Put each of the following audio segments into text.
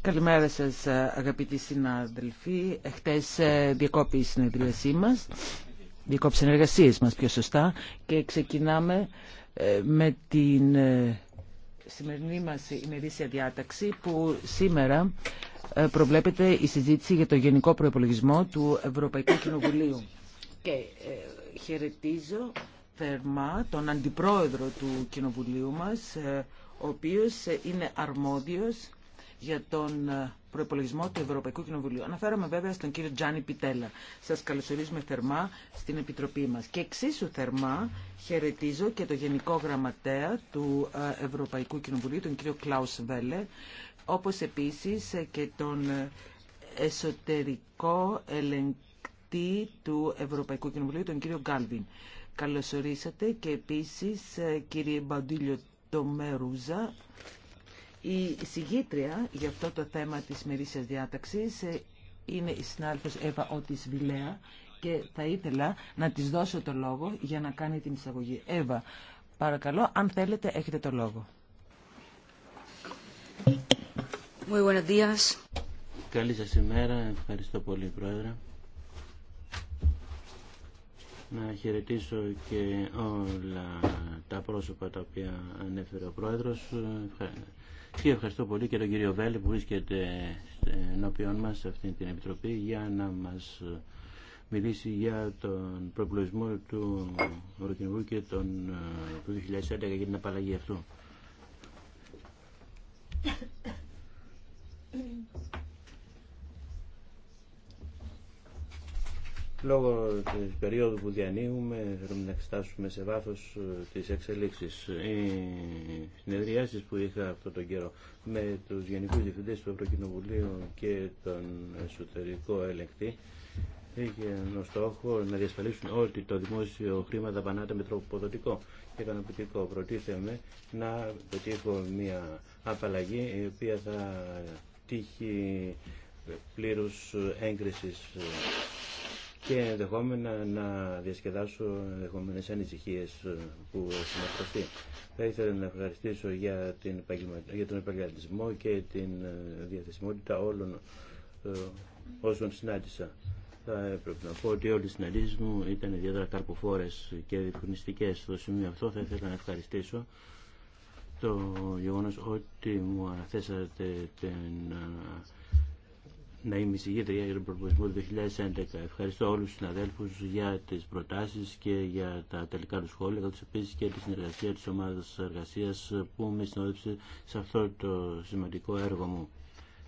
Καλημέρα σας αγαπητοί συνάδελφοι. Χτες ε, διακόπη η συνεδρίασή μας, διακόπη συνεργασία μας πιο σωστά και ξεκινάμε ε, με την ε, σημερινή μας ημερήσια διάταξη που σήμερα προβλέπεται η συζήτηση για το Γενικό προπολογισμό του Ευρωπαϊκού Κοινοβουλίου. Και χαιρετίζω θερμά τον Αντιπρόεδρο του Κοινοβουλίου μας, ο οποίος είναι αρμόδιος για τον ε, προπολογισμό του Ευρωπαϊκού Κοινοβουλίου. Αναφέρομαι βέβαια στον κύριο Τζάνι Πιτέλα. Σας καλωσορίζουμε θερμά στην Επιτροπή μας. Και εξίσου θερμά χαιρετίζω και το Γενικό Γραμματέα του ε, Ευρωπαϊκού Κοινοβουλίου, τον κύριο Κλάους Βέλε, όπως επίσης και τον ε, εσωτερικό ελεγκτή του Ευρωπαϊκού Κοινοβουλίου, τον κύριο Γκάλβιν. Καλωσορίσατε και επίσης κύριε Μπαντήλιο το Μερούζα. Η συγγήτρια για αυτό το θέμα της μερίσιας διάταξης ε, είναι η συνάδελφος Εύα Ότης Βιλέα και θα ήθελα να της δώσω το λόγο για να κάνει την εισαγωγή. Εύα, παρακαλώ, αν θέλετε έχετε το λόγο. Καλή σας ημέρα. Ευχαριστώ πολύ, Πρόεδρε. Να χαιρετήσω και όλα τα πρόσωπα τα οποία ανέφερε ο Πρόεδρος. Και ευχαριστώ πολύ και τον κύριο Βέλη που βρίσκεται ενώπιον μας σε αυτή την Επιτροπή για να μας μιλήσει για τον προπολογισμό του Ευρωκοινοβουλίου και τον, ε, του 2011 για την απαλλαγή αυτού. Λόγω της περίοδου που διανύουμε θέλουμε να εξετάσουμε σε βάθος ε, τις εξελίξεις. Οι συνεδριάσεις που είχα αυτόν τον καιρό με τους Γενικούς Διευθυντές του Ευρωκοινοβουλίου και τον εσωτερικό ελεκτή είχε ως στόχο να διασφαλίσουν ότι το δημόσιο χρήμα δαπανάται με τρόπο ποδοτικό και ικανοποιητικό. προτίθεμε να πετύχω μια απαλλαγή η οποία θα τύχει πλήρους έγκρισης και ενδεχόμενα να διασκεδάσω ενδεχόμενε ανησυχίε ε, που έχουν Θα ήθελα να ευχαριστήσω για, την για τον επαγγελματισμό και την ε, διαθεσιμότητα όλων ε, όσων συνάντησα. Θα έπρεπε να πω ότι όλε οι συναντήσει μου ήταν ιδιαίτερα καρποφόρε και διευκρινιστικέ. Στο σημείο αυτό θα ήθελα να ευχαριστήσω το γεγονό ότι μου αναθέσατε την να είμαι για τον προπολογισμό 2011. Ευχαριστώ όλους τους συναδέλφους για τις προτάσεις και για τα τελικά του σχόλια, καθώς επίσης και τη συνεργασία της ομάδας εργασία που με συνόδεψε σε αυτό το σημαντικό έργο μου.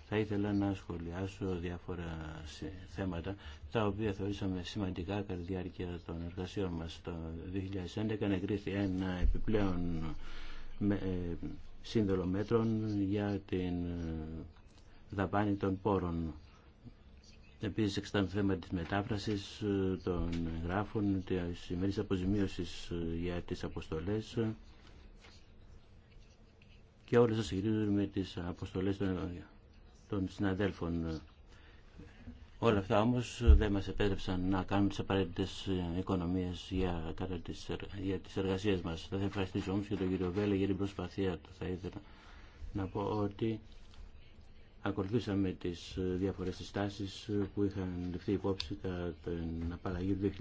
Θα ήθελα να σχολιάσω διάφορα θέματα τα οποία θεωρήσαμε σημαντικά κατά τη διάρκεια των εργασιών μας. Το 2011 εγκρίθη ένα επιπλέον ε, σύνδελο μέτρων για την ε, δαπάνη των πόρων. Επίση εξετάζουμε θέμα της μετάφραση ε, των γράφων, τη σημερινή αποζημίωση ε, για τι αποστολέ. και όλε τι συγκρίνουν με τις αποστολές των, των συναδέλφων. Όλα αυτά όμω, δεν μα επέτρεψαν να κάνουμε τι απαραίτητε ε, οικονομίε για, τι τις, για τις εργασίες μας. Θα ευχαριστήσω όμω και τον κύριο Βέλε για την προσπαθία του. Θα ήθελα να πω ότι ακολουθήσαμε τις ε, διάφορες συστάσεις ε, που είχαν ληφθεί υπόψη κατά την απαλλαγή του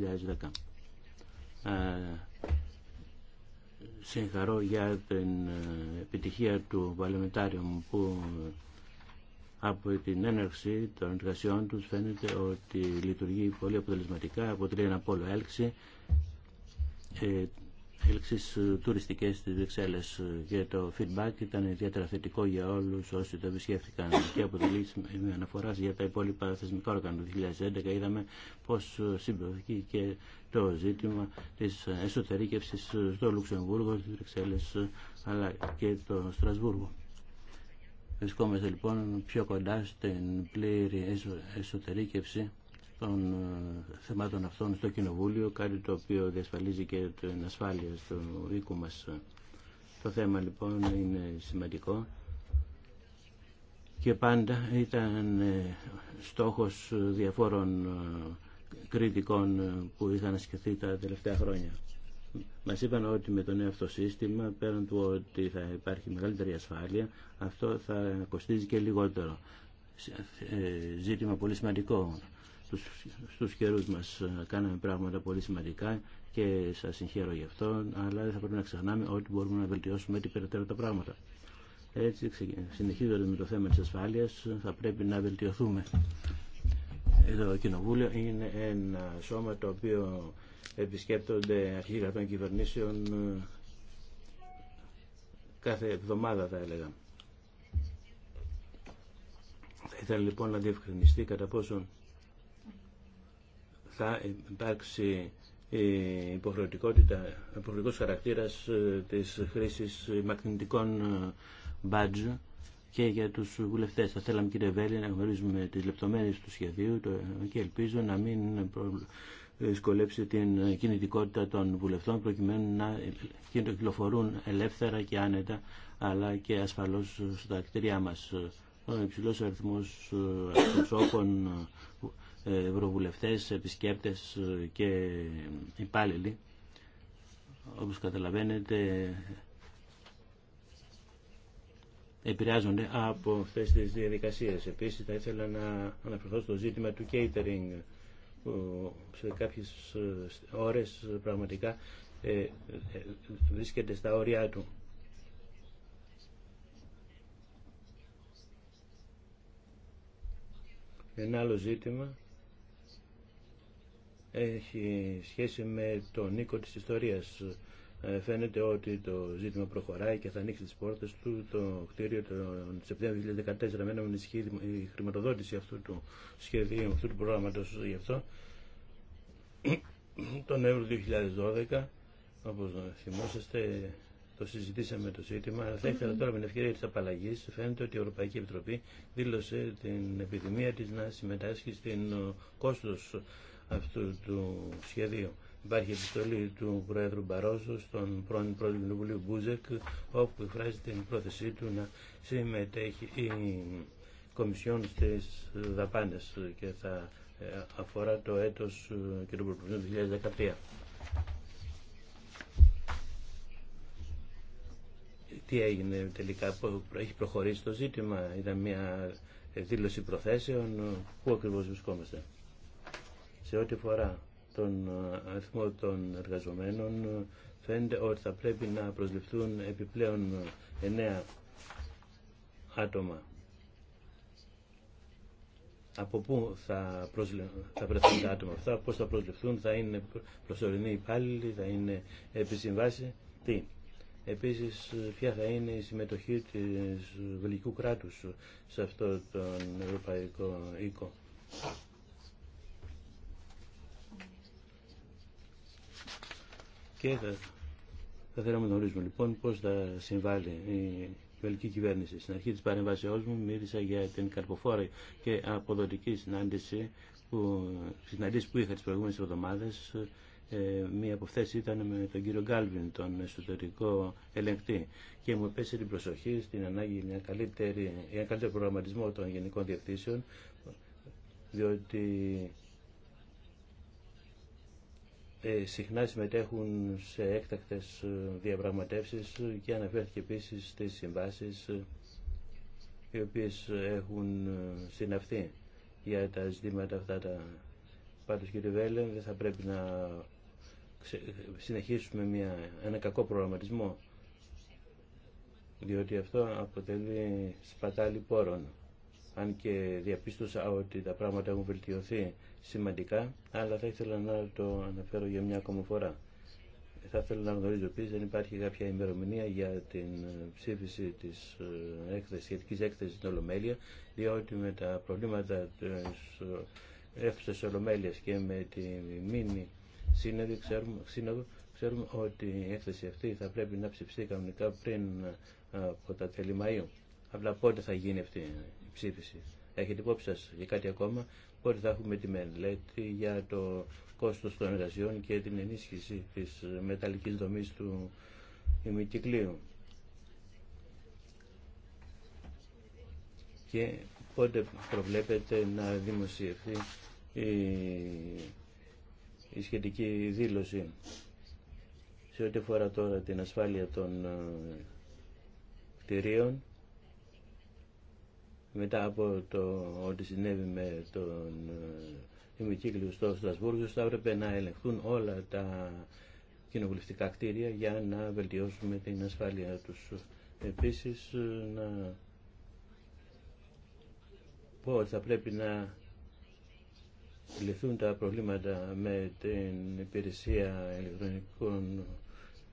2010. Συγχαρώ για την ε, επιτυχία του Βαλεμετάριου που από την έναρξη των εργασιών του φαίνεται ότι λειτουργεί πολύ αποτελεσματικά, αποτελεί ένα πόλο έλξη εξέλιξης ε, τουριστικές της Βρυξέλλες ε, και το feedback ήταν ιδιαίτερα θετικό για όλους όσοι το επισκέφθηκαν και από αποτελεί με αναφορά για τα υπόλοιπα θεσμικά όργανα του 2011 είδαμε πως ε, συμπεριφθήκε και το ζήτημα της εσωτερήκευσης στο Λουξεμβούργο, στις Βρυξέλλες αλλά και το Στρασβούργο. Βρισκόμαστε λοιπόν πιο κοντά στην πλήρη εσωτερήκευση των ε, θεμάτων αυτών στο Κοινοβούλιο, κάτι το οποίο διασφαλίζει και την ασφάλεια του οίκου μας. Το θέμα λοιπόν είναι σημαντικό και πάντα ήταν ε, στόχος διαφόρων ε, κριτικών που είχαν ασκηθεί τα τελευταία χρόνια. Μας είπαν ότι με το νέο αυτό σύστημα, πέραν του ότι θα υπάρχει μεγαλύτερη ασφάλεια, αυτό θα κοστίζει και λιγότερο. Ζήτημα πολύ σημαντικό στους, στους καιρούς μας ε, κάναμε πράγματα πολύ σημαντικά και σας συγχαίρω γι' αυτό, αλλά δεν θα πρέπει να ξεχνάμε ότι μπορούμε να βελτιώσουμε την περαιτέρω τα πράγματα. Έτσι, συνεχίζοντας με το θέμα της ασφάλειας, θα πρέπει να βελτιωθούμε. Το Κοινοβούλιο είναι ένα σώμα το οποίο επισκέπτονται αρχηγοί κυβερνήσεων ε, κάθε εβδομάδα θα έλεγα. Θα ήθελα λοιπόν να διευκρινιστεί κατά πόσον θα υπάρξει η υποχρεωτικότητα, υποχρεωτικός χαρακτήρας ε, της χρήσης μαγνητικών badge ε, και για του βουλευτέ. Θα θέλαμε κύριε Βέλη να γνωρίζουμε τις λεπτομέρειες του σχεδίου και ελπίζω να μην ε, δυσκολέψει την κινητικότητα των βουλευτών προκειμένου να κυκλοφορούν ελεύθερα και άνετα αλλά και ασφαλώς στα κτίρια μας. Ο υψηλός αριθμός ευρωβουλευτές, επισκέπτες και υπάλληλοι. Όπως καταλαβαίνετε επηρεάζονται από αυτές τις διαδικασίες. Επίσης θα ήθελα να αναφερθώ στο ζήτημα του catering που σε κάποιες ώρες πραγματικά ε, ε, βρίσκεται στα όρια του. Ένα άλλο ζήτημα έχει σχέση με τον οίκο της ιστορίας. Ε, φαίνεται ότι το ζήτημα προχωράει και θα ανοίξει τις πόρτες του το κτίριο του Σεπτέμβριο 2014 με ενισχύει η χρηματοδότηση αυτού του σχεδίου, αυτού του προγράμματος γι' αυτό. Τον Νοέμβριο 2012, όπως θυμόσαστε, το συζητήσαμε το ζήτημα, αλλά θα ήθελα τώρα με την ευκαιρία της απαλλαγής Φαίνεται ότι η Ευρωπαϊκή Επιτροπή δήλωσε την επιθυμία τη να συμμετάσχει στην κόστο αυτού του σχεδίου. Υπάρχει επιστολή του Προέδρου Μπαρόζου στον πρώην πρόεδρο του Βουλίου Μπούζεκ, όπου εκφράζει την πρόθεσή του να συμμετέχει η Κομισιόν στι δαπάνε και θα ε, αφορά το έτος ε, και τον προπολογισμό του 2013. Τι έγινε τελικά, έχει προχωρήσει το ζήτημα, ήταν μια ε, δήλωση προθέσεων, πού ακριβώς βρισκόμαστε σε ό,τι φορά τον ε, αριθμό των εργαζομένων ε, φαίνεται ότι θα πρέπει να προσληφθούν επιπλέον ε, εννέα άτομα. Από πού θα, προσληφθούν βρεθούν τα άτομα αυτά, πώς θα προσληφθούν, θα είναι προσωρινοί υπάλληλοι, θα είναι επισυμβάσει, τι. Επίσης, ποια θα είναι η συμμετοχή της βελικού κράτους σε αυτό τον ευρωπαϊκό οίκο. και θα, θα θέλαμε να γνωρίζουμε λοιπόν πώ θα συμβάλλει η βελική κυβέρνηση. Στην αρχή τη παρεμβάσεώ μου μίλησα για την καρποφόρα και αποδοτική συνάντηση που, συναντήσει που είχα τι προηγούμενε εβδομάδε. ε, μία από αυτέ ήταν με τον κύριο Γκάλβιν, τον εσωτερικό ελεγκτή και μου έπεσε την προσοχή στην ανάγκη για ένα καλύτερο προγραμματισμό των γενικών διευθύνσεων διότι ε, συχνά συμμετέχουν σε έκτακτες ε, διαπραγματεύσεις και αναφέρθηκε επίσης στις συμβάσεις ε, οι οποίες έχουν συναυθεί για τα ζητήματα αυτά τα πάντως κύριε Βέλε δεν θα πρέπει να συνεχίσουμε μια, ένα κακό προγραμματισμό διότι αυτό αποτελεί σπατάλη πόρων αν και διαπίστωσα ότι τα πράγματα έχουν βελτιωθεί σημαντικά, αλλά θα ήθελα να το αναφέρω για μια ακόμα φορά. Θα ήθελα να γνωρίζω επίση δεν υπάρχει κάποια ημερομηνία για την ε, ψήφιση τη ε, έκθεση, σχετική έκθεση στην Ολομέλεια, διότι με τα προβλήματα τη ε, αίθουσα Ολομέλεια και με τη μήνυ σύνοδο ξέρουμε, ότι η έκθεση αυτή θα πρέπει να ψηφιστεί κανονικά πριν από τα τέλη Μαΐου. Απλά πότε θα γίνει αυτή η ψήφιση. Έχετε υπόψη σα για κάτι ακόμα χωρίς να έχουμε τη μελέτη για το κόστος των εργασιών και την ενίσχυση της μεταλλικής δομής του ημιτικλίου Και πότε προβλέπεται να δημοσιευθεί η, η σχετική δήλωση σε ό,τι αφορά τώρα την ασφάλεια των ε, κτηρίων μετά από το ότι συνέβη με τον ε, ημικύκλιο στο Στρασβούργο, θα έπρεπε να ελεγχθούν όλα τα κοινοβουλευτικά κτίρια για να βελτιώσουμε την ασφάλεια τους. Επίσης, ε, να πω ότι θα πρέπει να λυθούν τα προβλήματα με την υπηρεσία ηλεκτρονικών,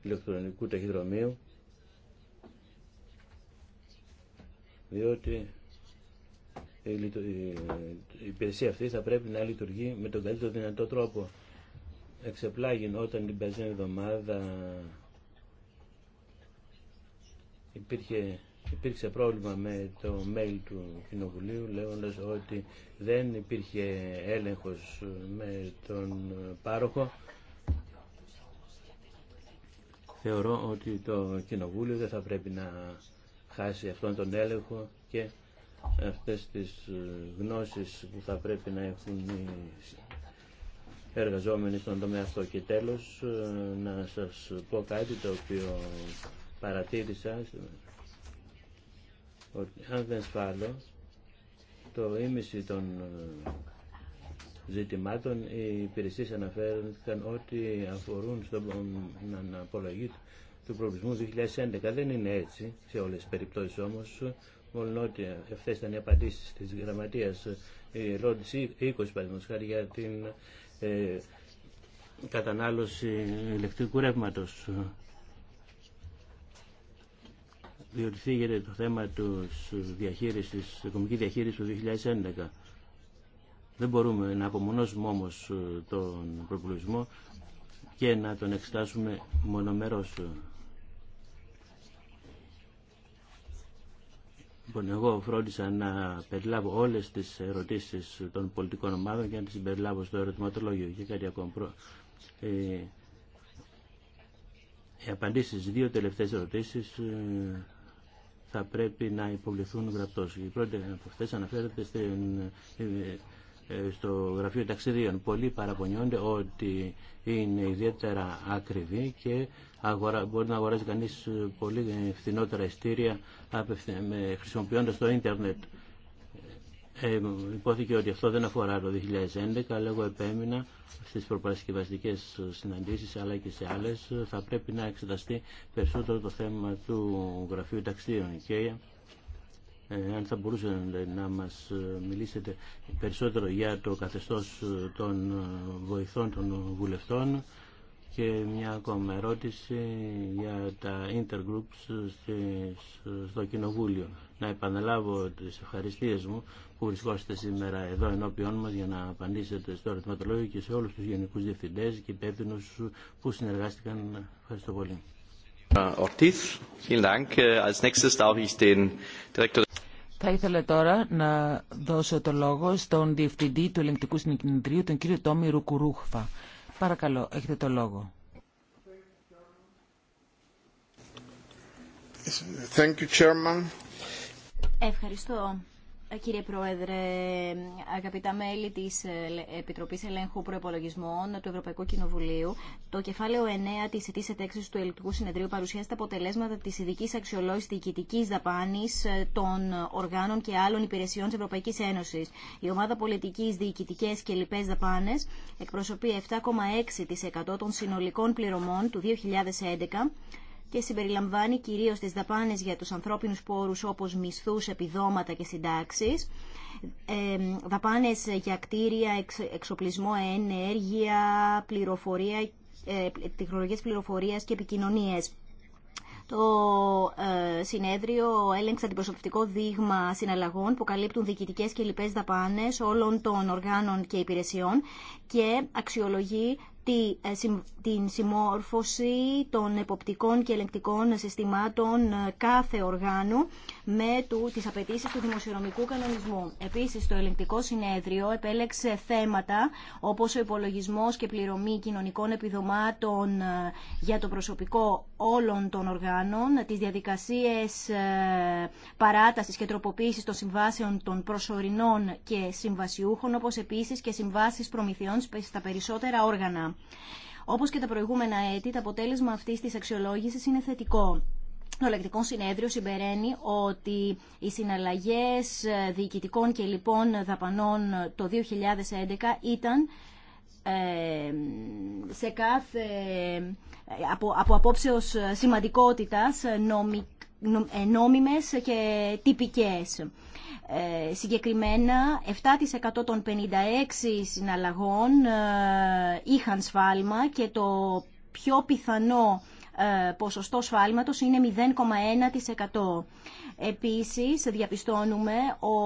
ηλεκτρονικού ταχυδρομείου, διότι ε, ε, η υπηρεσία αυτή θα πρέπει να λειτουργεί με τον καλύτερο δυνατό τρόπο. Εξεπλάγει όταν την περσμένη εβδομάδα υπήρχε, υπήρξε πρόβλημα με το mail του Κοινοβουλίου λέγοντας ότι δεν υπήρχε έλεγχος με τον πάροχο. Θεωρώ ότι το Κοινοβούλιο δεν θα πρέπει να χάσει αυτόν τον έλεγχο και αυτές τις ε, γνώσεις που θα πρέπει να έχουν οι εργαζόμενοι στον τομέα αυτό. Και τέλος, ε, να σας πω κάτι το οποίο παρατήρησα, ότι αν δεν σφάλω, το ίμιση των ε, ζητημάτων οι υπηρεσίες αναφέρθηκαν ότι αφορούν στον απολογή του προβλησμού 2011. Δεν είναι έτσι σε όλες τις περιπτώσεις όμως μόνο ότι αυτέ ήταν οι απαντήσει τη γραμματεία. Η ερώτηση 20 παραδείγματο χάρη για την ε, κατανάλωση ηλεκτρικού ρεύματο. Διότι θίγεται το θέμα τη διαχείρισης, οικονομική διαχείριση του 2011. Δεν μπορούμε να απομονώσουμε όμω ε, τον προπολογισμό και να τον εξετάσουμε μονομερός. Λοιπόν, εγώ φρόντισα να περιλάβω όλε τι ερωτήσει των πολιτικών ομάδων και να τι περιλάβω στο ερωτηματολόγιο και κάτι ακόμα. Ε, οι δύο τελευταίες ερωτήσεις ε, θα πρέπει να υποβληθούν γραπτώς. Η πρώτη από αυτέ αναφέρεται στην ε, ε, στο Γραφείο Ταξιδίων. Πολλοί παραπονιούνται ότι είναι ιδιαίτερα ακριβή και μπορεί να αγοράζει κανείς ε, πολύ φθηνότερα ειστήρια χρησιμοποιώντας το ίντερνετ. Ε, υπόθηκε ότι αυτό δεν αφορά το 2011, αλλά εγώ επέμεινα στις προπαρασκευαστικές συναντήσεις αλλά και σε άλλες. Θα πρέπει να εξεταστεί περισσότερο το θέμα του γραφείου ταξιδίων ε, αν θα μπορούσατε να μας ε, μιλήσετε περισσότερο για το καθεστώς ε, των βοηθών των βουλευτών και μια ακόμα ερώτηση για τα intergroups στο Κοινοβούλιο. Να επαναλάβω τις ευχαριστίες μου που βρισκόσαστε σήμερα εδώ ενώπιόν μας για να απαντήσετε στο ερωτηματολόγιο και σε όλους τους γενικούς διευθυντές και υπεύθυνου που συνεργάστηκαν. Ευχαριστώ πολύ. Θα ήθελα τώρα να δώσω το λόγο στον Διευθυντή του Ελεγκτικού Συνεκνητρίου, τον κύριο Τόμι Ρουκουρούχφα. Παρακαλώ, έχετε το λόγο. Ευχαριστώ, Κύριε Πρόεδρε, αγαπητά μέλη της ε, Επιτροπής Ελέγχου Προεπολογισμών του Ευρωπαϊκού Κοινοβουλίου, το κεφάλαιο 9 της αιτής ετέξης του Ελληνικού Συνεδρίου παρουσιάζει τα αποτελέσματα της ειδική αξιολόγηση διοικητικής δαπάνης ε, των οργάνων και άλλων υπηρεσιών της Ευρωπαϊκής Ένωσης. Η ομάδα πολιτικής, διοικητικές και λοιπές δαπάνες εκπροσωπεί 7,6% των συνολικών πληρωμών του 2011 και συμπεριλαμβάνει κυρίως τις δαπάνες για τους ανθρώπινους πόρους όπως μισθούς, επιδόματα και συντάξεις, ε, δαπάνες για κτίρια, εξοπλισμό, ενέργεια, πληροφορία, ε, τεχνολογίες πληροφορίας και επικοινωνίες. Το ε, συνέδριο έλεγξε αντιπροσωπευτικό δείγμα συναλλαγών που καλύπτουν διοικητικέ και λοιπέ δαπάνε όλων των οργάνων και υπηρεσιών και αξιολογεί ε, την συμμόρφωση των εποπτικών και ελεγκτικών συστημάτων ε, κάθε οργάνου με του, τις απαιτήσει του δημοσιονομικού κανονισμού. Επίσης, το ελεγκτικό συνέδριο επέλεξε θέματα όπως ο υπολογισμός και πληρωμή κοινωνικών επιδομάτων ε, για το προσωπικό όλων των οργάνων, τις διαδικασίες παράτασης και τροποποίησης των συμβάσεων των προσωρινών και συμβασιούχων, όπως επίσης και συμβάσεις προμηθειών στα περισσότερα όργανα. Όπως και τα προηγούμενα έτη, το αποτέλεσμα αυτής της αξιολόγησης είναι θετικό. Το Ελεκτικό Συνέδριο συμπεραίνει ότι οι συναλλαγές διοικητικών και λοιπόν δαπανών το 2011 ήταν ε, σε κάθε, από, από απόψεως σημαντικότητας ε, νόμιμες και τυπικές. Ε, συγκεκριμένα 7% των 56 συναλλαγών ε, είχαν σφάλμα και το πιο πιθανό ε, ποσοστό σφάλματος είναι 0,1%. Επίσης, διαπιστώνουμε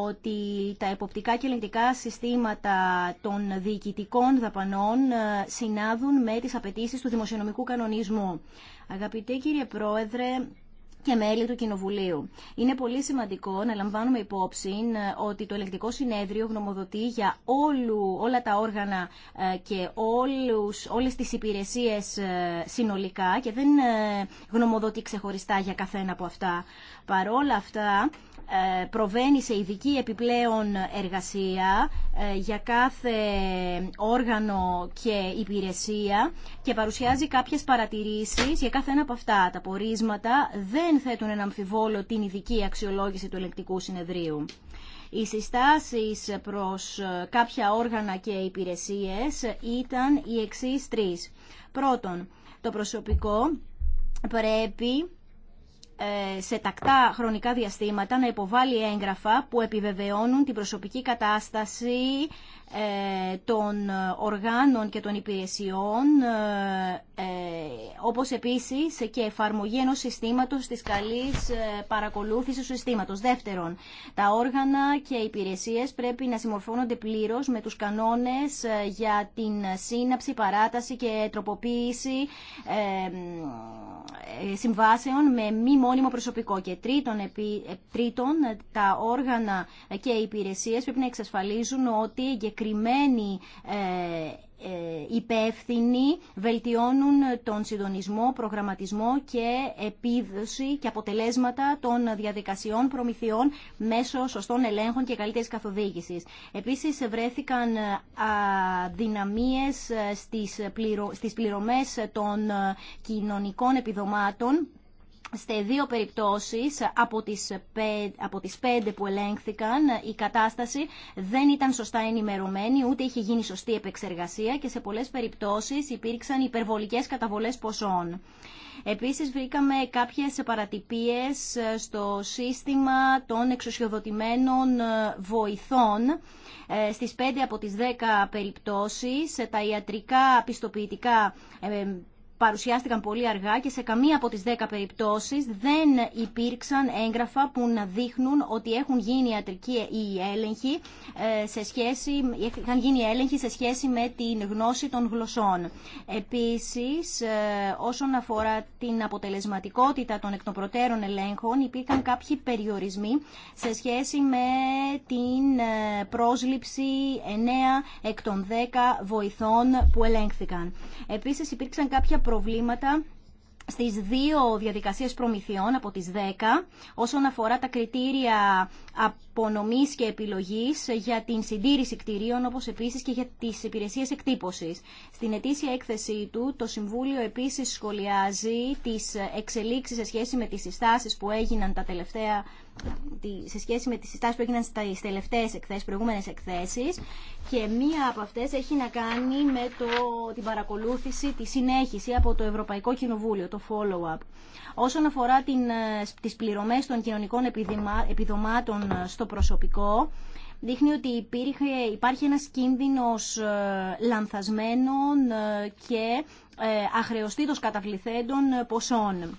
ότι τα εποπτικά και ελεγκτικά συστήματα των διοικητικών δαπανών συνάδουν με τις απαιτήσεις του δημοσιονομικού κανονισμού. Αγαπητέ κύριε Πρόεδρε, και μέλη του Κοινοβουλίου. Είναι πολύ σημαντικό να λαμβάνουμε υπόψη ε, ότι το Ελεκτικό συνέδριο γνωμοδοτεί για όλου, όλα τα όργανα ε, και όλους, όλες τις υπηρεσίες ε, συνολικά και δεν γνωμοδοτεί ξεχωριστά για καθένα από αυτά. Παρόλα αυτά, ε, προβαίνει σε ειδική επιπλέον εργασία ε, για κάθε όργανο και υπηρεσία και παρουσιάζει κάποιες παρατηρήσεις για κάθε ένα από αυτά. Τα πορίσματα δεν θέτουν ένα αμφιβόλο την ειδική αξιολόγηση του ελεκτικού συνεδρίου. Οι συστάσεις προς ε, κάποια όργανα και υπηρεσίες ήταν οι εξής τρεις. Πρώτον, το προσωπικό πρέπει ε, σε τακτά χρονικά διαστήματα να υποβάλει έγγραφα που επιβεβαιώνουν την προσωπική κατάσταση ε, των οργάνων και των υπηρεσιών ε, ε, όπως επίσης και εφαρμογή ενός συστήματος της καλής παρακολούθησης του συστήματος. Δεύτερον, τα όργανα και οι υπηρεσίες πρέπει να συμμορφώνονται πλήρως με τους κανόνες για την σύναψη, παράταση και τροποποίηση συμβάσεων με μη μόνιμο προσωπικό. Και τρίτον, τρίτον τα όργανα και οι υπηρεσίες πρέπει να εξασφαλίζουν ότι συγκεκριμένοι ε, ε, υπεύθυνοι βελτιώνουν τον συντονισμό, προγραμματισμό και επίδοση και αποτελέσματα των διαδικασιών προμηθειών μέσω σωστών ελέγχων και καλύτερης καθοδήγησης. Επίσης βρέθηκαν ε, δυναμίες στις πληρωμές των κοινωνικών επιδομάτων σε δύο περιπτώσεις από τις, πέντε, που ελέγχθηκαν η κατάσταση δεν ήταν σωστά ενημερωμένη, ούτε είχε γίνει σωστή επεξεργασία και σε πολλές περιπτώσεις υπήρξαν υπερβολικές καταβολές ποσών. Επίσης βρήκαμε κάποιες παρατυπίες ε, στο σύστημα των εξουσιοδοτημένων ε, βοηθών. Ε, στις πέντε από τις δέκα περιπτώσεις τα ιατρικά πιστοποιητικά παρουσιάστηκαν πολύ αργά και σε καμία από τις 10 περιπτώσεις δεν υπήρξαν έγγραφα που να δείχνουν ότι έχουν γίνει ιατρική ή έλεγχη ε, σε σχέση, είχαν γίνει έλεγχοι σε σχέση με την γνώση των γλωσσών. Επίσης, ε, όσον αφορά την αποτελεσματικότητα των εκ των προτέρων ελέγχων, υπήρχαν κάποιοι περιορισμοί σε σχέση με την ε, πρόσληψη 9 εκ των 10 βοηθών που ελέγχθηκαν. Επίσης, υπήρξαν κάποια προβλήματα στις δύο διαδικασίες προμηθειών από τις 10 όσον αφορά τα κριτήρια απονομής και επιλογής για την συντήρηση κτηρίων όπως επίσης και για τις υπηρεσίες εκτύπωσης. Στην ετήσια έκθεσή του το Συμβούλιο επίσης σχολιάζει τις εξελίξεις σε σχέση με τις συστάσεις που έγιναν τα τελευταία σε σχέση με τις συστάσεις που έγιναν στις τελευταίες εκθέσεις, προηγούμενες εκθέσεις και μία από αυτές έχει να κάνει με το, την παρακολούθηση, τη συνέχιση από το Ευρωπαϊκό Κοινοβούλιο, το follow-up. Όσον αφορά την, ε, τις πληρωμές των κοινωνικών επιδομάτων ε, στο προσωπικό, δείχνει ότι υπήρχε, υπάρχει ένας κίνδυνος ε, λανθασμένων και αχρεωστήτως καταβληθέντων ποσών.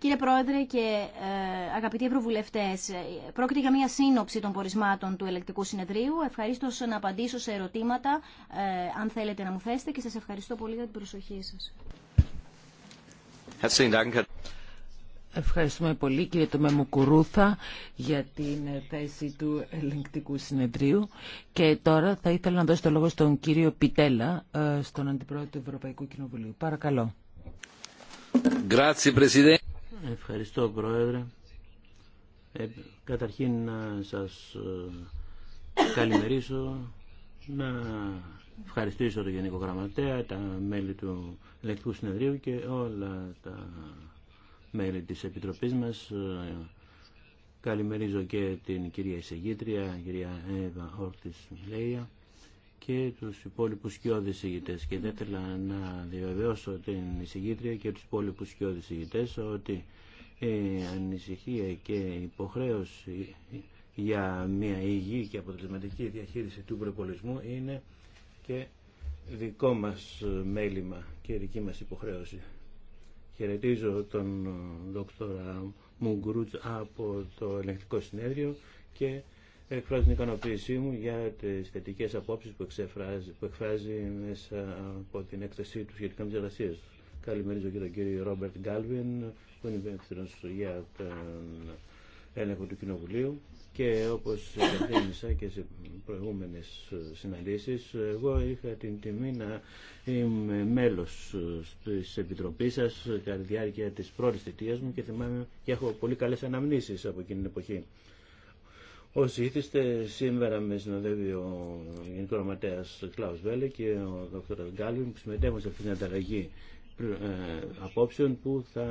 Κύριε Πρόεδρε και ε, αγαπητοί Ευρωβουλευτέ, ε, πρόκειται για μια σύνοψη των πορισμάτων του ελεκτικού συνεδρίου. Ευχαρίστω να απαντήσω σε ερωτήματα, ε, αν θέλετε να μου θέσετε, και σα ευχαριστώ πολύ για την προσοχή σα. Ευχαριστούμε πολύ κύριε Τομέμου Κουρούθα για την θέση του Ελεκτικού συνεδρίου και τώρα θα ήθελα να δώσω το λόγο στον κύριο Πιτέλα, στον Αντιπρόεδρο του Ευρωπαϊκού Κοινοβουλίου. Παρακαλώ. Ευχαριστώ Πρόεδρε. Ε, καταρχήν να σας ε, καλημερίσω, να ευχαριστήσω τον Γενικό Γραμματέα, τα μέλη του Ελεκτρικού Συνεδρίου και όλα τα μέλη της Επιτροπής μας. Ε, καλημερίζω και την κυρία Εισηγήτρια, κυρία Εύα Όρτης Μιλέια και τους υπόλοιπους σκιώδεις ηγητέ. και θα ήθελα να διαβεβαιώσω την εισηγήτρια και τους υπόλοιπους σκιώδεις ηγητέ ότι η ε, ανησυχία και η υποχρέωση για μια υγιή και αποτελεσματική διαχείριση του προπολισμού είναι και δικό μας μέλημα και δική μας υποχρέωση. Χαιρετίζω τον δόκτωρα Μουγκρούτ από το ελεγκτικό συνέδριο και Εκφράζει την ικανοποίησή μου για τις θετικές απόψεις που, που εκφράζει μέσα από την έκθεσή του σχετικά με τις εργασίες. Καλημερίζω και τον κύριο Ρόμπερτ Γκάλβιν, που είναι υπεύθυνο για τον έλεγχο του Κοινοβουλίου και όπως καθέμισα και σε προηγούμενες συναντήσεις, εγώ είχα την τιμή να είμαι μέλος της Επιτροπής σας κατά τη διάρκεια της πρώτης θητείας μου και θυμάμαι και έχω πολύ καλές αναμνήσεις από εκείνη την εποχή. Όσοι ήθιστε, σήμερα με συνοδεύει ο Γενικό Γραμματέα Κλάου Βέλε και ο Δ. Γκάλιν που συμμετέχουν σε αυτήν την ανταλλαγή ε, απόψεων που θα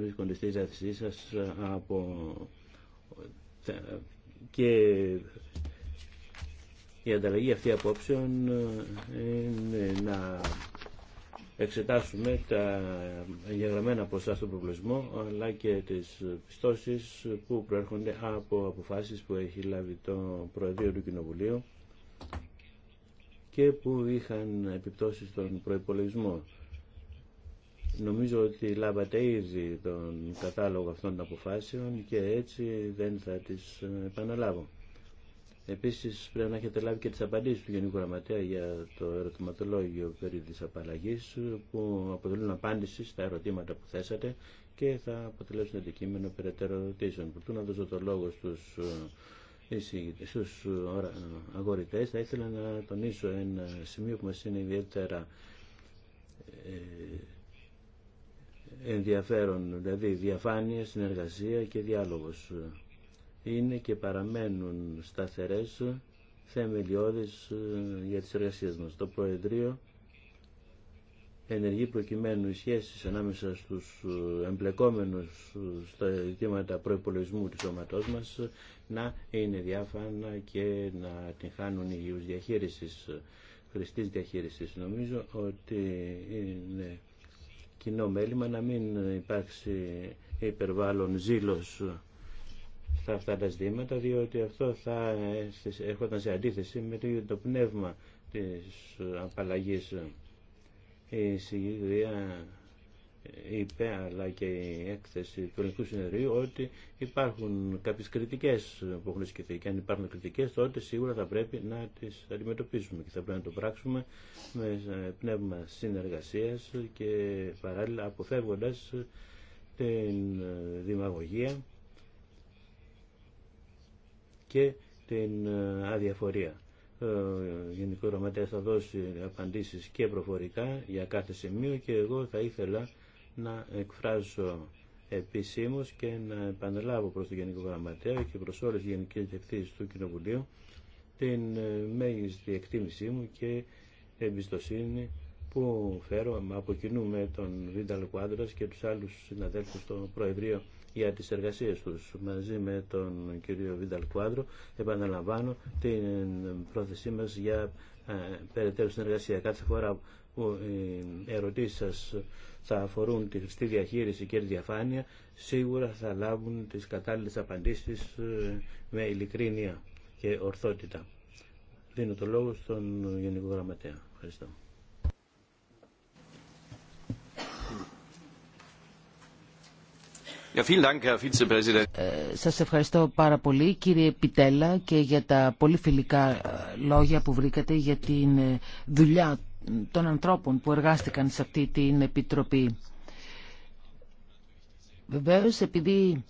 βρίσκονται στη διάθεσή σα ε, από. Ε, και η ανταλλαγή αυτή απόψεων είναι να εξετάσουμε τα εγγεγραμμένα ποσά στον προβλεσμό αλλά και τις πιστώσεις που προέρχονται από αποφάσεις που έχει λάβει το Προεδρείο του Κοινοβουλίου και που είχαν επιπτώσεις στον προϋπολογισμό. Νομίζω ότι λάβατε ήδη τον κατάλογο αυτών των αποφάσεων και έτσι δεν θα τις επαναλάβω. Επίσης πρέπει να έχετε λάβει και τι απαντήσει του Γενικού Γραμματέα για το ερωτηματολόγιο περί της απαλλαγής που αποτελούν απάντηση στα ερωτήματα που θέσατε και θα αποτελέσουν αντικείμενο περαιτέρω ερωτήσεων. Προτού να δώσω το λόγο στου στους ε, αγορητές θα ήθελα να τονίσω ένα σημείο που μα είναι ιδιαίτερα ε, ενδιαφέρον, δηλαδή διαφάνεια, συνεργασία και διάλογος είναι και παραμένουν σταθερές θεμελιώδεις ε, για τις εργασίες μας. Το Προεδρείο ενεργεί προκειμένου οι σχέσεις ανάμεσα στους ε, εμπλεκόμενους ε, στα ζητήματα προϋπολογισμού του σώματός μας να είναι διάφανα και να την χάνουν υγιούς διαχείρισης, χρηστής διαχείρισης. Νομίζω ότι είναι κοινό μέλημα να μην υπάρξει υπερβάλλον ζήλος στα αυτά τα ζητήματα, διότι αυτό θα έρχονταν σε αντίθεση με το πνεύμα της απαλλαγής. Η συγκεκριά είπε, αλλά και η έκθεση του Ελληνικού Συνεδρίου, ότι υπάρχουν κάποιες κριτικές που έχουν σκεφτεί. και αν υπάρχουν κριτικές, τότε σίγουρα θα πρέπει να τις αντιμετωπίσουμε και θα πρέπει να το πράξουμε με πνεύμα συνεργασίας και παράλληλα αποφεύγοντας την δημαγωγία και την ε, αδιαφορία. Ε, ο Γενικό Ρωματέας θα δώσει απαντήσεις και προφορικά για κάθε σημείο και εγώ θα ήθελα να εκφράσω επισήμως και να επαναλάβω προς τον Γενικό Γραμματέα και προς όλες τις γενικές διευθύνσεις του Κοινοβουλίου την ε, μέγιστη εκτίμησή μου και εμπιστοσύνη που φέρω από κοινού με τον Βίνταλ Κουάντρας και τους άλλους συναδέλφους στο Προεδρείο για τις εργασίες τους. Μαζί με τον κύριο Βίνταλ Κουάντρο επαναλαμβάνω την πρόθεσή μας για ε, περαιτέρω συνεργασία. Κάθε φορά που οι ερωτήσεις σας θα αφορούν τη χρηστή διαχείριση και τη διαφάνεια, σίγουρα θα λάβουν τις κατάλληλες απαντήσεις ε, με ειλικρίνεια και ορθότητα. Δίνω το λόγο στον Γενικό Γραμματέα. Ευχαριστώ. Ε, σας ευχαριστώ πάρα πολύ κύριε Πιτέλα και για τα πολύ φιλικά ε, λόγια που βρήκατε για την ε, δουλειά των ανθρώπων που εργάστηκαν σε αυτή την Επιτροπή. Βεβαίως επειδή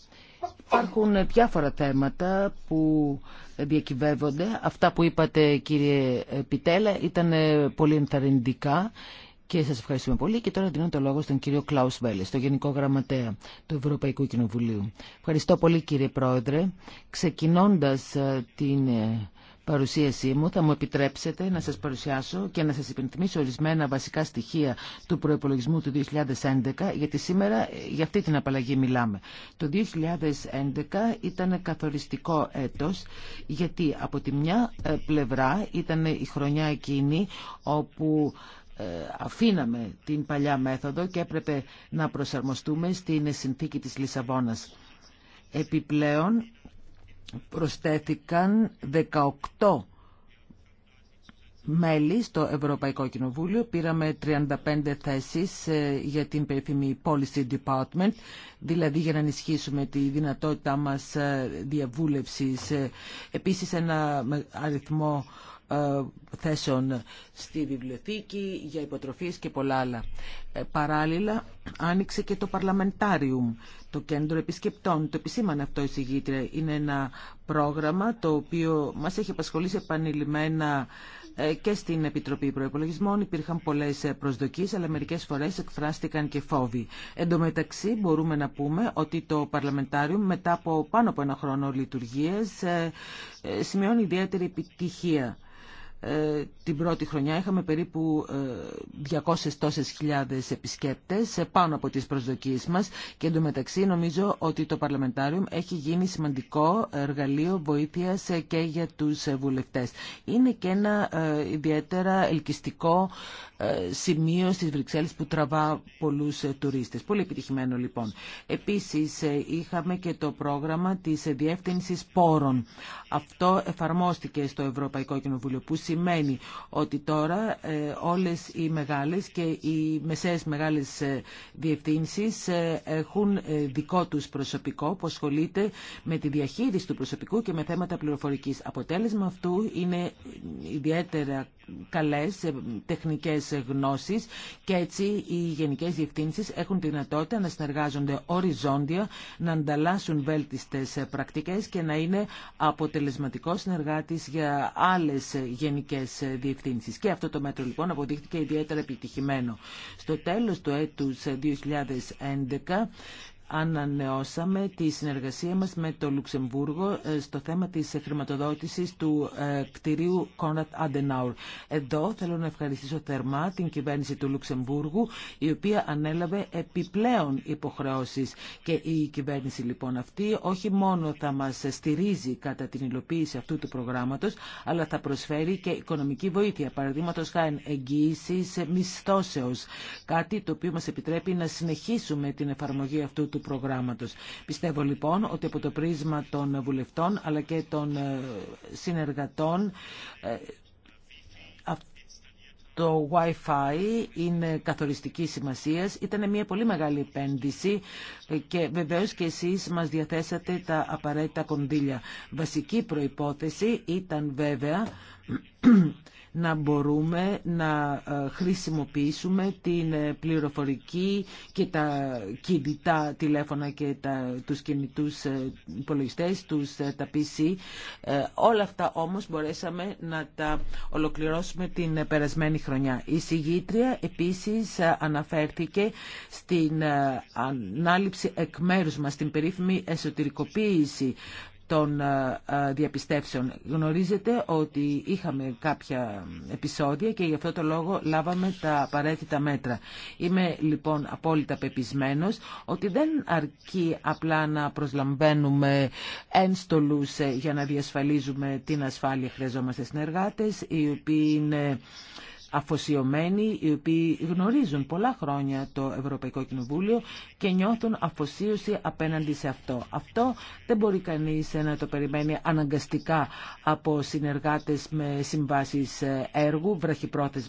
υπάρχουν διάφορα θέματα που διακυβεύονται, αυτά που είπατε κύριε Πιτέλα ήταν πολύ ενθαρρυντικά και σας ευχαριστούμε πολύ και τώρα δίνω το λόγο στον κύριο Κλάους Βέλε, το Γενικό Γραμματέα του Ευρωπαϊκού Κοινοβουλίου. Ευχαριστώ πολύ κύριε Πρόεδρε. Ξεκινώντας ε, την ε, παρουσίασή μου θα μου επιτρέψετε να σας παρουσιάσω και να σας υπενθυμίσω ορισμένα βασικά στοιχεία του προϋπολογισμού του 2011 γιατί σήμερα ε, για αυτή την απαλλαγή μιλάμε. Το 2011 ήταν καθοριστικό έτος γιατί από τη μια πλευρά ήταν η χρονιά εκείνη όπου ε, αφήναμε την παλιά μέθοδο και έπρεπε να προσαρμοστούμε στην συνθήκη της Λισαβόνας. Επιπλέον προσθέθηκαν 18 μέλη στο Ευρωπαϊκό Κοινοβούλιο. Πήραμε 35 θέσεις ε, για την περίφημη Policy Department, δηλαδή για να ενισχύσουμε τη δυνατότητά μας ε, διαβούλευσης. Επίσης ένα αριθμό ε, θέσεων στη βιβλιοθήκη, για υποτροφίες και πολλά άλλα. Ε, παράλληλα, άνοιξε και το Παρλαμεντάριουμ, το κέντρο επισκεπτών. Το επισήμανε αυτό η συγγήτρια. Είναι ένα πρόγραμμα το οποίο μας έχει απασχολήσει επανειλημμένα ε, και στην Επιτροπή Προπολογισμών υπήρχαν πολλέ προσδοκίε, αλλά μερικέ φορέ εκφράστηκαν και φόβοι. Εν τω μεταξύ, μπορούμε να πούμε ότι το Παρλαμεντάριο μετά από πάνω από ένα χρόνο λειτουργίε, σημειώνει ιδιαίτερη επιτυχία. Ε, την πρώτη χρονιά είχαμε περίπου 200 ε, τόσες χιλιάδες επισκέπτες ε, πάνω από τις προσδοκίες μας και εντωμεταξύ νομίζω ότι το Παρλαμεντάριο έχει γίνει σημαντικό εργαλείο βοήθειας και για τους βουλευτές. Είναι και ένα ιδιαίτερα ελκυστικό σημείο στις Βρυξέλλες που τραβά πολλούς τουρίστες. Πολύ επιτυχημένο λοιπόν. Επίσης είχαμε και το πρόγραμμα της διεύθυνση πόρων. Αυτό εφαρμόστηκε στο Ευρωπαϊκό Κοινοβούλιο που σημαίνει ότι τώρα ε, όλες οι μεγάλες και οι μεσαίες μεγάλες ε, διευθύνσεις ε, έχουν δικό τους προσωπικό που ασχολείται με τη διαχείριση του προσωπικού και με θέματα πληροφορικής. Αποτέλεσμα αυτού είναι ιδιαίτερα καλές τεχνικές γνώσεις και έτσι οι γενικές διευθύνσεις έχουν τη δυνατότητα να συνεργάζονται οριζόντια, να ανταλλάσσουν βέλτιστες πρακτικές και να είναι αποτελεσματικό συνεργάτης για άλλες γενικές διευθύνσεις. Και αυτό το μέτρο λοιπόν αποδείχθηκε ιδιαίτερα επιτυχημένο. Στο τέλος του έτους 2011 ε, ανανεώσαμε τη συνεργασία μας με το Λουξεμβούργο ε, στο θέμα της χρηματοδότησης του ε, κτηρίου Κόνατ Αντενάουρ. Εδώ θέλω να ευχαριστήσω θερμά την κυβέρνηση του Λουξεμβούργου η οποία ανέλαβε επιπλέον υποχρεώσεις και η κυβέρνηση λοιπόν αυτή όχι μόνο θα μας στηρίζει κατά την υλοποίηση αυτού του προγράμματος αλλά θα προσφέρει και οικονομική βοήθεια παραδείγματο χάρη εγγύησης μισθώσεως κάτι το οποίο μας επιτρέπει να συνεχίσουμε την εφαρμογή αυτού του προγράμματος. Πιστεύω λοιπόν ότι από το πρίσμα των βουλευτών αλλά και των ε, συνεργατών ε, το Wi-Fi είναι καθοριστική σημασίας. Ήταν μια πολύ μεγάλη επένδυση ε, και βεβαίω και εσείς μας διαθέσατε τα απαραίτητα κονδύλια. Βασική προϋπόθεση ήταν βέβαια να μπορούμε να ε, χρησιμοποιήσουμε την ε, πληροφορική και τα κινητά τηλέφωνα και τα, τους κινητούς ε, υπολογιστές, τους, τα PC. Όλα αυτά όμως μπορέσαμε να τα ολοκληρώσουμε την περασμένη χρονιά. Η συγγήτρια επίσης αναφέρθηκε στην ανάληψη εκ μέρους μας, στην περίφημη εσωτερικοποίηση των ε, ε, διαπιστεύσεων. Γνωρίζετε ότι είχαμε κάποια επεισόδια και γι' αυτό το λόγο λάβαμε τα απαραίτητα μέτρα. Είμαι λοιπόν απόλυτα πεπισμένος ότι δεν αρκεί απλά να προσλαμβάνουμε ένστολους ε, για να διασφαλίζουμε την ασφάλεια. Χρειαζόμαστε συνεργάτες οι οποίοι είναι αφοσιωμένοι οι οποίοι γνωρίζουν πολλά χρόνια το Ευρωπαϊκό Κοινοβούλιο και νιώθουν αφοσίωση απέναντι σε αυτό. Αυτό δεν μπορεί κανείς να το περιμένει αναγκαστικά από συνεργάτες με συμβάσεις ε, έργου,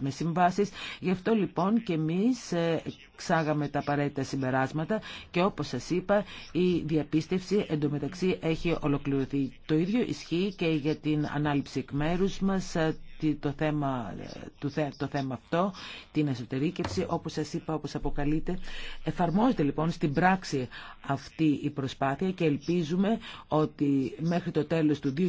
με συμβάσεις. Γι' αυτό λοιπόν και εμείς ε, Ξάγαμε τα απαραίτητα συμπεράσματα και όπως σας είπα η διαπίστευση εντωμεταξύ έχει ολοκληρωθεί. Το ίδιο ισχύει και για την ανάληψη εκ μέρους μας ε, το θέμα, ε, το θέμα αυτό, την εσωτερήκευση, όπως σας είπα, όπως αποκαλείται. Εφαρμόζεται λοιπόν στην πράξη αυτή η προσπάθεια και ελπίζουμε ότι μέχρι το τέλος του 2013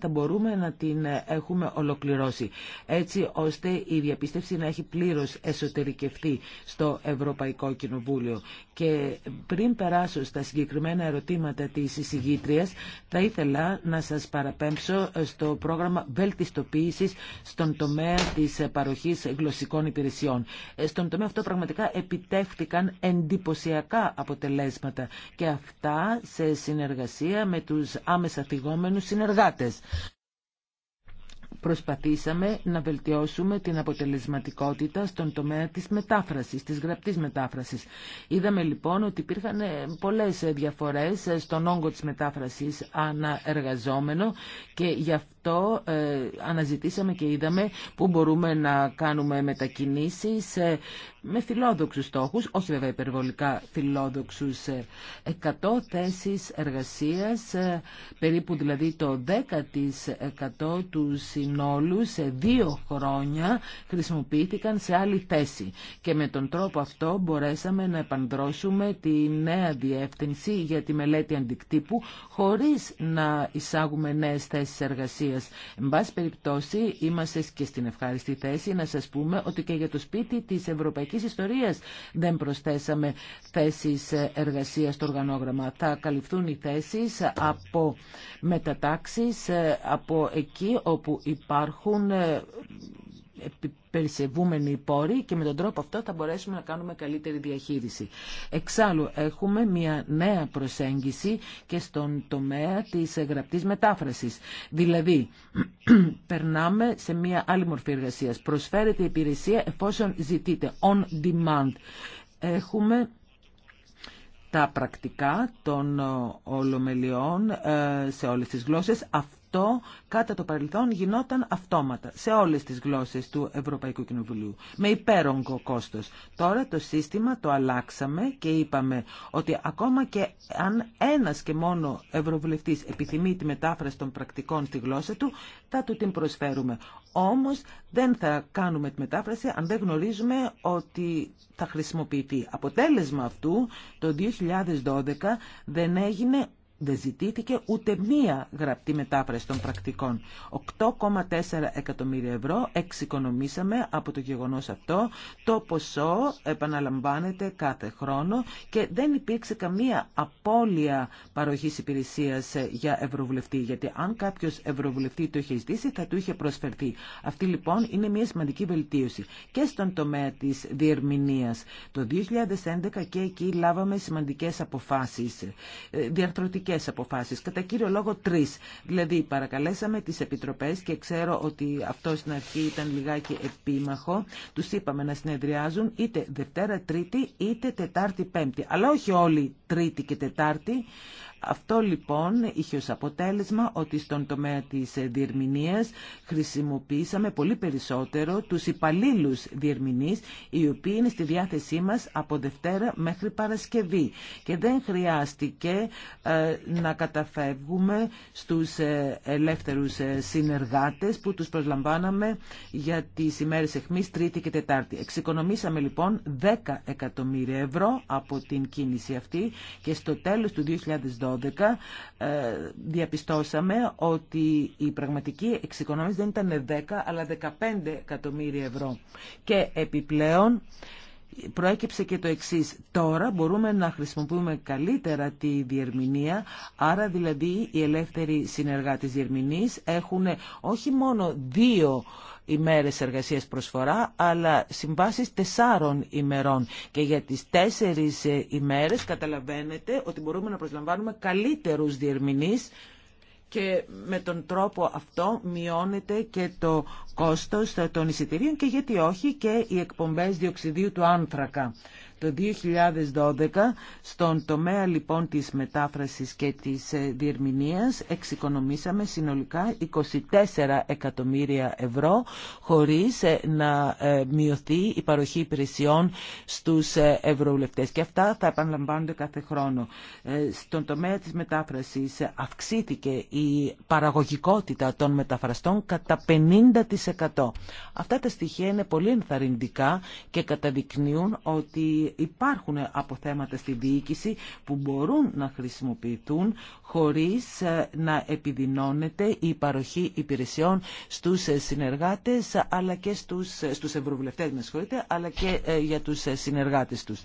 θα μπορούμε να την ε, έχουμε ολοκληρώσει, έτσι ώστε η διαπίστευση να έχει πλήρως εσωτερικευτεί στο Ευρωπαϊκό Κοινοβούλιο. Και πριν περάσω στα συγκεκριμένα ερωτήματα της εισηγήτριας, θα ήθελα να σας παραπέμψω στο πρόγραμμα βελτιστοποίησης στον τομέα της παροχής γλωσσικών υπηρεσιών. Στον τομέα αυτό πραγματικά επιτεύχθηκαν εντυπωσιακά αποτελέσματα και αυτά σε συνεργασία με τους άμεσα θυγόμενους συνεργάτες προσπαθήσαμε να βελτιώσουμε την αποτελεσματικότητα στον τομέα της μετάφρασης, της γραπτής μετάφρασης. Είδαμε λοιπόν ότι υπήρχαν ε, πολλές ε, διαφορές ε, στον όγκο της μετάφρασης αναεργαζόμενο και γι' αυτό αυτό ε, αναζητήσαμε και είδαμε που μπορούμε να κάνουμε μετακινήσεις ε, με φιλόδοξους στόχους, όχι βέβαια υπερβολικά φιλόδοξους, 100 ε, θέσεις εργασίας, περίπου δηλαδή το 10% του συνόλου σε δύο χρόνια χρησιμοποιήθηκαν σε άλλη θέση. Και με τον τρόπο αυτό μπορέσαμε να επανδρώσουμε τη νέα διεύθυνση για τη μελέτη αντικτύπου χωρίς να εισάγουμε νέες θέσεις εργασίας εμβας Εν πάση περιπτώσει, είμαστε και στην ευχάριστη θέση να σας πούμε ότι και για το σπίτι της ευρωπαϊκής ιστορίας δεν προσθέσαμε θέσεις εργασίας στο οργανόγραμμα. Θα καλυφθούν οι θέσεις από μετατάξεις, από εκεί όπου υπάρχουν ε, περισευούμενοι πόροι και με τον τρόπο αυτό θα μπορέσουμε να κάνουμε καλύτερη διαχείριση. Εξάλλου έχουμε μια νέα προσέγγιση και στον τομέα της γραπτής μετάφρασης. Δηλαδή, περνάμε σε μια άλλη μορφή εργασίας. Προσφέρεται η υπηρεσία εφόσον ζητείτε on demand. Έχουμε τα πρακτικά των ε, ολομελιών ε, σε όλες τις γλώσσες. Το κατά το παρελθόν γινόταν αυτόματα σε όλες τις γλώσσες του Ευρωπαϊκού Κοινοβουλίου με υπέρογκο κόστος. Τώρα το σύστημα το αλλάξαμε και είπαμε ότι ακόμα και αν ένας και μόνο ευρωβουλευτής επιθυμεί τη μετάφραση των πρακτικών στη γλώσσα του θα του την προσφέρουμε. Όμως δεν θα κάνουμε τη μετάφραση αν δεν γνωρίζουμε ότι θα χρησιμοποιηθεί. Αποτέλεσμα αυτού το 2012 δεν έγινε δεν ζητήθηκε ούτε μία γραπτή μετάφραση των πρακτικών. 8,4 εκατομμύρια ευρώ εξοικονομήσαμε από το γεγονός αυτό. Το ποσό επαναλαμβάνεται κάθε χρόνο και δεν υπήρξε καμία απώλεια παροχής υπηρεσίας ε, για ευρωβουλευτή. Γιατί αν κάποιος ευρωβουλευτή το είχε ζητήσει θα του είχε προσφερθεί. Αυτή λοιπόν είναι μια σημαντική βελτίωση. Και στον τομέα της διερμηνίας. Το 2011 και εκεί λάβαμε σημαντικές αποφάσεις. Ε, πολιτικές αποφάσεις, κατά κύριο λόγο τρεις. Δηλαδή παρακαλέσαμε τις επιτροπές και ξέρω ότι αυτό στην αρχή ήταν λιγάκι επίμαχο. Τους είπαμε να συνεδριάζουν είτε Δευτέρα Τρίτη είτε Τετάρτη Πέμπτη. Αλλά όχι όλοι Τρίτη και Τετάρτη. Αυτό λοιπόν είχε ως αποτέλεσμα ότι στον τομέα της ε, διερμηνίας χρησιμοποίησαμε πολύ περισσότερο τους υπαλλήλους διερμηνείς οι οποίοι είναι στη διάθεσή μας από Δευτέρα μέχρι Παρασκευή και δεν χρειάστηκε ε, να καταφεύγουμε στους ε, ελεύθερους συνεργάτες που τους προσλαμβάναμε για τις ημέρες εχμής Τρίτη και Τετάρτη. Εξοικονομήσαμε λοιπόν 10 εκατομμύρια ευρώ από την κίνηση αυτή και στο τέλος του 2012 ε, διαπιστώσαμε ότι η πραγματική εξοικονόμηση δεν ήταν 10 αλλά 15 εκατομμύρια ευρώ. Και επιπλέον προέκυψε και το εξής. Τώρα μπορούμε να χρησιμοποιούμε καλύτερα τη διερμηνία, άρα δηλαδή οι ελεύθεροι συνεργάτες διερμηνής έχουν όχι μόνο δύο ημέρες εργασίας προσφορά, αλλά συμβάσεις τεσσάρων ημερών. Και για τις τέσσερις ε, ημέρες καταλαβαίνετε ότι μπορούμε να προσλαμβάνουμε καλύτερους διερμηνείς και με τον τρόπο αυτό μειώνεται και το κόστος των εισιτηρίων και γιατί όχι και οι εκπομπές διοξιδίου του άνθρακα το 2012 στον τομέα λοιπόν της μετάφρασης και της ε, διερμηνίας εξοικονομήσαμε συνολικά 24 εκατομμύρια ευρώ χωρίς ε, να ε, μειωθεί η παροχή υπηρεσιών στους ευρωβουλευτές και αυτά θα επαναλαμβάνονται κάθε χρόνο. Στον τομέα της μετάφρασης αυξήθηκε η παραγωγικότητα των μεταφραστών κατά 50%. Αυτά τα στοιχεία είναι πολύ ενθαρρυντικά και καταδεικνύουν ότι υπάρχουν αποθέματα στη διοίκηση που μπορούν να χρησιμοποιηθούν χωρίς ε, να επιδεινώνεται η παροχή υπηρεσιών στους ε, συνεργάτες αλλά και στους, ε, στους ευρωβουλευτές με συγχωρείτε, αλλά και για τους συνεργάτες τους.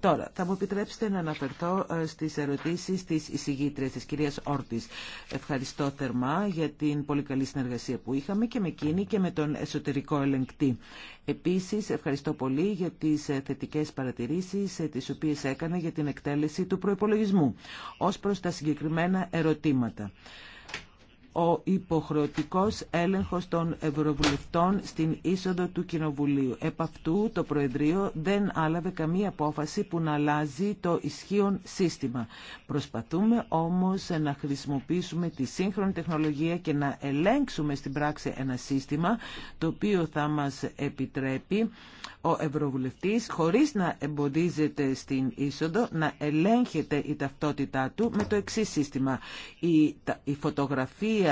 Τώρα, θα μου επιτρέψετε να αναφερθώ στις ερωτήσεις της εισηγήτριας της κυρίας Όρτης. Ευχαριστώ θερμά για την πολύ καλή συνεργασία που είχαμε και με εκείνη και με τον εσωτερικό ελεγκτή. Επίσης, ευχαριστώ πολύ για τις ε, θετικές παρατηρήσεις ε, τις οποίες έκανα για την εκτέλεση του προϋπολογισμού ως προς τα συγκεκριμένα ερωτήματα ο υποχρεωτικός έλεγχος των ευρωβουλευτών στην είσοδο του Κοινοβουλίου. Επ' αυτού το Προεδρείο δεν άλαβε καμία απόφαση που να αλλάζει το ισχύον σύστημα. Προσπαθούμε όμως να χρησιμοποιήσουμε τη σύγχρονη τεχνολογία και να ελέγξουμε στην πράξη ένα σύστημα το οποίο θα μας επιτρέπει ο Ευρωβουλευτής χωρίς να εμποδίζεται στην είσοδο να ελέγχεται η ταυτότητά του με το εξή σύστημα. η φωτογραφία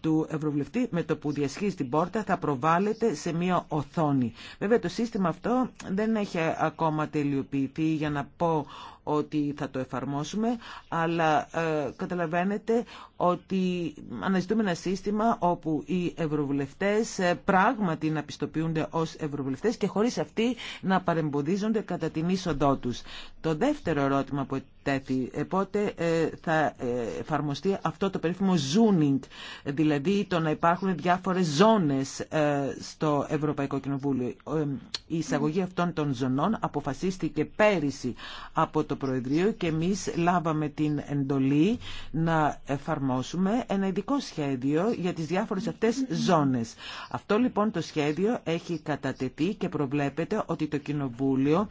του Ευρωβουλευτή με το που διασχίζει την πόρτα θα προβάλλεται σε μία οθόνη. Βέβαια το σύστημα αυτό δεν έχει ακόμα τελειοποιηθεί για να πω ότι θα το εφαρμόσουμε, αλλά ε, καταλαβαίνετε ότι αναζητούμε ένα σύστημα όπου οι ευρωβουλευτές ε, πράγματι να πιστοποιούνται ως ευρωβουλευτές και χωρίς αυτοί να παρεμποδίζονται κατά την είσοδό τους. Το δεύτερο ερώτημα που τέθη, ε, πότε ε, θα εφαρμοστεί αυτό το περίφημο zooming, δηλαδή το να υπάρχουν διάφορες ζώνες στο Ευρωπαϊκό Κοινοβούλιο. Η εισαγωγή αυτών των ζωνών αποφασίστηκε πέρυσι από το Προεδρείο και εμείς λάβαμε την εντολή να εφαρμόσουμε ένα ειδικό σχέδιο για τις διάφορες αυτές ζώνες. Αυτό λοιπόν το σχέδιο έχει κατατεθεί και προβλέπεται ότι το Κοινοβούλιο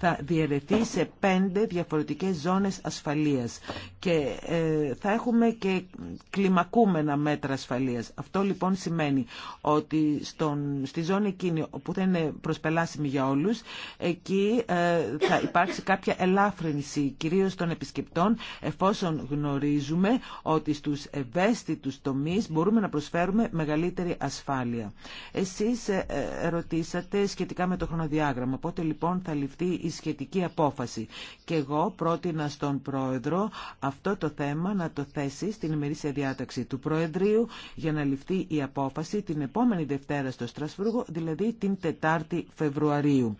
θα διαιρεθεί σε πέντε διαφορετικές ζώνες ασφαλείας και ε, θα έχουμε και κλιμακούμενα μέτρα ασφαλείας. Αυτό λοιπόν σημαίνει ότι στον, στη ζώνη εκείνη που θα είναι προσπελάσιμη για όλους, εκεί ε, θα υπάρξει κάποια ελάφρυνση κυρίω κυρίως των επισκεπτών εφόσον γνωρίζουμε ότι στους ευαίσθητους τομείς μπορούμε να προσφέρουμε μεγαλύτερη ασφάλεια. Εσείς ε, ε, ρωτήσατε σχετικά με το χρονοδιάγραμμα. Πότε λοιπόν θα ληφθεί η σχετική απόφαση. Και εγώ πρότεινα στον Πρόεδρο αυτό το θέμα να το θέσει στην ημερήσια διάταξη του Προεδρείου για να ληφθεί η απόφαση την επόμενη Δευτέρα στο Στρασβούργο, δηλαδή την 4η Φεβρουαρίου.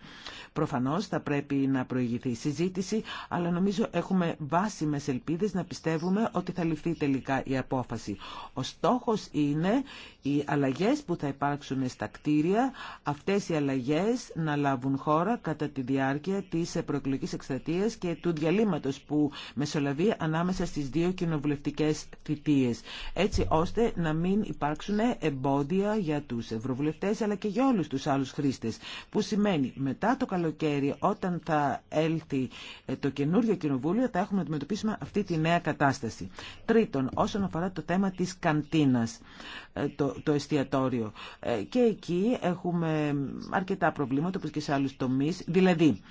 Προφανώς θα πρέπει να προηγηθεί συζήτηση, αλλά νομίζω έχουμε βάσιμες ελπίδες να πιστεύουμε ότι θα ληφθεί τελικά η απόφαση. Ο στόχος είναι οι αλλαγές που θα υπάρξουν στα κτίρια, αυτές οι αλλαγές να λάβουν χώρα κατά τη διάρκεια της προεκλογικής εκστρατείας και του διαλύματος που μεσολαβεί ανάμεσα στις δύο κοινοβουλευτικές θητείες, έτσι ώστε να μην υπάρξουν εμπόδια για τους ευρωβουλευτές αλλά και για όλους τους άλλους χρήστες, που σημαίνει μετά το καλοκαίρι όταν θα έλθει ε, το το καινούριο κοινοβούλιο θα έχουμε να αντιμετωπίσουμε αυτή τη νέα κατάσταση. Τρίτον, όσον αφορά το θέμα της καντίνας, ε, το, το εστιατόριο. Ε, και εκεί έχουμε αρκετά προβλήματα, όπως και σε άλλους τομείς. Δηλαδή,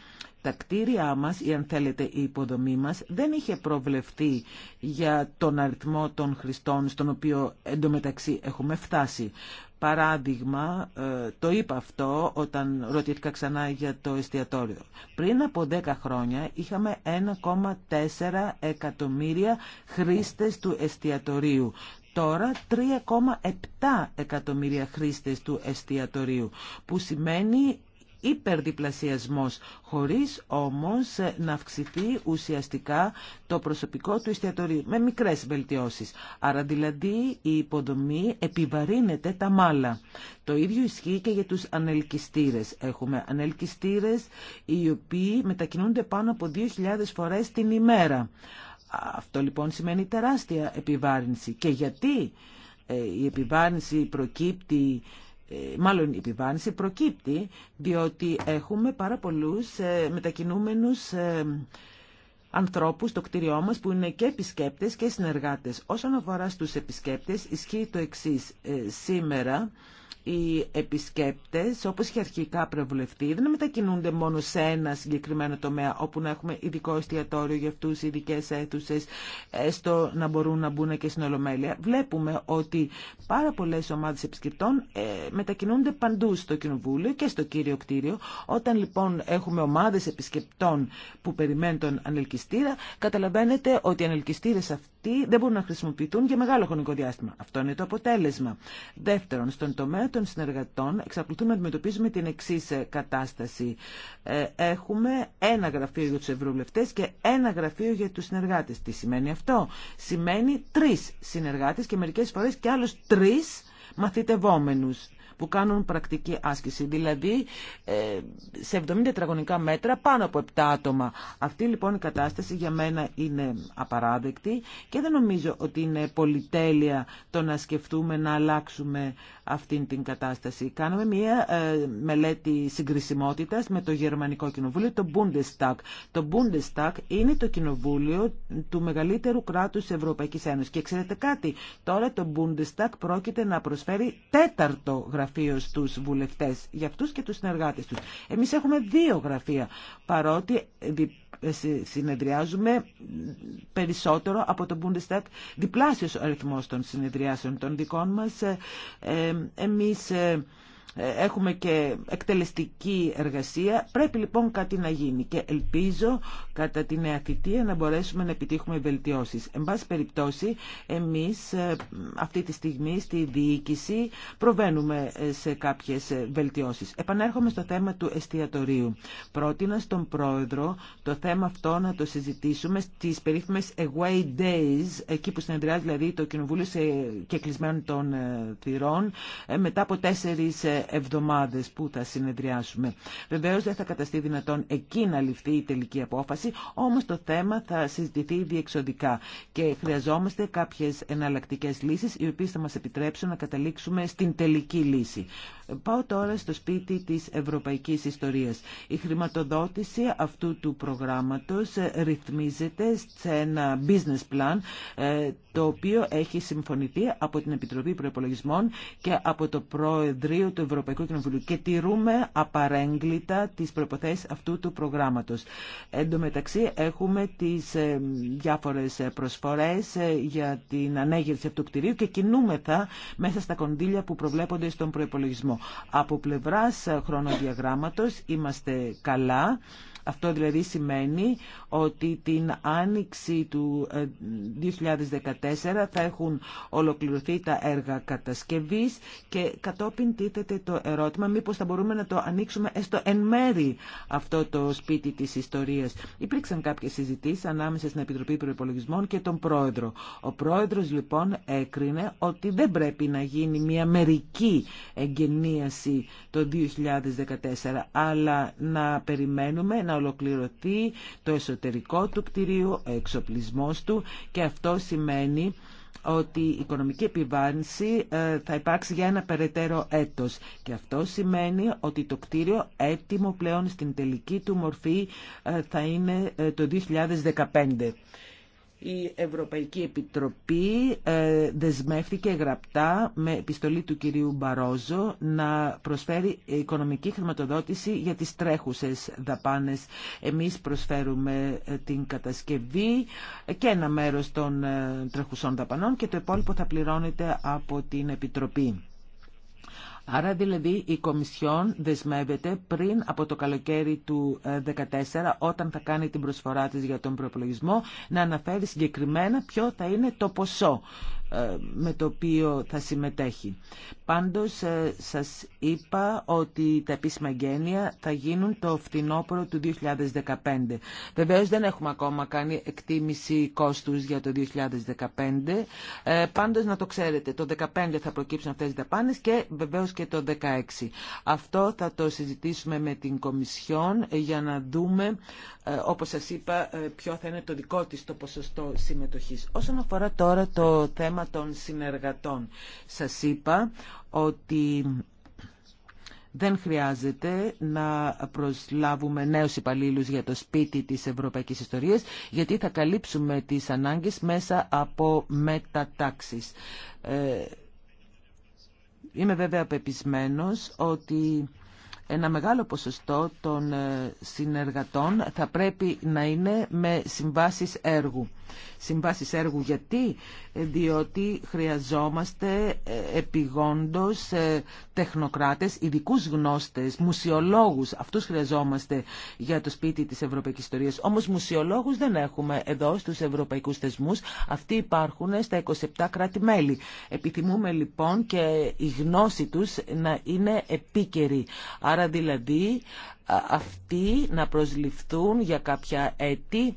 τα κτίρια μας ή αν θέλετε η υποδομή μας δεν είχε προβλεφθεί για τον αριθμό των χρηστών στον οποίο εντωμεταξύ έχουμε φτάσει. Παράδειγμα, ε, το είπα αυτό όταν ρωτήθηκα ξανά για το εστιατόριο. Πριν από 10 χρόνια είχαμε 1,4 εκατομμύρια χρήστες του εστιατορίου. Τώρα 3,7 εκατομμύρια χρήστες του εστιατορίου, που σημαίνει υπερδιπλασιασμός, χωρίς όμως ε, να αυξηθεί ουσιαστικά το προσωπικό του εστιατορίου, με μικρές βελτιώσεις. Άρα δηλαδή η υποδομή επιβαρύνεται τα μάλα. Το ίδιο ισχύει και για τους ανελκυστήρες. Έχουμε ανελκυστήρες οι οποίοι μετακινούνται πάνω από 2.000 φορές την ημέρα. Αυτό λοιπόν σημαίνει τεράστια επιβάρυνση. Και γιατί ε, η επιβάρυνση προκύπτει ε, μάλλον η επιβάρυνση προκύπτει διότι έχουμε πάρα πολλούς ε, μετακινούμενους ε, ανθρώπους στο κτίριό μας που είναι και επισκέπτες και συνεργάτες. Όσον αφορά στους επισκέπτες ισχύει το εξής. σήμερα οι επισκέπτες, όπως είχε αρχικά προβλεφτεί, δεν μετακινούνται μόνο σε ένα συγκεκριμένο τομέα, όπου να έχουμε ειδικό εστιατόριο για αυτούς, ειδικέ αίθουσε, έστω ε, να μπορούν να μπουν και στην Ολομέλεια. Βλέπουμε ότι πάρα πολλές ομάδες επισκεπτών ε, μετακινούνται παντού στο Κοινοβούλιο και στο κύριο κτίριο. Όταν λοιπόν έχουμε ομάδες επισκεπτών που περιμένουν τον ανελκυστήρα, καταλαβαίνετε ότι οι ανελκυστήρες αυτοί δεν μπορούν να χρησιμοποιηθούν για μεγάλο χρονικό διάστημα. Αυτό είναι το αποτέλεσμα. Δεύτερον, στον τομέα των συνεργατών εξακολουθούμε να αντιμετωπίζουμε την εξή ε, κατάσταση. Ε, έχουμε ένα γραφείο για του ευρωβουλευτέ και ένα γραφείο για του συνεργάτε. Τι σημαίνει αυτό. Σημαίνει τρει συνεργάτε και μερικέ φορέ και άλλου τρει μαθητευόμενους που κάνουν πρακτική άσκηση. Δηλαδή ε, σε 70 τετραγωνικά μέτρα πάνω από 7 άτομα. Αυτή λοιπόν η κατάσταση για μένα είναι απαράδεκτη και δεν νομίζω ότι είναι πολυτέλεια το να σκεφτούμε να αλλάξουμε αυτή την κατάσταση. Κάναμε μια ε, μελέτη συγκρισιμότητας με το Γερμανικό Κοινοβούλιο, το Bundestag. Το Bundestag είναι το κοινοβούλιο του μεγαλύτερου κράτους της Ευρωπαϊκής Ένωσης. Και ξέρετε κάτι, τώρα το Bundestag πρόκειται να προσφέρει τέταρτο γραφείο γραφείο στους βουλευτές, για αυτούς και τους συνεργάτες τους. Εμείς έχουμε δύο γραφεία, παρότι συνεδριάζουμε περισσότερο από το Bundestag, διπλάσιος αριθμός των συνεδριάσεων των δικών μας. Ε, εμείς ε, ε, έχουμε και εκτελεστική εργασία. Πρέπει λοιπόν κάτι να γίνει και ελπίζω κατά τη νέα θητεία να μπορέσουμε να επιτύχουμε βελτιώσεις. Εν πάση περιπτώσει, εμείς ε, αυτή τη στιγμή στη διοίκηση προβαίνουμε ε, σε κάποιες βελτιώσεις. Επανέρχομαι στο θέμα του εστιατορίου. Πρότεινα στον πρόεδρο το θέμα αυτό να το συζητήσουμε στις περίφημες away days, εκεί που συνεδριάζει δηλαδή το Κοινοβούλιο σε κεκλεισμένο των θυρών, μετά από τέσσερις εβδομάδες που θα συνεδριάσουμε. Βεβαίως δεν θα καταστεί δυνατόν εκεί να ληφθεί η τελική απόφαση, όμως το θέμα θα συζητηθεί διεξοδικά και χρειαζόμαστε κάποιες εναλλακτικές λύσεις οι οποίες θα μας επιτρέψουν να καταλήξουμε στην τελική λύση. Πάω τώρα στο σπίτι της ευρωπαϊκής ιστορίας. Η χρηματοδότηση αυτού του προγράμματος ε, ρυθμίζεται σε ένα business plan ε, το οποίο έχει συμφωνηθεί από την Επιτροπή Προπολογισμών και από το Προεδρείο του Ευρωπαϊκού Κοινοβουλίου και τηρούμε απαρέγκλητα τις προποθέσεις αυτού του προγράμματος. Εν τω μεταξύ έχουμε τις ε, διάφορες προσφορές για την ανέγερση αυτού του κτηρίου και κινούμεθα μέσα στα κονδύλια που προβλέπονται στον προπολογισμό. Από πλευράς χρονοδιαγράμματος είμαστε καλά. Αυτό δηλαδή σημαίνει ότι την άνοιξη του 2014 ε, θα έχουν ολοκληρωθεί τα έργα κατασκευής και κατόπιν τίθεται το ερώτημα μήπως θα μπορούμε να το ανοίξουμε έστω εν μέρη αυτό το σπίτι της ιστορίας. Υπήρξαν κάποιες συζητήσεις ανάμεσα στην Επιτροπή Προπολογισμών και τον Πρόεδρο. Ο Πρόεδρος λοιπόν έκρινε ότι δεν πρέπει να γίνει μια μερική εγγενίαση το 2014 αλλά να περιμένουμε να ολοκληρωθεί το εσωτερικό του κτηρίου, ο εξοπλισμός του και αυτό σημαίνει ότι η οικονομική επιβάρυνση ε, θα υπάρξει για ένα περαιτέρω έτος. Και αυτό σημαίνει ότι το κτίριο έτοιμο πλέον στην τελική του μορφή ε, θα είναι ε, το 2015. Η Ευρωπαϊκή Επιτροπή ε, δεσμεύτηκε γραπτά με επιστολή του κυρίου Μπαρόζο να προσφέρει οικονομική χρηματοδότηση για τις τρέχουσες δαπάνες. Εμείς προσφέρουμε ε, την κατασκευή και ένα μέρος των ε, τρεχουσών δαπανών και το υπόλοιπο θα πληρώνεται από την Επιτροπή. Άρα δηλαδή η Κομισιόν δεσμεύεται πριν από το καλοκαίρι του 2014 ε, όταν θα κάνει την προσφορά της για τον προπολογισμό να αναφέρει συγκεκριμένα ποιο θα είναι το ποσό ε, με το οποίο θα συμμετέχει. Πάντως ε, σας είπα ότι τα επίσημα γένεια θα γίνουν το φθινόπωρο του 2015. Βεβαίως δεν έχουμε ακόμα κάνει εκτίμηση κόστους για το 2015. Ε, πάντως να το ξέρετε, το 2015 θα προκύψουν αυτές οι δαπάνες και βεβαίως και το 2016. Αυτό θα το συζητήσουμε με την Κομισιόν για να δούμε ε, όπως σας είπα, ε, ποιο θα είναι το δικό της το ποσοστό συμμετοχής. Όσον αφορά τώρα το θέμα των συνεργατών, σας είπα ότι δεν χρειάζεται να προσλάβουμε νέους υπαλλήλους για το σπίτι της ευρωπαϊκής ιστορίας, γιατί θα καλύψουμε τις ανάγκες μέσα από μετατάξεις. Ε, είμαι βέβαια πεπισμένος ότι ένα μεγάλο ποσοστό των ε, συνεργατών θα πρέπει να είναι με συμβάσεις έργου συμβάσεις έργου. Γιατί? Ε, διότι χρειαζόμαστε ε, επιγόντως ε, τεχνοκράτες, ειδικού γνώστες, μουσιολόγους. Αυτούς χρειαζόμαστε για το σπίτι της Ευρωπαϊκής Ιστορίας. Όμως μουσιολόγους δεν έχουμε εδώ στους ευρωπαϊκούς θεσμούς. Αυτοί υπάρχουν στα 27 κράτη-μέλη. Επιθυμούμε λοιπόν και η γνώση τους να είναι επίκαιρη. Άρα δηλαδή ε, αυτοί να προσληφθούν για κάποια έτη.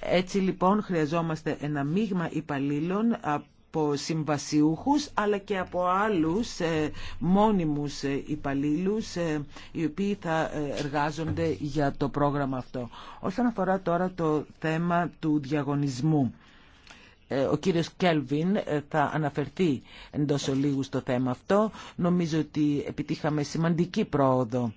Έτσι λοιπόν χρειαζόμαστε ένα μείγμα υπαλλήλων από συμβασιούχους αλλά και από άλλους ε, μόνιμους ε, υπαλλήλους οι οποίοι θα εργάζονται για το πρόγραμμα αυτό. Όσον αφορά τώρα το θέμα του διαγωνισμού ο κύριος Κέλβιν θα αναφερθεί εντός ολίγου στο θέμα αυτό. Νομίζω ότι επιτύχαμε σημαντική πρόοδο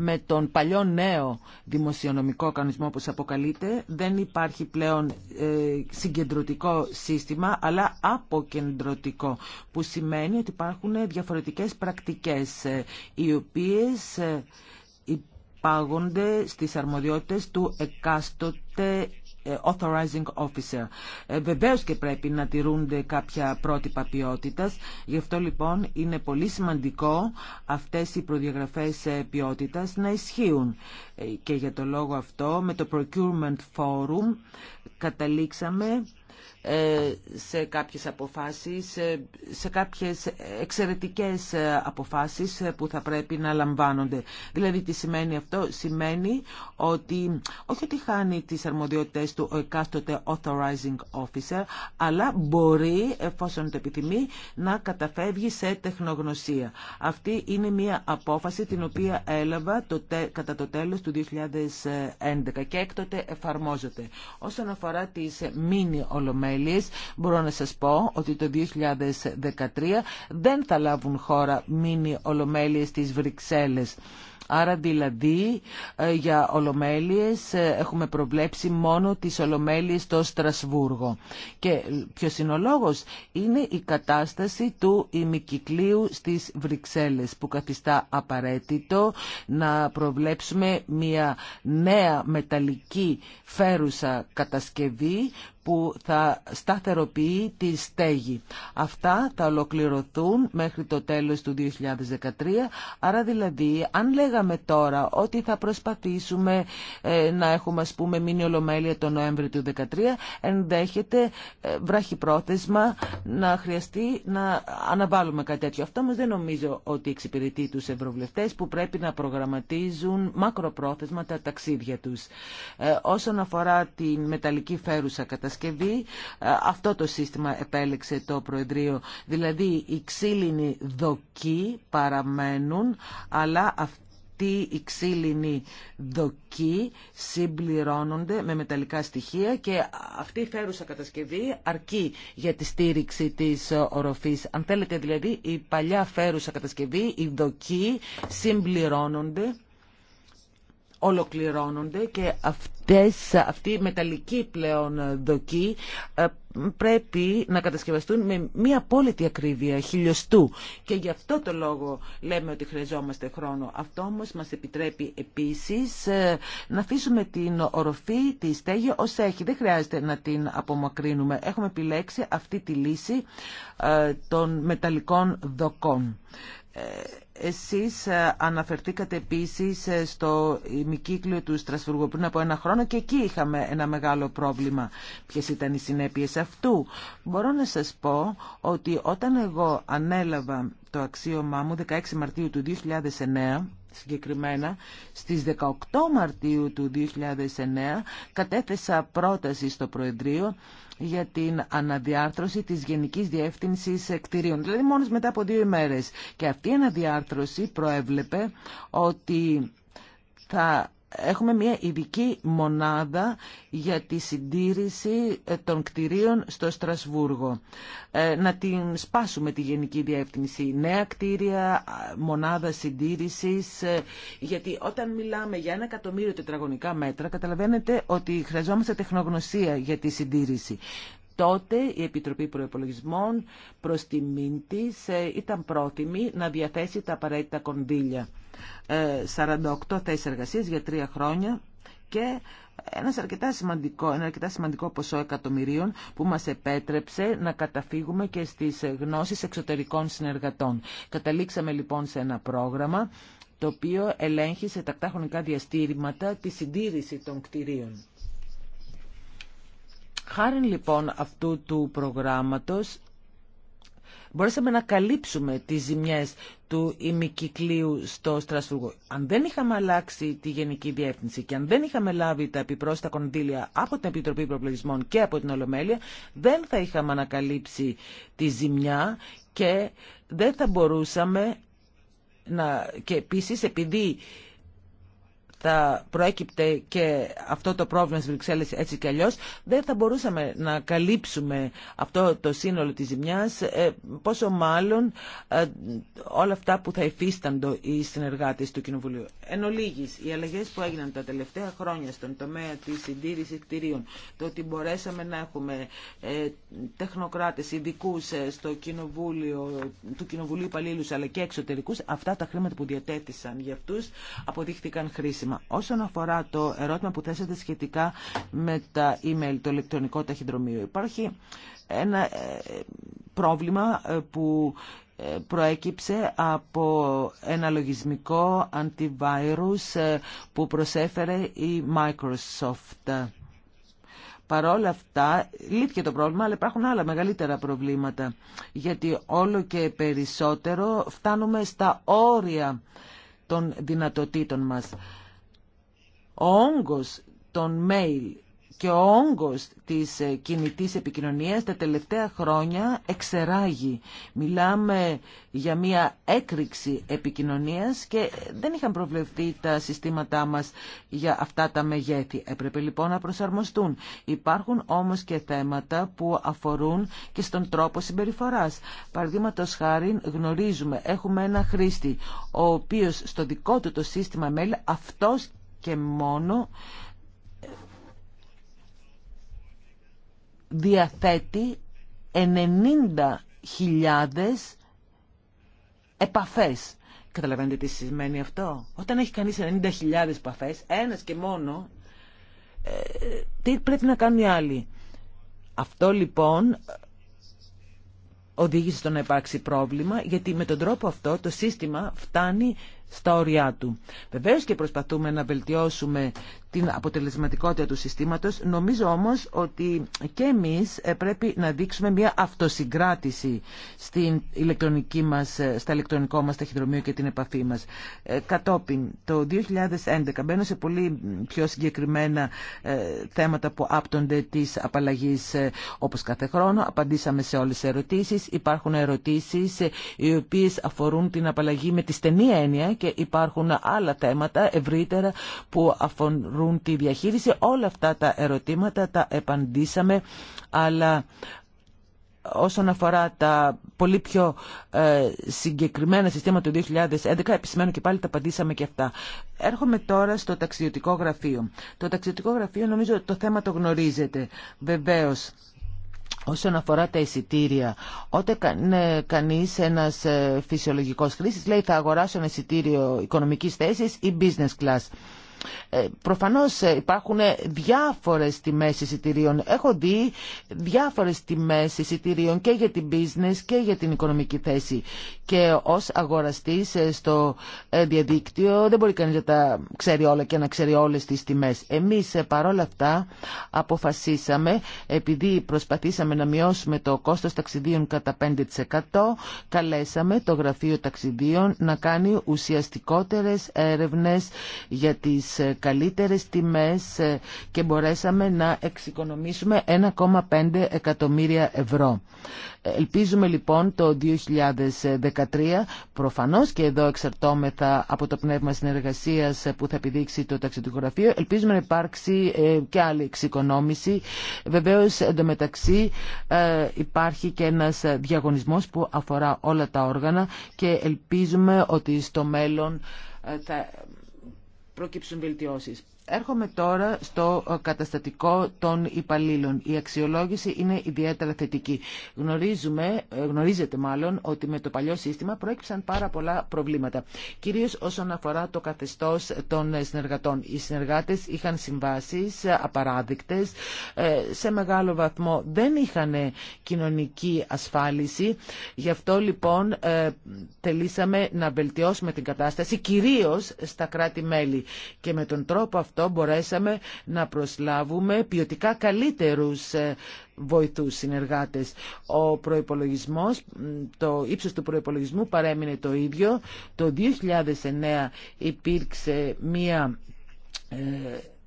με τον παλιό νέο δημοσιονομικό κανονισμό όπως αποκαλείται δεν υπάρχει πλέον ε, συγκεντρωτικό σύστημα αλλά αποκεντρωτικό που σημαίνει ότι υπάρχουν διαφορετικές πρακτικές ε, οι οποίες ε, υπάγονται στις αρμοδιότητες του εκάστοτε ε, authorizing officer. Ε, βεβαίως και πρέπει να τηρούνται κάποια πρότυπα ποιότητας. Γι' αυτό λοιπόν είναι πολύ σημαντικό αυτές οι προδιαγραφές ε, ποιότητας να ισχύουν. Και για το λόγο αυτό με το Procurement Forum καταλήξαμε ε, σε κάποιες αποφάσεις, ε, σε κάποιες εξαιρετικές ε, αποφάσεις που θα πρέπει να λαμβάνονται. Δηλαδή τι σημαίνει αυτό, σημαίνει ότι όχι ότι χάνει τις αρμοδιότητες του ο εκάστοτε authorizing officer, αλλά μπορεί, εφόσον το επιθυμεί, να καταφεύγει σε τεχνογνωσία. Αυτή είναι μια απόφαση την οποία έλαβα το, κατά το τέλος του 2011 και έκτοτε εφαρμόζεται. Όσον αφορά τις μήνυ ολομέλειες, μπορώ να σας πω ότι το 2013 δεν θα λάβουν χώρα μίνι ολομέλειες στις Βρυξέλλες. Άρα δηλαδή ε, για ολομέλειες ε, έχουμε προβλέψει μόνο τις ολομέλειες στο Στρασβούργο. Και ε, ποιος είναι ο λόγος? Είναι η κατάσταση του ημικυκλίου στις Βρυξέλλες που καθιστά απαραίτητο να προβλέψουμε μια νέα μεταλλική φέρουσα κατασκευή που θα σταθεροποιεί τη στέγη. Αυτά θα ολοκληρωθούν μέχρι το τέλος του 2013. Άρα δηλαδή, αν λέγαμε τώρα ότι θα προσπαθήσουμε ε, να έχουμε ας πούμε μείνει ολομέλεια το Νοέμβριο του 2013, ενδέχεται ε, βραχυπρόθεσμα να χρειαστεί να αναβάλουμε κάτι τέτοιο. Αυτό όμως δεν νομίζω ότι εξυπηρετεί τους ευρωβουλευτές που πρέπει να προγραμματίζουν μακροπρόθεσμα τα ταξίδια τους. Ε, όσον αφορά την μεταλλική φέρουσα κατασκευή, ε, αυτό το σύστημα επέλεξε το Προεδρείο. Δηλαδή οι ξύλινοι δοκοί παραμένουν, αλλά αυτή αυτοί οι ξύλινοι δοκοί συμπληρώνονται με μεταλλικά στοιχεία και αυτή η φέρουσα κατασκευή αρκεί για τη στήριξη της οροφής. Αν θέλετε δηλαδή η παλιά φέρουσα κατασκευή, οι δοκοί συμπληρώνονται ολοκληρώνονται και αυτές, αυτή η μεταλλική πλέον δοκή ε, πρέπει να κατασκευαστούν με μία απόλυτη ακρίβεια, χιλιοστού. Και γι' αυτό το λόγο λέμε ότι χρειαζόμαστε χρόνο. Αυτό όμω μας επιτρέπει επίσης ε, να αφήσουμε την οροφή, τη στέγη ως έχει. Δεν χρειάζεται να την απομακρύνουμε. Έχουμε επιλέξει αυτή τη λύση ε, των μεταλλικών δοκών. Εσείς ε, αναφερθήκατε επίσης ε, στο ημικύκλιο του Στρασβουργού πριν από ένα χρόνο και εκεί είχαμε ένα μεγάλο πρόβλημα. Ποιες ήταν οι συνέπειες αυτού. Μπορώ να σας πω ότι όταν εγώ ανέλαβα το αξίωμά μου 16 Μαρτίου του 2009 συγκεκριμένα στις 18 Μαρτίου του 2009 κατέθεσα πρόταση στο Προεδρείο για την αναδιάρθρωση της Γενικής Διεύθυνσης εκτηρίων. δηλαδή μόνος μετά από δύο ημέρες. Και αυτή η αναδιάρθρωση προέβλεπε ότι θα έχουμε μια ειδική μονάδα για τη συντήρηση ε, των κτηρίων στο Στρασβούργο. Ε, να την σπάσουμε τη Γενική Διεύθυνση. Νέα κτίρια, μονάδα συντήρησης, ε, γιατί όταν μιλάμε για ένα εκατομμύριο τετραγωνικά μέτρα, καταλαβαίνετε ότι χρειαζόμαστε τεχνογνωσία για τη συντήρηση. Τότε η Επιτροπή Προεπολογισμών προς τη μήν ήταν πρόθυμη να διαθέσει τα απαραίτητα κονδύλια. 48 θέσει εργασία για τρία χρόνια και ένας αρκετά ένα αρκετά σημαντικό ποσό εκατομμυρίων που μας επέτρεψε να καταφύγουμε και στις γνώσεις εξωτερικών συνεργατών. Καταλήξαμε λοιπόν σε ένα πρόγραμμα το οποίο ελέγχει σε τακτά χρονικά διαστήρηματα τη συντήρηση των κτηρίων. Χάρη λοιπόν αυτού του προγράμματος μπορέσαμε να καλύψουμε τις ζημιές του ημικυκλίου στο Στρασβούργο. Αν δεν είχαμε αλλάξει τη Γενική Διεύθυνση και αν δεν είχαμε λάβει τα επιπρόσθετα κονδύλια από την Επιτροπή Προπλογισμών και από την Ολομέλεια, δεν θα είχαμε ανακαλύψει τη ζημιά και δεν θα μπορούσαμε να... και επίσης επειδή θα προέκυπτε και αυτό το πρόβλημα στις Βρυξέλλες έτσι κι αλλιώς, δεν θα μπορούσαμε να καλύψουμε αυτό το σύνολο της ζημιάς, ε, πόσο μάλλον ε, όλα αυτά που θα υφίσταντο οι συνεργάτες του Κοινοβουλίου. Εν ολίγης, οι αλλαγές που έγιναν τα τελευταία χρόνια στον τομέα της συντήρηση κτηρίων, το ότι μπορέσαμε να έχουμε ε, τεχνοκράτες, ειδικού στο Κοινοβούλιο, του Κοινοβουλίου υπαλλήλου αλλά και εξωτερικούς, αυτά τα χρήματα που διατέθησαν για αυτούς αποδείχθηκαν χρήσιμα. Όσον αφορά το ερώτημα που θέσατε σχετικά με τα email, το ηλεκτρονικό ταχυδρομείο, υπάρχει ένα ε, πρόβλημα ε, που ε, προέκυψε από ένα λογισμικό antivirus που προσέφερε η Microsoft. Παρόλα αυτά, λύθηκε το πρόβλημα, αλλά υπάρχουν άλλα μεγαλύτερα προβλήματα. Γιατί όλο και περισσότερο φτάνουμε στα όρια των δυνατοτήτων μας. Ο όγκος των mail και ο όγκος της ε, κινητής επικοινωνίας τα τελευταία χρόνια εξεράγει. Μιλάμε για μια έκρηξη επικοινωνίας και δεν είχαν προβλεφθεί τα συστήματά μας για αυτά τα μεγέθη. Έπρεπε λοιπόν να προσαρμοστούν. Υπάρχουν όμως και θέματα που αφορούν και στον τρόπο συμπεριφοράς. Παραδείγματο χάρη γνωρίζουμε, έχουμε ένα χρήστη, ο οποίος στο δικό του το σύστημα mail αυτός και μόνο διαθέτει 90.000 επαφές. Καταλαβαίνετε τι σημαίνει αυτό. Όταν έχει κανείς 90.000 επαφές, ένας και μόνο, ε, τι πρέπει να κάνει οι άλλοι. Αυτό λοιπόν οδήγησε στο να υπάρξει πρόβλημα, γιατί με τον τρόπο αυτό το σύστημα φτάνει στα όρια του. Βεβαίως και προσπαθούμε να βελτιώσουμε την αποτελεσματικότητα του συστήματος. Νομίζω όμως ότι και εμείς ε, πρέπει να δείξουμε μια αυτοσυγκράτηση στην ηλεκτρονική μας, ε, στα ηλεκτρονικό μας ταχυδρομείο και την επαφή μας. Ε, κατόπιν, το 2011 μπαίνω σε πολύ πιο συγκεκριμένα θέματα που άπτονται της απαλλαγής όπως κάθε χρόνο. Απαντήσαμε σε όλες τις ερωτήσεις. Υπάρχουν ερωτήσεις οι οποίες αφορούν την απαλλαγή με τη στενή έννοια και υπάρχουν άλλα θέματα ευρύτερα που αφορούν τη διαχείριση. Όλα αυτά τα ερωτήματα τα επαντήσαμε, αλλά όσον αφορά τα πολύ πιο ε, συγκεκριμένα συστήματα του 2011, επισημαίνω και πάλι τα απαντήσαμε και αυτά. Έρχομαι τώρα στο ταξιδιωτικό γραφείο. Το ταξιδιωτικό γραφείο νομίζω το θέμα το γνωρίζετε. Βεβαίως Όσον αφορά τα εισιτήρια, όταν ναι, κανείς ένας ε, φυσιολογικός χρήσης λέει θα αγοράσω ένα εισιτήριο οικονομικής θέσης ή business class. Ε, προφανώς ε, υπάρχουν ε, διάφορες τιμές εισιτηρίων. Έχω δει διάφορες τιμές εισιτηρίων και για την business και για την οικονομική θέση. Και ως αγοραστής στο διαδίκτυο δεν μπορεί κανείς να τα ξέρει όλα και να ξέρει όλες τις τιμές. Εμείς παρόλα αυτά αποφασίσαμε, επειδή προσπαθήσαμε να μειώσουμε το κόστος ταξιδίων κατά 5%, καλέσαμε το Γραφείο Ταξιδίων να κάνει ουσιαστικότερες έρευνες για τις τις ε, καλύτερες τιμές ε, και μπορέσαμε να εξοικονομήσουμε 1,5 εκατομμύρια ευρώ. Ε, ελπίζουμε λοιπόν το 2013, προφανώς και εδώ εξαρτώμεθα από το πνεύμα συνεργασίας που θα επιδείξει το ταξιδιογραφείο, ελπίζουμε να υπάρξει και άλλη εξοικονόμηση. Βεβαίως εντωμεταξύ υπάρχει και ένας διαγωνισμός που αφορά όλα τα όργανα και ελπίζουμε ότι στο μέλλον θα προκύψουν βελτιώσεις. Έρχομαι τώρα στο ε, καταστατικό των υπαλλήλων. Η αξιολόγηση είναι ιδιαίτερα θετική. Γνωρίζουμε, ε, γνωρίζετε μάλλον ότι με το παλιό σύστημα προέκυψαν πάρα πολλά προβλήματα. Κυρίως όσον αφορά το καθεστώς των συνεργατών. Οι συνεργάτες είχαν συμβάσεις ε, απαράδεικτες. Σε μεγάλο βαθμό δεν είχαν κοινωνική ασφάλιση. Γι' αυτό λοιπόν τελήσαμε να βελτιώσουμε την κατάσταση κυρίως στα κράτη-μέλη. Και με τον τρόπο αυτό αυτό μπορέσαμε να προσλάβουμε ποιοτικά καλύτερους ε, βοηθούς συνεργάτες. Ο προϋπολογισμός, το ύψος του προϋπολογισμού παρέμεινε το ίδιο. Το 2009 υπήρξε μία ε,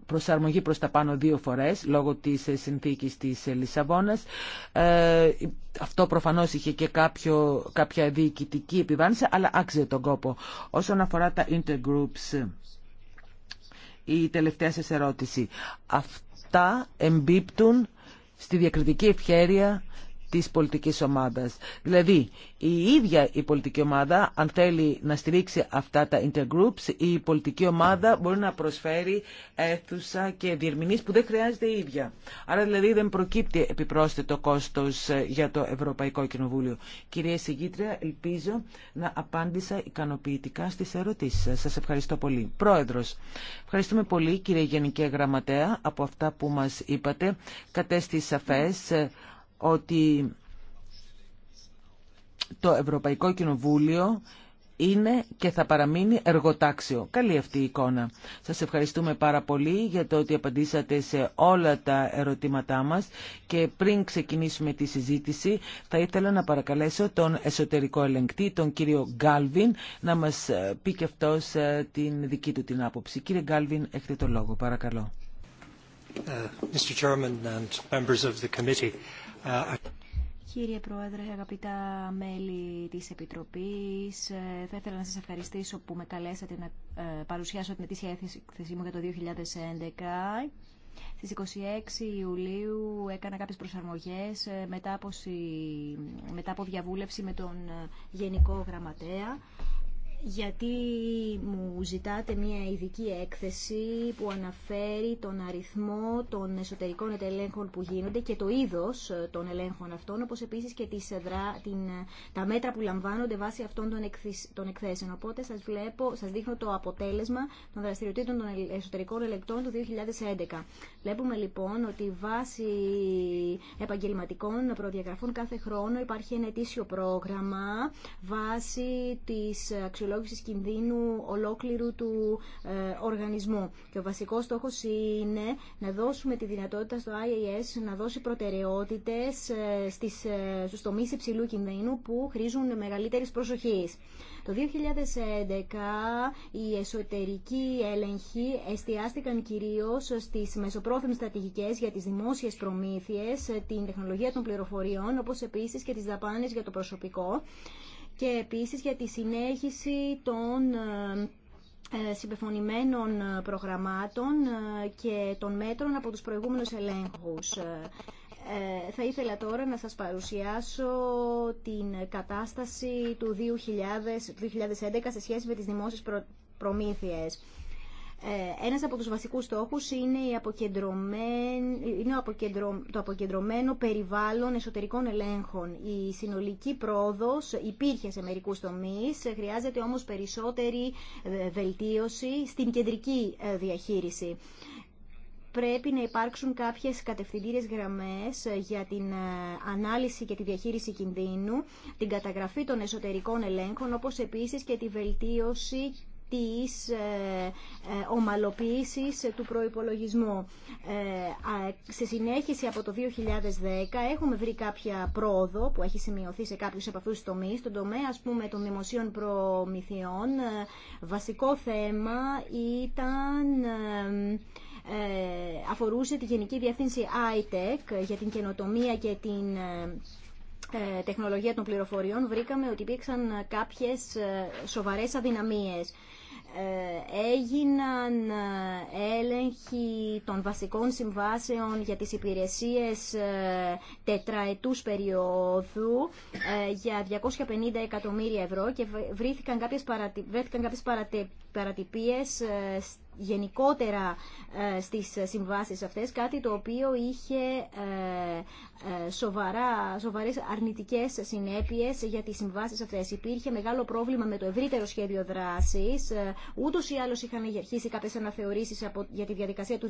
προσαρμογή προς τα πάνω δύο φορές λόγω της ε, συνθήκης της Λισαβόνας. αυτό προφανώς είχε και κάποιο, κάποια διοικητική επιβάρυνση, αλλά άξιζε τον κόπο. Όσον αφορά τα intergroups, η τελευταία σας ερώτηση. Αυτά εμπίπτουν στη διακριτική ευχέρεια της πολιτικής ομάδας. Δηλαδή, η ίδια η πολιτική ομάδα, αν θέλει να στηρίξει αυτά τα intergroups, η πολιτική ομάδα μπορεί να προσφέρει αίθουσα και διερμηνείς που δεν χρειάζεται η ίδια. Άρα δηλαδή δεν προκύπτει επιπρόσθετο κόστος ε, για το Ευρωπαϊκό Κοινοβούλιο. Κυρία Συγγήτρια, ελπίζω να απάντησα ικανοποιητικά στις ερωτήσεις σας. Σας ευχαριστώ πολύ. Πρόεδρος, ευχαριστούμε πολύ κύριε Γενική Γραμματέα από αυτά που μα είπατε. Κατέστη σαφέ. Ε, ότι το Ευρωπαϊκό Κοινοβούλιο είναι και θα παραμείνει εργοτάξιο. Καλή αυτή η εικόνα. Σας ευχαριστούμε πάρα πολύ για το ότι απαντήσατε σε όλα τα ερωτήματά μας και πριν ξεκινήσουμε τη συζήτηση θα ήθελα να παρακαλέσω τον εσωτερικό ελεγκτή, τον κύριο Γκάλβιν, να μας πει και αυτός ε, την δική του την άποψη. Κύριε Γκάλβιν, έχετε το λόγο, παρακαλώ. Uh, Κύριε Πρόεδρε, αγαπητά μέλη της Επιτροπής, ε, θα ήθελα να σας ευχαριστήσω που με καλέσατε να ε, παρουσιάσω την ετήσια έκθεσή μου για το 2011. Στις 26 Ιουλίου έκανα κάποιες προσαρμογές ε, μετά από, μετά από διαβούλευση με τον Γενικό Γραμματέα γιατί μου ζητάτε μια ειδική έκθεση που αναφέρει τον αριθμό των εσωτερικών ελέγχων που γίνονται και το είδος ε, των ελέγχων αυτών, όπως επίσης και τις την, τα μέτρα που λαμβάνονται βάσει αυτών των, των εκθέσεων. Οπότε σας, βλέπω, σας δείχνω το αποτέλεσμα των δραστηριοτήτων των εσωτερικών ελεκτών του 2011. Βλέπουμε λοιπόν ότι βάσει επαγγελματικών προδιαγραφών κάθε χρόνο υπάρχει ένα ετήσιο πρόγραμμα βάσει της αξιολογικής αξιολόγηση κινδύνου ολόκληρου του ε, οργανισμού. Και ο βασικός στόχο είναι να δώσουμε τη δυνατότητα στο IAS να δώσει προτεραιότητες ε, στις, ε, τομεί υψηλού κινδύνου που χρήζουν μεγαλύτερη προσοχή. Το 2011 οι εσωτερικοί έλεγχοι εστιάστηκαν κυρίως στις μεσοπρόθεσμε στρατηγικέ για τις δημόσιες προμήθειες, την τεχνολογία των πληροφοριών, όπω επίση και τι δαπάνε για το προσωπικό και επίσης για τη συνέχιση των ε, ε, συμπεφωνημένων ε, προγραμμάτων και των μέτρων από τους προηγούμενους ελέγχους. Θα ήθελα τώρα να σας παρουσιάσω την κατάσταση του 2011 σε σχέση με τις δημόσιες προμήθειες. Ε, ένας από τους βασικούς στόχους είναι, η είναι το αποκεντρωμένο περιβάλλον εσωτερικών ελέγχων. Η συνολική πρόοδος υπήρχε σε μερικούς τομείς, χρειάζεται όμως περισσότερη ε, βελτίωση στην κεντρική ε, διαχείριση. Πρέπει να υπάρξουν κάποιες κατευθυντήριες γραμμές για την ανάλυση και τη διαχείριση κινδύνου, την καταγραφή των εσωτερικών ελέγχων, όπως επίσης και τη βελτίωση της ε, ε, ομαλοποίησης του προϋπολογισμού. Ε, σε συνέχιση από το 2010 έχουμε βρει κάποια πρόοδο που έχει σημειωθεί σε κάποιους από αυτούς τους τομείς, στον τομέα ας πούμε των δημοσίων προμηθειών. Βασικό θέμα ήταν αφορούσε τη Γενική Διεύθυνση ITEC για την καινοτομία και την τεχνολογία των πληροφοριών βρήκαμε ότι υπήρξαν κάποιες σοβαρές αδυναμίες. Ε, έγιναν ε, έλεγχοι των βασικών συμβάσεων για τις υπηρεσίες ε, τετραετούς περίοδου για 250 εκατομμύρια ευρώ και βρήθηκαν κάποιες, παρατυπίες γενικότερα ε, στις συμβάσεις αυτές, κάτι το οποίο είχε ε, ε, σοβαρά, σοβαρές αρνητικές συνέπειες για τις συμβάσεις αυτές. Υπήρχε μεγάλο πρόβλημα με το ευρύτερο σχέδιο δράσης. Ούτως ή άλλως είχαν αρχίσει κάποιες αναθεωρήσεις από, για τη διαδικασία του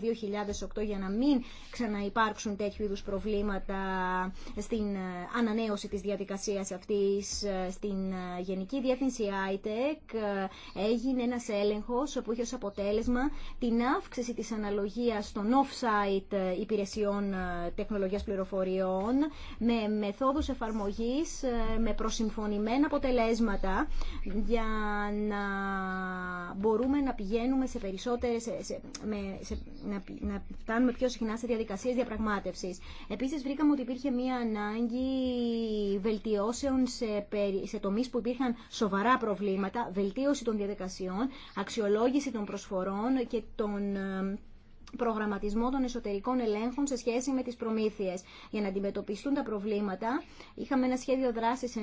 2008 για να μην ξαναυπάρξουν τέτοιου είδους προβλήματα στην ανανέωση της διαδικασίας αυτής στην Γενική Διεύθυνση ITEC. Έγινε ένας έλεγχος που είχε ως αποτέλεσμα την αύξηση της αναλογίας των off-site ε, υπηρεσιών ε, τεχνολογίας πληροφοριών με μεθόδους εφαρμογής, ε, με προσυμφωνημένα αποτελέσματα για να μπορούμε να πηγαίνουμε σε περισσότερες, με, σε, να, να φτάνουμε πιο συχνά σε διαδικασίες διαπραγμάτευσης. Επίσης βρήκαμε ότι υπήρχε μία ανάγκη βελτιώσεων σε, σε τομείς που υπήρχαν σοβαρά προβλήματα, βελτίωση των διαδικασιών, αξιολόγηση των προσφορών, και τον ε, προγραμματισμό των εσωτερικών ελέγχων σε σχέση με τις προμήθειες. Για να αντιμετωπιστούν τα προβλήματα, είχαμε ένα σχέδιο δράσης 9,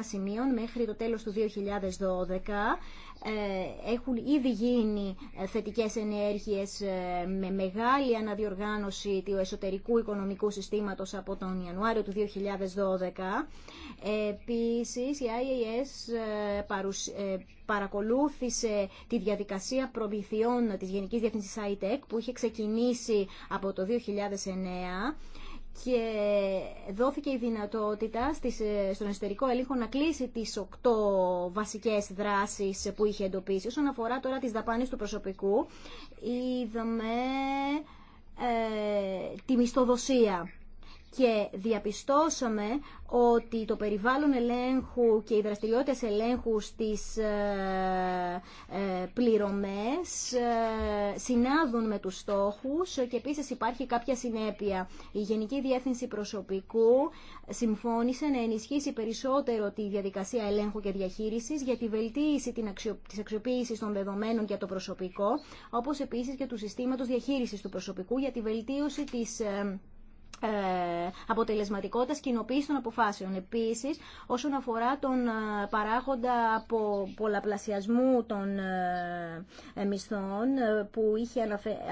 σημείων μέχρι το τέλος του 2012 ε, έχουν ήδη γίνει ε, θετικές ενέργειες ε, με μεγάλη αναδιοργάνωση του εσωτερικού οικονομικού συστήματος από τον Ιανουάριο του 2012. Επίσης, η IAS παρακολούθησε τη διαδικασία προμηθειών της Γενικής Διεύθυνσης ITEC που είχε ξεκινήσει από το 2009 και δόθηκε η δυνατότητα στις, ε, στον εσωτερικό έλεγχο να κλείσει τις οκτώ βασικές δράσεις που είχε εντοπίσει. Όσον αφορά τώρα τις δαπάνες του προσωπικού, είδαμε ε, τη μισθοδοσία και διαπιστώσαμε ότι το περιβάλλον ελέγχου και οι δραστηριότητες ελέγχου στις ε, ε, πληρωμές ε, συνάδουν με τους στόχους και επίσης υπάρχει κάποια συνέπεια. Η Γενική Διεύθυνση Προσωπικού συμφώνησε να ενισχύσει περισσότερο τη διαδικασία ελέγχου και διαχείρισης για τη βελτίωση της αξιοποίησης των δεδομένων για το προσωπικό, όπως επίσης και του συστήματος διαχείρισης του προσωπικού για τη βελτίωση της ε, αποτελεσματικότητας κοινοποίηση των αποφάσεων. Επίσης, όσον αφορά τον ε, παράγοντα από πολλαπλασιασμού των ε, μισθών που είχε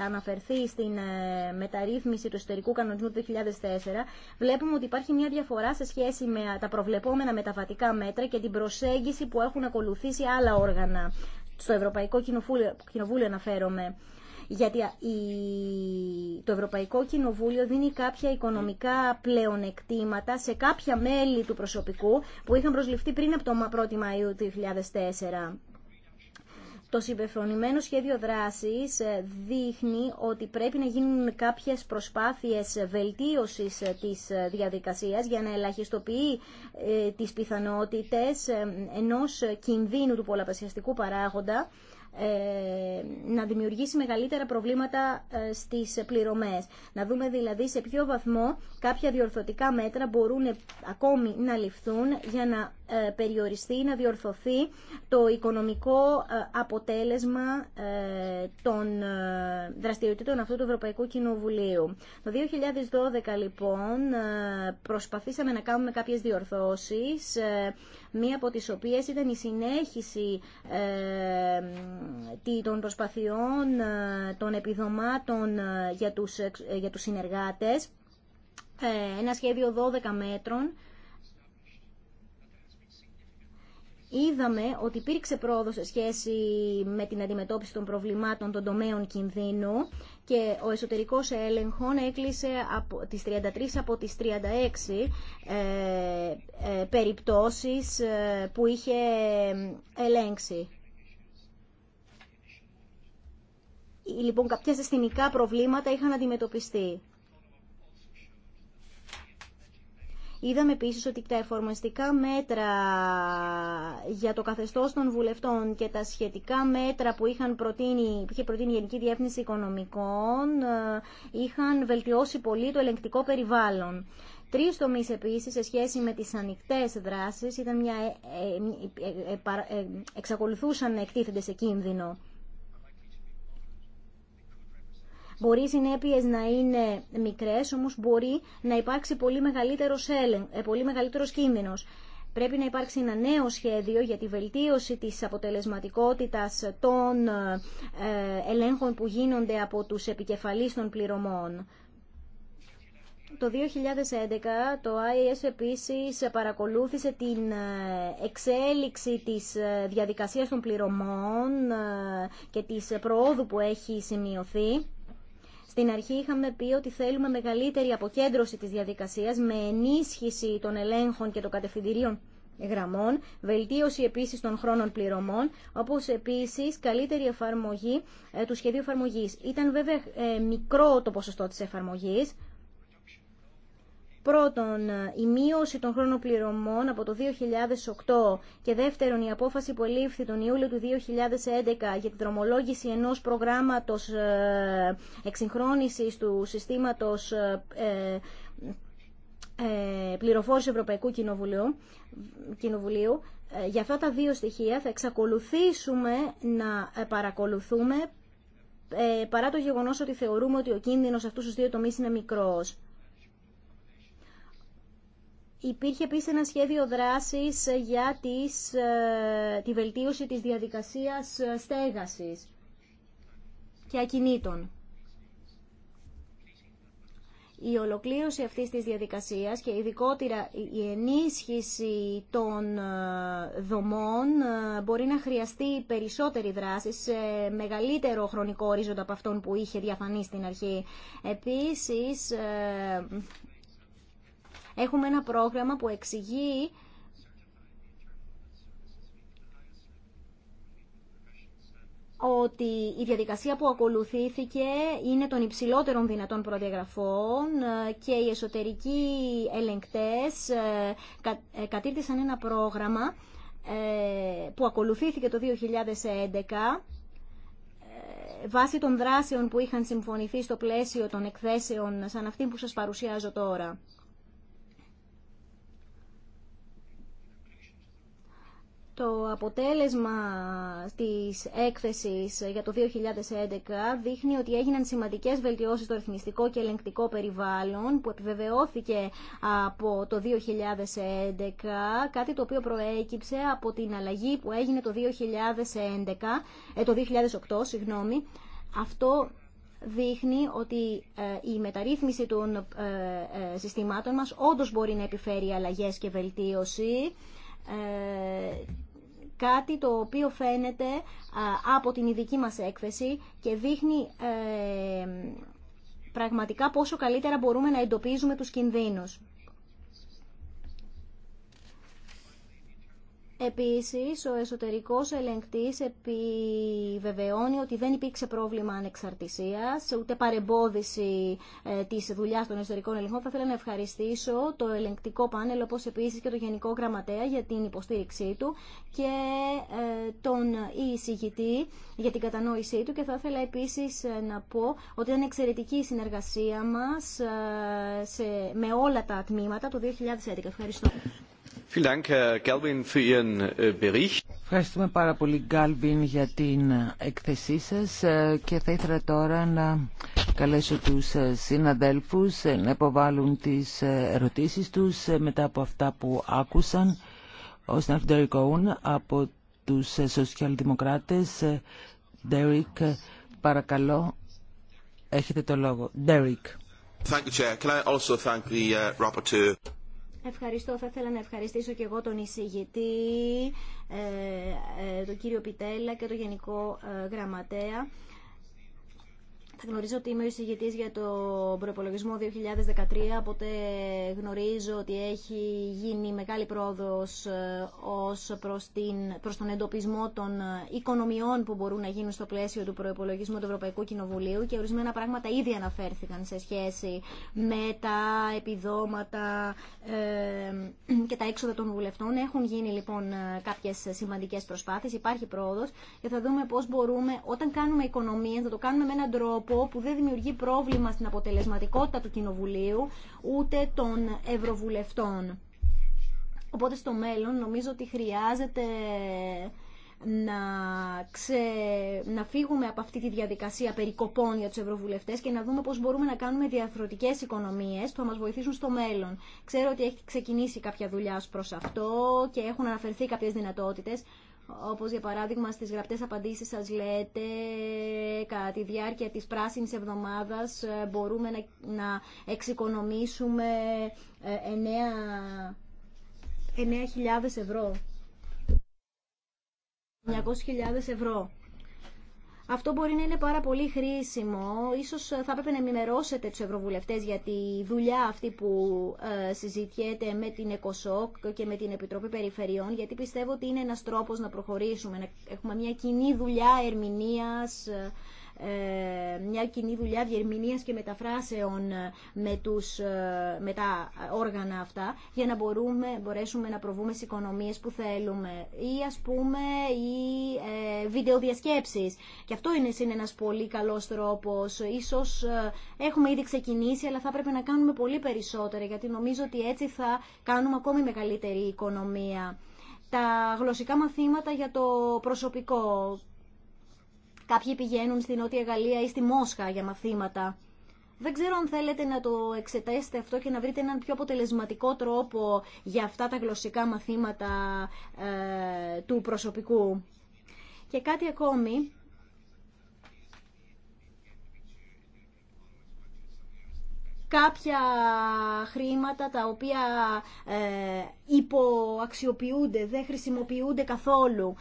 αναφερθεί στην μεταρρύθμιση του εσωτερικού κανονισμού του 2004, βλέπουμε ότι υπάρχει μια διαφορά σε σχέση με τα προβλεπόμενα μεταβατικά μέτρα και την προσέγγιση που έχουν ακολουθήσει άλλα όργανα. Στο Ευρωπαϊκό Κοινοβούλιο, Κοινοβούλιο αναφέρομαι γιατί το Ευρωπαϊκό Κοινοβούλιο δίνει κάποια οικονομικά πλεονεκτήματα σε κάποια μέλη του προσωπικού που είχαν προσληφθεί πριν από το 1η Μαΐου 2004. Το συμπεφρονημένο σχέδιο δράσης ε, δείχνει ότι πρέπει να γίνουν κάποιες προσπάθειες βελτίωσης ε, της ε, διαδικασίας για να ελαχιστοποιεί τις πιθανότητες ενός κινδύνου του πολλαπλασιαστικού παράγοντα ε, να δημιουργήσει μεγαλύτερα προβλήματα ε, στις πληρωμές. Να δούμε δηλαδή σε ποιο βαθμό κάποια διορθωτικά μέτρα μπορούν ακόμη να ληφθούν για να ε, περιοριστεί, να διορθωθεί το οικονομικό ε, αποτέλεσμα ε, των δραστηριοτήτων αυτού του Ευρωπαϊκού Κοινοβουλίου. Το 2012 λοιπόν προσπαθήσαμε να κάνουμε κάποιες διορθώσεις, μία από τις οποίες ήταν η συνέχιση των προσπαθειών των επιδομάτων για τους συνεργάτες, ένα σχέδιο 12 μέτρων, είδαμε ότι υπήρξε πρόοδο σε σχέση με την αντιμετώπιση των προβλημάτων των τομέων κινδύνου και ο εσωτερικός έλεγχων έκλεισε από τις 33 από τις 36 ε, ε, περιπτώσεις ε, που είχε ελέγξει. Λοιπόν, κάποια συστημικά προβλήματα είχαν αντιμετωπιστεί. Είδαμε επίσης ότι τα εφαρμοστικά μέτρα για το καθεστώς των βουλευτών και τα σχετικά μέτρα που είχαν προτείνει, είχε προτείνει η Γενική Διεύθυνση Οικονομικών ε, είχαν βελτιώσει πολύ το ελεγκτικό περιβάλλον. Τρεις τομείς επίσης σε σχέση με τις ανοιχτές δράσεις ήταν μια, ε, ε, εξακολουθούσαν να εκτίθενται σε κίνδυνο. Μπορεί οι συνέπειε να είναι μικρέ, όμω μπορεί να υπάρξει πολύ μεγαλύτερο ε, πολύ μεγαλύτερος κίνδυνο. Πρέπει να υπάρξει ένα νέο σχέδιο για τη βελτίωση της αποτελεσματικότητας των ε, ελέγχων που γίνονται από τους επικεφαλείς των πληρωμών. Το 2011 το IAS επίσης παρακολούθησε την ε, εξέλιξη της διαδικασίας των πληρωμών και της προόδου που έχει σημειωθεί. Στην αρχή είχαμε πει ότι θέλουμε μεγαλύτερη αποκέντρωση της διαδικασίας με ενίσχυση των ελέγχων και των κατευθυντηρίων γραμμών, βελτίωση επίσης των χρόνων πληρωμών, όπως επίσης καλύτερη εφαρμογή ε, του σχεδίου εφαρμογής. Ήταν βέβαια ε, μικρό το ποσοστό της εφαρμογής, Πρώτον, ε, η μείωση των χρόνων πληρωμών από το 2008 και δεύτερον, η απόφαση που ελήφθη τον Ιούλιο του 2011 για τη δρομολόγηση ενός προγράμματος ε, εξυγχρόνησης του συστήματος ε, πληροφόρηση Ευρωπαϊκού Κοινοβουλίου, Για αυτά τα δύο στοιχεία θα εξακολουθήσουμε να παρακολουθούμε παρά το γεγονός ότι θεωρούμε ότι ο κίνδυνος αυτού του δύο τομείς είναι μικρός. Υπήρχε επίση ένα σχέδιο δράση ε, για τις, ε, τη βελτίωση της διαδικασίας ε, στέγασης και ακινήτων. Η ολοκλήρωση αυτής της διαδικασίας και ειδικότερα η ενίσχυση των δομών μπορεί να χρειαστεί περισσότερη δράση σε μεγαλύτερο χρονικό ορίζοντα από αυτόν που είχε διαφανεί στην αρχή. Επίσης, Έχουμε ένα πρόγραμμα που εξηγεί ότι η διαδικασία που ακολουθήθηκε είναι των υψηλότερων δυνατών προδιαγραφών και οι εσωτερικοί ελεγκτές ε, ε, κατήρτισαν ένα πρόγραμμα ε, που ακολουθήθηκε το 2011 βάσει των δράσεων που είχαν συμφωνηθεί στο πλαίσιο των εκθέσεων σαν αυτή που σας παρουσιάζω τώρα. Το αποτέλεσμα της έκθεσης για το 2011 δείχνει ότι έγιναν σημαντικές βελτιώσεις στο ρυθμιστικό και ελεγκτικό περιβάλλον που επιβεβαιώθηκε από το 2011, κάτι το οποίο προέκυψε από την αλλαγή που έγινε το, 2011, ε, το 2008. Συγγνώμη. Αυτό δείχνει ότι ε, η μεταρρύθμιση των ε, συστημάτων μας όντως μπορεί να επιφέρει αλλαγές και βελτίωση κάτι το οποίο φαίνεται από την ειδική μας έκθεση και δείχνει ε, πραγματικά πόσο καλύτερα μπορούμε να εντοπίζουμε τους κινδύνους. Επίσης, ο εσωτερικός ελεγκτής επιβεβαιώνει ότι δεν υπήρξε πρόβλημα ανεξαρτησίας, ούτε παρεμπόδιση ε, της δουλειάς των εσωτερικών ελεγχών. Θα ήθελα να ευχαριστήσω το ελεγκτικό πάνελ, όπως επίσης και το Γενικό Γραμματέα για την υποστήριξή του και ε, τον εισηγητή για την κατανόησή του και θα ήθελα επίσης ε, να πω ότι ήταν εξαιρετική η συνεργασία μας με όλα τα τμήματα το 2011. Ευχαριστώ. Äh, Ευχαριστούμε πάρα πολύ, Γκάλβιν, για την ε, εκθεσή σας ε, και θα ήθελα τώρα να καλέσω τους ε, συναδέλφους να υποβάλουν τις ερωτήσεις τους μετά από αυτά που άκουσαν. Ο να φτιαχτούν από τους Σοσιαλδημοκράτες, Ντέρικ, παρακαλώ, έχετε το λόγο. Ντέρικ. Ευχαριστώ. Θα ήθελα να ευχαριστήσω και εγώ τον εισηγητή, ε, ε, τον κύριο Πιτέλα και τον Γενικό ε, Γραμματέα θα γνωρίζω ότι είμαι ο εισηγητής για το προπολογισμό 2013, οπότε γνωρίζω ότι έχει γίνει μεγάλη πρόοδος ε, ως προς, προς τον εντοπισμό των ε, οικονομιών που μπορούν να γίνουν στο πλαίσιο του προπολογισμού του Ευρωπαϊκού Κοινοβουλίου και ορισμένα πράγματα ήδη αναφέρθηκαν σε σχέση με τα επιδόματα ε, και τα έξοδα των βουλευτών. Έχουν γίνει λοιπόν κάποιες σημαντικές προσπάθειες, υπάρχει πρόοδος και θα δούμε πώς μπορούμε, όταν κάνουμε οικονομίε, θα το κάνουμε με έναν τρόπο που δεν δημιουργεί πρόβλημα στην αποτελεσματικότητα του Κοινοβουλίου ούτε των Ευρωβουλευτών. Οπότε στο μέλλον νομίζω ότι χρειάζεται να, να φύγουμε από αυτή τη διαδικασία περικοπών για τους ευρωβουλευτές και να δούμε πώς μπορούμε να κάνουμε διαφορετικές οικονομίες που θα μας βοηθήσουν στο μέλλον. Ξέρω ότι έχει ξεκινήσει κάποια δουλειά προς αυτό και έχουν αναφερθεί κάποιες δυνατότητες όπως για παράδειγμα στις γραπτές απαντήσεις σας λέτε κατά τη διάρκεια της πράσινης εβδομάδας ε, μπορούμε να εξοικονομήσουμε 9.000 ε, ευρώ. 900.000 ναι. ευρώ. Αυτό μπορεί να είναι πάρα πολύ χρήσιμο. Ίσως ε, θα έπρεπε να ενημερώσετε τους ευρωβουλευτές για τη δουλειά αυτή που ε, συζητιέται με την ΕΚΟΣΟΚ και με την Επιτροπή Περιφερειών, γιατί πιστεύω ότι είναι ένας τρόπος να προχωρήσουμε, να έχουμε μια κοινή δουλειά ερμηνείας, ε, ε, μια κοινή δουλειά διερμηνίας και μεταφράσεων ε, με, τους, ε, με τα όργανα αυτά για να μπορούμε, μπορέσουμε να προβούμε στις οικονομίες που θέλουμε ή ας πούμε ή ε, βιντεοδιασκέψεις και αυτό είναι, είναι ένας πολύ καλός τρόπος ίσως έχουμε ήδη ξεκινήσει αλλά θα πρέπει να κάνουμε πολύ περισσότερα γιατί νομίζω ότι έτσι θα κάνουμε ακόμη μεγαλύτερη οικονομία τα γλωσσικά μαθήματα για το προσωπικό Κάποιοι πηγαίνουν στη Νότια Γαλλία ή στη Μόσχα για μαθήματα. Δεν ξέρω αν θέλετε να το εξετάσετε αυτό και να βρείτε έναν πιο αποτελεσματικό τρόπο για αυτά τα γλωσσικά μαθήματα ε, του προσωπικού. Και κάτι ακόμη κάποια χρήματα τα οποία ε, υποαξιοποιούνται, δεν χρησιμοποιούνται καθόλου.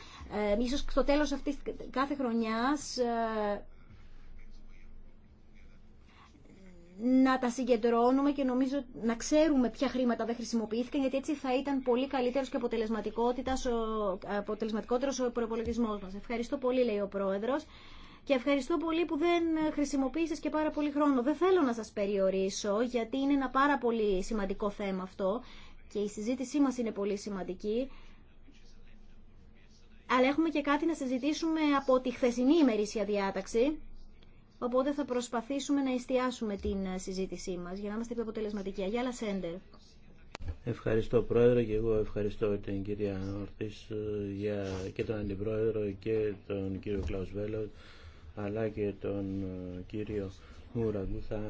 Ε, ίσως στο τέλος αυτής κάθε χρονιάς ε, να τα συγκεντρώνουμε και νομίζω να ξέρουμε ποια χρήματα δεν χρησιμοποιήθηκαν, γιατί έτσι θα ήταν πολύ καλύτερος και αποτελεσματικότερος ο προπολογισμό μας. Ευχαριστώ πολύ, λέει ο Πρόεδρος. Και ευχαριστώ πολύ που δεν χρησιμοποίησε και πάρα πολύ χρόνο. Δεν θέλω να σα περιορίσω, γιατί είναι ένα πάρα πολύ σημαντικό θέμα αυτό και η συζήτησή μα είναι πολύ σημαντική. Αλλά έχουμε και κάτι να συζητήσουμε από τη χθεσινή ημερήσια διάταξη. Οπότε θα προσπαθήσουμε να εστιάσουμε την συζήτησή μα για να είμαστε πιο αποτελεσματικοί. Αγιάλα Σέντερ. Ευχαριστώ Πρόεδρε και εγώ ευχαριστώ την κυρία Ορτής ε, και τον Αντιπρόεδρο και τον κύριο Κλάους Βέλλο αλλά και τον ε, κύριο Μουραγκούθα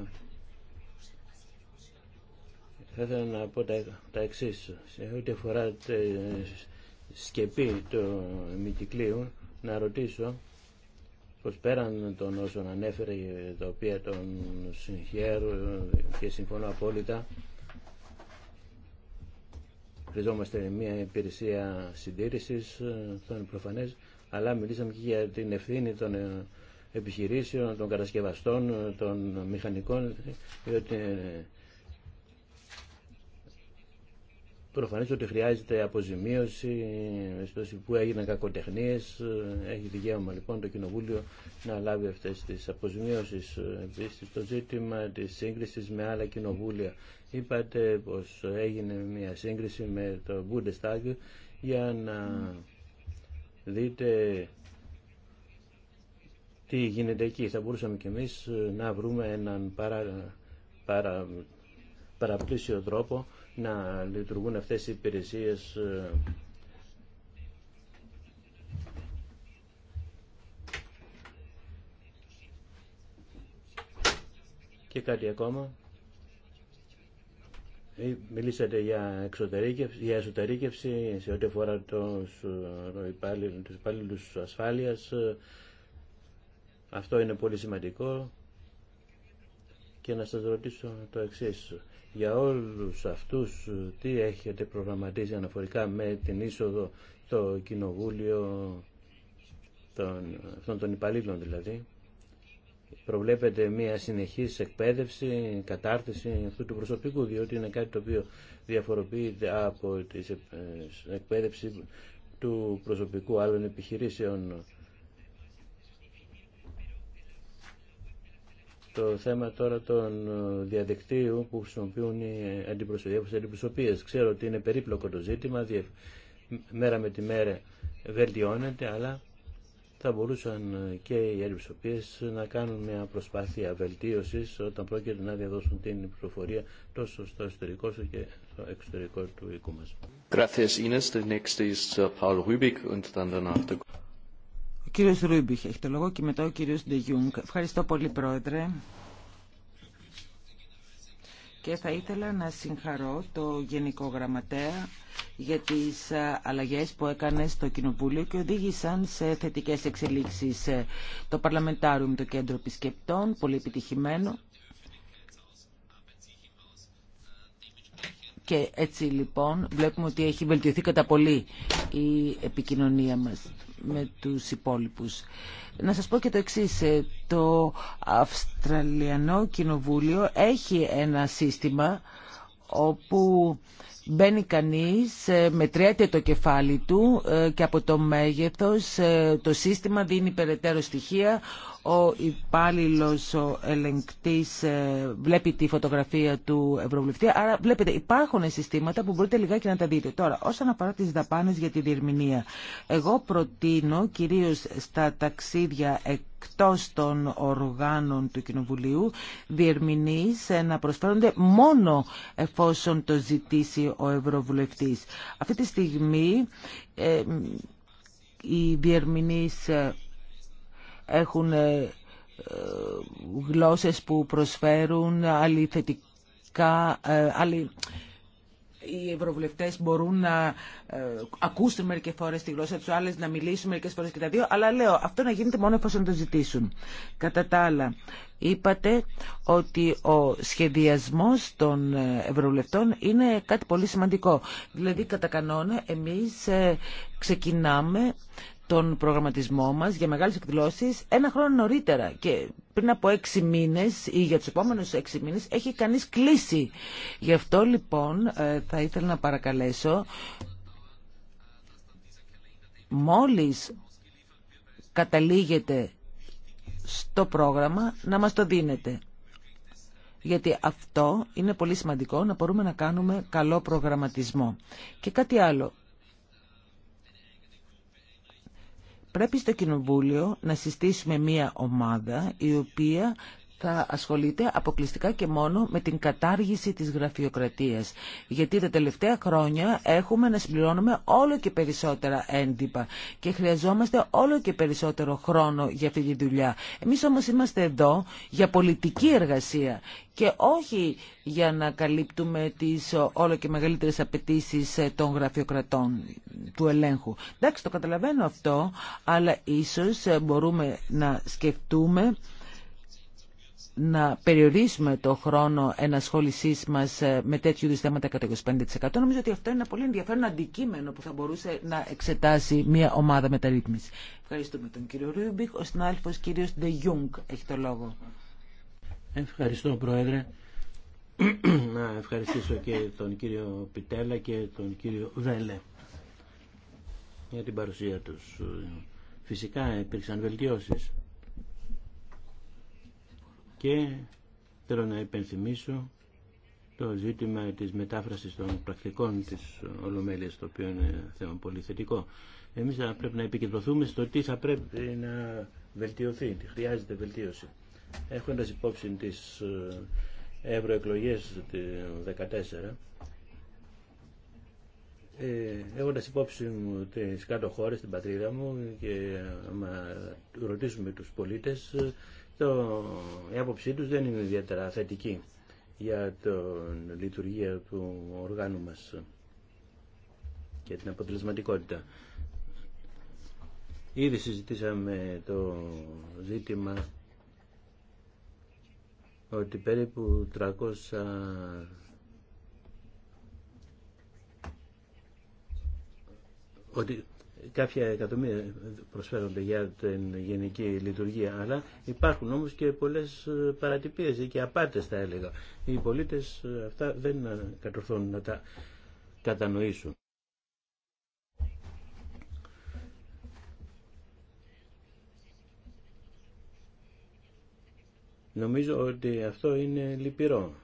θα ήθελα να πω τα, τα εξή. Σε ό,τι αφορά τη σκεπή του Μητυκλίου να ρωτήσω πως πέραν των όσων ανέφερε, τα οποία τον συγχαίρω και συμφωνώ απόλυτα, χρειαζόμαστε μια υπηρεσία συντήρησης, ε, αυτό είναι προφανές, αλλά μιλήσαμε και για την ευθύνη των ε, επιχειρήσεων, των κατασκευαστών, των μηχανικών, διότι ε, προφανώς ότι χρειάζεται αποζημίωση, που έγιναν κακοτεχνίες, έχει δικαίωμα λοιπόν το Κοινοβούλιο να λάβει αυτές τις αποζημίωσεις. Επίσης το ζήτημα της σύγκρισης με άλλα κοινοβούλια. Είπατε πως έγινε μια σύγκριση με το Bundestag για να δείτε τι γίνεται εκεί. Θα μπορούσαμε κι εμείς ε, να βρούμε έναν παρα, παρα, παραπλήσιο τρόπο να λειτουργούν αυτές οι υπηρεσίες ε, και κάτι ακόμα. Ε, μιλήσατε για, εξωτερήκευση, για εσωτερήκευση σε ό,τι αφορά τους υπάλληλους ασφάλειας. Αυτό είναι πολύ σημαντικό και να σας ρωτήσω το εξής. Για όλους αυτούς τι έχετε προγραμματίσει αναφορικά με την είσοδο το κοινοβούλιο των, αυτών των υπαλλήλων δηλαδή. Προβλέπετε μια συνεχής εκπαίδευση, κατάρτιση αυτού του προσωπικού, διότι είναι κάτι το οποίο διαφοροποιείται από την ε, εκπαίδευση του προσωπικού άλλων επιχειρήσεων το θέμα τώρα των ε, διαδικτύου που χρησιμοποιούν οι αντιπροσωπείες. Ξέρω ότι είναι περίπλοκο το ζήτημα, μέρα με τη μέρα βελτιώνεται, αλλά θα μπορούσαν ε, και οι αντιπροσωπείες να κάνουν μια προσπάθεια βελτίωσης όταν πρόκειται να διαδώσουν την πληροφορία τόσο στο εσωτερικό σου και στο εξωτερικό του οίκου μας. Ο κύριος Ρούμπιχ έχει το λόγο και μετά ο κύριος Ντεγιούγκ. Ευχαριστώ πολύ πρόεδρε. Και θα ήθελα να συγχαρώ το Γενικό Γραμματέα για τις ε, αλλαγές που έκανε στο Κοινοβούλιο και οδήγησαν σε θετικές εξελίξεις ε, το Παρλαμεντάριο με το Κέντρο Επισκεπτών, πολύ επιτυχημένο. Και έτσι λοιπόν βλέπουμε ότι έχει βελτιωθεί κατά πολύ η επικοινωνία μας με τους υπόλοιπους. Να σας πω και το εξής. Ε, το Αυστραλιανό Κοινοβούλιο έχει ένα σύστημα όπου μπαίνει κανείς, ε, μετριέται το κεφάλι του ε, και από το μέγεθος το σύστημα δίνει περαιτέρω στοιχεία ο υπάλληλο ο ελεγκτής ε, βλέπει τη φωτογραφία του Ευρωβουλευτή. Άρα βλέπετε υπάρχουν συστήματα που μπορείτε λιγάκι να τα δείτε. Τώρα, όσον αφορά τις δαπάνες για τη διερμηνία, εγώ προτείνω κυρίως στα ταξίδια εκτός των οργάνων του Κοινοβουλίου διερμηνείς ε, να προσφέρονται μόνο εφόσον το ζητήσει ο Ευρωβουλευτής. Αυτή τη στιγμή ε, οι διερμηνείς ε, έχουν ε, ε, γλώσσες που προσφέρουν, άλλοι θετικά, ε, άλλοι οι ευρωβουλευτές μπορούν να ακούσουν μερικές φορές τη γλώσσα τους, άλλες να μιλήσουν μερικές φορές και τα δύο, αλλά λέω αυτό να γίνεται μόνο εφόσον το ζητήσουν. Κατά τα άλλα, είπατε ότι ο σχεδιασμός των ευρωβουλευτών είναι κάτι πολύ σημαντικό. Δηλαδή, κατά κανόνα, εμείς ξεκινάμε τον προγραμματισμό μας για μεγάλες εκδηλώσεις ένα χρόνο νωρίτερα και πριν από έξι μήνες ή για τους επόμενους έξι μήνες έχει κανείς κλείσει. Γι' αυτό λοιπόν ε, θα ήθελα να παρακαλέσω μόλις καταλήγεται στο πρόγραμμα να μας το δίνετε. Γιατί αυτό είναι πολύ σημαντικό να μπορούμε να κάνουμε καλό προγραμματισμό. Και κάτι άλλο πρέπει στο Κοινοβούλιο να συστήσουμε μία ομάδα η οποία θα ασχολείται αποκλειστικά και μόνο με την κατάργηση της γραφειοκρατίας. Γιατί τα τελευταία χρόνια έχουμε να συμπληρώνουμε όλο και περισσότερα έντυπα και χρειαζόμαστε όλο και περισσότερο χρόνο για αυτή τη δουλειά. Εμείς όμως είμαστε εδώ για πολιτική εργασία και όχι για να καλύπτουμε τις όλο και μεγαλύτερες απαιτήσει των γραφειοκρατών του ελέγχου. Εντάξει, το καταλαβαίνω αυτό, αλλά ίσως μπορούμε να σκεφτούμε να περιορίσουμε το χρόνο ενασχόλησή μας ε, με τέτοιου είδου θέματα κατά 25%. Νομίζω ότι αυτό είναι ένα πολύ ενδιαφέρον αντικείμενο που θα μπορούσε να εξετάσει μια ομάδα μεταρρύθμιση. Ευχαριστούμε τον κύριο Ρούμπιχ. Ο συνάδελφο κύριος Ντε Γιούγκ έχει το λόγο. Ευχαριστώ Πρόεδρε. να ευχαριστήσω και τον κύριο Πιτέλα και τον κύριο Βέλε για την παρουσία τους. Φυσικά υπήρξαν βελτιώσεις και θέλω να υπενθυμίσω το ζήτημα της μετάφρασης των πρακτικών της Ολομέλειας, το οποίο είναι θέμα πολύ Εμείς θα πρέπει να επικεντρωθούμε στο τι θα πρέπει να βελτιωθεί, τι χρειάζεται βελτίωση. Έχοντας υπόψη τις ε, ευρωεκλογές του 2014, ε, έχοντας υπόψη μου τις κάτω χώρες, στην πατρίδα μου και άμα ρωτήσουμε τους πολίτες το, η άποψή τους δεν είναι ιδιαίτερα θετική για την λειτουργία του οργάνου μας και την αποτελεσματικότητα. Ήδη συζητήσαμε το ζήτημα ότι περίπου 300 ότι κάποια εκατομμύρια προσφέρονται για την γενική λειτουργία, αλλά υπάρχουν όμως και πολλές ε, παρατυπίες και απάτες θα έλεγα. Οι πολίτες ε, αυτά δεν ε, κατορθώνουν να τα κατανοήσουν. Νομίζω ότι αυτό είναι λυπηρό.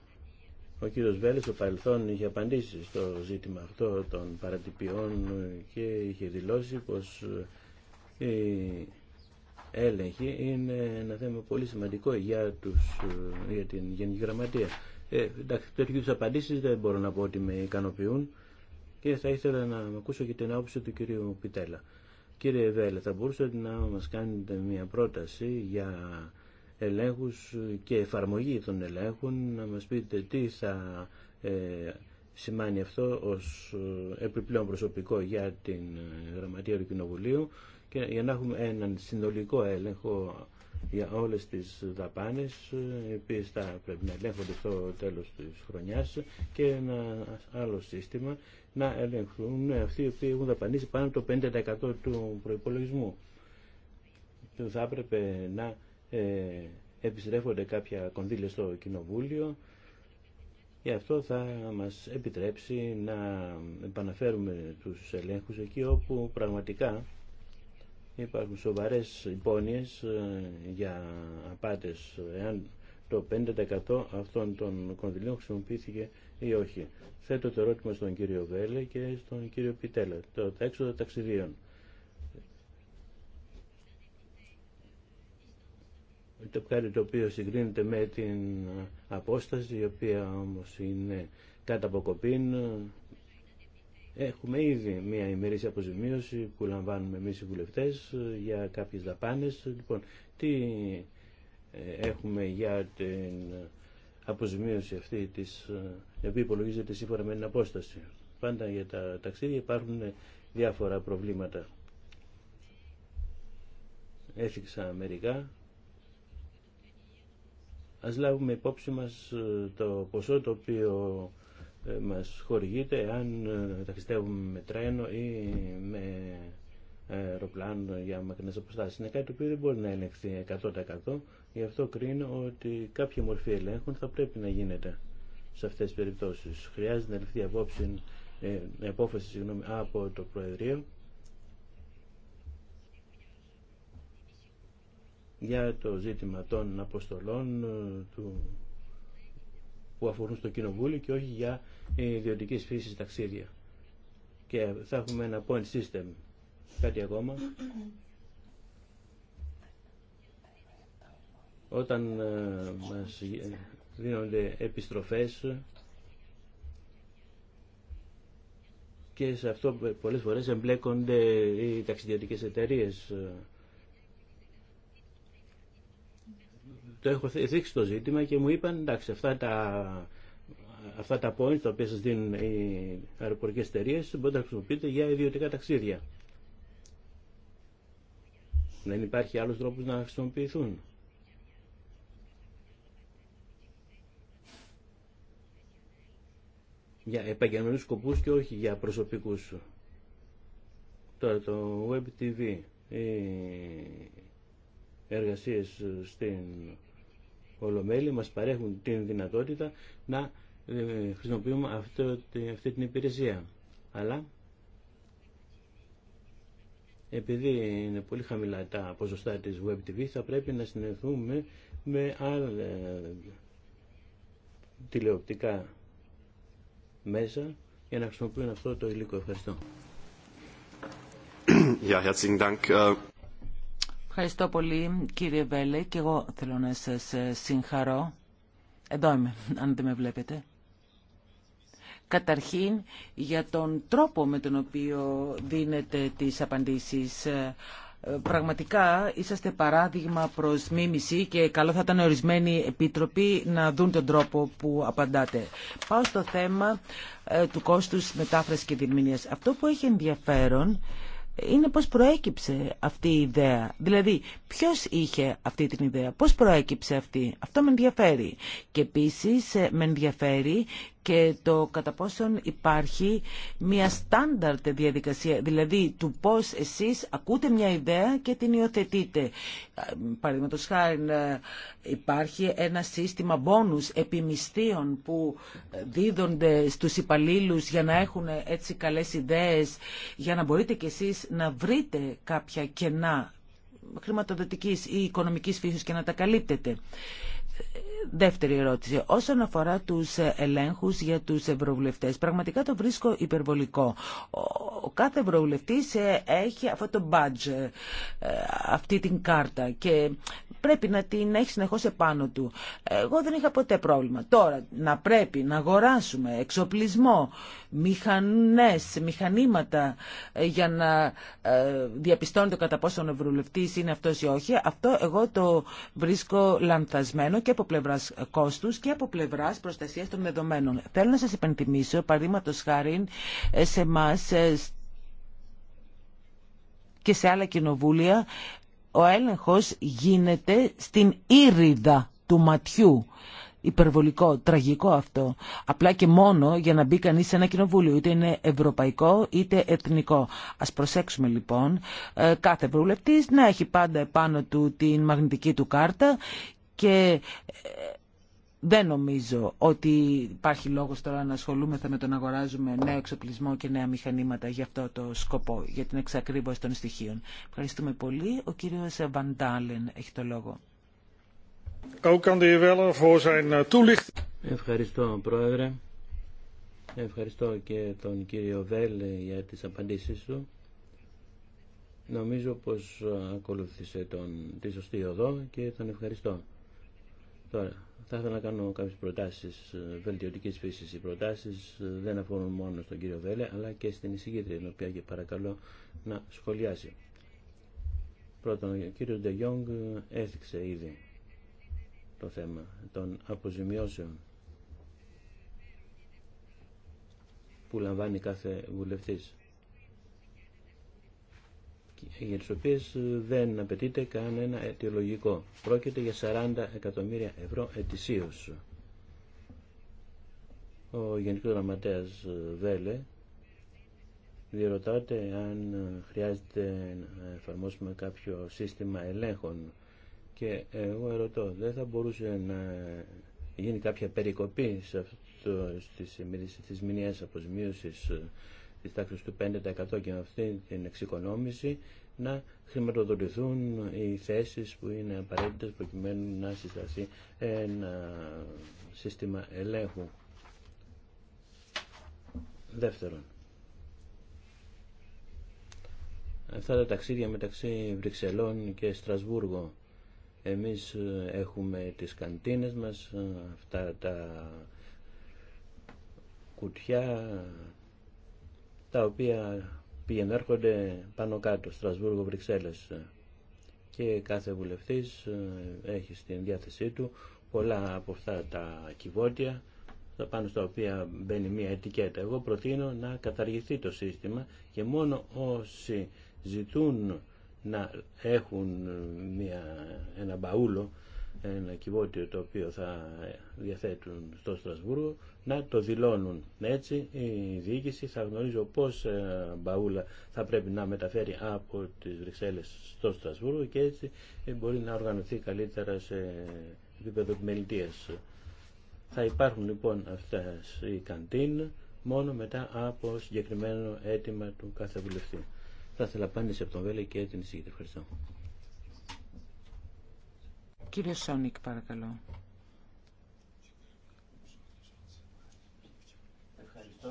Ο κύριο Βέλης στο παρελθόν είχε απαντήσει στο ζήτημα αυτό των παρατυπιών και είχε δηλώσει πω ε, η έλεγχη είναι ένα θέμα πολύ σημαντικό για, τους, ε, για την Γενική Γραμματεία. Ε, εντάξει, τέτοιου απαντήσει δεν μπορώ να πω ότι με ικανοποιούν και θα ήθελα να με ακούσω και την άποψη του κυρίου Πιτέλα. Κύριε Βέλε, θα μπορούσατε να μας κάνετε μια πρόταση για ελέγχους και εφαρμογή των ελέγχων, να μας πείτε τι θα ε, σημάνει αυτό ως ε, επιπλέον προσωπικό για την ε, Γραμματεία του Κοινοβουλίου και για να έχουμε έναν συνολικό έλεγχο για όλες τις δαπάνες οι οποίες θα πρέπει να ελέγχονται στο τέλος της χρονιάς και ένα άλλο σύστημα να ελέγχουν αυτοί οι οποίοι έχουν δαπανίσει πάνω από το 50% του προϋπολογισμού. Θα έπρεπε να ε, επιστρέφονται κάποια κονδύλια στο Κοινοβούλιο. και αυτό θα μας επιτρέψει να επαναφέρουμε τους ελέγχους εκεί όπου πραγματικά υπάρχουν σοβαρές υπόνοιες ε, για απάτες εάν το 5% αυτών των κονδυλίων χρησιμοποιήθηκε ή όχι. Θέτω το ερώτημα στον κύριο Βέλε και στον κύριο Πιτέλα, το έξοδο ταξιδίων. το κάτι το οποίο συγκρίνεται με την απόσταση η οποία όμως είναι κάτω από κοπήν έχουμε ήδη μια ημερήσια αποζημίωση που λαμβάνουμε εμείς οι βουλευτές για κάποιες δαπάνες λοιπόν τι ε, έχουμε για την αποζημίωση αυτή της, η οποία υπολογίζεται σύμφωνα με την απόσταση πάντα για τα ταξίδια υπάρχουν διάφορα προβλήματα Έφυξα μερικά Ας λάβουμε υπόψη μας ε, το ποσό το οποίο ε, μας χορηγείται αν ε, ταξιδεύουμε με τρένο ή με αεροπλάνο για μακρινές αποστάσεις. Είναι κάτι το οποίο δεν μπορεί να ελεγχθεί 100%. Γι' αυτό κρίνω ότι κάποια μορφή ελέγχων θα πρέπει να γίνεται σε αυτές τις περιπτώσεις. Χρειάζεται να ληφθεί απόψη, απόφαση από το Προεδρείο για το ζήτημα των αποστολών ε, του, που αφορούν στο Κοινοβούλιο και όχι για ιδιωτική φύση ταξίδια. Και θα έχουμε ένα point system. Κάτι ακόμα. Όταν ε, μας δίνονται επιστροφές και σε αυτό πολλές φορές εμπλέκονται οι ταξιδιωτικές εταιρείες ε, το έχω δείξει το ζήτημα και μου είπαν εντάξει αυτά τα, αυτά τα points τα οποία σας δίνουν οι αεροπορικές εταιρείε μπορείτε να χρησιμοποιείτε για ιδιωτικά ταξίδια. Δεν υπάρχει άλλος τρόπος να χρησιμοποιηθούν. Για επαγγελματικούς σκοπούς και όχι για προσωπικούς. Τώρα το Web TV, οι εργασίες στην Ολομέλη μας παρέχουν την δυνατότητα να ε, χρησιμοποιούμε αυτή την υπηρεσία. Αλλά επειδή είναι πολύ χαμηλά τα ποσοστά της Web TV θα πρέπει να συνεχθούμε με άλλα τηλεοπτικά μέσα για να χρησιμοποιούν αυτό το υλικό. Ευχαριστώ. herzlichen Dank. Äh, Ευχαριστώ πολύ κύριε Βέλε και εγώ θέλω να σας ε, συγχαρώ. Εδώ είμαι, αν δεν με βλέπετε. Καταρχήν για τον τρόπο με τον οποίο δίνετε τις απαντήσεις. Ε, πραγματικά είσαστε παράδειγμα προς μίμηση και καλό θα ήταν ορισμένοι επίτροποι να δουν τον τρόπο που απαντάτε. Πάω στο θέμα ε, του κόστους μετάφρασης και διερμηνίας. Αυτό που έχει ενδιαφέρον είναι πώς προέκυψε αυτή η ιδέα. Δηλαδή, ποιος είχε αυτή την ιδέα, πώς προέκυψε αυτή. Αυτό με ενδιαφέρει. Και επίσης ε, με ενδιαφέρει και το κατά πόσον υπάρχει μια στάνταρτ διαδικασία, δηλαδή του πώς εσείς ακούτε μια ιδέα και την υιοθετείτε. Παραδείγματο χάρη ε, υπάρχει ένα σύστημα μπόνους επιμυστίων που δίδονται στους υπαλλήλου για να έχουν ε, έτσι καλές ιδέες, για να μπορείτε κι εσείς να βρείτε κάποια κενά χρηματοδοτικής ή οικονομικής φύσης και να τα καλύπτετε. Δεύτερη ερώτηση. Όσον αφορά τους ελέγχους για τους ευρωβουλευτές, πραγματικά το βρίσκω υπερβολικό. Ο κάθε ευρωβουλευτής ε, έχει αυτό το badge, ε, αυτή την κάρτα και πρέπει να την έχει συνεχώ επάνω του. Εγώ δεν είχα ποτέ πρόβλημα. Τώρα, να πρέπει να αγοράσουμε εξοπλισμό, μηχανές, μηχανήματα ε, για να ε, διαπιστώνεται κατά πόσο ο ευρωβουλευτή είναι αυτός ή όχι, αυτό εγώ το βρίσκω λανθασμένο και από πλευρά κόστους και από πλευρά προστασίας των δεδομένων. Θέλω να σας υπενθυμίσω, παραδείγματο χάρη, ε, σε εμά, και σε άλλα κοινοβούλια ο έλεγχος γίνεται στην ήριδα του ματιού. Υπερβολικό, τραγικό αυτό. Απλά και μόνο για να μπει κανείς σε ένα κοινοβούλιο, είτε είναι ευρωπαϊκό είτε εθνικό. Ας προσέξουμε λοιπόν ε, κάθε βουλευτής να έχει πάντα επάνω του την μαγνητική του κάρτα και ε, δεν νομίζω ότι υπάρχει λόγος τώρα να ασχολούμεθα με το να αγοράζουμε νέο εξοπλισμό και νέα μηχανήματα για αυτό το σκοπό, για την εξακρίβωση των στοιχείων. Ευχαριστούμε πολύ. Ο κύριος Βαντάλεν έχει το λόγο. Eh, ευχαριστώ, Πρόεδρε. Ευχαριστώ και τον κύριο Βέλ ε, για τις απαντήσεις του. Νομίζω πως ε, ακολούθησε τον, τη σωστή οδό και τον ευχαριστώ. Τώρα, θα ήθελα να κάνω κάποιες προτάσεις ε, βελτιωτικής φύσης. Οι προτάσεις ε, δεν αφορούν μόνο στον κύριο Βέλε, αλλά και στην εισηγήτρια, την οποία και παρακαλώ να σχολιάσει. Πρώτον, ο κύριος Ντεγιόγκ ε, έθιξε ήδη το θέμα των αποζημιώσεων που λαμβάνει κάθε βουλευτής για τις οποίες ε, δεν απαιτείται κανένα αιτιολογικό. Πρόκειται για 40 εκατομμύρια ευρώ ετησίως. Ο Γενικός Γραμματέας ε, Βέλε διερωτάται αν ε, χρειάζεται να εφαρμόσουμε κάποιο σύστημα ελέγχων και εγώ ερωτώ, δεν θα μπορούσε να γίνει κάποια περικοπή σε αυτό, στις, στις μηνιαίες της τάξης του 5% και με αυτή την εξοικονόμηση να χρηματοδοτηθούν οι θέσεις που είναι απαραίτητες προκειμένου να συσταθεί ένα σύστημα ελέγχου. Δεύτερον, αυτά τα ταξίδια μεταξύ Βρυξελών και Στρασβούργο εμείς ε, έχουμε τις καντίνες μας, ε, αυτά τα κουτιά, τα οποία πήγαινε έρχονται πάνω κάτω, Στρασβούργο, Βρυξέλλες και κάθε βουλευτής ε, έχει στην διάθεσή του πολλά από αυτά τα κυβότια πάνω στα οποία μπαίνει μια ετικέτα. Εγώ προτείνω να καταργηθεί το σύστημα και μόνο όσοι ζητούν να έχουν ε, μια, ένα μπαούλο ένα κυβότιο το οποίο θα διαθέτουν στο Στρασβούργο να το δηλώνουν. Έτσι η διοίκηση θα γνωρίζει πώς ε, μπαούλα θα πρέπει να μεταφέρει από τις Βρυξέλλες στο Στρασβούργο και έτσι ε, μπορεί να οργανωθεί καλύτερα σε επίπεδο επιμελητίας. Θα υπάρχουν λοιπόν αυτές οι καντίν μόνο μετά από συγκεκριμένο αίτημα του κάθε βουλευτή. Θα ήθελα πάνε σε τον Βέλη και την εισηγητή. Ευχαριστώ. Κύριε Σόνικ, παρακαλώ. Ευχαριστώ.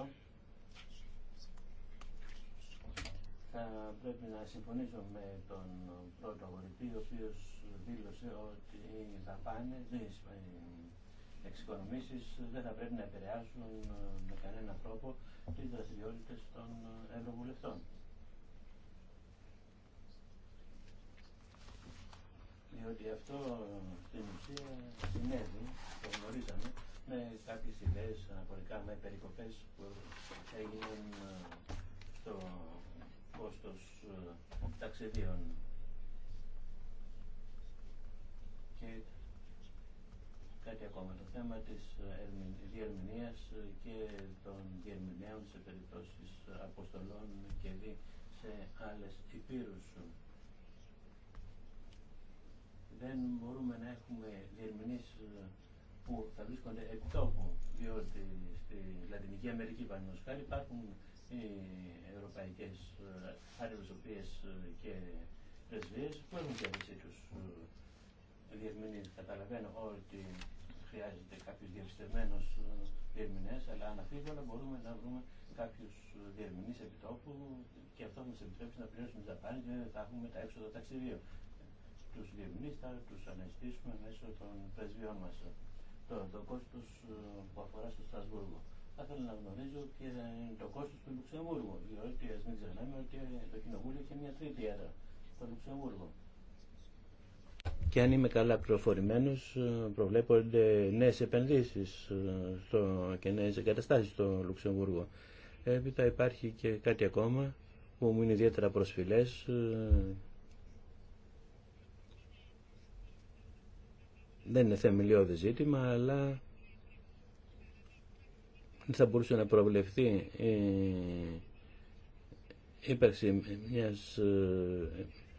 Θα πρέπει να συμφωνήσω με τον πρώτο αγορητή, ο οποίος δήλωσε ότι οι πάνε οι εξοικονομήσεις δεν θα πρέπει να επηρεάσουν με κανέναν τρόπο τις δραστηριότητες των ευρωβουλευτών. διότι ναι, αυτό στην ουσία συνέβη, το γνωρίζαμε, με κάποιες ιδέες αναφορικά με περικοπές που έγιναν ε, στο κόστος ε, ταξιδίων. Και κάτι ακόμα, το θέμα της ε, διερμηνίας και των διερμηνέων σε περιπτώσεις αποστολών και δι σε άλλες υπήρους δεν μπορούμε να έχουμε διερμηνείς ε, που θα βρίσκονται επί τόπου, διότι στη Λατινική Αμερική παραδείγματος χάρη υπάρχουν οι ευρωπαϊκές αντιπροσωπείες ε, ε, και πρεσβείες που έχουν διάθεσή τους διερμηνείς. Καταλαβαίνω ότι χρειάζεται κάποιος διαπιστευμένος διερμηνές, αλλά αναφίβολα μπορούμε να βρούμε κάποιους διερμηνείς επιτόπου και αυτό μας επιτρέψει να πληρώσουμε τα πάντα και θα έχουμε τα έξοδα ταξιδίου τους διευνείς θα τους αναστήσουμε μέσω των πρεσβειών μας. το κόστος ε, που αφορά στο Στρασβούργο. Θα ήθελα να γνωρίζω ποιο είναι το κόστος του Λουξεμβούργου, διότι ας μην ξεχνάμε ότι το Κοινοβούλιο έχει μια τρίτη έδρα στο Λουξεμβούργο. Και αν είμαι καλά πληροφορημένο, ε, προβλέπονται νέε επενδύσει ε, και νέε εγκαταστάσει στο Λουξεμβούργο. Έπειτα υπάρχει και κάτι ακόμα που μου είναι ιδιαίτερα προσφυλέ δεν είναι θεμελιώδη ζήτημα, αλλά θα μπορούσε να προβλεφθεί η ύπαρξη μιας, ε,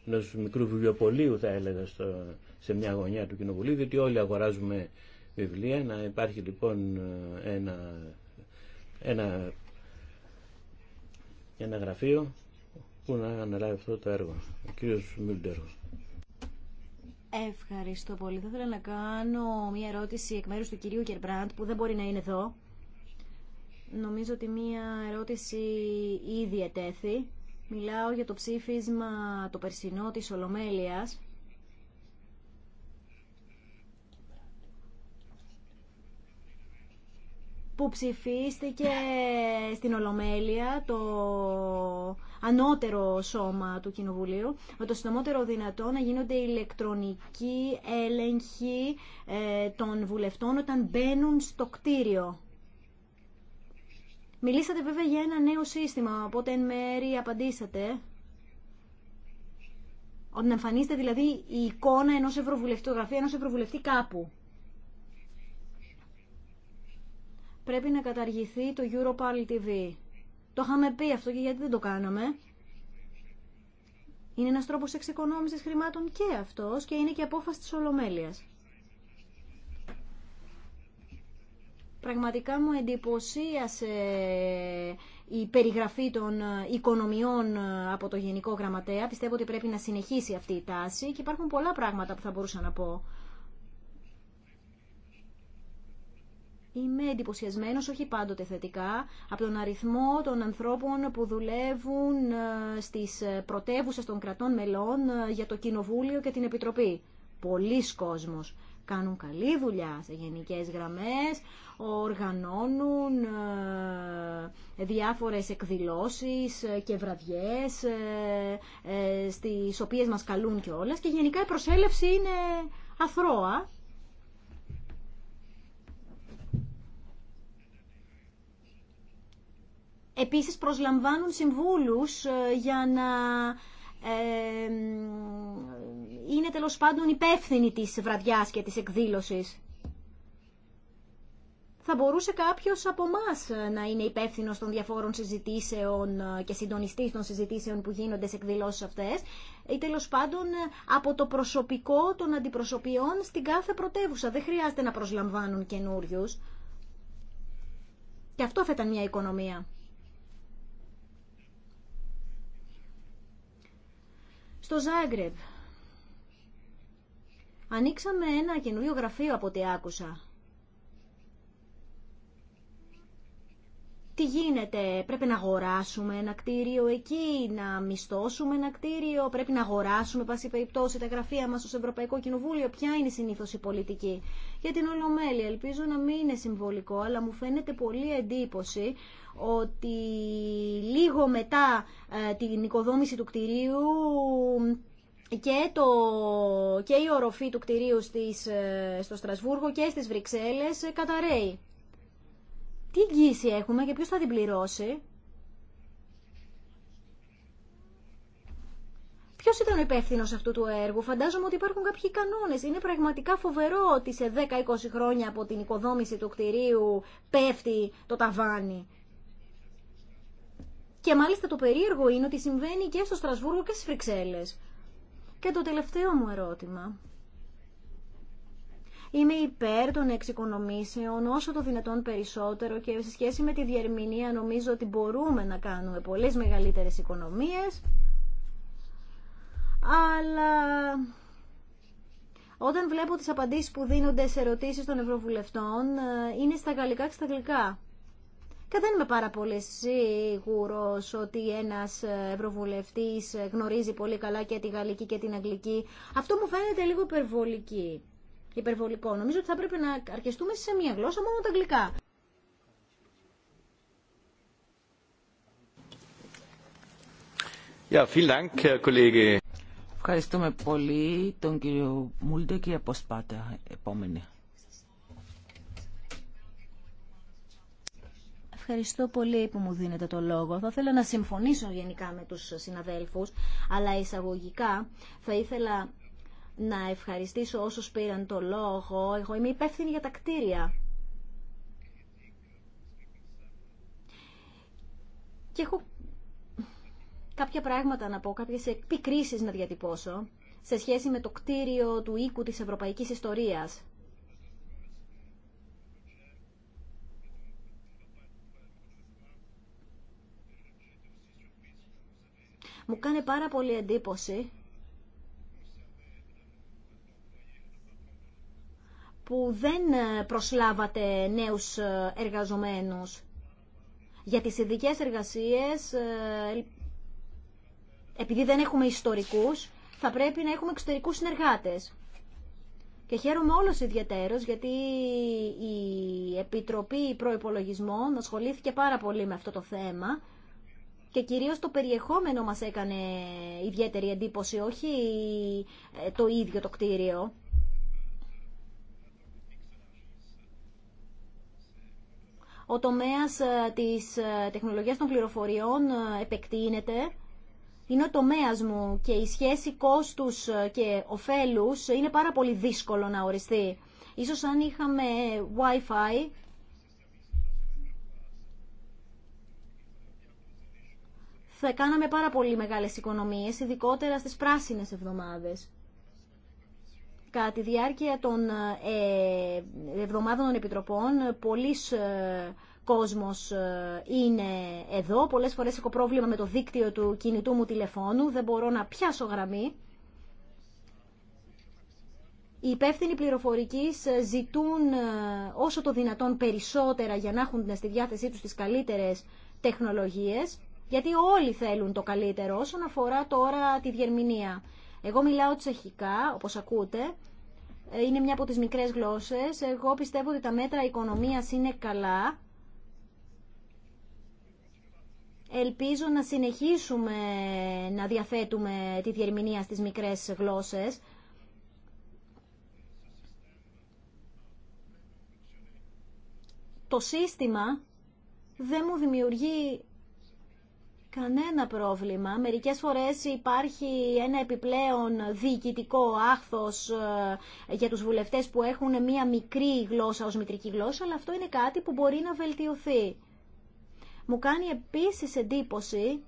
ενός μικρού βιβλιοπολίου, θα έλεγα, στο, σε μια γωνιά του Κοινοβουλίου, διότι όλοι αγοράζουμε βιβλία, να υπάρχει λοιπόν ε, ένα, ένα, ένα γραφείο που να αναλάβει αυτό το έργο. Ο κύριος Ευχαριστώ πολύ. Θα ήθελα να κάνω μια ερώτηση εκ μέρους του κυρίου Κερμπραντ που δεν μπορεί να είναι εδώ. Νομίζω ότι μια ερώτηση ήδη ετέθη. Μιλάω για το ψήφισμα το περσινό της Ολομέλειας που ψηφίστηκε στην Ολομέλεια το ανώτερο σώμα του Κοινοβουλίου με το συντομότερο δυνατό να γίνονται ηλεκτρονικοί έλεγχοι ε, των βουλευτών όταν μπαίνουν στο κτίριο. Μιλήσατε βέβαια για ένα νέο σύστημα, οπότε εν μέρη απαντήσατε. Όταν εμφανίστε, δηλαδή η εικόνα ενός ευρωβουλευτή, το ενός ευρωβουλευτή κάπου. πρέπει να καταργηθεί το Europal TV. Το είχαμε πει αυτό και γιατί δεν το κάναμε. Είναι ένας τρόπος εξοικονόμησης χρημάτων και αυτός και είναι και απόφαση της Ολομέλειας. Πραγματικά μου εντυπωσίασε η περιγραφή των οικονομιών από το Γενικό Γραμματέα. Πιστεύω ότι πρέπει να συνεχίσει αυτή η τάση και υπάρχουν πολλά πράγματα που θα μπορούσα να πω. Είμαι εντυπωσιασμένο, όχι πάντοτε θετικά, από τον αριθμό των ανθρώπων που δουλεύουν ε, στις ε, πρωτεύουσε των κρατών μελών ε, για το Κοινοβούλιο και την Επιτροπή. Πολλοί κόσμος κάνουν καλή δουλειά σε γενικές γραμμές, οργανώνουν διάφορες εκδηλώσεις και βραδιές στις οποίες μας καλούν και όλες και γενικά η προσέλευση είναι αθρώα Επίσης προσλαμβάνουν συμβούλους ε, για να ε, είναι τέλο πάντων υπεύθυνοι της βραδιάς και της εκδήλωσης. Θα μπορούσε κάποιος από εμά ε, να είναι υπεύθυνο των διαφόρων συζητήσεων και συντονιστής των συζητήσεων που γίνονται σε εκδηλώσεις αυτές ή τέλο πάντων από το προσωπικό των αντιπροσωπιών στην κάθε πρωτεύουσα. Δεν χρειάζεται να προσλαμβάνουν καινούριου. Και αυτό θα ήταν μια οικονομία. στο Ζάγκρεπ. Ανοίξαμε ένα καινούριο γραφείο από ό,τι άκουσα. τι γίνεται, πρέπει να αγοράσουμε ένα κτίριο εκεί, να μισθώσουμε ένα κτίριο, πρέπει να αγοράσουμε, πάση περιπτώσει, τα γραφεία μας στο Ευρωπαϊκό Κοινοβούλιο. Ποια είναι συνήθως η πολιτική. Για την Ολομέλεια, ελπίζω να μην είναι συμβολικό, αλλά μου φαίνεται πολύ εντύπωση ότι λίγο μετά ε, την οικοδόμηση του κτιρίου και, το, και η οροφή του κτιρίου στις, ε, στο Στρασβούργο και στις Βρυξέλλες καταραίει. Τι εγγύηση έχουμε και ποιος θα την πληρώσει. Ποιο ήταν ο υπεύθυνο αυτού του έργου, φαντάζομαι ότι υπάρχουν κάποιοι κανόνε. Είναι πραγματικά φοβερό ότι σε 10-20 χρόνια από την οικοδόμηση του κτηρίου πέφτει το ταβάνι. Και μάλιστα το περίεργο είναι ότι συμβαίνει και στο Στρασβούργο και στι Φρυξέλλε. Και το τελευταίο μου ερώτημα Είμαι υπέρ των εξοικονομήσεων όσο το δυνατόν περισσότερο και σε σχέση με τη διερμηνία νομίζω ότι μπορούμε να κάνουμε πολλές μεγαλύτερες οικονομίες. Αλλά όταν βλέπω τις απαντήσεις που δίνονται σε ερωτήσεις των ευρωβουλευτών ε, είναι στα γαλλικά και στα αγγλικά. Και δεν είμαι πάρα πολύ σίγουρο ότι ένας ε, ευρωβουλευτής ε, γνωρίζει πολύ καλά και τη γαλλική και την αγγλική. Αυτό μου φαίνεται λίγο υπερβολική υπερβολικό. Νομίζω ότι θα πρέπει να αρκεστούμε σε μία γλώσσα μόνο τα αγγλικά. Ευχαριστούμε πολύ τον κύριο Μούλτε και η Αποσπάτα επόμενη. Ευχαριστώ πολύ που μου δίνετε το λόγο. Θα ήθελα να συμφωνήσω γενικά με τους συναδέλφους, αλλά εισαγωγικά θα ήθελα να ευχαριστήσω όσους πήραν το λόγο. Εγώ είμαι υπεύθυνη για τα κτίρια. Και έχω κάποια πράγματα να πω, κάποιες επικρίσεις να διατυπώσω σε σχέση με το κτίριο του οίκου της Ευρωπαϊκής Ιστορίας. Μου κάνει πάρα πολύ εντύπωση που δεν ε, προσλάβατε νέους ε, εργαζομένους. Για τις ειδικέ εργασίες, ε, επειδή δεν έχουμε ιστορικούς, θα πρέπει να έχουμε εξωτερικούς συνεργάτες. Και χαίρομαι όλος ιδιαίτερος γιατί η Επιτροπή Προϋπολογισμών ασχολήθηκε πάρα πολύ με αυτό το θέμα και κυρίως το περιεχόμενο μας έκανε ιδιαίτερη εντύπωση, όχι το ίδιο το κτίριο. Ο τομέας ε, της ε, τεχνολογίας των πληροφοριών ε, επεκτείνεται. Είναι ο τομέας μου και η σχέση κόστους και ωφέλους είναι πάρα πολύ δύσκολο να οριστεί. Ίσως αν είχαμε Wi-Fi θα κάναμε πάρα πολύ μεγάλες οικονομίες, ειδικότερα στις πράσινες εβδομάδες. Κατά τη διάρκεια των ε, εβδομάδων των επιτροπών, πολλοί ε, κόσμος ε, είναι εδώ. Πολλές φορές έχω πρόβλημα με το δίκτυο του κινητού μου τηλεφώνου. Δεν μπορώ να πιάσω γραμμή. Οι υπεύθυνοι πληροφορικής ζητούν όσο το δυνατόν περισσότερα για να έχουν στη διάθεσή τους τις καλύτερες τεχνολογίες, γιατί όλοι θέλουν το καλύτερο όσον αφορά τώρα τη διερμηνία. Εγώ μιλάω τσεχικά, όπως ακούτε. Ε, είναι μια από τις μικρές γλώσσες. Εγώ πιστεύω ότι τα μέτρα οικονομίας είναι καλά. Ελπίζω να συνεχίσουμε να διαθέτουμε τη διερμηνία στις μικρές γλώσσες. Το σύστημα δεν μου δημιουργεί κανένα πρόβλημα. Μερικές φορές υπάρχει ένα επιπλέον διοικητικό άχθος ε, για τους βουλευτές που έχουν μία μικρή γλώσσα ως μητρική γλώσσα, αλλά αυτό είναι κάτι που μπορεί να βελτιωθεί. Μου κάνει επίσης εντύπωση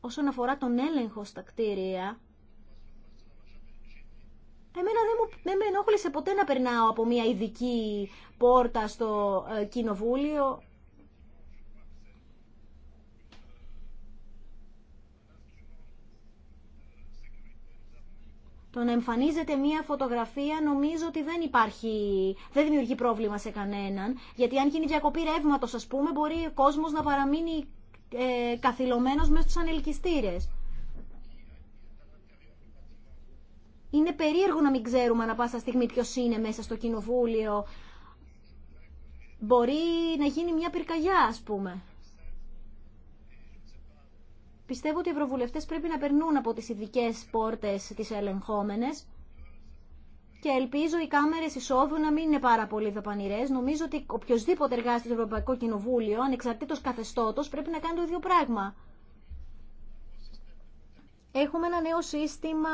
όσον αφορά τον έλεγχο στα κτίρια, Εμένα δεν μου, δεν με ενόχλησε ποτέ να περνάω από μια ειδική πόρτα στο ε, κοινοβούλιο Το να εμφανίζεται μία φωτογραφία νομίζω ότι δεν υπάρχει, δεν δημιουργεί πρόβλημα σε κανέναν. Γιατί αν γίνει διακοπή ρεύματο, α πούμε, μπορεί ο κόσμο να παραμείνει ε, καθυλωμένο μέσα στου ανελκυστήρε. Είναι περίεργο να μην ξέρουμε ανά πάσα στιγμή ποιο είναι μέσα στο κοινοβούλιο. Μπορεί να γίνει μια πυρκαγιά, ας πούμε. Πιστεύω ότι οι ευρωβουλευτές πρέπει να περνούν από τις ειδικέ πόρτες τις ελεγχόμενες και ελπίζω οι κάμερε εισόδου να μην είναι πάρα πολύ δαπανηρέ. Νομίζω ότι οποιοδήποτε εργάζεται στο Ευρωπαϊκό Κοινοβούλιο, ανεξαρτήτω καθεστώτο, πρέπει να κάνει το ίδιο πράγμα. Έχουμε ένα νέο σύστημα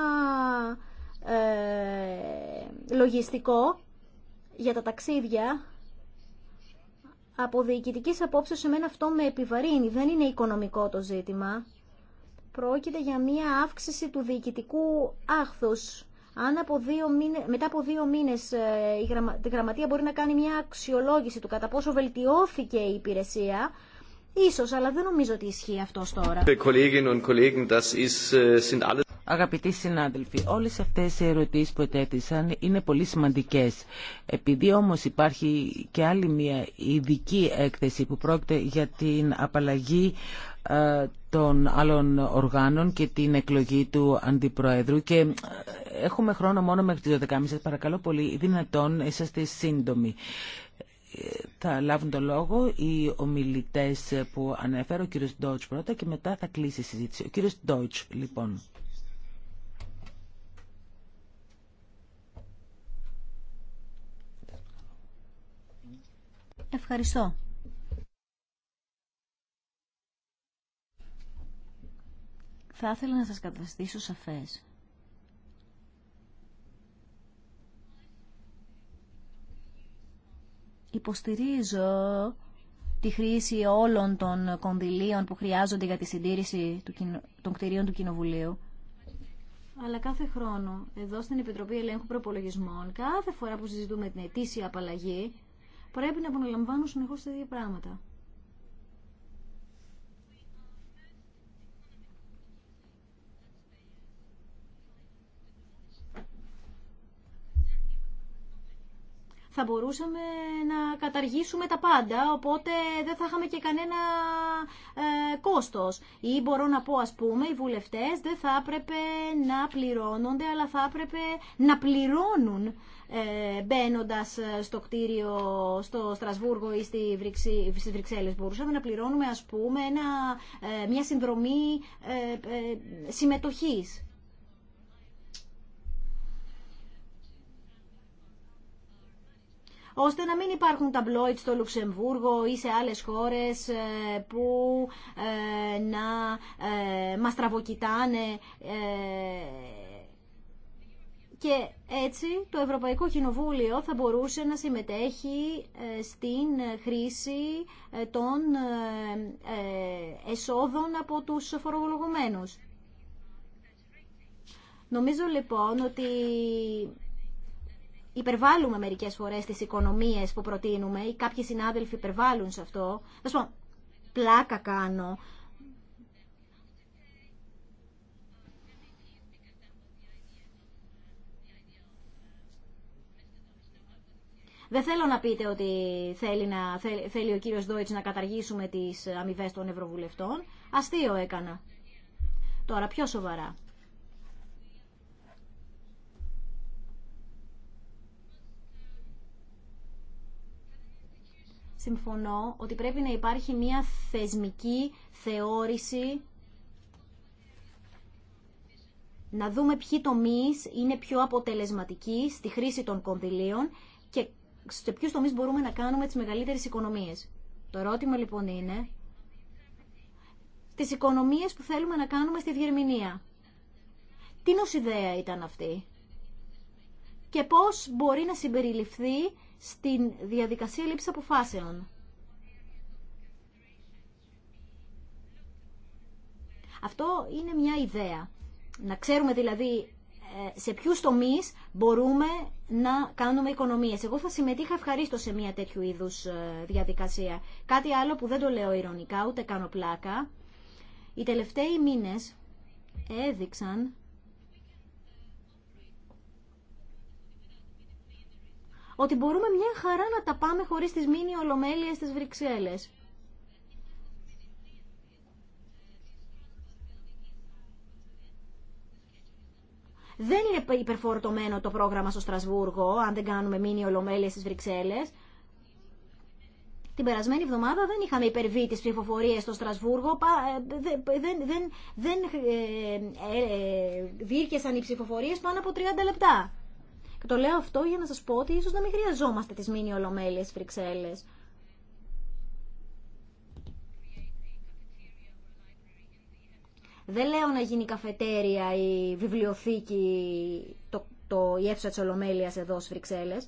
ε, λογιστικό για τα ταξίδια. Από διοικητική απόψεω, εμένα αυτό με επιβαρύνει. Δεν είναι οικονομικό το ζήτημα πρόκειται για μία αύξηση του διοικητικού άχθους. Αν από μετά από δύο μήνες ε, η γραμμα, γραμματεία μπορεί να κάνει μια αξιολόγηση του κατά πόσο βελτιώθηκε η υπηρεσία, ίσως, αλλά δεν νομίζω ότι ισχύει αυτό τώρα. Äh, Αγαπητοί συνάδελφοι, όλες αυτές οι ερωτήσεις που ετέθησαν είναι πολύ σημαντικές. Επειδή όμως υπάρχει και άλλη μια ειδική έκθεση που πρόκειται για την απαλλαγή ε, των άλλων οργάνων και την εκλογή του Αντιπροέδρου και ε, έχουμε χρόνο μόνο μέχρι τις 12.30. Σας παρακαλώ πολύ, δυνατόν είσαστε σύντομοι. Θα λάβουν το λόγο οι ομιλητές που αναφέρω, ο κύριος Ντότς πρώτα και μετά θα κλείσει η συζήτηση. Ο κύριος Ντότς, λοιπόν. Ευχαριστώ. Θα ήθελα να σας καταστήσω σαφές. Υποστηρίζω τη χρήση όλων των κονδυλίων που χρειάζονται για τη συντήρηση των κτηρίων του Κοινοβουλίου. Αλλά κάθε χρόνο, εδώ στην Επιτροπή Ελέγχου Προπολογισμών, κάθε φορά που συζητούμε την ετήσια απαλλαγή, πρέπει να απολαμβάνουν συνεχώ τα ίδια πράγματα. θα μπορούσαμε να καταργήσουμε τα πάντα, οπότε δεν θα είχαμε και κανένα ε, κόστος. Ή μπορώ να πω, ας πούμε, οι βουλευτές δεν θα έπρεπε να πληρώνονται, αλλά θα έπρεπε να πληρώνουν ε, μπαίνοντα ε, στο κτίριο στο Στρασβούργο ή στη Βρυξή, Μπορούσαμε να πληρώνουμε, ας πούμε, ε, μια συνδρομή ε, συμμετοχής. ώστε να μην υπάρχουν ταμπλόιτ στο Λουξεμβούργο ή σε άλλες χώρες ε, που ε, να ε, μας τραβοκοιτάνε και έτσι το Ευρωπαϊκό Κοινοβούλιο θα μπορούσε να συμμετέχει στην χρήση των εσόδων από τους φορολογουμένους. Νομίζω λοιπόν ότι υπερβάλλουμε μερικές φορές τις οικονομίες που προτείνουμε ή κάποιοι συνάδελφοι υπερβάλλουν σε αυτό. σου πω, πλάκα κάνω. Δεν θέλω να πείτε ότι θέλει, να, θέλει ο κύριος Δόιτς να καταργήσουμε τις αμοιβέ των ευρωβουλευτών. Αστείο έκανα. Τώρα πιο σοβαρά. συμφωνώ ότι πρέπει να υπάρχει μια θεσμική θεώρηση να δούμε ποιοι τομείς είναι πιο αποτελεσματικοί στη χρήση των κονδυλίων και σε ποιους τομείς μπορούμε να κάνουμε τις μεγαλύτερες οικονομίες. Το ερώτημα λοιπόν είναι τις οικονομίες που θέλουμε να κάνουμε στη διερμηνία. Τι νοσηδέα ήταν αυτή και πώς μπορεί να συμπεριληφθεί στην διαδικασία λήψη αποφάσεων. Αυτό είναι μια ιδέα. Να ξέρουμε δηλαδή ε, σε ποιου τομεί μπορούμε να κάνουμε οικονομίες. Εγώ θα συμμετείχα ευχαρίστω σε μια τέτοιου είδους ε, διαδικασία. Κάτι άλλο που δεν το λέω ηρωνικά, ούτε κάνω πλάκα. Οι τελευταίοι μήνες έδειξαν ότι μπορούμε μια χαρά να τα πάμε χωρίς τις μήνυ ολομέλειες στις Βρυξέλλες. Δεν είναι υπερφορτωμένο το πρόγραμμα στο Στρασβούργο, αν δεν κάνουμε μήνυ ολομέλειες στις Βρυξέλλες. Την περασμένη εβδομάδα δεν είχαμε υπερβεί τις ψηφοφορίες στο Στρασβούργο, δεν, δεν, δεν ε, ε, οι ψηφοφορίες πάνω από 30 λεπτά. Και το λέω αυτό για να σας πω ότι ίσως να μην χρειαζόμαστε τις μήνυ ολομέλειες Φρυξέλλες Δεν λέω να γίνει καφετέρια ή βιβλιοθήκη το, το, η αίθουσα της Ολομέλειας εδώ στις Φρυξέλλες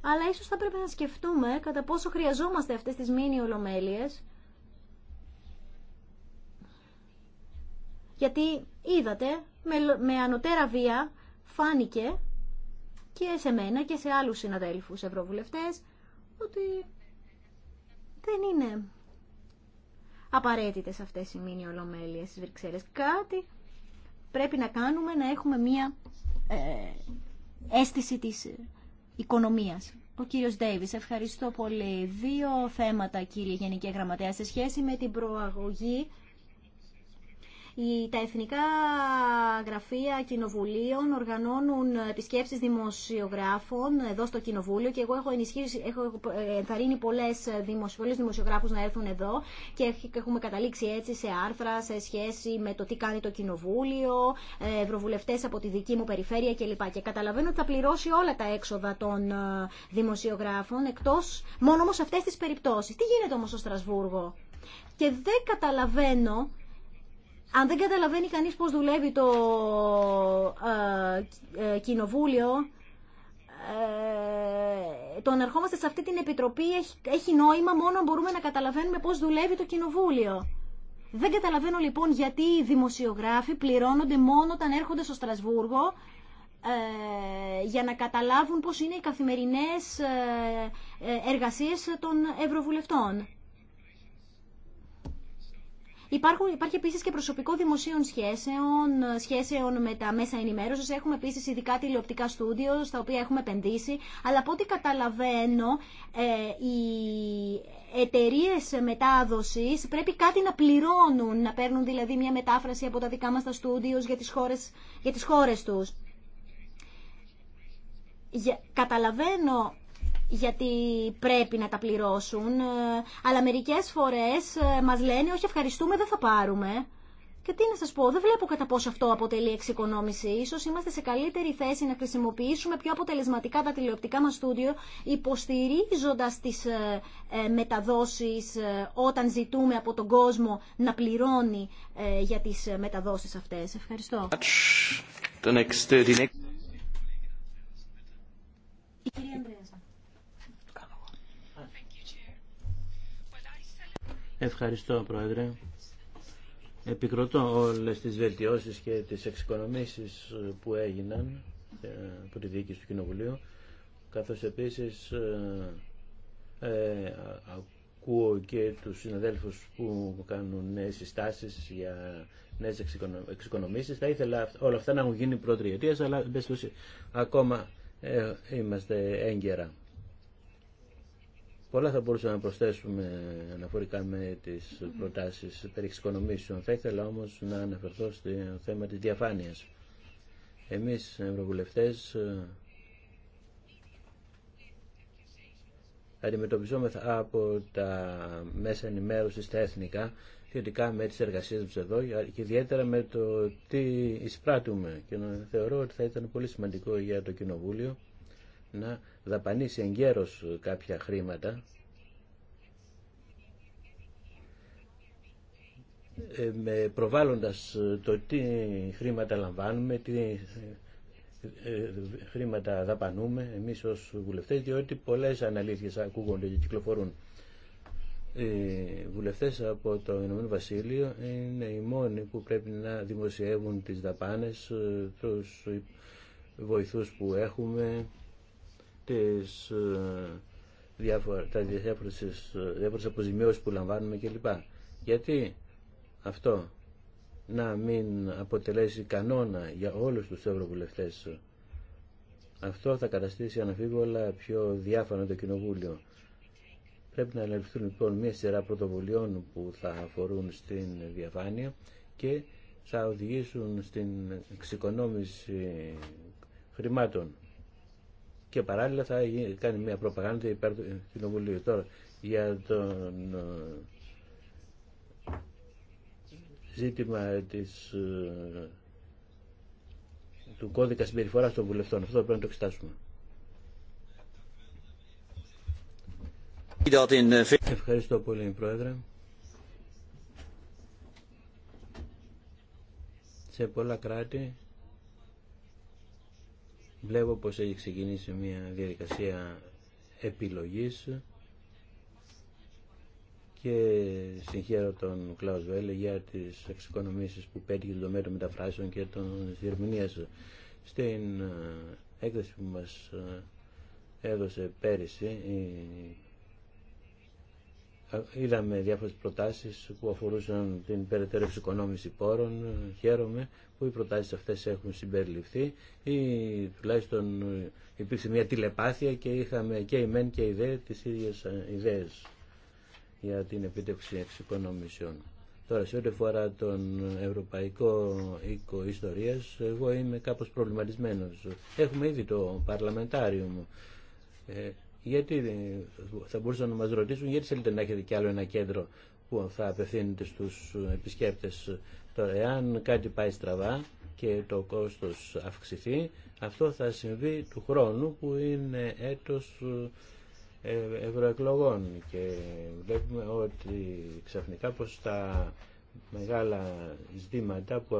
Αλλά ίσως θα πρέπει να σκεφτούμε κατά πόσο χρειαζόμαστε αυτές τις μήνυ Ολομέλειες. Γιατί είδατε, με, με ανωτέρα βία φάνηκε και σε μένα και σε άλλους συναδέλφους ευρωβουλευτές ότι δεν είναι απαραίτητες αυτές οι μήνυ ολομέλειες στις Βρυξέλλες. Κάτι πρέπει να κάνουμε να έχουμε μία ε, αίσθηση της οικονομίας. Ο κύριος Ντέιβις, ευχαριστώ πολύ. Δύο θέματα κύριε Γενική Γραμματέα σε σχέση με την προαγωγή τα εθνικά γραφεία κοινοβουλίων οργανώνουν επισκέψει δημοσιογράφων εδώ στο κοινοβούλιο και εγώ έχω ενισχύσει, έχω ε, ενθαρρύνει πολλές, δημοσι, δημοσιογράφους να έρθουν εδώ και έχουμε καταλήξει έτσι σε άρθρα σε σχέση με το τι κάνει το κοινοβούλιο, ε, ευρωβουλευτές από τη δική μου περιφέρεια κλπ. Και καταλαβαίνω ότι θα πληρώσει όλα τα έξοδα των ε, δημοσιογράφων εκτός μόνο όμως αυτές τις περιπτώσεις. Τι γίνεται όμως στο Στρασβούργο. Και δεν καταλαβαίνω αν δεν καταλαβαίνει κανείς πώς δουλεύει το ε, ε, κοινοβούλιο, ε, το να ερχόμαστε σε αυτή την επιτροπή έχει, νόημα μόνο αν μπορούμε να καταλαβαίνουμε πώς δουλεύει το κοινοβούλιο. Δεν καταλαβαίνω λοιπόν γιατί οι δημοσιογράφοι πληρώνονται μόνο όταν έρχονται στο Στρασβούργο ε, για να καταλάβουν πώς είναι οι καθημερινές ε, ε, εργασίες των ευρωβουλευτών. Υπάρχουν, υπάρχει επίση και προσωπικό δημοσίων σχέσεων, σχέσεων με τα μέσα ενημέρωση. Έχουμε επίση ειδικά τηλεοπτικά στούντιο, στα οποία έχουμε επενδύσει. Αλλά από ό,τι καταλαβαίνω, ε, οι εταιρείε μετάδοση πρέπει κάτι να πληρώνουν, να παίρνουν δηλαδή μια μετάφραση από τα δικά μα τα στούντιο για τι χώρε του. τις καταλαβαίνω γιατί πρέπει να τα πληρώσουν, ε, αλλά μερικέ φορές ε, μας λένε όχι ευχαριστούμε δεν θα πάρουμε. Και τι να σας πω, δεν βλέπω κατά πόσο αυτό αποτελεί εξοικονόμηση. Ίσως είμαστε σε καλύτερη θέση να χρησιμοποιήσουμε πιο αποτελεσματικά τα τηλεοπτικά μας στούντιο, υποστηρίζοντας τις ε, μεταδόσεις όταν ζητούμε από τον κόσμο να πληρώνει για τις μεταδόσεις αυτέ. Ευχαριστώ. Uh, Η κυρία Ευχαριστώ, Πρόεδρε. Επικροτώ όλες τις βελτιώσεις και τις εξοικονομήσεις που έγιναν ε, από τη διοίκηση του Κοινοβουλίου, καθώς επίσης ε, ε, ακούω και τους συναδέλφους που κάνουν νέες συστάσεις για νέες εξοικονομήσεις. Θα ήθελα όλα αυτά να έχουν γίνει πρώτη αλλά ακόμα ε, είμαστε έγκαιρα. Πολλά θα μπορούσαμε να προσθέσουμε αναφορικά με τις προτάσεις περί εξοικονομήσεων. Θα ήθελα όμως να αναφερθώ στο θέμα τη διαφάνειας. Εμείς, ευρωβουλευτέ, αντιμετωπιζόμεθα από τα μέσα ενημέρωση στα εθνικά σχετικά με τις εργασίες μα εδώ και ιδιαίτερα με το τι εισπράττουμε και θεωρώ ότι θα ήταν πολύ σημαντικό για το Κοινοβούλιο να δαπανίσει γέρος κάποια χρήματα ε, με προβάλλοντας το τι χρήματα λαμβάνουμε, τι ε, ε, χρήματα δαπανούμε εμείς ως βουλευτές, διότι πολλές αναλήθειες ακούγονται και κυκλοφορούν. Οι βουλευτές από το Ηνωμένο Βασίλειο είναι οι μόνοι που πρέπει να δημοσιεύουν τις δαπάνες, τους βοηθούς που έχουμε, τις ε, διάφορα, τα ε, διάφορες, αποζημιώσεις που λαμβάνουμε κλπ. Γιατί αυτό να μην αποτελέσει κανόνα για όλους τους ευρωβουλευτές. Αυτό θα καταστήσει αναφίβολα πιο διάφανο το Κοινοβούλιο. Πρέπει να ελευθερθούν λοιπόν μια σειρά πρωτοβουλειών που θα αφορούν στην διαφάνεια και θα οδηγήσουν στην εξοικονόμηση χρημάτων και παράλληλα θα κάνει μια προπαγάνδα υπέρ του Κοινοβουλίου. Τώρα για το ε, ζήτημα της, ε, του κώδικα συμπεριφορά των βουλευτών. Αυτό πρέπει να το εξετάσουμε. Ευχαριστώ πολύ, Πρόεδρε. Σε πολλά κράτη Βλέπω πως έχει ξεκινήσει μια διαδικασία επιλογής και συγχαίρω τον Κλάους Βέλε για τις εξοικονομήσεις που πέτυχε το τομέα των μεταφράσεων και των διερμηνίας στην ε, έκθεση που μας ε, έδωσε πέρυσι η ε, είδαμε διάφορες προτάσεις που αφορούσαν την περαιτέρω εξοικονόμηση πόρων. Χαίρομαι που οι προτάσεις αυτές έχουν συμπεριληφθεί ή τουλάχιστον υπήρξε μια τηλεπάθεια και είχαμε και η ΜΕΝ και η ΔΕ τις ίδιες ε, ιδέες για την επίτευξη εξοικονομησεών. Τώρα, σε ό,τι αφορά τον Ευρωπαϊκό Οίκο Ιστορίας, εγώ είμαι κάπως προβληματισμένος. Έχουμε ήδη το παρλαμεντάριο μου ε, γιατί θα μπορούσαν να μας ρωτήσουν γιατί θέλετε να έχετε κι άλλο ένα κέντρο που θα απευθύνεται στους επισκέπτες. Τώρα, εάν κάτι πάει στραβά και το κόστος αυξηθεί, αυτό θα συμβεί του χρόνου που είναι έτος ε, ευρωεκλογών και βλέπουμε ότι ξαφνικά πως τα μεγάλα ζητήματα που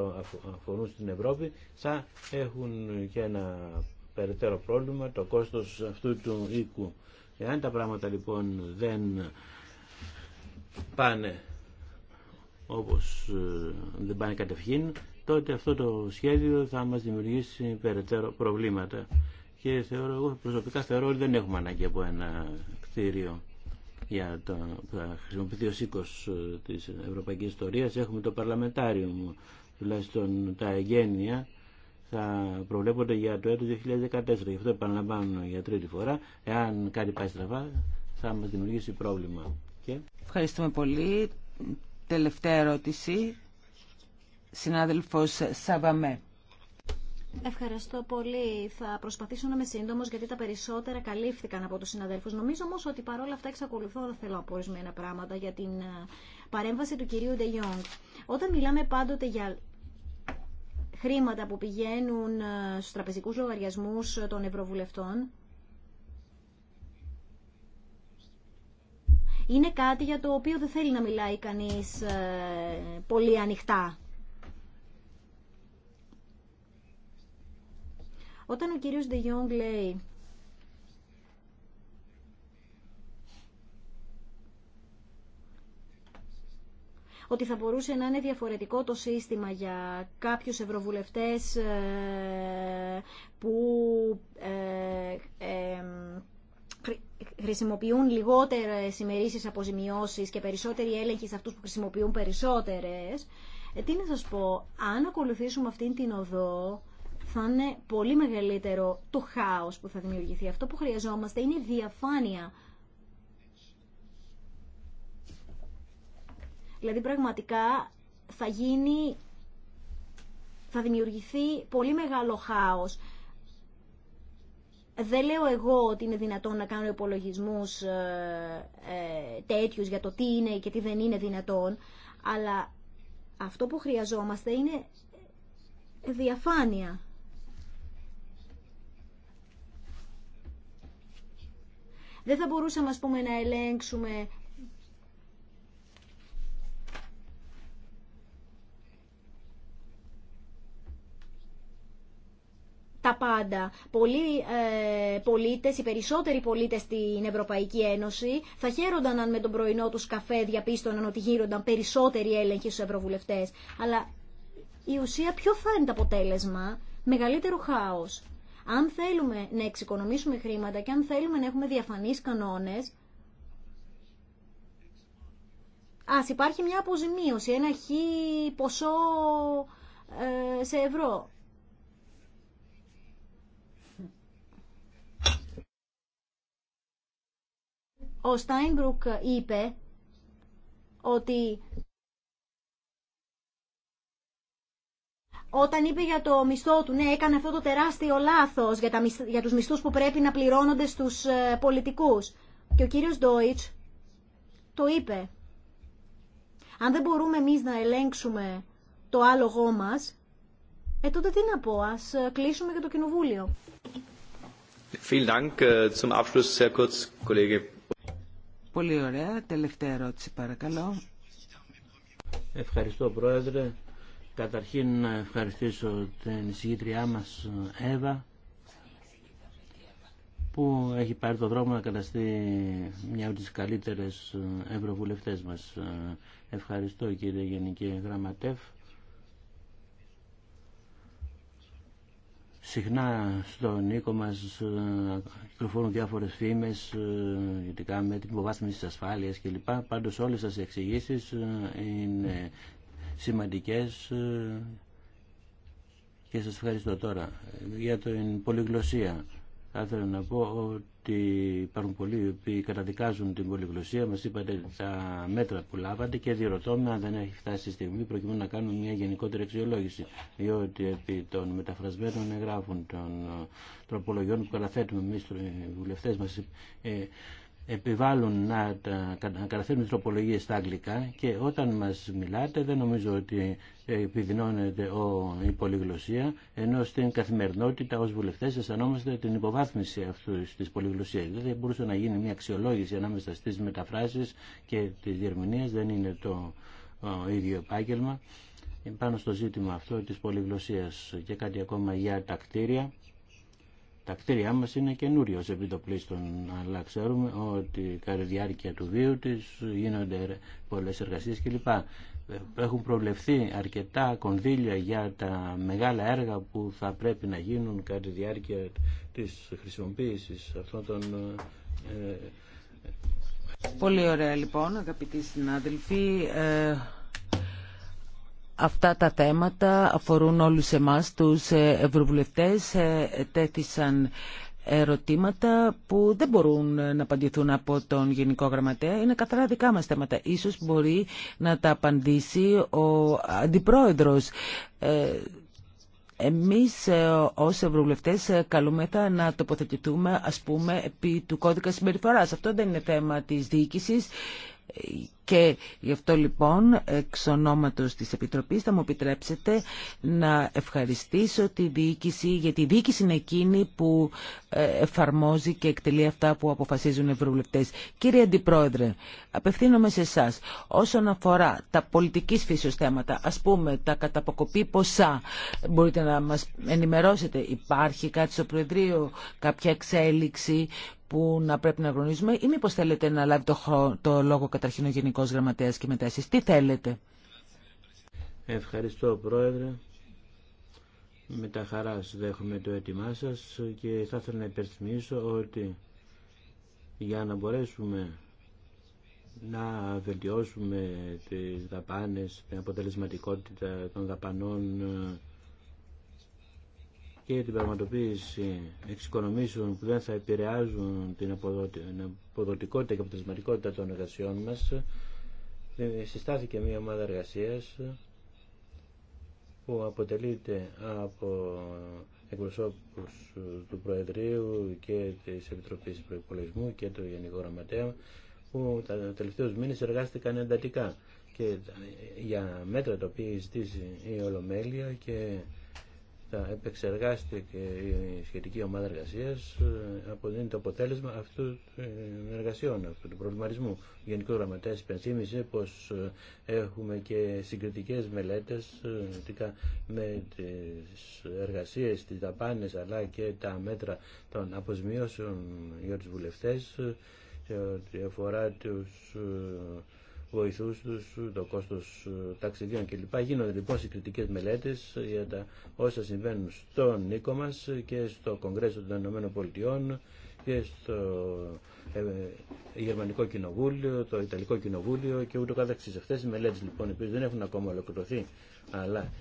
αφορούν στην Ευρώπη θα έχουν και ένα περαιτέρω πρόβλημα το κόστος αυτού του οίκου. Εάν τα πράγματα λοιπόν δεν πάνε όπως ε, δεν πάνε κατευχήν, τότε αυτό το σχέδιο θα μας δημιουργήσει περαιτέρω προβλήματα. Και θεωρώ, εγώ προσωπικά θεωρώ ότι δεν έχουμε ανάγκη από ένα κτίριο για το, που θα χρησιμοποιηθεί ο ε, της Ευρωπαϊκής Ιστορίας. Έχουμε το Παρλαμεντάριο τουλάχιστον τα εγγένεια θα προβλέπονται για το έτος 2014. Γι' αυτό επαναλαμβάνω για τρίτη φορά. Εάν κάτι πάει στραβά θα μας δημιουργήσει πρόβλημα. Και... Ευχαριστούμε πολύ. Τελευταία ερώτηση. Συνάδελφος Σαβαμέ. Ευχαριστώ πολύ. Θα προσπαθήσω να είμαι σύντομο γιατί τα περισσότερα καλύφθηκαν από του συναδέλφου. Νομίζω όμω ότι παρόλα αυτά εξακολουθώ να θέλω από ορισμένα πράγματα για την ε, παρέμβαση του κυρίου Ντεγιόνγκ. Όταν μιλάμε πάντοτε για χρήματα που πηγαίνουν ε, στους τραπεζικούς λογαριασμούς των ευρωβουλευτών είναι κάτι για το οποίο δεν θέλει να μιλάει κανείς ε, πολύ ανοιχτά. Όταν ο κύριος De λέει ότι θα μπορούσε να είναι διαφορετικό το σύστημα για κάποιους ευρωβουλευτές ε, που ε, ε, χρησιμοποιούν λιγότερες ημερήσεις αποζημιώσεις και περισσότεροι έλεγχοι σε αυτούς που χρησιμοποιούν περισσότερες. Τι να σας πω, αν ακολουθήσουμε αυτήν την οδό, θα είναι πολύ μεγαλύτερο το χάος που θα δημιουργηθεί. Αυτό που χρειαζόμαστε είναι διαφάνεια Δηλαδή πραγματικά θα γίνει, θα δημιουργηθεί πολύ μεγάλο χάος. Δεν λέω εγώ ότι είναι δυνατόν να κάνω υπολογισμού ε, ε, τέτοιους για το τι είναι και τι δεν είναι δυνατόν, αλλά αυτό που χρειαζόμαστε είναι διαφάνεια. Δεν θα μπορούσαμε, ας πούμε, να ελέγξουμε πάντα. Πολλοί ε, πολίτες, οι περισσότεροι πολίτες στην Ευρωπαϊκή Ένωση θα χαίρονταν αν με τον πρωινό τους καφέ διαπίστωναν ότι γύρονταν περισσότεροι έλεγχοι στους ευρωβουλευτές. Αλλά η ουσία ποιο θα είναι το αποτέλεσμα, μεγαλύτερο χάος. Αν θέλουμε να εξοικονομήσουμε χρήματα και αν θέλουμε να έχουμε διαφανείς κανόνες, Α υπάρχει μια αποζημίωση, ένα χι ποσό ε, σε ευρώ. Ο Στάινμπρουκ είπε ότι όταν είπε για το μισθό του, ναι, έκανε αυτό το τεράστιο λάθος για, τα, για τους μισθούς που πρέπει να πληρώνονται στους ε, πολιτικούς. Και ο κύριος Ντόιτς το είπε. Αν δεν μπορούμε εμείς να ελέγξουμε το άλογό μας, ε, τότε τι να πω, ας ε, κλείσουμε για το Κοινοβούλιο. Vielen Dank. Äh, zum Abschluss sehr Πολύ ωραία. Τελευταία ερώτηση παρακαλώ. Ευχαριστώ Πρόεδρε. Καταρχήν να ευχαριστήσω την συγγήτριά μας Εύα που έχει πάρει το δρόμο να καταστεί μια από τις καλύτερες ευρωβουλευτές μας. Ευχαριστώ κύριε Γενική Γραμματεύ Συχνά στον Νίκο μας ε, κυκλοφορούν διάφορες φήμες ε, ειδικά με την υποβάθμιση της ασφάλειας κλπ. Πάντως όλες τις οι ε, είναι σημαντικές και σας ευχαριστώ τώρα για την πολυγλωσία. Θα ήθελα να πω ότι υπάρχουν πολλοί οι οποίοι καταδικάζουν την πολυγλωσία. μα είπατε τα μέτρα που λάβατε και διερωτώ αν δεν έχει φτάσει η στιγμή προκειμένου να κάνουμε μια γενικότερη αξιολόγηση. Διότι επί των μεταφρασμένων εγγράφων των τροπολογιών που καταθέτουμε εμεί οι βουλευτές μας ε, επιβάλλουν να καταφέρουν τροπολογίε στα αγγλικά και όταν μας μιλάτε δεν νομίζω ότι επιδεινώνεται ο, η πολυγλωσία ενώ στην καθημερινότητα ω βουλευτές αισθανόμαστε την υποβάθμιση αυτού της πολυγλωσίας. Δεν δηλαδή μπορούσε να γίνει μια αξιολόγηση ανάμεσα στις μεταφράσεις και τις διερμηνίες, δεν είναι το ίδιο επάγγελμα πάνω στο ζήτημα αυτό της πολυγλωσίας και κάτι ακόμα για τα κτίρια τα κτίρια μας είναι καινούριο πλήστον, αλλά ξέρουμε ότι κατά τη διάρκεια του βίου της γίνονται πολλές εργασίες κλπ. Έχουν προβλεφθεί αρκετά κονδύλια για τα μεγάλα έργα που θα πρέπει να γίνουν κατά τη διάρκεια της χρησιμοποίησης αυτών των ε, ε, Πολύ ωραία λοιπόν αγαπητοί συνάδελφοι. Ε, Αυτά τα θέματα αφορούν όλους εμάς τους ε, ευρωβουλευτές. Ε, τέθησαν ερωτήματα που δεν μπορούν ε, να απαντηθούν από τον Γενικό Γραμματέα. Είναι καθαρά δικά μας θέματα. Ίσως μπορεί να τα απαντήσει ο Αντιπρόεδρος. Εμείς ως ευρωβουλευτές καλούμεθα να τοποθετηθούμε ας πούμε επί του κώδικα συμπεριφοράς. Αυτό δεν είναι θέμα της διοίκησης και γι' αυτό λοιπόν, εξ ονόματος της Επιτροπής, θα μου επιτρέψετε να ευχαριστήσω τη διοίκηση, γιατί η διοίκηση είναι εκείνη που ε, εφαρμόζει και εκτελεί αυτά που αποφασίζουν οι ευρωβουλευτές. Κύριε Αντιπρόεδρε, απευθύνομαι σε εσά. Όσον αφορά τα πολιτικής φύσεως θέματα, ας πούμε τα καταποκοπή ποσά, μπορείτε να μας ενημερώσετε, υπάρχει κάτι στο Προεδρείο, κάποια εξέλιξη που να πρέπει να γνωρίζουμε ή μήπως θέλετε να λάβει το, το λόγο καταρχήν ο Γενικός Γενικός Γραμματέας και μετά εσείς. Τι θέλετε. Ευχαριστώ Πρόεδρε. Με τα χαράς δέχομαι το έτοιμά σας και θα ήθελα να υπερθυμίσω ότι για να μπορέσουμε να βελτιώσουμε τις δαπάνες, την αποτελεσματικότητα των δαπανών και την πραγματοποίηση εξοικονομήσεων που δεν θα επηρεάζουν την αποδοτικότητα και αποτελεσματικότητα των εργασιών μας Δηλαδή, συστάθηκε μια ομάδα εργασίας που αποτελείται από εκπροσώπους του Προεδρείου και της Επιτροπής Προϋπολογισμού και του Γενικού Γραμματέα που τα τελευταίους μήνες εργάστηκαν εντατικά και για μέτρα τα οποία ζητήσει η Ολομέλεια και τα και η σχετική ομάδα εργασία ε, αποδίνει το αποτέλεσμα αυτού των ε, εργασιών, αυτού του προβληματισμού. Ο Γενικό Γραμματέα υπενθύμησε πω ε, έχουμε και συγκριτικέ μελέτε σχετικά με τι εργασίε, τι δαπάνε αλλά και τα μέτρα των αποσμίωσεων για του βουλευτέ σε ό,τι αφορά τους βοηθούς του, το κόστος ε, ταξιδιών κλπ. Γίνονται λοιπόν συγκριτικές μελέτες για τα όσα συμβαίνουν στον Νίκο μας και στο Κογκρέσο των Ηνωμένων Πολιτειών και στο ε, ε, Γερμανικό Κοινοβούλιο, το Ιταλικό Κοινοβούλιο και ούτω καθεξής. Αυτές οι μελέτες λοιπόν, οι δεν έχουν ακόμα ολοκληρωθεί, αλλά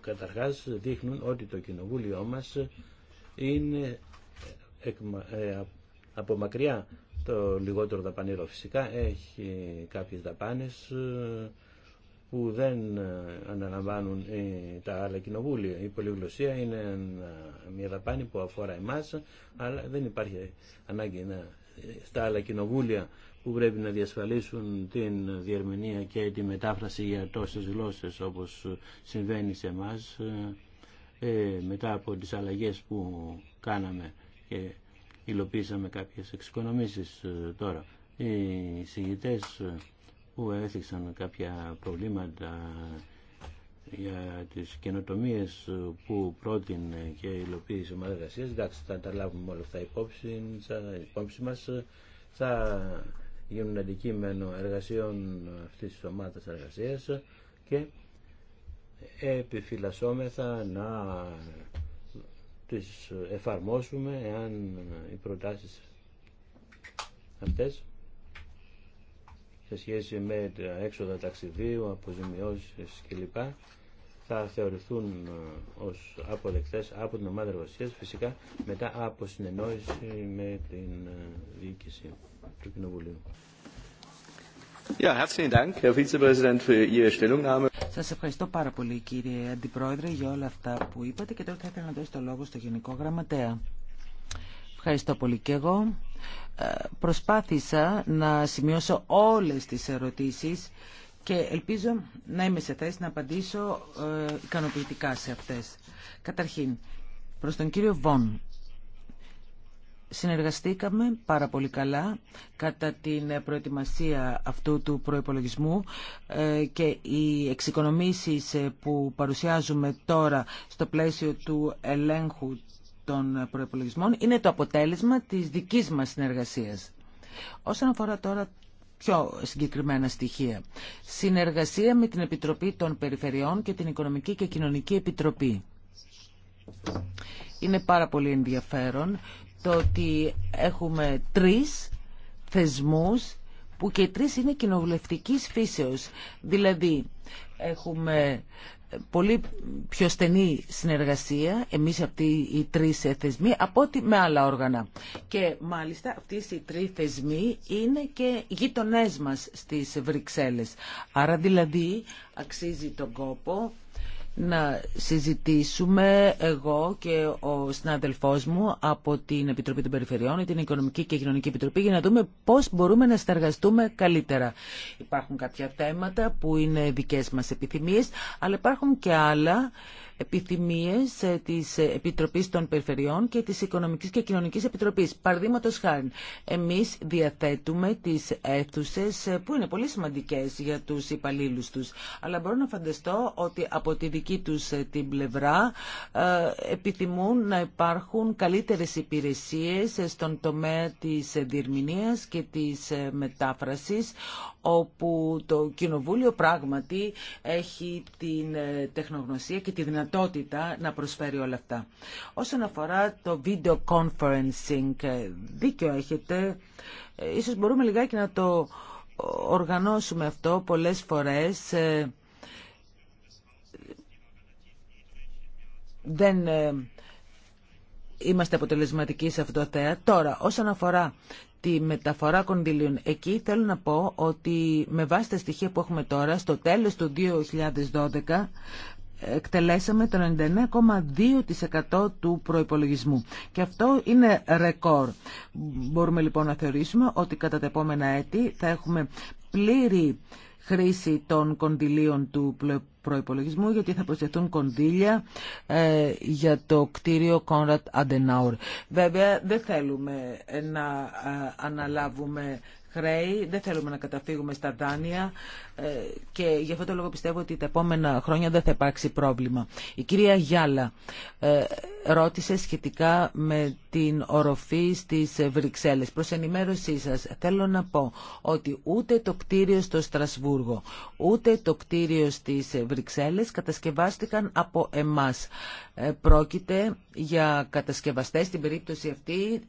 καταρχά δείχνουν ότι το Κοινοβούλιο μας είναι από μακριά το λιγότερο δαπανηρό φυσικά έχει κάποιες δαπάνες ε, που δεν ε, αναλαμβάνουν τα άλλα κοινοβούλια. Η πολυγλωσία είναι μια δαπάνη που αφορά εμάς, αλλά δεν υπάρχει ανάγκη να, στα άλλα κοινοβούλια που πρέπει να διασφαλίσουν την διερμηνία και τη μετάφραση για τόσες γλώσσες όπως συμβαίνει σε εμάς ε, μετά από τις αλλαγές που κάναμε και υλοποίησαμε κάποιες εξοικονομήσεις ε, τώρα. Οι συγητές ε, που έθιξαν κάποια προβλήματα ε, για τις καινοτομίε που πρότεινε και υλοποίησε η ομάδα εργασίας, εντάξει θα τα λάβουμε όλα αυτά υπόψη, υπόψη μας, θα γίνουν αντικείμενο εργασιών αυτής της ομάδας εργασίας και επιφυλασσόμεθα να τις εφαρμόσουμε εάν οι προτάσεις αυτές σε σχέση με τα έξοδα ταξιδίου, αποζημιώσεις κλπ. θα θεωρηθούν ε, ως αποδεκτές από την ομάδα εργασίας φυσικά μετά από συνεννόηση με την ε, διοίκηση του Κοινοβουλίου. Σας ευχαριστώ πάρα πολύ κύριε Αντιπρόεδρε για όλα αυτά που είπατε και τώρα θα ήθελα να δώσω το λόγο στο Γενικό Γραμματέα. Ευχαριστώ πολύ και εγώ. Ε, προσπάθησα να σημειώσω όλες τις ερωτήσεις και ελπίζω να είμαι σε θέση να απαντήσω ε, ικανοποιητικά σε αυτές. Καταρχήν, προς τον κύριο Βον, συνεργαστήκαμε πάρα πολύ καλά κατά την προετοιμασία αυτού του προϋπολογισμού ε, και οι εξοικονομήσεις ε, που παρουσιάζουμε τώρα στο πλαίσιο του ελέγχου των προϋπολογισμών είναι το αποτέλεσμα της δικής μας συνεργασίας. Όσον αφορά τώρα πιο συγκεκριμένα στοιχεία. Συνεργασία με την Επιτροπή των Περιφερειών και την Οικονομική και Κοινωνική Επιτροπή. Είναι πάρα πολύ ενδιαφέρον το ότι έχουμε τρεις θεσμούς που και τρεις είναι κοινοβουλευτικής φύσεως. Δηλαδή, έχουμε πολύ πιο στενή συνεργασία εμείς αυτοί οι τρεις θεσμοί από ότι με άλλα όργανα. Και μάλιστα αυτοί οι τρεις θεσμοί είναι και γείτονέ μας στις Βρυξέλλες. Άρα δηλαδή αξίζει τον κόπο να συζητήσουμε εγώ και ο συνάδελφός μου από την Επιτροπή των Περιφερειών, η την Οικονομική και Κοινωνική Επιτροπή, για να δούμε πώς μπορούμε να συνεργαστούμε καλύτερα. Υπάρχουν κάποια θέματα που είναι δικές μας επιθυμίες, αλλά υπάρχουν και άλλα επιθυμίες ε, της Επιτροπής των Περιφερειών και της Οικονομικής και Κοινωνικής Επιτροπής. Παραδείγματο χάρη, εμείς διαθέτουμε τις αίθουσε ε, που είναι πολύ σημαντικές για τους υπαλλήλους τους. Αλλά μπορώ να φανταστώ ότι από τη δική τους ε, την πλευρά επιθυμούν να υπάρχουν καλύτερες υπηρεσίες στον τομέα της διερμηνίας και της μετάφρασης όπου το Κοινοβούλιο πράγματι έχει την τεχνογνωσία και τη δυνατότητα δυνατότητα να προσφέρει όλα αυτά. Όσον αφορά το video conferencing, ε, δίκιο έχετε, ε, ίσως μπορούμε λιγάκι να το οργανώσουμε αυτό πολλές φορές. Ε, δεν είμαστε αποτελεσματικοί σε αυτό το θέα. Τώρα, όσον αφορά τη μεταφορά κονδυλίων. Εκεί θέλω να πω ότι με βάση τα στοιχεία που έχουμε τώρα, στο τέλος του 2012 εκτελέσαμε το 99,2% του προϋπολογισμού. Και αυτό είναι ρεκόρ. Μπορούμε λοιπόν να θεωρήσουμε ότι κατά τα επόμενα έτη θα έχουμε πλήρη χρήση των κοντιλίων του προϋπολογισμού γιατί θα προσθεθούν κονδύλια ε, για το κτίριο Κόνρατ Αντενάουρ. Βέβαια δεν θέλουμε να ε, αναλάβουμε χρέη, δεν θέλουμε να καταφύγουμε στα δάνεια. Ε, και γι' αυτό το λόγο πιστεύω ότι τα επόμενα χρόνια δεν θα υπάρξει πρόβλημα. Η κυρία Γιάλα ε, ρώτησε σχετικά με την οροφή στις Βρυξέλλες. Προς ενημέρωσή σας θέλω να πω ότι ούτε το κτίριο στο Στρασβούργο ούτε το κτίριο στις Βρυξέλλες κατασκευάστηκαν από εμάς. Ε, πρόκειται για κατασκευαστές, στην περίπτωση αυτή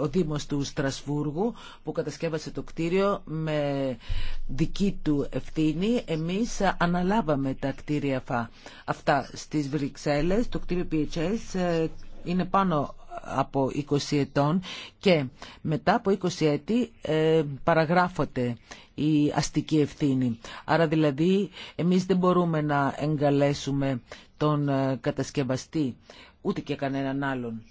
ο Δήμος του Στρασβούργου που κατασκεύασε το κτίριο με δική του του ευθύνη εμείς αναλάβαμε τα κτίρια αυτά στις Βρυξέλλες. Το κτίριο PHS ε, είναι πάνω από 20 ετών και μετά από 20 έτη ε, παραγράφονται η αστική ευθύνη. Άρα δηλαδή εμείς δεν μπορούμε να εγκαλέσουμε τον ε, κατασκευαστή ούτε και κανέναν άλλον.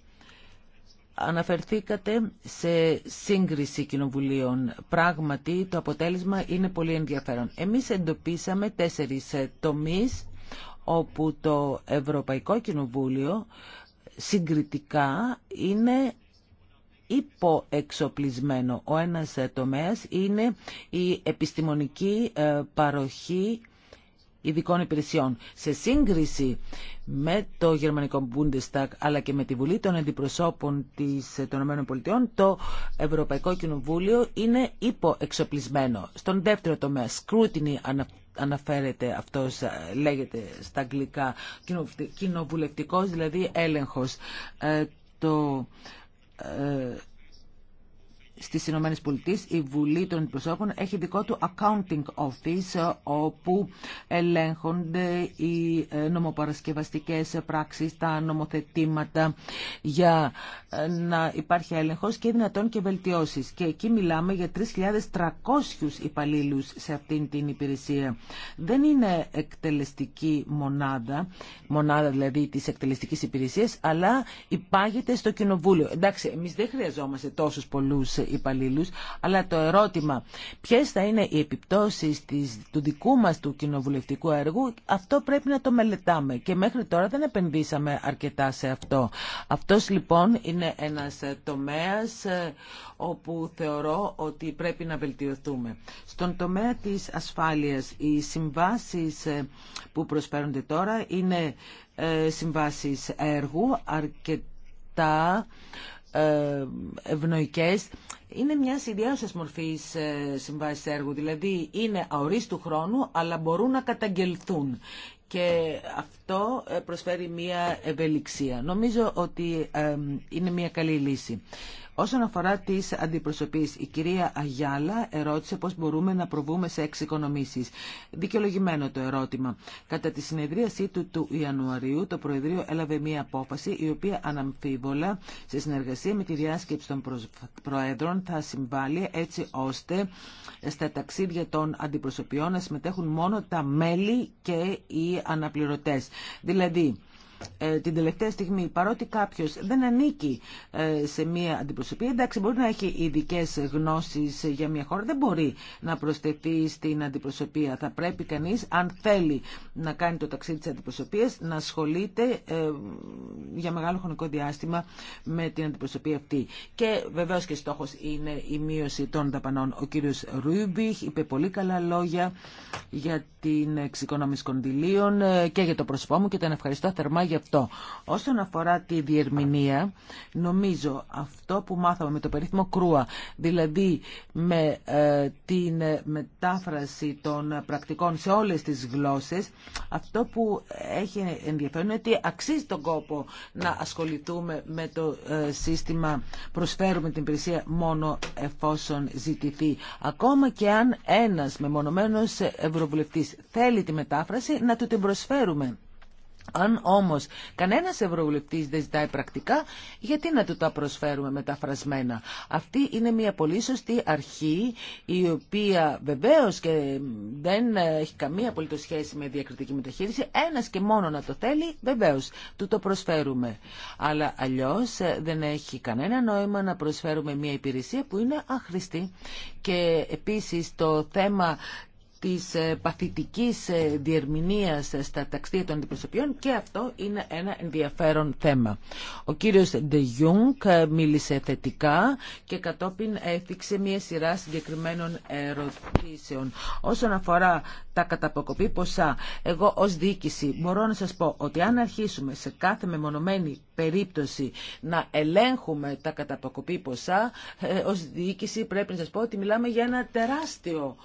Αναφερθήκατε σε σύγκριση κοινοβουλίων. Πράγματι, το αποτέλεσμα είναι πολύ ενδιαφέρον. Εμείς εντοπίσαμε τέσσερις τομείς όπου το Ευρωπαϊκό Κοινοβούλιο συγκριτικά είναι υποεξοπλισμένο. Ο ένας τομέας είναι η επιστημονική ε, παροχή ειδικών υπηρεσιών σε σύγκριση με το γερμανικό Bundestag αλλά και με τη Βουλή των Αντιπροσώπων της, ε, των ΗΠΑ το Ευρωπαϊκό Κοινοβούλιο είναι υποεξοπλισμένο. Στον δεύτερο τομέα, scrutiny αναφέρεται αυτός, ε, λέγεται στα αγγλικά, κοινοβουλευτικός δηλαδή έλεγχος. Ε, το, στις Ηνωμένε Πολιτείε η Βουλή των Προσώπων έχει δικό του accounting office ε, όπου ελέγχονται οι ε, νομοπαρασκευαστικές πράξεις, τα νομοθετήματα για ε, να υπάρχει έλεγχος και δυνατόν και βελτιώσεις. Και εκεί μιλάμε για 3.300 υπαλλήλους σε αυτήν την υπηρεσία. Δεν είναι εκτελεστική μονάδα, μονάδα δηλαδή της εκτελεστικής υπηρεσίας, αλλά υπάγεται στο κοινοβούλιο. Εντάξει, εμείς δεν χρειαζόμαστε τόσους πολλούς υπαλλήλους, αλλά το ερώτημα ποιες θα είναι οι επιπτώσεις του δικού μας του κοινοβουλευτικού έργου, αυτό πρέπει να το μελετάμε και μέχρι τώρα δεν επενδύσαμε αρκετά σε αυτό. Αυτός λοιπόν είναι ένας ε, τομέας ε, όπου θεωρώ ότι πρέπει να βελτιωθούμε. Στον τομέα της ασφάλειας, οι συμβάσεις ε, που προσφέρονται τώρα είναι συμβάσεις έργου αρκετά ε, ευνοϊκές είναι μια συνδυάσεως μορφής ε, συμβάσεις έργου. Δηλαδή είναι αορίστου χρόνου αλλά μπορούν να καταγγελθούν. Και αυτό ε, προσφέρει μια ευελιξία. Νομίζω ότι είναι μια καλή λύση. Όσον αφορά τι αντιπροσωπείς, η κυρία Αγιάλα ερώτησε πώς μπορούμε να προβούμε σε εξοικονομήσει. Δικαιολογημένο το ερώτημα. Κατά τη συνεδρίασή του του Ιανουαρίου, το Προεδρείο έλαβε μία απόφαση η οποία αναμφίβολα σε συνεργασία με τη διάσκεψη των Προέδρων θα συμβάλλει έτσι ώστε στα ταξίδια των αντιπροσωπιών να συμμετέχουν μόνο τα μέλη και οι αναπληρωτέ. Δηλαδή, ε, την τελευταία στιγμή, παρότι κάποιο δεν ανήκει ε, σε μία αντιπροσωπεία, εντάξει, μπορεί να έχει ειδικέ γνώσει για μία χώρα, δεν μπορεί να προσθεθεί στην αντιπροσωπεία. Θα πρέπει κανεί, αν θέλει να κάνει το ταξίδι τη αντιπροσωπεία, να ασχολείται ε, για μεγάλο χρονικό διάστημα με την αντιπροσωπεία αυτή. Και βεβαίω και στόχο είναι η μείωση των δαπανών. Ο κύριο Ρούμπιχ είπε πολύ καλά λόγια για την εξοικονόμηση κονδυλίων και για το πρόσωπό μου και τον ευχαριστώ θερμά αυτό. Όσον αφορά τη διερμηνία, νομίζω αυτό που μάθαμε με το περίφημο κρούα, δηλαδή με ε, την μετάφραση των πρακτικών σε όλες τις γλώσσες, αυτό που έχει ενδιαφέρον είναι ότι αξίζει τον κόπο να ασχοληθούμε με το ε, σύστημα προσφέρουμε την υπηρεσία μόνο εφόσον ζητηθεί. Ακόμα και αν ένας μεμονωμένος ευρωβουλευτής θέλει τη μετάφραση, να του την προσφέρουμε. Αν όμως κανένας ευρωβουλευτής δεν ζητάει πρακτικά, γιατί να του τα προσφέρουμε μεταφρασμένα. Αυτή είναι μια πολύ σωστή αρχή, η οποία βεβαίως και δεν έχει καμία απολύτως σχέση με διακριτική μεταχείριση. Ένας και μόνο να το θέλει, βεβαίως, του το προσφέρουμε. Αλλά αλλιώς ε, δεν έχει κανένα νόημα να προσφέρουμε μια υπηρεσία που είναι αχρηστή. Και επίσης το θέμα της ε, παθητικής ε, διερμηνίας ε, στα ταξίδια των αντιπροσωπιών και αυτό είναι ένα ενδιαφέρον θέμα. Ο κύριος Ντεγιούγκ μίλησε θετικά και κατόπιν έφυξε μια σειρά συγκεκριμένων ερωτήσεων. Όσον αφορά τα καταποκοπή ποσά, εγώ ως διοίκηση μπορώ να σας πω ότι αν αρχίσουμε σε κάθε μεμονωμένη περίπτωση να ελέγχουμε τα καταποκοπή ποσά, ως διοίκηση πρέπει να σας πω ότι μιλάμε για ένα τεράστιο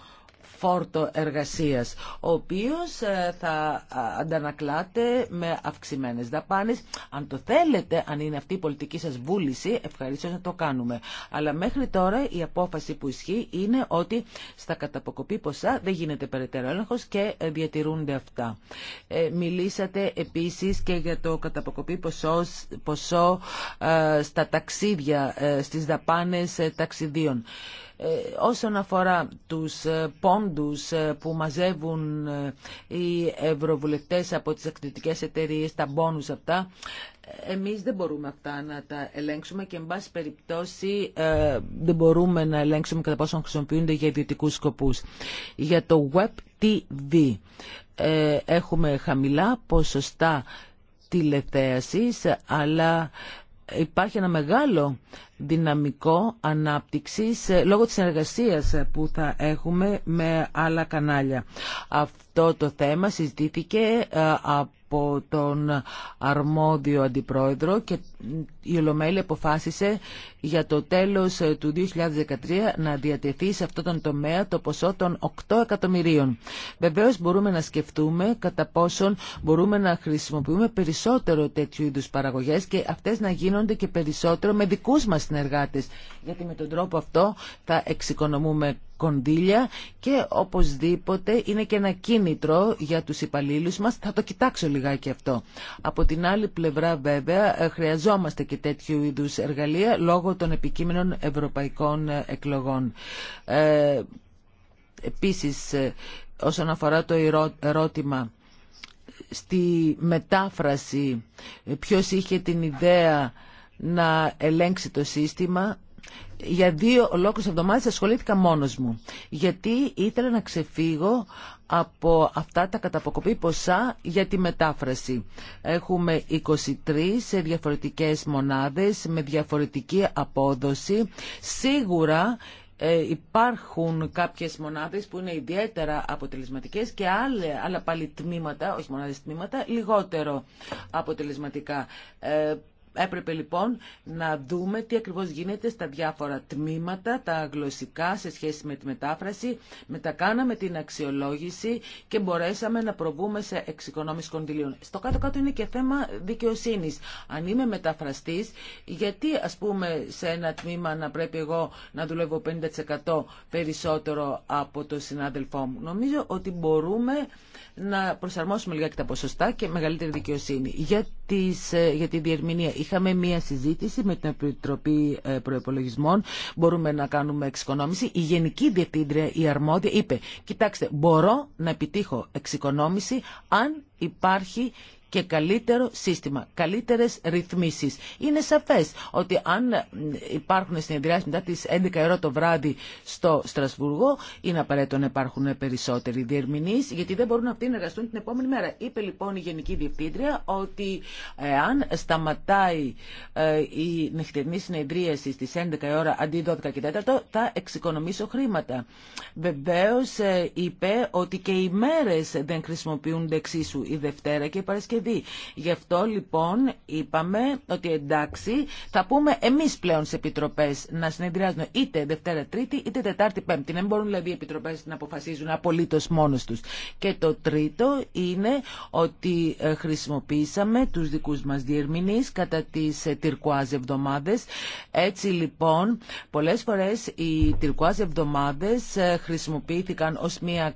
φόρτο εργασίας, ο οποίος ε, θα αντανακλάται με αυξημένες δαπάνες. Αν το θέλετε, αν είναι αυτή η πολιτική σας βούληση, ευχαριστώ να το κάνουμε. Αλλά μέχρι τώρα η απόφαση που ισχύει είναι ότι στα καταποκοπή ποσά δεν γίνεται περαιτέρω έλεγχος και ε, διατηρούνται αυτά. Ε, μιλήσατε επίσης και για το καταποκοπή ποσό, στα ταξίδια, στις δαπάνες ταξιδίων. Ε, όσον αφορά τους ε, πόντους ε, που μαζεύουν οι ευρωβουλευτές από τις ακτιτικές εταιρείες, τα μπόνους αυτά, εμείς δεν μπορούμε αυτά να τα ελέγξουμε και, εν πάση περιπτώσει, δεν μπορούμε να ελέγξουμε κατά πόσο χρησιμοποιούνται για ιδιωτικούς σκοπούς. Για το Web TV έχουμε χαμηλά ποσοστά τηλεθέασης, αλλά υπάρχει ένα μεγάλο δυναμικό ανάπτυξης ε, λόγω της συνεργασίας ε, που θα έχουμε με άλλα κανάλια. Αυτό το θέμα συζητήθηκε ε, από τον αρμόδιο αντιπρόεδρο και η Ολομέλη αποφάσισε για το τέλος του 2013 να διατεθεί σε αυτό τον τομέα το ποσό των 8 εκατομμυρίων. Βεβαίως μπορούμε να σκεφτούμε κατά πόσον μπορούμε να χρησιμοποιούμε περισσότερο τέτοιου είδους παραγωγές και αυτές να γίνονται και περισσότερο με δικούς μας συνεργάτες. Γιατί με τον τρόπο αυτό θα εξοικονομούμε κονδύλια και οπωσδήποτε είναι και ένα κίνητρο για τους υπαλλήλου μας. Θα το κοιτάξω λιγάκι αυτό. Από την άλλη πλευρά βέβαια χρειαζόμαστε και τέτοιου είδους εργαλεία λόγω των επικείμενων ευρωπαϊκών εκλογών. Ε, επίσης ε, όσον αφορά το ερώτημα στη μετάφραση ε, ποιος είχε την ιδέα να ελέγξει το σύστημα. Για δύο ολόκληρες εβδομάδες ασχολήθηκα μόνος μου, γιατί ήθελα να ξεφύγω από αυτά τα καταποκοπή ποσά για τη μετάφραση. Έχουμε 23 σε διαφορετικές μονάδες, με διαφορετική απόδοση. Σίγουρα ε, υπάρχουν κάποιες μονάδες που είναι ιδιαίτερα αποτελεσματικές και άλλα, άλλα πάλι τμήματα, όχι μονάδες τμήματα, λιγότερο αποτελεσματικά. Ε, Έπρεπε λοιπόν να δούμε τι ακριβώς γίνεται στα διάφορα τμήματα, τα γλωσσικά σε σχέση με τη μετάφραση. Μετακάναμε την αξιολόγηση και μπορέσαμε να προβούμε σε εξοικονόμηση κοντιλίων. Στο κάτω-κάτω είναι και θέμα δικαιοσύνης. Αν είμαι μεταφραστής, γιατί ας πούμε σε ένα τμήμα να πρέπει εγώ να δουλεύω 50% περισσότερο από το συνάδελφό μου. Νομίζω ότι μπορούμε να προσαρμόσουμε λιγάκι τα ποσοστά και μεγαλύτερη δικαιοσύνη. Γιατί ε, για τη διερμηνία. Είχαμε μία συζήτηση με την Επιτροπή ε, Προπολογισμών. Μπορούμε να κάνουμε εξοικονόμηση. Η Γενική Διευθύντρια, η αρμόδια, είπε, κοιτάξτε, μπορώ να επιτύχω εξοικονόμηση αν υπάρχει και καλύτερο σύστημα, καλύτερες ρυθμίσεις. Είναι σαφές ότι αν ε, υπάρχουν συνεδριάσεις μετά τις 11 ώρα το βράδυ στο Στρασβούργο, είναι απαραίτητο να υπάρχουν περισσότεροι διερμηνείς, γιατί δεν μπορούν αυτοί να εργαστούν την επόμενη μέρα. Είπε λοιπόν η Γενική Διευθύντρια ότι ε, αν σταματάει ε, η νυχτερινή συνεδρίαση στις 11 ώρα αντί 12 και 4, θα εξοικονομήσω χρήματα. Βεβαίως είπε ότι και οι μέρες δεν χρησιμοποιούνται εξίσου η Δευτέρα και η Παρασκευή δηλαδή. Γι' αυτό λοιπόν είπαμε ότι εντάξει θα πούμε εμείς πλέον σε επιτροπέ να συνεδριάζουν είτε Δευτέρα Τρίτη είτε Τετάρτη Πέμπτη. Δεν μπορούν δηλαδή οι επιτροπές να αποφασίζουν απολύτω μόνος τους. Και το τρίτο είναι ότι ε, χρησιμοποίησαμε τους δικούς μας διερμηνείς κατά τις ε, τυρκουάζ εβδομάδες. Έτσι λοιπόν πολλέ φορέ οι τυρκουάζ εβδομάδες ε, χρησιμοποιήθηκαν ω μια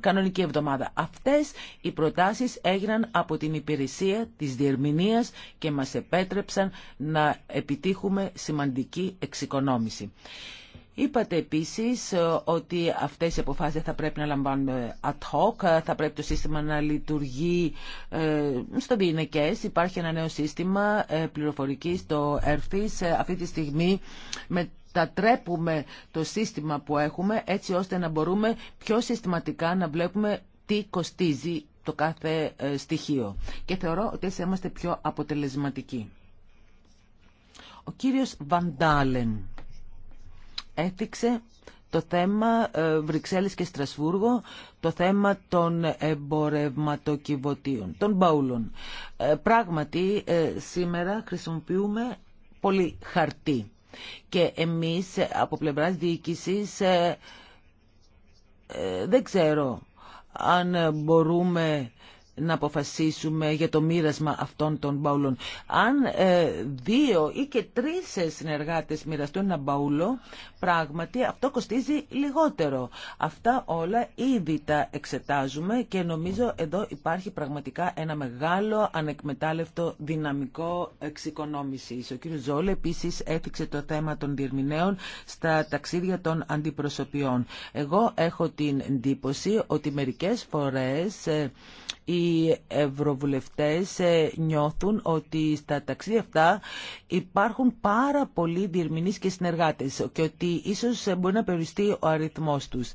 κανονική εβδομάδα. Αυτές οι προτάσεις έγιναν από την υπηρεσία της διερμηνίας και μας επέτρεψαν να επιτύχουμε σημαντική εξοικονόμηση. Είπατε επίσης ε, ότι αυτές οι αποφάσεις θα πρέπει να λαμβάνουν ad hoc, ε, θα πρέπει το σύστημα να λειτουργεί ε, στον πίνεκες. Υπάρχει ένα νέο σύστημα πληροφορικής, το ERFIS. Αυτή τη στιγμή με τα τρέπουμε το σύστημα που έχουμε έτσι ώστε να μπορούμε πιο συστηματικά να βλέπουμε τι κοστίζει το κάθε ε, στοιχείο. Και θεωρώ ότι έτσι είμαστε πιο αποτελεσματικοί. Ο κύριος Βαντάλεν έθιξε το θέμα ε, Βρυξέλλης και Στρασβούργο, το θέμα των εμπορευματοκιβωτίων, των μπαούλων. Ε, πράγματι, σήμερα χρησιμοποιούμε πολύ χαρτί. Και εμείς από πλευράς διοίκησης ε, ε, δεν ξέρω αν μπορούμε να αποφασίσουμε για το μοίρασμα αυτών των μπαουλών. Αν ε, δύο ή και τρεις συνεργάτες μοιραστούν ένα μπαούλο, πράγματι αυτό κοστίζει λιγότερο. Αυτά όλα ήδη τα εξετάζουμε και νομίζω εδώ υπάρχει πραγματικά ένα μεγάλο ανεκμετάλλευτο δυναμικό εξοικονόμησης. Ο κ. Ζόλε επίσης έθιξε το θέμα των διερμηνέων στα ταξίδια των αντιπροσωπιών. Εγώ έχω την εντύπωση ότι μερικές φορές ε, οι ευρωβουλευτές ε, νιώθουν ότι στα ταξίδια αυτά υπάρχουν πάρα πολλοί διερμηνείς και συνεργάτες και ότι ίσως ε, μπορεί να περιοριστεί ο αριθμός τους.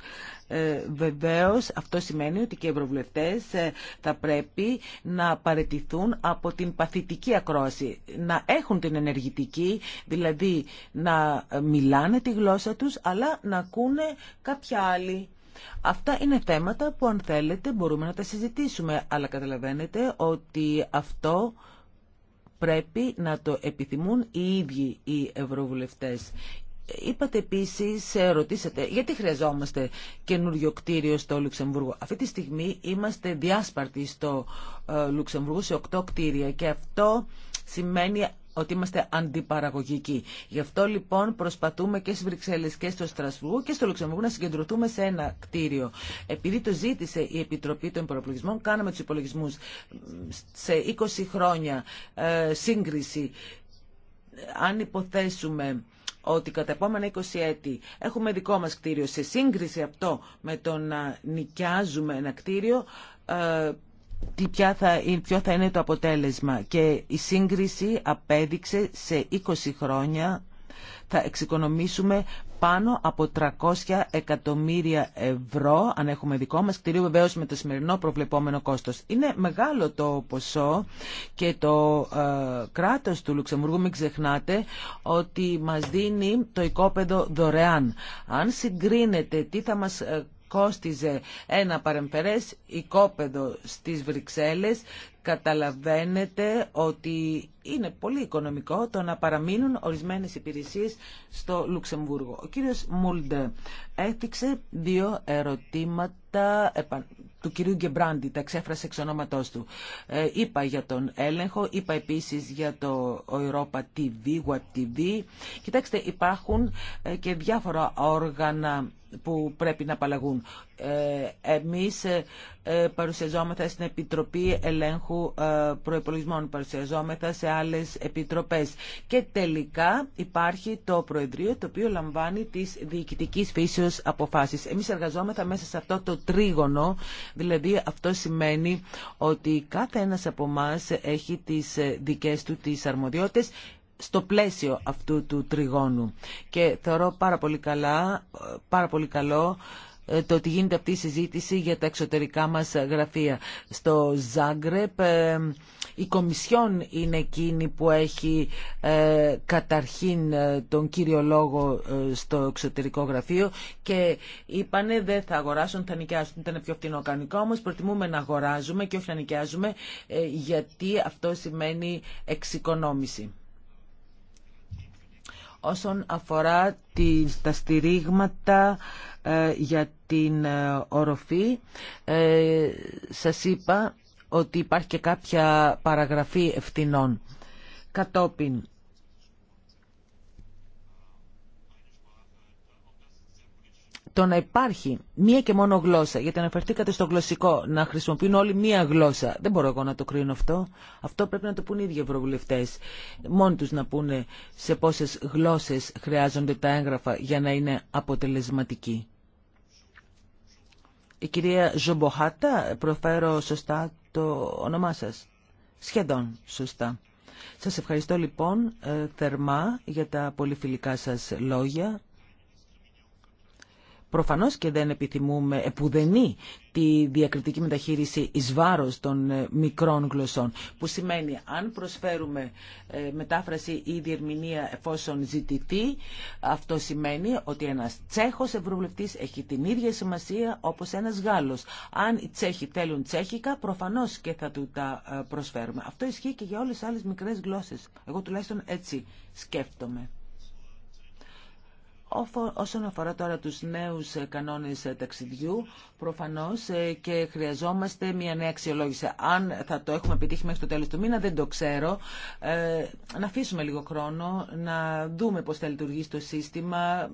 Ε, βεβαίως αυτό σημαίνει ότι και οι ευρωβουλευτές ε, θα πρέπει να παρετηθούν από την παθητική ακρόαση, να έχουν την ενεργητική, δηλαδή να μιλάνε τη γλώσσα τους αλλά να ακούνε κάποια άλλη Αυτά είναι θέματα που αν θέλετε μπορούμε να τα συζητήσουμε, αλλά καταλαβαίνετε ότι αυτό πρέπει να το επιθυμούν οι ίδιοι οι ευρωβουλευτές. Είπατε επίση, ε, ρωτήσατε, γιατί χρειαζόμαστε καινούριο κτίριο στο Λουξεμβούργο. Αυτή τη στιγμή είμαστε διάσπαρτοι στο ε, Λουξεμβούργο σε οκτώ κτίρια και αυτό σημαίνει ότι είμαστε αντιπαραγωγικοί. Γι' αυτό λοιπόν προσπαθούμε και στι Βρυξέλλε και στο Στρασβούργο και στο Λουξεμβούργο να συγκεντρωθούμε σε ένα κτίριο. Επειδή το ζήτησε η Επιτροπή των Προπολογισμών, κάναμε του υπολογισμού σε 20 χρόνια ε, σύγκριση. Αν υποθέσουμε ότι κατά επόμενα 20 έτη έχουμε δικό μας κτίριο σε σύγκριση αυτό με το να νοικιάζουμε ένα κτίριο ε, τι ποια θα, ποιο θα είναι το αποτέλεσμα. Και η σύγκριση απέδειξε σε 20 χρόνια θα εξοικονομήσουμε πάνω από 300 εκατομμύρια ευρώ, αν έχουμε δικό μας κτηρίο βεβαίως με το σημερινό προβλεπόμενο κόστος. Είναι μεγάλο το ποσό και το ε, κράτος του Λουξεμβούργου, μην ξεχνάτε, ότι μας δίνει το οικόπεδο δωρεάν. Αν συγκρίνετε τι θα μας ε, κόστιζε ένα παρεμφερές οικόπεδο στις Βρυξέλλες, καταλαβαίνετε ότι είναι πολύ οικονομικό το να παραμείνουν ορισμένες υπηρεσίες στο Λουξεμβούργο. Ο κύριος Μούλντε έθιξε δύο ερωτήματα του κυρίου Γκεμπράντη, τα ξέφρασε εξ ονόματός του. Ε, είπα για τον έλεγχο, είπα επίσης για το Europa TV, Web TV. Κοιτάξτε, υπάρχουν ε, και διάφορα όργανα που πρέπει να απαλλαγούν. Ε, εμείς ε, ε, παρουσιαζόμεθα στην Επιτροπή Ελέγχου Προϋπολογισμών, παρουσιαζόμεθα σε άλλες επιτροπές. Και τελικά υπάρχει το Προεδρείο το οποίο λαμβάνει τις διοικητικής φύσεως αποφάσεις. Εμείς εργαζόμεθα μέσα σε αυτό το τρίγωνο, δηλαδή αυτό σημαίνει ότι κάθε ένας από εμά έχει τις δικές του τις αρμοδιότητες στο πλαίσιο αυτού του τριγώνου. Και θεωρώ πάρα πολύ, καλά, πάρα πολύ καλό ε, το ότι γίνεται αυτή η συζήτηση για τα εξωτερικά μας γραφεία. Στο Ζάγκρεπ ε, η Κομισιόν είναι εκείνη που έχει ε, καταρχήν τον κύριο λόγο στο εξωτερικό γραφείο και είπανε δεν θα αγοράσουν, θα νοικιάσουν. Ήταν πιο φθηνό κανικό. όμως προτιμούμε να αγοράζουμε και όχι να νοικιάζουμε γιατί αυτό σημαίνει εξοικονόμηση όσον αφορά τα στηρίγματα ε, για την ε, οροφή. Ε, σας είπα ότι υπάρχει και κάποια παραγραφή ευθυνών. Κατόπιν, το να υπάρχει μία και μόνο γλώσσα, γιατί αναφερθήκατε στο γλωσσικό, να χρησιμοποιούν όλοι μία γλώσσα. Δεν μπορώ εγώ να το κρίνω αυτό. Αυτό πρέπει να το πούν οι ίδιοι ευρωβουλευτέ. Μόνοι του να πούνε σε πόσε γλώσσε χρειάζονται τα έγγραφα για να είναι αποτελεσματικοί. Η κυρία Ζομποχάτα, προφέρω σωστά το όνομά σα. Σχεδόν σωστά. Σας ευχαριστώ λοιπόν ε, θερμά για τα πολυφιλικά σας λόγια. Προφανώς και δεν επιθυμούμε επουδενή τη διακριτική μεταχείριση εις βάρος των ε, μικρών γλωσσών, που σημαίνει αν προσφέρουμε ε, μετάφραση ή διερμηνία εφόσον ζητηθεί, αυτό σημαίνει ότι ένας Τσέχος ευρωβουλευτής έχει την ίδια σημασία όπως ένας Γάλλος. Αν οι Τσέχοι θέλουν Τσέχικα, προφανώς και θα του τα ε, προσφέρουμε. Αυτό ισχύει και για όλες τις άλλες μικρές γλώσσες. Εγώ τουλάχιστον έτσι σκέφτομαι. Όσον αφορά τώρα τους νέους ε, κανόνες ε, ταξιδιού, προφανώς ε, και χρειαζόμαστε μια νέα αξιολόγηση. Αν θα το έχουμε επιτύχει μέχρι το τέλος του μήνα, δεν το ξέρω. να αφήσουμε λίγο χρόνο, να δούμε πώς θα λειτουργήσει το σύστημα.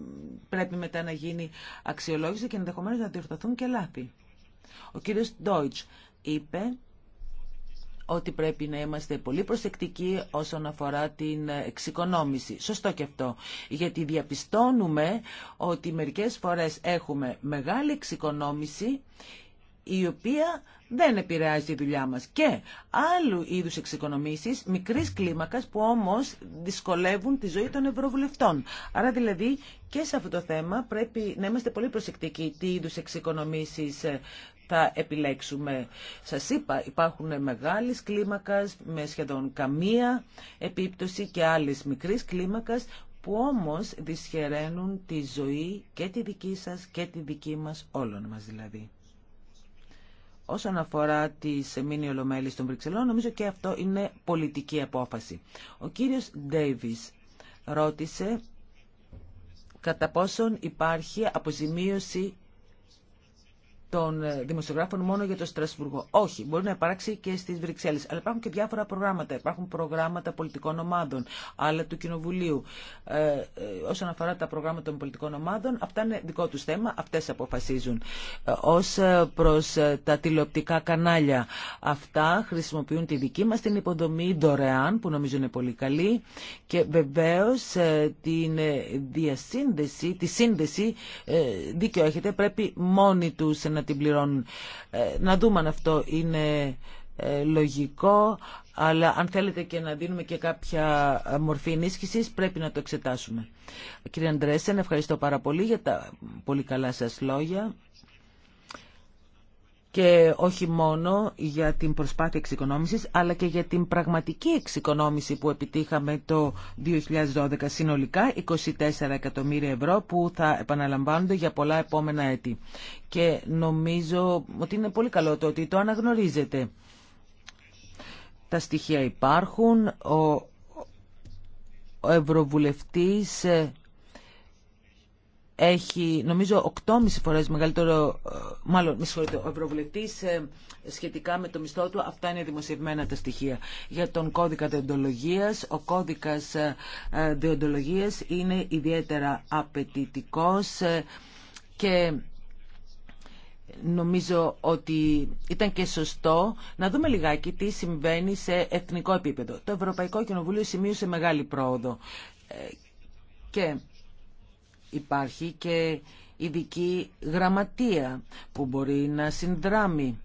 Πρέπει μετά να γίνει αξιολόγηση και ενδεχομένω να διορθωθούν και λάθη. Ο κύριος Ντόιτς είπε ότι πρέπει να είμαστε πολύ προσεκτικοί όσον αφορά την εξοικονόμηση. Σωστό και αυτό. Γιατί διαπιστώνουμε ότι μερικές φορές έχουμε μεγάλη εξοικονόμηση η οποία δεν επηρεάζει τη δουλειά μας. Και άλλου είδους εξοικονομήσεις μικρής κλίμακας που όμως δυσκολεύουν τη ζωή των ευρωβουλευτών. Άρα δηλαδή και σε αυτό το θέμα πρέπει να είμαστε πολύ προσεκτικοί τι είδους εξοικονομήσεις θα επιλέξουμε. Σας είπα, υπάρχουν μεγάλες κλίμακες με σχεδόν καμία επίπτωση και άλλες μικρές κλίμακες που όμως δυσχεραίνουν τη ζωή και τη δική σας και τη δική μας όλων μας δηλαδή. Όσον αφορά τη μήνυ ολομέλη των Βρυξελών, νομίζω και αυτό είναι πολιτική απόφαση. Ο κύριος Ντέιβις ρώτησε κατά πόσον υπάρχει αποζημίωση των ε, δημοσιογράφων μόνο για το Στρασβούργο. Όχι, μπορεί να υπάρξει και στις Βρυξέλλες. Αλλά υπάρχουν και διάφορα προγράμματα. Υπάρχουν προγράμματα πολιτικών ομάδων, άλλα του Κοινοβουλίου. Ε, ε, όσον αφορά τα προγράμματα των πολιτικών ομάδων, αυτά είναι δικό τους θέμα, αυτές αποφασίζουν. Ε, ως ε, προς ε, τα τηλεοπτικά κανάλια, αυτά χρησιμοποιούν τη δική μας την υποδομή δωρεάν, που νομίζω είναι πολύ καλή, και βεβαίως την διασύνδεση, τη σύνδεση, δίκιο έχετε, πρέπει μόνοι τους να την πληρώνουν. Ε, να δούμε αν αυτό είναι ε, λογικό, αλλά αν θέλετε και να δίνουμε και κάποια ε, μορφή ενίσχυση, πρέπει να το εξετάσουμε. Κύριε Αντρέσεν, ευχαριστώ πάρα πολύ για τα πολύ καλά σας λόγια και όχι μόνο για την προσπάθεια εξοικονόμηση, αλλά και για την πραγματική εξοικονόμηση που επιτύχαμε το 2012 συνολικά 24 εκατομμύρια ευρώ που θα επαναλαμβάνονται για πολλά επόμενα έτη. Και νομίζω ότι είναι πολύ καλό το ότι το αναγνωρίζετε. Τα στοιχεία υπάρχουν, ο Ευρωβουλευτής ε, έχει νομίζω 8,5 φορές μεγαλύτερο, ε, μάλλον με συγχωρείτε, ο Ευρωβουλευτής ε, σχετικά με το μισθό του, αυτά είναι δημοσιευμένα τα στοιχεία. Για τον κώδικα διοντολογίας, ο κώδικας ε, διοντολογίας είναι ιδιαίτερα απαιτητικός και νομίζω ότι ήταν και σωστό να δούμε λιγάκι τι συμβαίνει σε εθνικό επίπεδο. Το Ευρωπαϊκό Κοινοβούλιο σημείωσε μεγάλη πρόοδο και υπάρχει και ειδική γραμματεία που μπορεί να συνδράμει.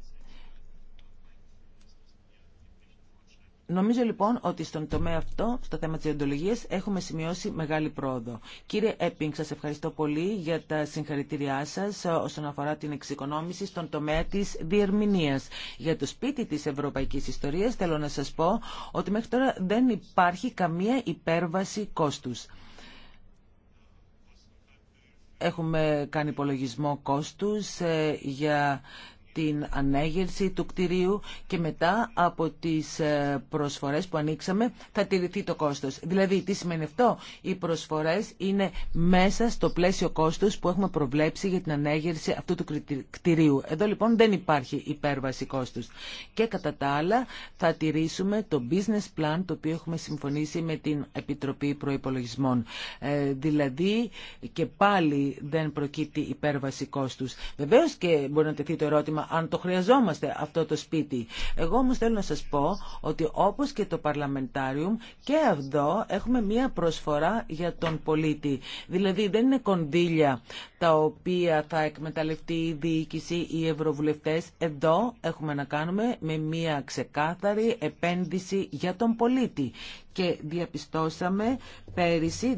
Νομίζω λοιπόν ότι στον τομέα αυτό, στο θέμα της διοντολογίας, έχουμε σημειώσει μεγάλη πρόοδο. Κύριε Έπινγκ, σας ευχαριστώ πολύ για τα συγχαρητήριά σας ε, όσον αφορά την εξοικονόμηση στον τομέα της διερμηνίας. Για το σπίτι της ευρωπαϊκής ιστορίας θέλω να σας πω ότι μέχρι τώρα δεν υπάρχει καμία υπέρβαση κόστους. Έχουμε κάνει υπολογισμό κόστους ε, για την ανέγερση του κτηρίου και μετά από τις ε, προσφορές που ανοίξαμε θα τηρηθεί το κόστος. Δηλαδή, τι σημαίνει αυτό. Οι προσφορές είναι μέσα στο πλαίσιο κόστους που έχουμε προβλέψει για την ανέγερση αυτού του κτηρίου. Εδώ λοιπόν δεν υπάρχει υπέρβαση κόστους. Και κατά τα άλλα θα τηρήσουμε το business plan το οποίο έχουμε συμφωνήσει με την Επιτροπή Προϋπολογισμών. Ε, δηλαδή και πάλι δεν προκύπτει υπέρβαση κόστους. Βεβαίω και μπορεί να τεθεί το ερώτημα αν το χρειαζόμαστε αυτό το σπίτι. Εγώ όμω θέλω να σας πω ότι όπως και το Παρλαμεντάριουμ και εδώ έχουμε μία προσφορά για τον πολίτη. Δηλαδή δεν είναι κονδύλια τα οποία θα εκμεταλλευτεί η διοίκηση, οι ευρωβουλευτές. Εδώ έχουμε να κάνουμε με μία ξεκάθαρη επένδυση για τον πολίτη και διαπιστώσαμε πέρυσι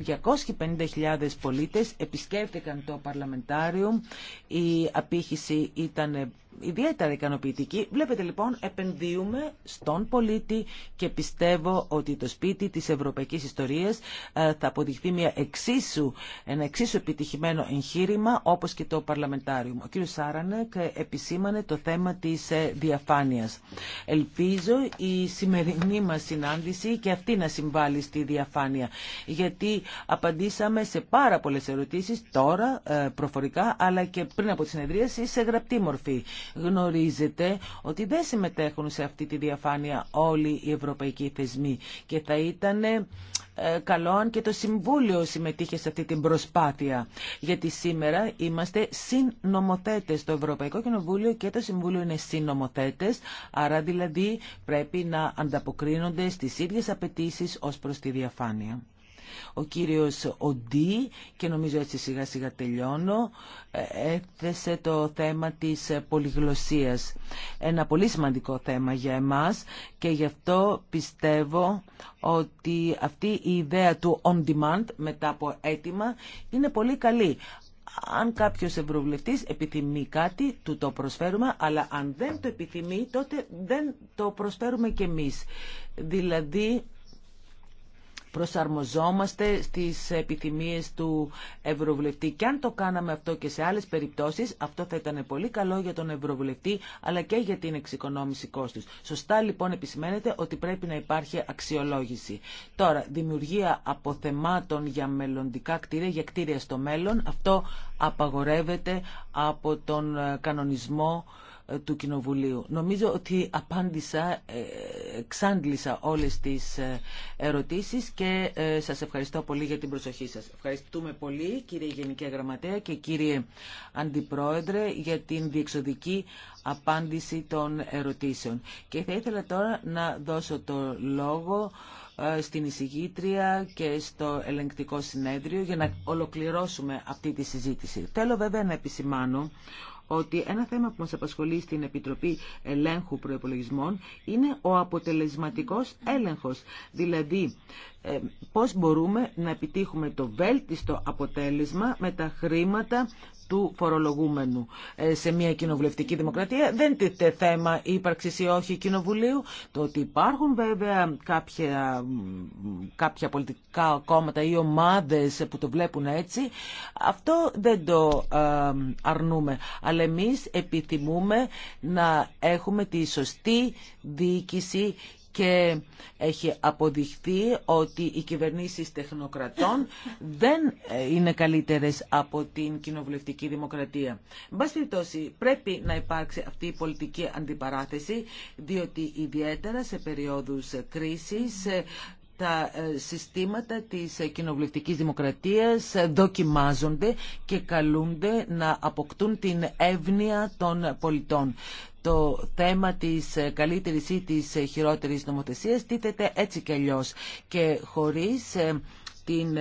250.000 πολίτες επισκέφτηκαν το Παρλαμεντάριο. Η απήχηση ήταν ιδιαίτερα ικανοποιητική. Βλέπετε λοιπόν επενδύουμε στον πολίτη και πιστεύω ότι το σπίτι της ευρωπαϊκής ιστορίας ε, θα αποδειχθεί μια εξίσου, ένα εξίσου επιτυχημένο εγχείρημα όπως και το Παρλαμεντάριο. Ο κ. Σάρανεκ επισήμανε το θέμα της ε, διαφάνειας. Ελπίζω η σημερινή μας συνάντηση και αυτή να συμβάλλει στη διαφάνεια. Γιατί απαντήσαμε σε πάρα πολλές ερωτήσεις τώρα ε, προφορικά αλλά και πριν από τη συνεδρίαση σε γραπτή μορφή. Γνωρίζετε ότι δεν συμμετέχουν σε αυτή τη διαφάνεια όλοι οι ευρωπαϊκοί θεσμοί και θα ήταν ε, καλό αν και το Συμβούλιο συμμετείχε σε αυτή την προσπάθεια. Γιατί σήμερα είμαστε συνομοθέτες. Το Ευρωπαϊκό Κοινοβούλιο και το Συμβούλιο είναι συνομοθέτες, άρα δηλαδή πρέπει να ανταποκρίνονται στις ίδιες απαιτήσει ως προς τη διαφάνεια. Ο κύριος Οντί, και νομίζω έτσι σιγά σιγά τελειώνω, ε, έθεσε το θέμα της πολυγλωσσίας. Ένα πολύ σημαντικό θέμα για εμάς και γι' αυτό πιστεύω ότι αυτή η ιδέα του on demand μετά από έτοιμα είναι πολύ καλή. Αν κάποιο ευρωβουλευτής επιθυμεί κάτι, του το προσφέρουμε, αλλά αν δεν το επιθυμεί, τότε δεν το προσφέρουμε κι εμείς Δηλαδή, προσαρμοζόμαστε στις επιθυμίες του Ευρωβουλευτή. Και αν το κάναμε αυτό και σε άλλες περιπτώσεις, αυτό θα ήταν πολύ καλό για τον Ευρωβουλευτή, αλλά και για την εξοικονόμηση κόστους. Σωστά λοιπόν επισημαίνεται ότι πρέπει να υπάρχει αξιολόγηση. Τώρα, δημιουργία αποθεμάτων για μελλοντικά κτίρια, για κτίρια στο μέλλον, αυτό απαγορεύεται από τον κανονισμό του Κοινοβουλίου. Νομίζω ότι απάντησα, ε, εξάντλησα όλες τις ε, ερωτήσεις και ε, σας ευχαριστώ πολύ για την προσοχή σας. Ευχαριστούμε πολύ κύριε Γενική Γραμματέα και κύριε Αντιπρόεδρε για την διεξοδική απάντηση των ερωτήσεων. Και θα ήθελα τώρα να δώσω το λόγο στην εισηγήτρια και στο ελεγκτικό συνέδριο για να ολοκληρώσουμε αυτή τη συζήτηση. Θέλω βέβαια να επισημάνω ότι ένα θέμα που μας απασχολεί στην Επιτροπή Ελέγχου Προεπολογισμών είναι ο αποτελεσματικός έλεγχος. Δηλαδή, ε, πώς μπορούμε να επιτύχουμε το βέλτιστο αποτέλεσμα με τα χρήματα του φορολογούμενου ε, σε μια κοινοβουλευτική δημοκρατία. Δεν είναι θέμα ύπαρξη ή όχι κοινοβουλίου. Το ότι υπάρχουν βέβαια κάποια, κάποια πολιτικά κόμματα ή ομάδες που το βλέπουν έτσι, αυτό δεν το ε, αρνούμε. Αλλά εμεί επιθυμούμε να έχουμε τη σωστή διοίκηση και έχει αποδειχθεί ότι οι κυβερνήσεις τεχνοκρατών δεν ε, είναι καλύτερες από την κοινοβουλευτική δημοκρατία. Μπας περιπτώσει, πρέπει να υπάρξει αυτή η πολιτική αντιπαράθεση, διότι ιδιαίτερα σε περίοδους κρίσης ε, τα ε, συστήματα της κοινοβουλευτικής δημοκρατίας δοκιμάζονται και καλούνται να αποκτούν την εύνοια των πολιτών το θέμα της ε, καλύτερης ή της ε, χειρότερης νομοθεσίας τίθεται έτσι και αλλιώ. και χωρίς ε, την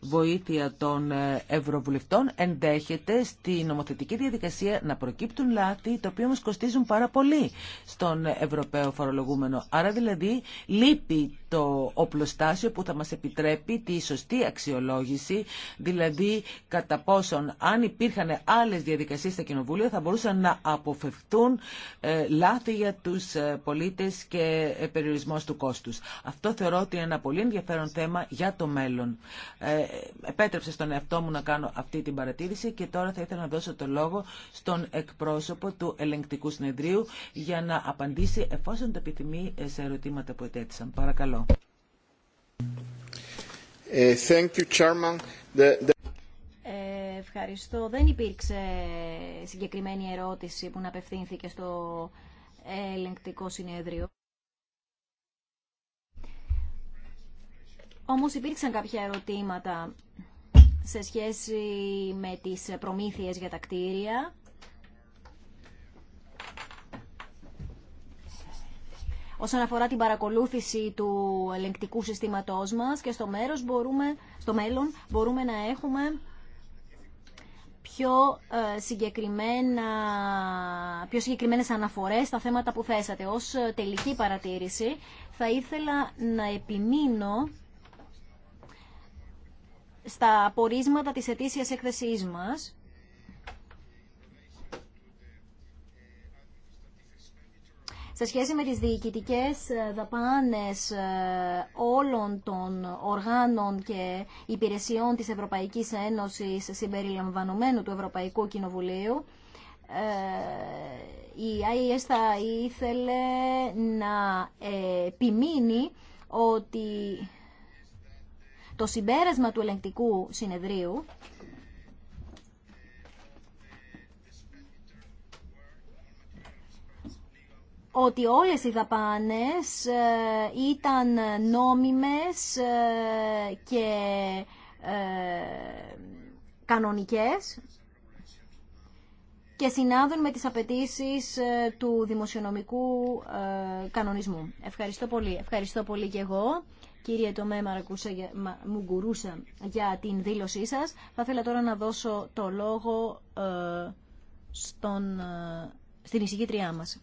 βοήθεια των Ευρωβουλευτών ενδέχεται στη νομοθετική διαδικασία να προκύπτουν λάθη τα οποία όμως κοστίζουν πάρα πολύ στον Ευρωπαίο φορολογούμενο. Άρα δηλαδή λείπει το οπλοστάσιο που θα μας επιτρέπει τη σωστή αξιολόγηση, δηλαδή κατά πόσον αν υπήρχαν άλλες διαδικασίες στα κοινοβούλια θα μπορούσαν να αποφευθούν ε, λάθη για τους ε, πολίτες και ε, περιορισμός του κόστους. Αυτό θεωρώ ότι είναι ένα πολύ ενδιαφέρον θέμα για το μέλλον. Ε, επέτρεψε στον εαυτό μου να κάνω αυτή την παρατήρηση και τώρα θα ήθελα να δώσω το λόγο στον εκπρόσωπο του ελεγκτικού συνεδρίου για να απαντήσει εφόσον το επιθυμεί σε ερωτήματα που ετέθησαν. Παρακαλώ. Ε, ε, ευχαριστώ. Δεν υπήρξε συγκεκριμένη ερώτηση που να απευθύνθηκε στο ελεγκτικό συνέδριο. Όμως υπήρξαν κάποια ερωτήματα σε σχέση με τις προμήθειες για τα κτίρια όσον αφορά την παρακολούθηση του ελεγκτικού συστήματός μας και στο, μέρος μπορούμε, στο μέλλον μπορούμε να έχουμε πιο, ε, συγκεκριμένα, πιο συγκεκριμένες αναφορές στα θέματα που θέσατε. Ως ε, τελική παρατήρηση θα ήθελα να επιμείνω στα απορίσματα της ετήσιας έκθεσής μας σε σχέση με τις διοικητικές ε, δαπάνες ε, όλων των οργάνων και υπηρεσιών της Ευρωπαϊκής Ένωσης συμπεριλαμβανομένου του Ευρωπαϊκού Κοινοβουλίου, ε, η IES θα ήθελε να επιμείνει ότι το συμπέρασμα του ελεγκτικού συνεδρίου ότι όλες οι δαπάνες ε, ήταν νόμιμες ε, και ε, κανονικές και συνάδουν με τις απαιτήσεις του δημοσιονομικού κανονισμού. Ευχαριστώ πολύ. Ευχαριστώ πολύ και εγώ. Κύριε Τομέ Μουγκουρούσα για την δήλωσή σας. Θα ήθελα τώρα να δώσω το λόγο στον, στην εισηγήτριά μας.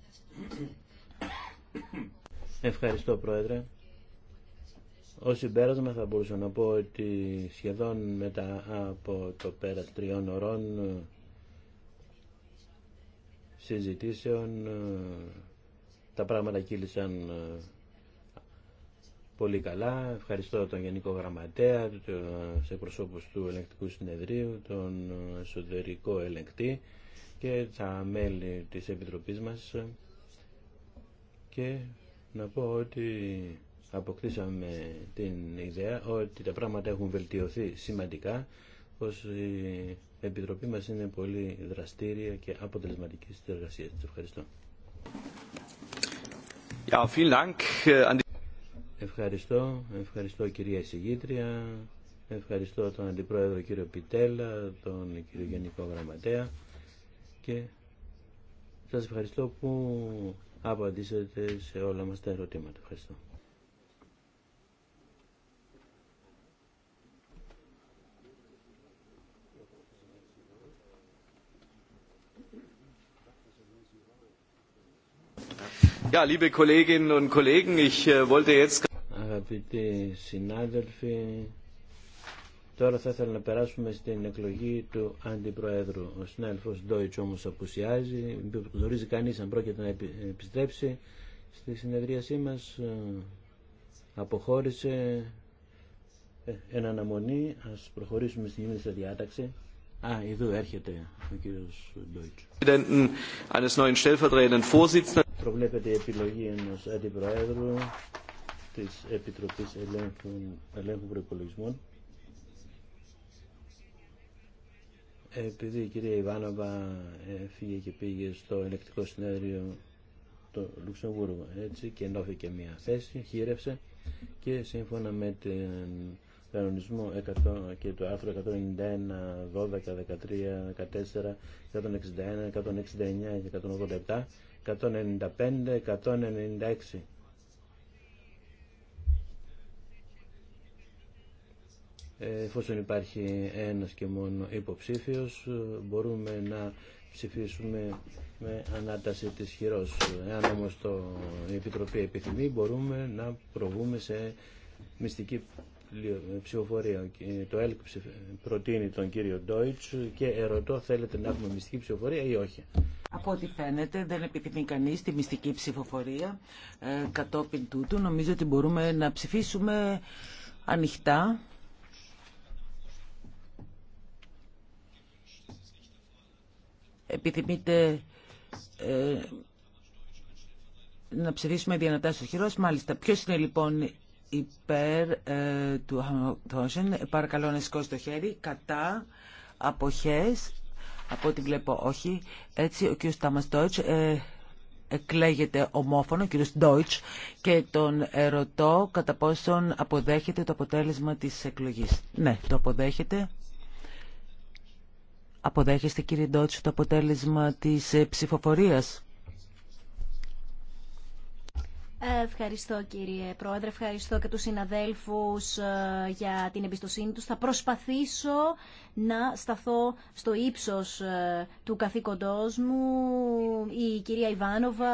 Ευχαριστώ Πρόεδρε. Ως συμπέρασμα θα μπορούσα να πω ότι σχεδόν μετά από το πέρας τριών ωρών συζητήσεων τα πράγματα κύλησαν ε, πολύ καλά. Ευχαριστώ τον Γενικό Γραμματέα, σε προσώπους του Ελεκτικού Συνεδρίου, τον ε, εσωτερικό Ελεκτή και τα μέλη της Επιτροπής μας και να πω ότι αποκτήσαμε την ιδέα ότι τα πράγματα έχουν βελτιωθεί σημαντικά πως η Επιτροπή μας είναι πολύ δραστήρια και αποτελεσματική στις εργασίες Σας Ευχαριστώ. Äh, ευχαριστώ, ευχαριστώ κυρία Συγήτρια, ευχαριστώ τον Αντιπρόεδρο κύριο Πιτέλα, τον κύριο Γενικό Γραμματέα και σας ευχαριστώ που απαντήσετε σε όλα μας τα ερωτήματα. Ευχαριστώ. Ja, liebe Kolleginnen und Kollegen, ich äh, wollte jetzt... Αγαπητοί Τώρα θα ήθελα να περάσουμε στην εκλογή του Αντιπροέδρου. Ο συνάδελφος Ντόιτς όμω απουσιάζει, γνωρίζει κανεί αν πρόκειται να επιστρέψει στη συνεδρίασή μα ε, Αποχώρησε ε, εν αναμονή. α προχωρήσουμε στην ίδια διάταξη. Α, εδώ έρχεται ο κύριο Ντόιτ. Προβλέπεται η επιλογή ενό Αντιπροέδρου τη Επιτροπή Ελέγχου, Ελέγχου Προπολογισμών. Επειδή η κυρία Ιβάνοβα φύγε και πήγε στο ελεκτικό συνέδριο του Λουξεμβούργο. έτσι και ενώθηκε μια θέση, χείρευσε και σύμφωνα με τον κανονισμό 100 και το άρθρο 191, 12, 13, 14, 161, 169 και 187, 195, 196 εφόσον υπάρχει ένας και μόνο υποψήφιος μπορούμε να ψηφίσουμε με ανάταση της χειρός. Εάν όμως το, η Επιτροπή επιθυμεί μπορούμε να προβούμε σε μυστική ψηφοφορία. Το ΕΛΚ προτείνει τον κύριο Ντόιτς και ερωτώ θέλετε να έχουμε μυστική ψηφοφορία ή όχι. Από ό,τι φαίνεται δεν επιθυμεί κανεί τη μυστική ψηφοφορία ε, κατόπιν τούτου. Νομίζω ότι μπορούμε να ψηφίσουμε ανοιχτά Επιθυμείτε ε, να ψηφίσουμε διανατά στο χειρός. Μάλιστα, ποιος είναι λοιπόν υπέρ ε, του Χαμοθόσεν. Παρακαλώ να σηκώσει το χέρι. Κατά αποχές. Από ό,τι βλέπω όχι. Έτσι ο κ. Τάμας Ντόιτς ε, εκλέγεται ομόφωνο, ο κ. Ντόιτς, και τον ερωτώ κατά πόσον αποδέχεται το αποτέλεσμα της εκλογής. Ναι, το αποδέχεται. Αποδέχεστε κύριε Ντότς το αποτέλεσμα της ε, ψηφοφορίας. Ευχαριστώ κύριε Πρόεδρε, ευχαριστώ και τους συναδέλφους ε, για την εμπιστοσύνη τους. Θα προσπαθήσω να σταθώ στο ύψος ε, του καθήκοντός μου. Η κυρία Ιβάνοβα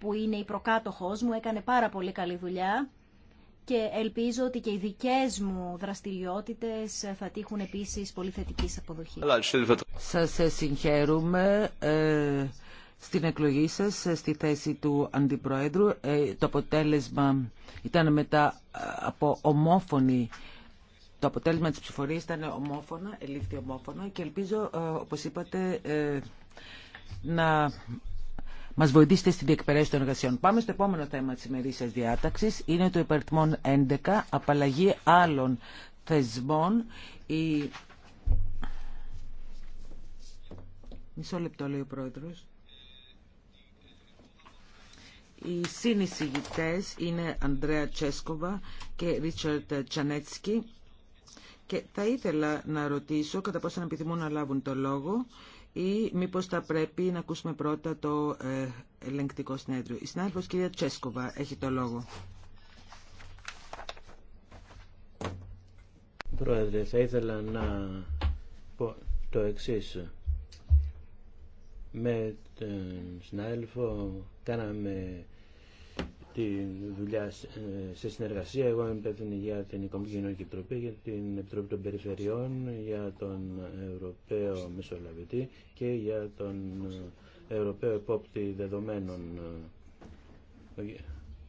που είναι η προκάτοχός μου έκανε πάρα πολύ καλή δουλειά και ελπίζω ότι και οι δικές μου δραστηριότητες θα τύχουν επίσης πολύ θετική αποδοχή. Σας συγχαίρουμε ε, στην εκλογή σας ε, στη θέση του Αντιπροέδρου. Ε, το αποτέλεσμα ήταν μετά από ομόφωνη το αποτέλεσμα της ψηφορίας ήταν ομόφωνα, ελήφθη ομόφωνα και ελπίζω, όπως είπατε, να μας βοηθήσετε στην διεκπαιρέωση των εργασιών. Πάμε στο επόμενο θέμα της ημερήσιας διάταξης. Είναι το υπερτμόν 11, απαλλαγή άλλων θεσμών. Η... Μισό λεπτό λέει ο πρόεδρος. Οι συνεισηγητές είναι Ανδρέα Τσέσκοβα και Ρίτσαρτ Τσανέτσκι και θα ήθελα να ρωτήσω κατά πόσο επιθυμούν να λάβουν το λόγο ή μήπως θα πρέπει να ακούσουμε πρώτα το ε, ελεγκτικό συνέδριο. Η μήπω θα πρεπει να ακουσουμε πρωτα το ελεγκτικο συνεδριο η συνάδελφο κυρια τσεσκοβα εχει το λογο προεδρε θα ηθελα να πω το εξή. Με τον συνάδελφο κάναμε τη δουλειά ε, σε συνεργασία. Εγώ είμαι υπεύθυνη για την Οικονομική Επιτροπή, για την Επιτροπή των Περιφερειών, για τον Ευρωπαίο Μεσολαβητή και για τον Ευρωπαίο Επόπτη Δεδομένων.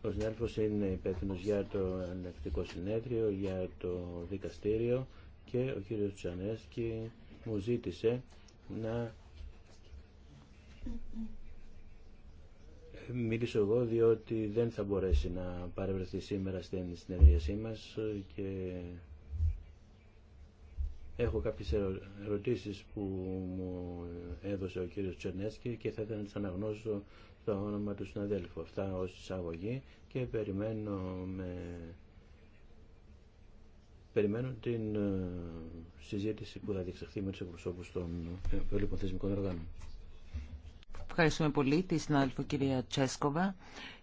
Ο συνάδελφος είναι υπεύθυνο για το ελεκτικό Συνέδριο, για το Δικαστήριο και ο κύριος Τσανέσκι μου ζήτησε να μιλήσω εγώ διότι δεν θα μπορέσει να παρευρεθεί σήμερα στην συνεδρίασή μας και έχω κάποιες ερωτήσεις που μου έδωσε ο κύριος Τσερνέσκι και θα ήθελα να τις αναγνώσω στο όνομα του συναδέλφου. Αυτά ως εισαγωγή και περιμένω με περιμένω την ε, συζήτηση που θα διεξαχθεί με τους εκπροσώπους των πολιτικών ε, λοιπόν θεσμικών οργάνων. Ευχαριστούμε πολύ τη συνάδελφο κυρία Τσέσκοβα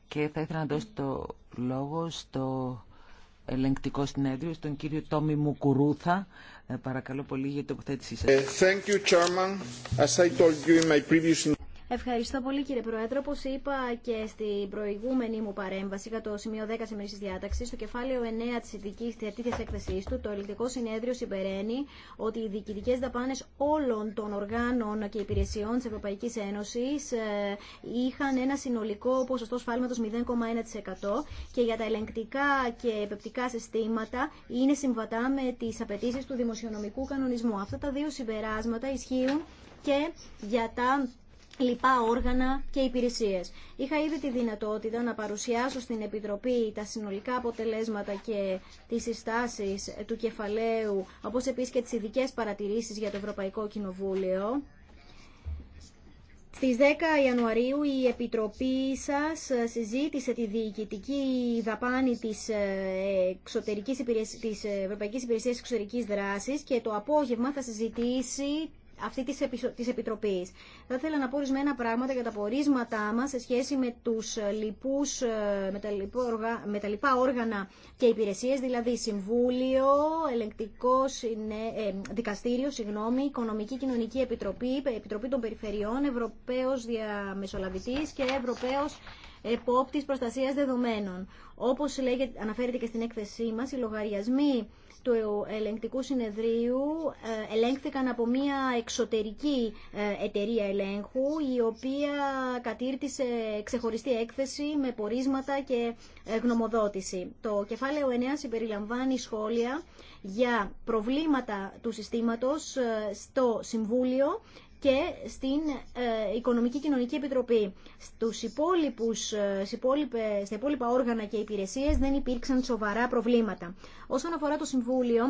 και θα ήθελα να δώσω το λόγο στο ελεγκτικό συνέδριο, στον κύριο Τόμι Μουκουρούθα. Ε, παρακαλώ πολύ για τοποθέτησή σας. Ε, thank you, Chairman. As I told you in my Ευχαριστώ πολύ κύριε Πρόεδρο. Όπω είπα και στην προηγούμενη μου παρέμβαση, κατά το σημείο 10 τη ημερήσια διάταξη, στο κεφάλαιο 9 τη ειδική διατήθεια έκθεσή του, το Ελληνικό Συνέδριο συμπεραίνει ότι οι διοικητικέ δαπάνε όλων των οργάνων και υπηρεσιών τη Ευρωπαϊκή Ένωση ε, είχαν ένα συνολικό ποσοστό σφάλματο 0,1% και για τα ελεγκτικά και επεπτικά συστήματα είναι συμβατά με τι απαιτήσει του δημοσιονομικού κανονισμού. Αυτά τα δύο συμπεράσματα ισχύουν και για τα λοιπά όργανα και υπηρεσίες. Είχα ήδη τη δυνατότητα να παρουσιάσω στην Επιτροπή τα συνολικά αποτελέσματα και τις συστάσεις του κεφαλαίου, όπως επίσης και τις ειδικές παρατηρήσεις για το Ευρωπαϊκό Κοινοβούλιο. Στις 10 Ιανουαρίου η Επιτροπή σας συζήτησε τη διοικητική δαπάνη της, ε, εξωτερικής υπηρεσίας, της Ευρωπαϊκής Υπηρεσίας Εξωτερικής Δράσης και το απόγευμα θα συζητήσει αυτή της, της Επιτροπής. Θα ήθελα να πω ορισμένα πράγματα για τα πορίσματά μας σε σχέση με, τους ε, λιπούς, ε, με, τα, λοιπά, όργανα και υπηρεσίες, δηλαδή Συμβούλιο, Ελεγκτικό ε, Δικαστήριο, συγγνώμη, Οικονομική Κοινωνική Επιτροπή, Επιτροπή των Περιφερειών, Ευρωπαίος Διαμεσολαβητής και Ευρωπαίος Επόπτης Προστασίας Δεδομένων. Όπως λέγεται, αναφέρεται και στην έκθεσή μας, οι λογαριασμοί του ελεγκτικού συνεδρίου ε, ελέγχθηκαν από μια εξωτερική ε, εταιρεία ελέγχου η οποία κατήρτισε ξεχωριστή έκθεση με πορίσματα και ε, γνωμοδότηση. Το κεφάλαιο 9 συμπεριλαμβάνει σχόλια για προβλήματα του συστήματος στο Συμβούλιο και στην ε, Οικονομική Κοινωνική Επιτροπή. Στους υπόλοιπους, ε, στα υπόλοιπα όργανα και υπηρεσίες δεν υπήρξαν σοβαρά προβλήματα. Όσον αφορά το Συμβούλιο,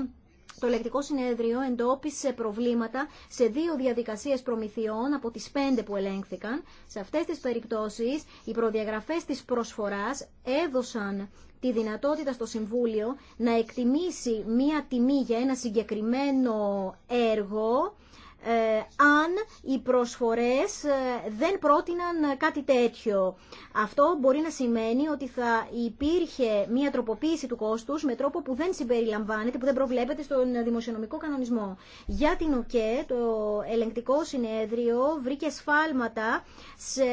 το ελεκτικό συνέδριο εντόπισε προβλήματα σε δύο διαδικασίες προμηθειών από τις πέντε που ελέγχθηκαν. Σε αυτές τις περιπτώσει, οι προδιαγραφές τη προσφορά έδωσαν τη δυνατότητα στο Συμβούλιο να εκτιμήσει μία τιμή για ένα συγκεκριμένο έργο ε, αν οι προσφορές ε, δεν πρότειναν ε, κάτι τέτοιο. Αυτό μπορεί να σημαίνει ότι θα υπήρχε μια τροποποίηση του κόστους με τρόπο που δεν συμπεριλαμβάνεται, που δεν προβλέπεται στον δημοσιονομικό κανονισμό. Για την ΟΚΕ, το ελεγκτικό συνέδριο βρήκε σφάλματα σε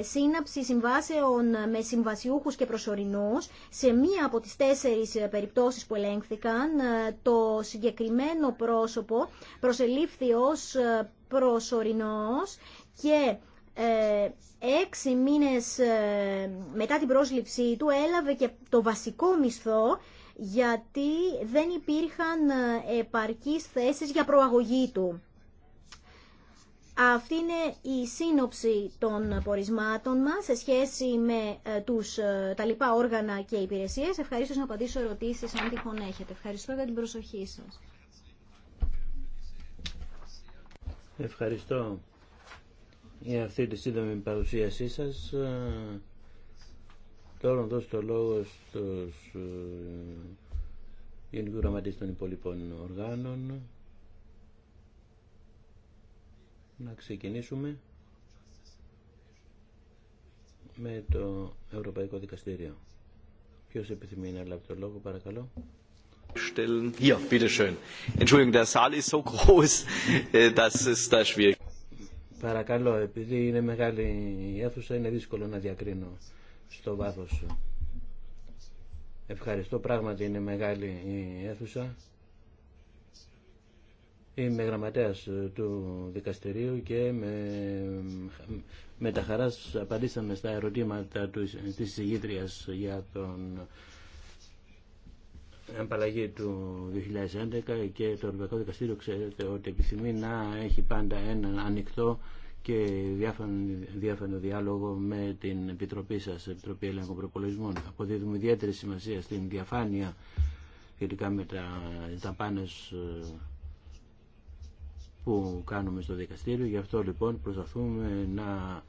σύναψη συμβάσεων με συμβασιούχους και προσωρινούς. Σε μία από τις τέσσερις περιπτώσεις που ελέγχθηκαν, το συγκεκριμένο πρόσωπο προσελήφθη ήρθε ως ε, προσωρινός και ε, έξι μήνες ε, μετά την πρόσληψή του έλαβε και το βασικό μισθό γιατί δεν υπήρχαν επαρκείς θέσεις για προαγωγή του. Αυτή είναι η σύνοψη των πορισμάτων μας σε σχέση με τους, τα λοιπά όργανα και υπηρεσίες. Ευχαριστώ να απαντήσω ερωτήσεις αν τυχόν έχετε. Ευχαριστώ για την προσοχή σας. Ευχαριστώ για αυτή τη σύντομη παρουσίασή σας. Ε, τώρα να δώσω το λόγο στους ε, Γενικού Γραμματείς των υπολοιπών οργάνων. Να ξεκινήσουμε με το Ευρωπαϊκό Δικαστήριο. Ποιος επιθυμεί να λάβει το λόγο, παρακαλώ. Παρακαλώ, επειδή είναι μεγάλη η αίθουσα, είναι δύσκολο να διακρίνω στο βάθο. Ευχαριστώ, πράγματι είναι μεγάλη η αίθουσα. Είμαι γραμματέα του δικαστηρίου και με, τα χαρά απαντήσαμε στα ερωτήματα τη συγγήτριας για τον απαλλαγή του 2011 και το Ευρωπαϊκό Δικαστήριο ξέρετε ότι επιθυμεί να έχει πάντα ένα ανοιχτό και διάφανο, διάλογο με την Επιτροπή σας, Επιτροπή Ελέγχων Προπολογισμών. Αποδίδουμε ιδιαίτερη σημασία στην διαφάνεια σχετικά με τα δαπάνες ε, που κάνουμε στο δικαστήριο. Γι' αυτό λοιπόν προσπαθούμε να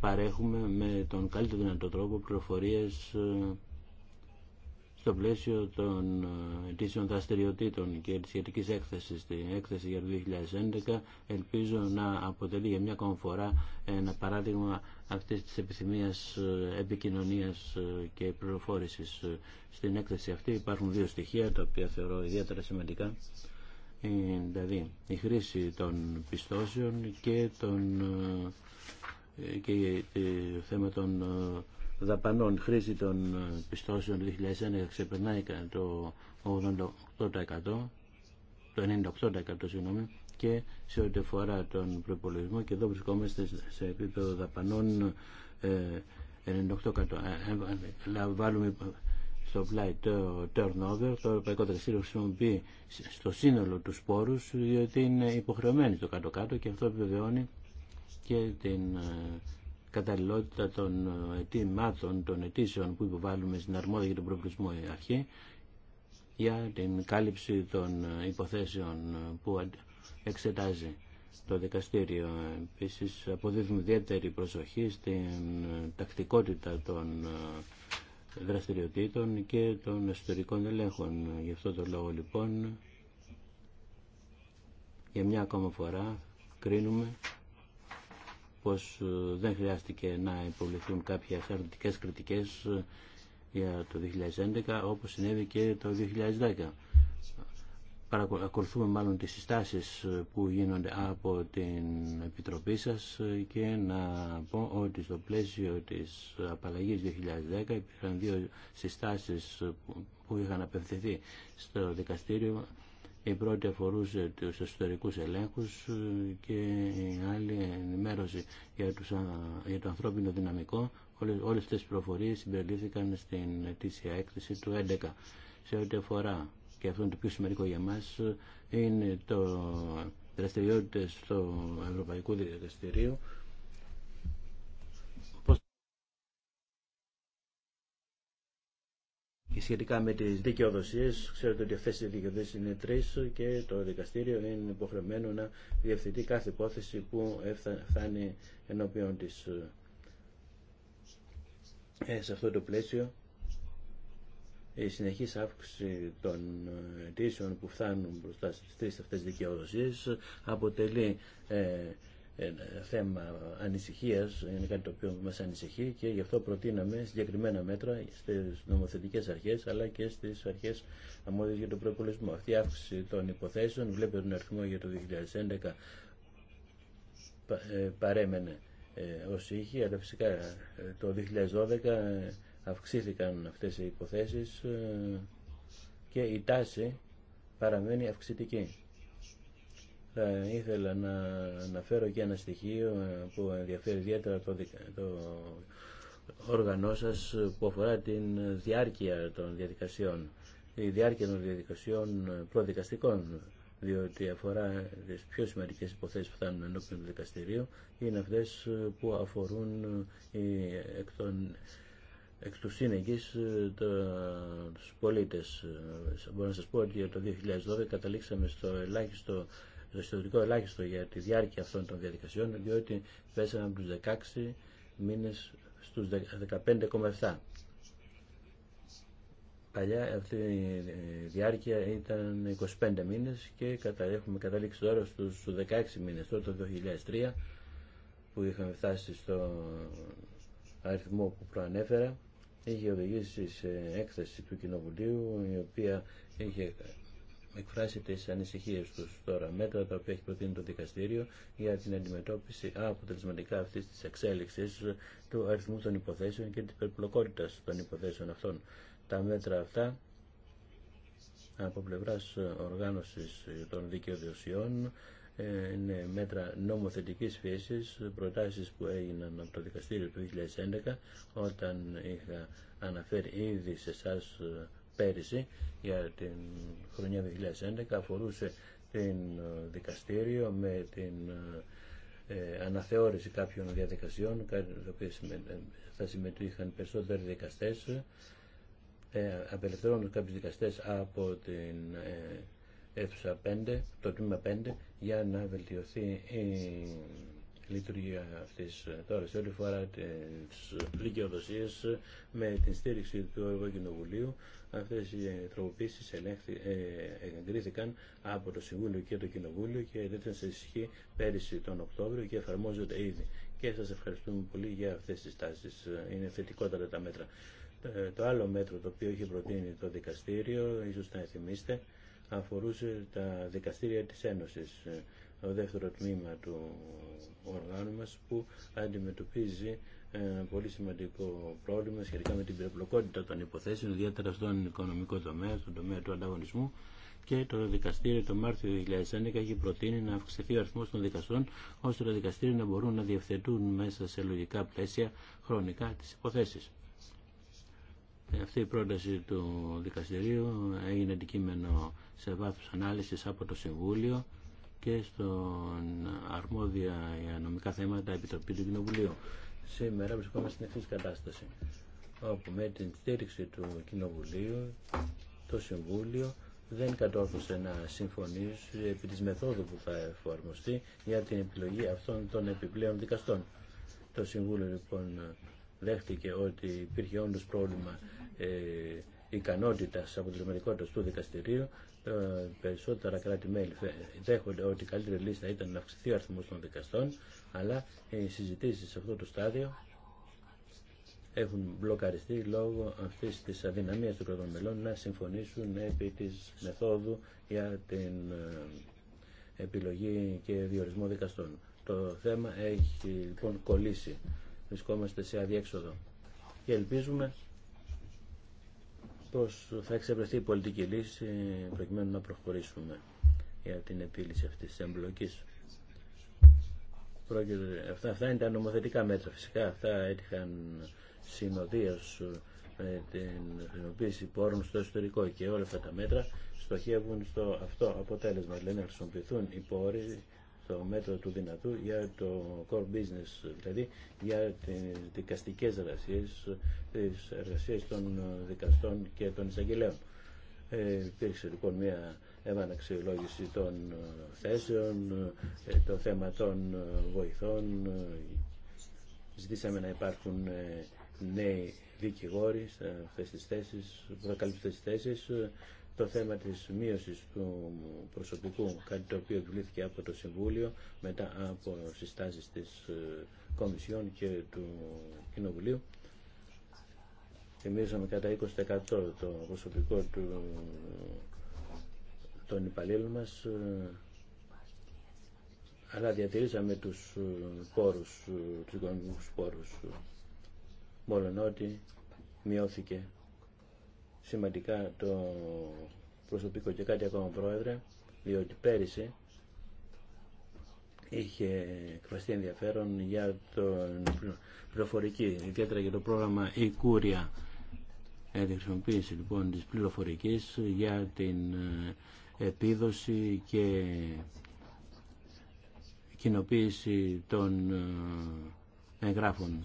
παρέχουμε με τον καλύτερο δυνατό τρόπο πληροφορίες ε, στο πλαίσιο των ετήσιων δραστηριοτήτων και τη σχετική έκθεσης στην έκθεση για το 2011 ελπίζω να αποτελεί για μια ακόμα φορά ένα παράδειγμα αυτής της επιθυμίας ε, επικοινωνίας ε, και πληροφόρησης ε. στην έκθεση αυτή υπάρχουν δύο στοιχεία τα οποία θεωρώ ιδιαίτερα σημαντικά δηλαδή η χρήση των πιστώσεων και, των, και το θέμα των δαπανών χρήση των ε, πιστώσεων του 2001 ξεπερνάει το 88%, το 98% συγγνώμη, και σε ό,τι αφορά τον προπολογισμό και εδώ βρισκόμαστε σε επίπεδο δαπανών 98%. Ε, ε, βάλουμε στο πλάι το turnover, το Ευρωπαϊκό Δραστήριο χρησιμοποιεί στο σύνολο του πόρους διότι είναι υποχρεωμένοι στο κάτω-κάτω και αυτό επιβεβαιώνει και την καταλληλότητα των αιτήματων, των αιτήσεων που υποβάλλουμε στην αρμόδια για τον προβλησμό αρχή για την κάλυψη των υποθέσεων που εξετάζει το δικαστήριο. Επίσης αποδίδουμε ιδιαίτερη προσοχή στην τακτικότητα των ε, δραστηριοτήτων και των εσωτερικών ελέγχων. Γι' αυτό το λόγο λοιπόν για μια ακόμα φορά κρίνουμε πως ε, δεν χρειάστηκε να υποβληθούν κάποιες αρνητικές κριτικές ε, για το 2011 όπως συνέβη και το 2010. Παρακολουθούμε μάλλον τις συστάσεις ε, που γίνονται από την Επιτροπή σας και να πω ότι στο πλαίσιο της απαλλαγής 2010 υπήρχαν δύο συστάσεις που είχαν απευθυνθεί στο δικαστήριο η πρώτη αφορούσε τους εσωτερικούς ελέγχους και η άλλη ενημέρωση για, τους, για το ανθρώπινο δυναμικό. Όλες, όλες αυτές τις προφορίες συμπεριλήθηκαν στην ετήσια έκθεση του 2011. Σε ό,τι αφορά, και αυτό είναι το πιο σημαντικό για μας, είναι το δραστηριότητες στο Ευρωπαϊκό Δικαστηρίο σχετικά με τι δικαιοδοσίε. Ξέρετε ότι αυτέ οι δικαιοδοσίε είναι τρει και το δικαστήριο είναι υποχρεωμένο να διευθυντεί κάθε υπόθεση που φτάνει ενώπιον της. Ε, σε αυτό το πλαίσιο η συνεχής αύξηση των αιτήσεων που φτάνουν μπροστά στις τρεις αυτές δικαιοδοσίες αποτελεί ε, θέμα ανησυχίας, είναι κάτι το οποίο μας ανησυχεί και γι' αυτό προτείναμε συγκεκριμένα μέτρα στις νομοθετικές αρχές αλλά και στις αρχές αμμόδιε για τον προπολισμό. Αυτή η αύξηση των υποθέσεων, βλέπετε τον αριθμό για το 2011 ε, παρέμενε ε, ως ήχη αλλά φυσικά ε, το 2012 αυξήθηκαν αυτές οι υποθέσεις και η τάση παραμένει αυξητική. Θα ήθελα να αναφέρω και ένα στοιχείο που ενδιαφέρει ιδιαίτερα το, το όργανό σας που αφορά την διάρκεια των διαδικασιών η διάρκεια των διαδικασιών προδικαστικών διότι αφορά τις πιο σημαντικές υποθέσεις που φτάνουν ενώπιον του δικαστηρίου είναι αυτές που αφορούν εκ των εκ του ε, τους πολίτες. Ε, μπορώ να σας πω ότι το 2012 καταλήξαμε στο ελάχιστο ιστορικό ελάχιστο για τη διάρκεια αυτών των διαδικασιών, διότι πέσαμε από τους 16 μήνες στους 15,7. Παλιά αυτή η διάρκεια ήταν 25 μήνες και έχουμε καταλήξει τώρα στους 16 μήνες. Τώρα το 2003 που είχαμε φτάσει στο αριθμό που προανέφερα είχε οδηγήσει σε έκθεση του Κοινοβουλίου η οποία είχε εκφράσει τι ανησυχίε τους τώρα μέτρα τα οποία έχει προτείνει το δικαστήριο για την αντιμετώπιση αποτελεσματικά αυτή της εξέλιξη του αριθμού των υποθέσεων και της περιπλοκότητα των υποθέσεων αυτών. Τα μέτρα αυτά από πλευράς οργάνωσης των δικαιοδοσιών ε, είναι μέτρα νομοθετικής φύσης, προτάσεις που έγιναν από το δικαστήριο του 2011 όταν είχα αναφέρει ήδη σε εσά πέρυσι για την χρονιά 2011 αφορούσε την ε, δικαστήριο με την ε, ε, αναθεώρηση κάποιων διαδικασιών κάτι που θα συμμετείχαν περισσότεροι δικαστές ε, απελευθερώνουν κάποιους δικαστές από την αίθουσα 5, το τμήμα 5 για να βελτιωθεί η λειτουργία αυτής τώρα σε όλη φορά τις δικαιοδοσίας με την στήριξη του Ευρωκοινοβουλίου Αυτές οι τροποποίησεις ε, εγκρίθηκαν από το Συμβούλιο και το Κοινοβούλιο και ήταν σε ισχύ πέρυσι τον Οκτώβριο και εφαρμόζονται ήδη. Και σας ευχαριστούμε πολύ για αυτές τις τάσεις. Είναι θετικότατα τα μέτρα. Ε, το άλλο μέτρο το οποίο είχε προτείνει το δικαστήριο, ίσως να θυμίστε, αφορούσε τα δικαστήρια της Ένωσης, το ε, δεύτερο τμήμα του οργάνου μας που αντιμετωπίζει ένα πολύ σημαντικό πρόβλημα σχετικά με την περιπλοκότητα των υποθέσεων, ιδιαίτερα στον οικονομικό τομέα, στον τομέα του ανταγωνισμού και το δικαστήριο το Μάρτιο 2011 έχει προτείνει να αυξηθεί ο αριθμό των δικαστών ώστε τα δικαστήρια να μπορούν να διευθετούν μέσα σε λογικά πλαίσια χρονικά τι υποθέσει. Ε, αυτή η πρόταση του δικαστηρίου έγινε αντικείμενο σε βάθος ανάλυση από το Συμβούλιο και στον αρμόδια για νομικά θέματα Επιτροπή του Κοινοβουλίου. Σήμερα βρισκόμαστε στην εξή κατάσταση, όπου με την στήριξη του Κοινοβουλίου το Συμβούλιο δεν κατόρθωσε να συμφωνήσει επί της μεθόδου που θα εφαρμοστεί για την επιλογή αυτών των επιπλέον δικαστών. Το Συμβούλιο λοιπόν δέχτηκε ότι υπήρχε όντω πρόβλημα ε, ικανότητα δημοτικότητα του δικαστηρίου. Ε, περισσότερα κράτη-μέλη δέχονται ότι η καλύτερη λύση θα ήταν να αυξηθεί ο αριθμό των δικαστών αλλά οι συζητήσεις σε αυτό το στάδιο έχουν μπλοκαριστεί λόγω αυτής της αδυναμίας των κρατών να συμφωνήσουν επί της μεθόδου για την ε, επιλογή και διορισμό δικαστών. Το θέμα έχει λοιπόν κολλήσει. Βρισκόμαστε σε αδιέξοδο και ελπίζουμε πως θα εξευρεθεί η πολιτική λύση προκειμένου να προχωρήσουμε για την επίλυση αυτής της εμπλοκής αυτά, αυτά είναι τα νομοθετικά μέτρα φυσικά, αυτά έτυχαν συνοδείως με την χρησιμοποίηση πόρων στο εσωτερικό και όλα αυτά τα μέτρα στοχεύουν στο αυτό αποτέλεσμα, δηλαδή να χρησιμοποιηθούν οι πόροι στο μέτρο του δυνατού για το core business, δηλαδή για τις δικαστικές εργασίες, τις εργασίες των δικαστών και των εισαγγελέων. Ε, υπήρξε λοιπόν μια επαναξιολόγηση των ε, θέσεων, ε, το θέμα των ε, βοηθών. Ζητήσαμε να υπάρχουν νέοι δικηγόροι σε αυτές τις θέσεις, που θα Το θέμα της μείωσης του προσωπικού, κάτι το οποίο δουλήθηκε από το Συμβούλιο μετά από συστάσεις της Κομισιόν και του Κοινοβουλίου. μείωσαμε κατά 20% το προσωπικό του τον υπαλλήλων μας ε, αλλά διατηρήσαμε τους ε, πόρους, ε, τους οικονομικούς πόρους μόλον ότι μειώθηκε σημαντικά το προσωπικό και κάτι ακόμα πρόεδρε διότι πέρυσι είχε εκφραστεί ενδιαφέρον για την πληροφορική, ιδιαίτερα για το πρόγραμμα «Η Κούρια» χρησιμοποίηση λοιπόν της πληροφορικής για την επίδοση και κοινοποίηση των ε, εγγράφων.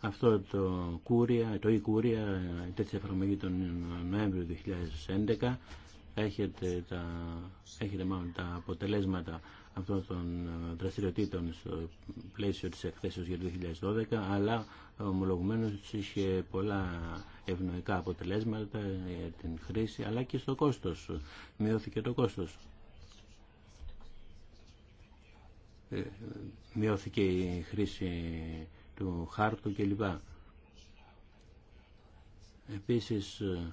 Αυτό το Κούρια, το η κουρια τέτοια εφαρμογή τον Νοέμβριο 2011, έχετε, τα, έχετε μάλλον τα αποτελέσματα αυτών των ε, δραστηριοτήτων στο πλαίσιο της εκθέσεως για το 2012, αλλά ομολογουμένως είχε πολλά ευνοϊκά αποτελέσματα για την χρήση, αλλά και στο κόστος. Μειώθηκε το κόστος. Ε, μειώθηκε η χρήση του χάρτου κλπ. Επίσης, ε,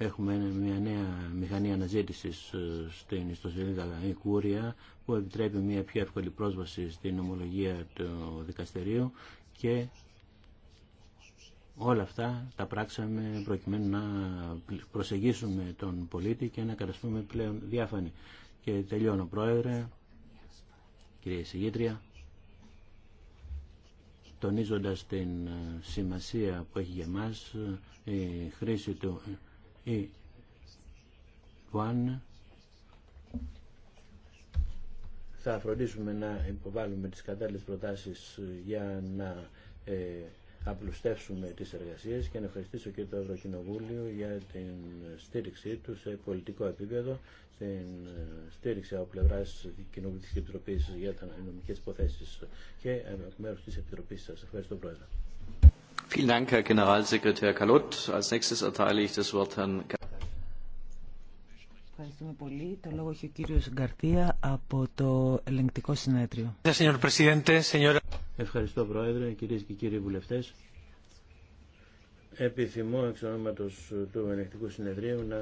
Έχουμε μια νέα μηχανή αναζήτησης ε, στην ιστοσελίδα η που επιτρέπει μια πιο εύκολη πρόσβαση στην ομολογία του δικαστηρίου και όλα αυτά τα πράξαμε προκειμένου να προσεγγίσουμε τον πολίτη και να καταστούμε πλέον διάφανοι. Και τελειώνω πρόεδρε, κυρία Συγήτρια, τονίζοντας την ε, σημασία που έχει για μας ε, η χρήση του θα φροντίσουμε να υποβάλουμε τις κατάλληλες προτάσεις για να ε, απλουστεύσουμε τις εργασίες και να ευχαριστήσω και το Ευρωκοινοβούλιο για την στήριξή του σε πολιτικό επίπεδο, την ε, στήριξη από πλευρά τη Κοινοβουλευτική Επιτροπή για τα νομικέ υποθέσει και από μέρου τη Επιτροπή σα. Ευχαριστώ, Πρόεδρε. Ευχαριστούμε πολύ. Το λόγο έχει ο Γκαρτία από το ελεγκτικό συνέδριο. Ευχαριστώ Πρόεδρε, κυρίες και κύριοι βουλευτές. Επιθυμώ εξ ονόματος του ελεγκτικού συνεδρίου να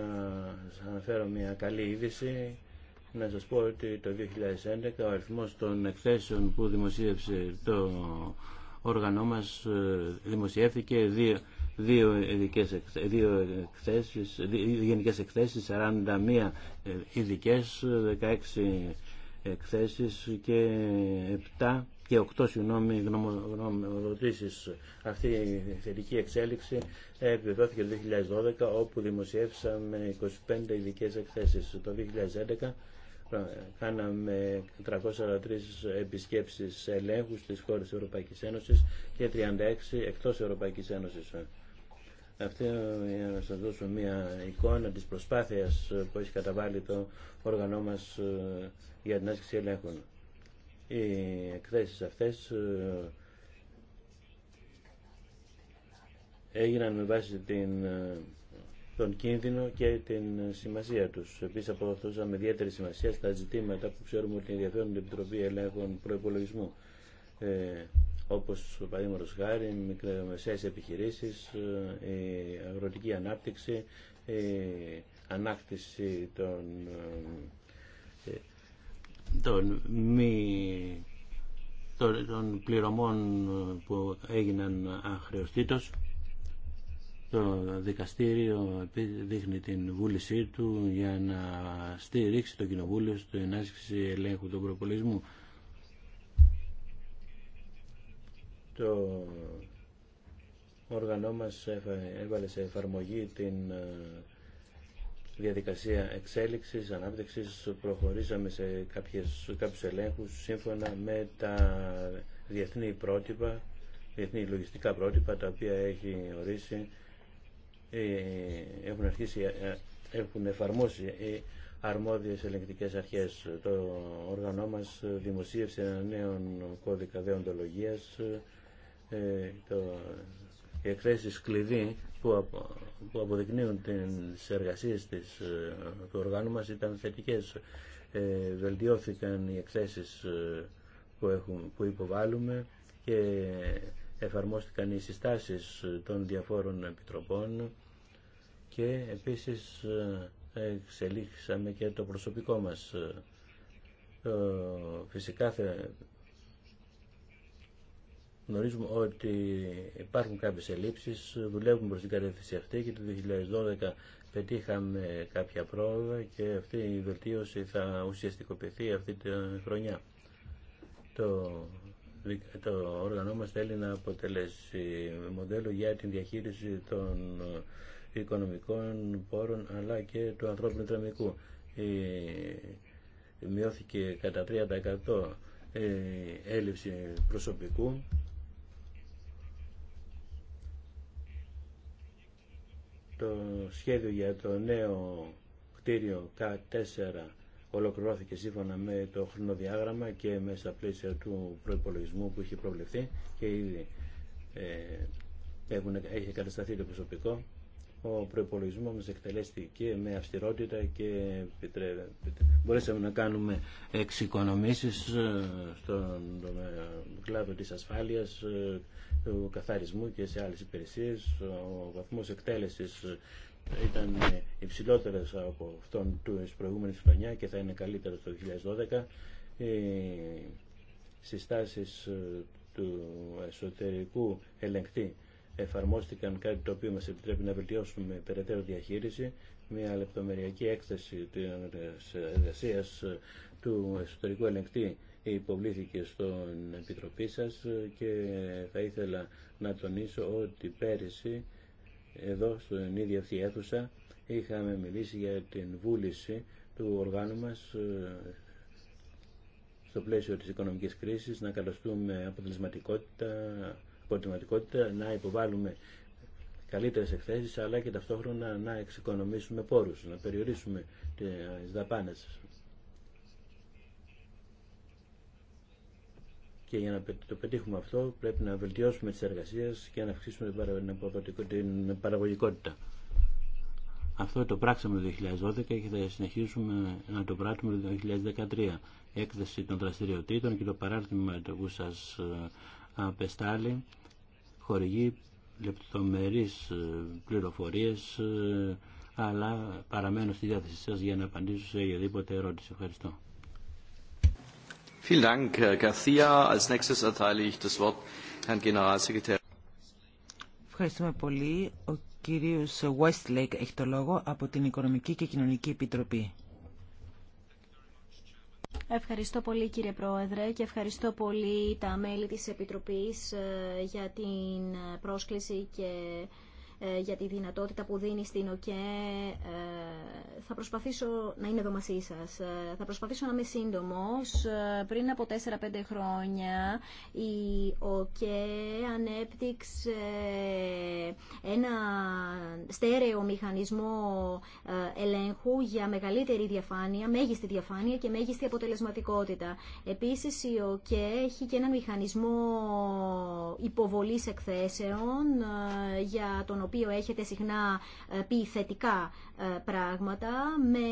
σας αναφέρω μια καλή είδηση. Να σας πω ότι το 2011 ο αριθμός των εκθέσεων που δημοσίευσε το όργανό μας ε, δημοσιεύθηκε δύο, δύο, ειδικές, δύο, εκθέσεις, δύο γενικές εκθέσεις, 41 ειδικέ 16 εκθέσεις και 7 και 8 συγγνώμη γνωμοδοτήσεις. Αυτή η θετική εξέλιξη επιβεβαιώθηκε το 2012 όπου δημοσιεύσαμε 25 ειδικέ εκθέσεις. Το 2011 Κάναμε 343 επισκέψεις ελέγχου στις χώρες της Ευρωπαϊκής Ένωσης και 36 εκτός Ευρωπαϊκής Ένωσης. Αυτή για να σας δώσω μια εικόνα της προσπάθειας που έχει καταβάλει το όργανό μας ε, για την άσκηση ελέγχων. Οι εκθέσεις αυτές ε, έγιναν με βάση την ε, τον κίνδυνο και την σημασία τους. Επίσης αποδοθούσαμε ιδιαίτερη σημασία στα ζητήματα που ξέρουμε ότι ενδιαφέρουν την Επιτροπή Ελέγχων προπολογισμού, ε, όπως παραδείγματο χάρη, μικρομεσαίες επιχειρήσεις, ε, η αγροτική ανάπτυξη, η ανάκτηση των, ε, των, των, των πληρωμών που έγιναν αχρεωστήτως το δικαστήριο δείχνει την βούλησή του για να στηρίξει το κοινοβούλιο στην άσκηση ελέγχου του προπολισμού. Το όργανό μας έβαλε σε εφαρμογή την ε, διαδικασία εξέλιξης, ανάπτυξης, προχωρήσαμε σε κάποιες, κάποιους ελέγχους σύμφωνα με τα διεθνή πρότυπα, διεθνή λογιστικά πρότυπα τα οποία έχει ορίσει ε, έχουν, αρχίσει, ε, ε, έχουν εφαρμόσει οι αρμόδιες ελεγκτικές αρχές. Το όργανό μας δημοσίευσε ένα νέο κώδικα δεοντολογίας, το, οι εκθέσεις κλειδί που, που αποδεικνύουν τις εργασίες της, του οργάνου μας ήταν θετικές. βελτιώθηκαν οι εκθέσεις που, έχουν, που υποβάλλουμε και εφαρμόστηκαν οι συστάσεις των διαφόρων επιτροπών και επίσης ε, εξελίξαμε και το προσωπικό μας. Ε, ε, φυσικά γνωρίζουμε ότι υπάρχουν κάποιες ελλείψεις, δουλεύουμε προς την κατεύθυνση αυτή και το 2012 πετύχαμε κάποια πρόοδα και αυτή η βελτίωση θα ουσιαστικοποιηθεί αυτή τη χρονιά. Το το όργανο μας θέλει να αποτελέσει μοντέλο για την διαχείριση των οικονομικών πόρων αλλά και του ανθρώπινου δυναμικού. Μειώθηκε κατά 30% ε, έλλειψη προσωπικού το σχέδιο για το νέο κτίριο K4 ολοκληρώθηκε σύμφωνα με το χρονοδιάγραμμα και μέσα στα πλαίσια του προπολογισμού που είχε προβλεφθεί και ήδη ε, έχουν, έχει κατασταθεί το προσωπικό. Ο προπολογισμό μα εκτελέστηκε με αυστηρότητα και μπορέσαμε να κάνουμε εξοικονομήσει ε, στον κλάδο τη ασφάλεια, ε, του καθαρισμού και σε άλλε υπηρεσίε. Ο βαθμό εκτέλεση ήταν ε, υψηλότερε από αυτόν του ε, προηγούμενη χρονιά και θα είναι καλύτερο το 2012. Οι ε, συστάσεις του εσωτερικού ελεγκτή εφαρμόστηκαν κάτι το οποίο μας επιτρέπει να βελτιώσουμε περαιτέρω διαχείριση, μια λεπτομεριακή έκθεση της εργασία του εσωτερικού ελεγκτή υποβλήθηκε στον Επιτροπή σας και θα ήθελα να τονίσω ότι πέρυσι εδώ στην ίδια αυτή αίθουσα είχαμε μιλήσει για την βούληση του οργάνου μας ε, στο πλαίσιο της οικονομικής κρίσης να καλωστούμε αποτελεσματικότητα, αποτελεσματικότητα να υποβάλουμε καλύτερες εκθέσεις αλλά και ταυτόχρονα να εξοικονομήσουμε πόρους, να περιορίσουμε τις δαπάνες Και για να το πετύχουμε αυτό πρέπει να βελτιώσουμε τις εργασίες και να αυξήσουμε την παραγωγικότητα. Αυτό το πράξαμε το 2012 και θα συνεχίσουμε να το πράττουμε το 2013. Έκθεση των δραστηριοτήτων και το παράρτημα του που σας ε, απεστάλλει χορηγεί λεπτομερείς ε, πληροφορίες ε, αλλά παραμένω στη διάθεσή σας για να απαντήσω σε οποιαδήποτε ερώτηση. Ευχαριστώ. Ευχαριστούμε πολύ. Ο κύριος Westlake έχει το λόγο από την Οικονομική και Κοινωνική Επιτροπή. Ευχαριστώ πολύ κύριε Πρόεδρε και ευχαριστώ πολύ τα μέλη της Επιτροπής ε, για την πρόσκληση και ε, για τη δυνατότητα που δίνει στην ΟΚΕ. Ε, θα προσπαθήσω να είναι εδώ μαζί σας. Ε, θα προσπαθήσω να είμαι σύντομος. Πριν από 4-5 χρόνια η ΟΚΕ ανέπτυξε ένα στέρεο μηχανισμό ελέγχου για μεγαλύτερη διαφάνεια, μέγιστη διαφάνεια και μέγιστη αποτελεσματικότητα. Επίσης η ΟΚΕ έχει και ένα μηχανισμό υποβολής εκθέσεων για τον οποίο έχετε συχνά ε, πει θετικά ε, πράγματα, με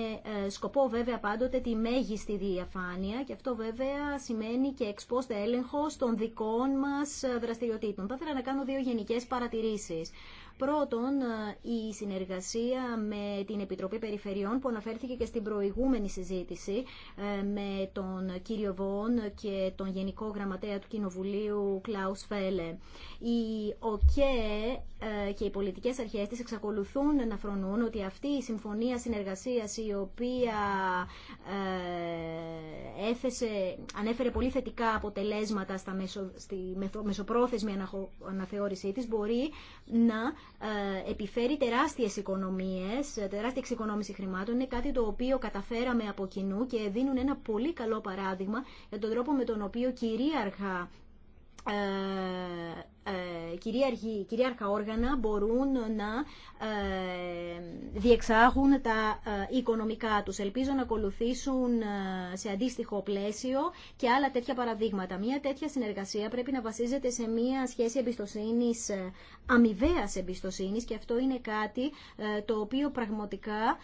ε, σκοπό βέβαια πάντοτε τη μέγιστη διαφάνεια και αυτό βέβαια σημαίνει και εξπόστε έλεγχο των δικών μας δραστηριοτήτων. Θα ήθελα να κάνω δύο γενικές παρατηρήσεις. Πρώτον, ε, η συνεργασία με την Επιτροπή Περιφερειών που αναφέρθηκε και στην προηγούμενη συζήτηση ε, με τον κύριο Βόν και τον Γενικό Γραμματέα του Κοινοβουλίου Κλάους Φέλε. Η ΟΚΕ ε, και οι πολιτικές αρχές της εξακολουθούν να φρονούν ότι αυτή η συμφωνία συνεργασίας η οποία έθεσε, ανέφερε πολύ θετικά αποτελέσματα στα μεσο, στη μεσοπρόθεσμη αναθεώρησή της μπορεί να ε, επιφέρει τεράστιες οικονομίες, ε, τεράστια εξοικονόμηση χρημάτων. Είναι κάτι το οποίο καταφέραμε από κοινού και δίνουν ένα πολύ καλό παράδειγμα για τον τρόπο με τον οποίο κυρίαρχα ε, ε, κυρίαρχη, κυρίαρχα όργανα μπορούν να ε, διεξάγουν τα ε, οικονομικά τους. Ελπίζω να ακολουθήσουν σε αντίστοιχο πλαίσιο και άλλα τέτοια παραδείγματα. Μία τέτοια συνεργασία πρέπει να βασίζεται σε μία σχέση εμπιστοσύνης, αμοιβαίας εμπιστοσύνης και αυτό είναι κάτι το οποίο πραγματικά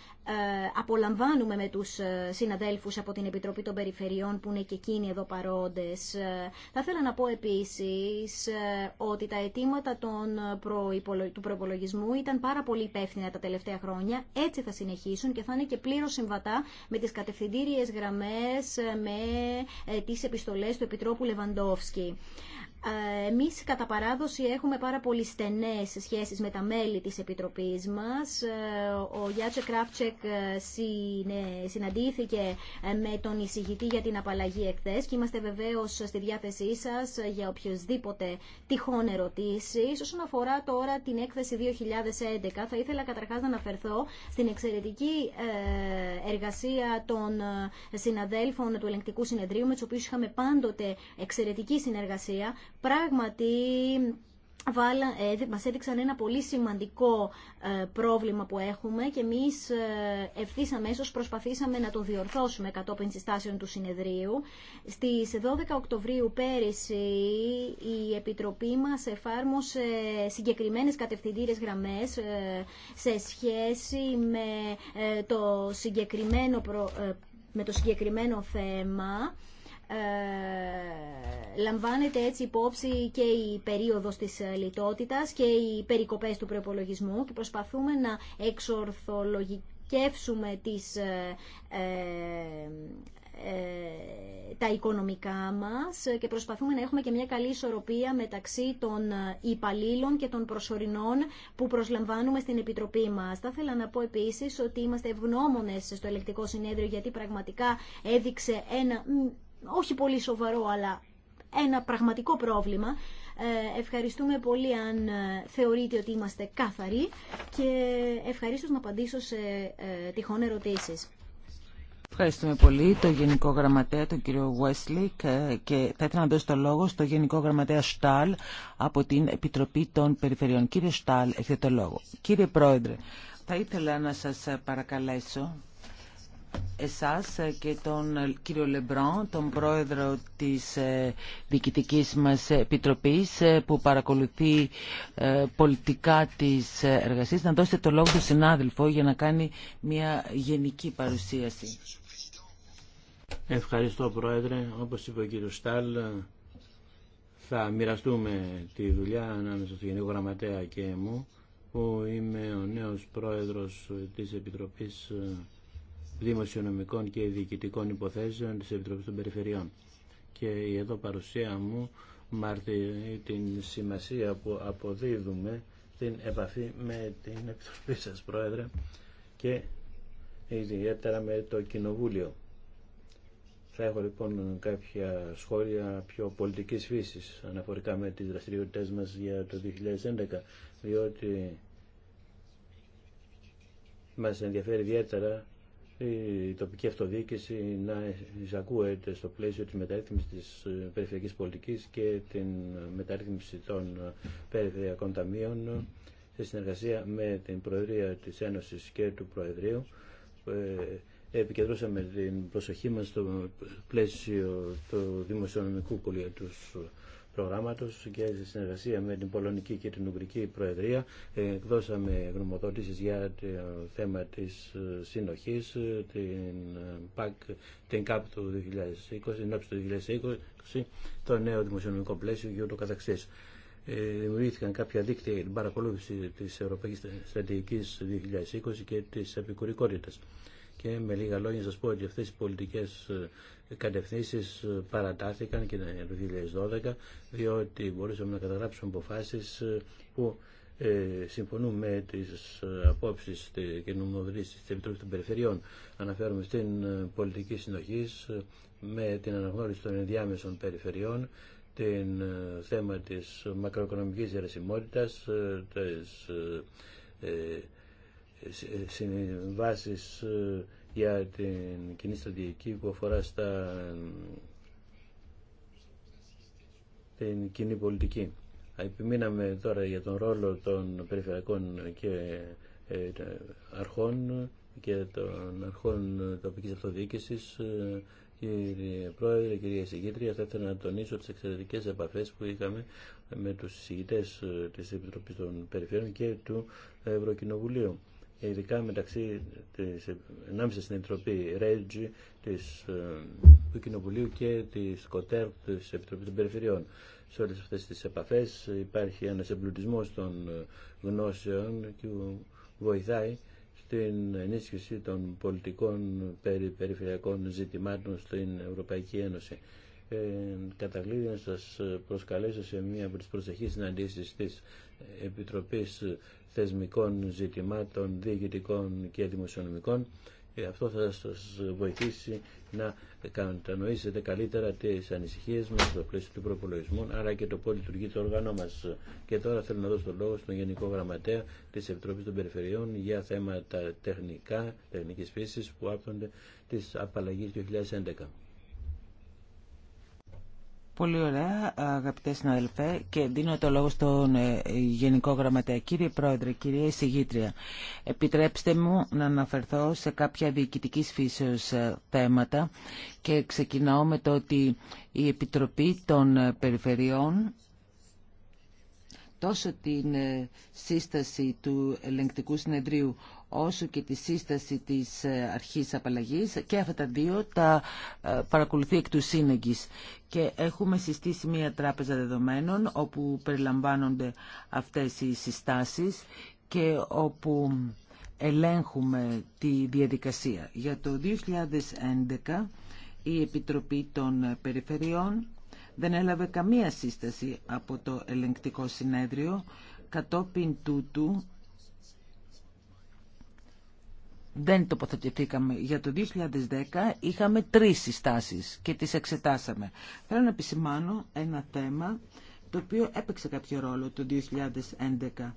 απολαμβάνουμε με τους συναδέλφους από την Επιτροπή των Περιφερειών που είναι και εκείνοι εδώ παρόντες. Θα ήθελα να πω επίσης ότι τα αιτήματα των ε, προϋπολο... του προπολογισμού ήταν πάρα πολύ υπεύθυνα τα τελευταία χρόνια. Έτσι θα συνεχίσουν και θα είναι και πλήρω συμβατά με τι κατευθυντήριε γραμμέ ε, με ε, τι επιστολέ του Επιτρόπου Λεβαντόφσκι. Ε, εμείς κατά παράδοση έχουμε πάρα πολύ στενές σχέσεις με τα μέλη της Επιτροπής μας. Ε, ο Γιάτσε Κράφτσεκ ε, συναντήθηκε με τον εισηγητή για την απαλλαγή εκθές και είμαστε βεβαίως στη διάθεσή σας για οποιοδήποτε τυχόν ερωτήσεις. Όσον αφορά τώρα την έκθεση 2011 θα ήθελα καταρχάς να αναφερθώ στην εξαιρετική εργασία των συναδέλφων του Ελεγκτικού Συνεδρίου με τους οποίους είχαμε πάντοτε εξαιρετική συνεργασία Πράγματι, ε, μας έδειξαν ένα πολύ σημαντικό ε, πρόβλημα που έχουμε και εμείς ε, ευθύ αμέσω προσπαθήσαμε να το διορθώσουμε κατόπιν συστάσεων του συνεδρίου. Στις 12 Οκτωβρίου πέρυσι η Επιτροπή μας εφάρμοσε συγκεκριμένες κατευθυντήρες γραμμές σε σχέση με το συγκεκριμένο, με το συγκεκριμένο θέμα ε, λαμβάνεται έτσι υπόψη και η περίοδος της ε, λιτότητας και οι περικοπές του προπολογισμού και προσπαθούμε να εξορθολογικεύσουμε τις, ε, τα οικονομικά μας και προσπαθούμε να έχουμε και μια καλή ισορροπία μεταξύ των υπαλλήλων και των προσωρινών που προσλαμβάνουμε στην Επιτροπή μας. Θα ήθελα να πω επίσης ότι είμαστε ευγνώμονες στο ελεκτικό συνέδριο γιατί πραγματικά έδειξε ένα όχι πολύ σοβαρό αλλά ένα πραγματικό πρόβλημα. Ε, ευχαριστούμε πολύ αν ε, θεωρείτε ότι είμαστε κάθαροι και ευχαρίστω να απαντήσω σε ε, τυχόν ερωτήσεις. Ευχαριστούμε πολύ το Γενικό Γραμματέα, τον κύριο Βέσλικ και θα ήθελα να δώσω το λόγο στο Γενικό Γραμματέα Στάλ από την Επιτροπή των Περιφερειών. Κύριε Στάλ, έχετε το λόγο. Κύριε Πρόεδρε, θα ήθελα να σας παρακαλέσω εσάς και τον κύριο Λεμπρόν, τον πρόεδρο της ε, διοικητικής μας επιτροπής ε, που παρακολουθεί ε, πολιτικά τις εργασίες, να δώσετε το λόγο στον συνάδελφο για να κάνει μια γενική παρουσίαση. Ευχαριστώ Πρόεδρε. Όπως είπε ο κύριος Στάλ, θα μοιραστούμε τη δουλειά ανάμεσα στο Γενικό Γραμματέα και μου, που είμαι ο νέος πρόεδρος της Επιτροπής Δημοσιονομικών και Διοικητικών Υποθέσεων της Επιτροπής των Περιφερειών. Και η εδώ παρουσία μου μαρτυρεί την σημασία που αποδίδουμε την επαφή με την Επιτροπή σας, Πρόεδρε, και ιδιαίτερα με το Κοινοβούλιο. Θα έχω λοιπόν κάποια σχόλια πιο πολιτικής φύσης αναφορικά με τις δραστηριότητες μας για το 2011, διότι μας ενδιαφέρει ιδιαίτερα η τοπική αυτοδιοίκηση να εισακούεται στο πλαίσιο της μεταρρύθμισης της ε, περιφερειακής πολιτικής και την μεταρρύθμιση των ε, περιφερειακών ταμείων σε συνεργασία με την Προεδρία της Ένωσης και του Προεδρείου ε, επικεντρώσαμε την προσοχή μας στο πλαίσιο του δημοσιονομικού πολιτικού και σε συνεργασία με την Πολωνική και την Ουγγρική Προεδρία ε, εκδώσαμε γνωμοδότησεις για το θέμα τη ε, συνοχή, ε, την ΠΑΚ, την ΚΑΠ του 2020, την ΕΠΣ του 2020, το νέο δημοσιονομικό πλαίσιο και ούτω καθεξή. Δημιουργήθηκαν κάποια δίκτυα για την παρακολούθηση τη Ευρωπαϊκή Στρατηγικής 2020 και τη Επικουρικότητα. Και με λίγα λόγια σα πω ότι αυτέ οι πολιτικέ κατευθύνσεις ε, παρατάθηκαν και το 2012 διότι μπορούσαμε να καταγράψουμε αποφάσεις ε, που ε, συμφωνούν με τις ε, απόψεις και νομοδρήσεις της Επιτροπής των Περιφερειών. Αναφέρομαι στην πολιτική συνοχής με την αναγνώριση των ενδιάμεσων περιφερειών την θέμα της μακροοικονομικής αιρεσιμότητας, τις συμβάσεις για την κοινή στρατηγική που αφορά στα την κοινή πολιτική. Επιμείναμε τώρα για τον ρόλο των περιφερειακών και ε, αρχών και των αρχών τοπικής αυτοδιοίκηση, Κύριε Πρόεδρε, κυρία Συγκήτρια, θα ήθελα να τονίσω τις εξαιρετικές επαφές που είχαμε με του συζητητές της Επιτροπή των Περιφέρειων και του Ευρωκοινοβουλίου. Ε, ειδικά μεταξύ της, ενάμεσα στην Επιτροπή Ρέτζη της, ε, του Κοινοβουλίου και της ΚΟΤΕΡ της Επιτροπής των Περιφερειών. Σε όλες αυτές τις επαφές υπάρχει ένας εμπλουτισμός των ε, γνώσεων και βοηθάει στην ενίσχυση των πολιτικών περιφερειακών ζητημάτων στην Ευρωπαϊκή Ένωση. Ε, καταλήγει να σας προσκαλέσω σε μία από τις προσεχείς συναντήσεις της Επιτροπής θεσμικών ζητημάτων, διοικητικών και δημοσιονομικών. Ε, αυτό θα σας βοηθήσει να κατανοήσετε καλύτερα τις ανησυχίες μας στο πλαίσιο του προπολογισμού, αλλά και το πώς λειτουργεί το όργανό μας. Και τώρα θέλω να δώσω το λόγο στον Γενικό Γραμματέα της Επιτροπής των Περιφερειών για θέματα τεχνικά, τεχνικής φύσης που άπτονται της απαλλαγής 2011. Πολύ ωραία, αγαπητέ συναδελφέ, και δίνω το λόγο στον ε, Γενικό Γραμματέα. Κύριε Πρόεδρε, κυρία Εισηγήτρια, επιτρέψτε μου να αναφερθώ σε κάποια διοικητική φύσεως ε, θέματα και ξεκινάω με το ότι η Επιτροπή των ε, Περιφερειών τόσο την σύσταση του ελεγκτικού συνεδρίου όσο και τη σύσταση της ε, αρχής απαλλαγής και αυτά τα δύο τα ε, παρακολουθεί εκ του σύνεγγης. Και έχουμε συστήσει μία τράπεζα δεδομένων όπου περιλαμβάνονται αυτές οι συστάσεις και όπου ελέγχουμε τη διαδικασία. Για το 2011 η Επιτροπή των Περιφερειών δεν έλαβε καμία σύσταση από το ελεγκτικό συνέδριο κατόπιν τούτου δεν τοποθετηθήκαμε. Για το 2010 είχαμε τρεις συστάσεις και τις εξετάσαμε. Θέλω να επισημάνω ένα θέμα το οποίο έπαιξε κάποιο ρόλο το 2011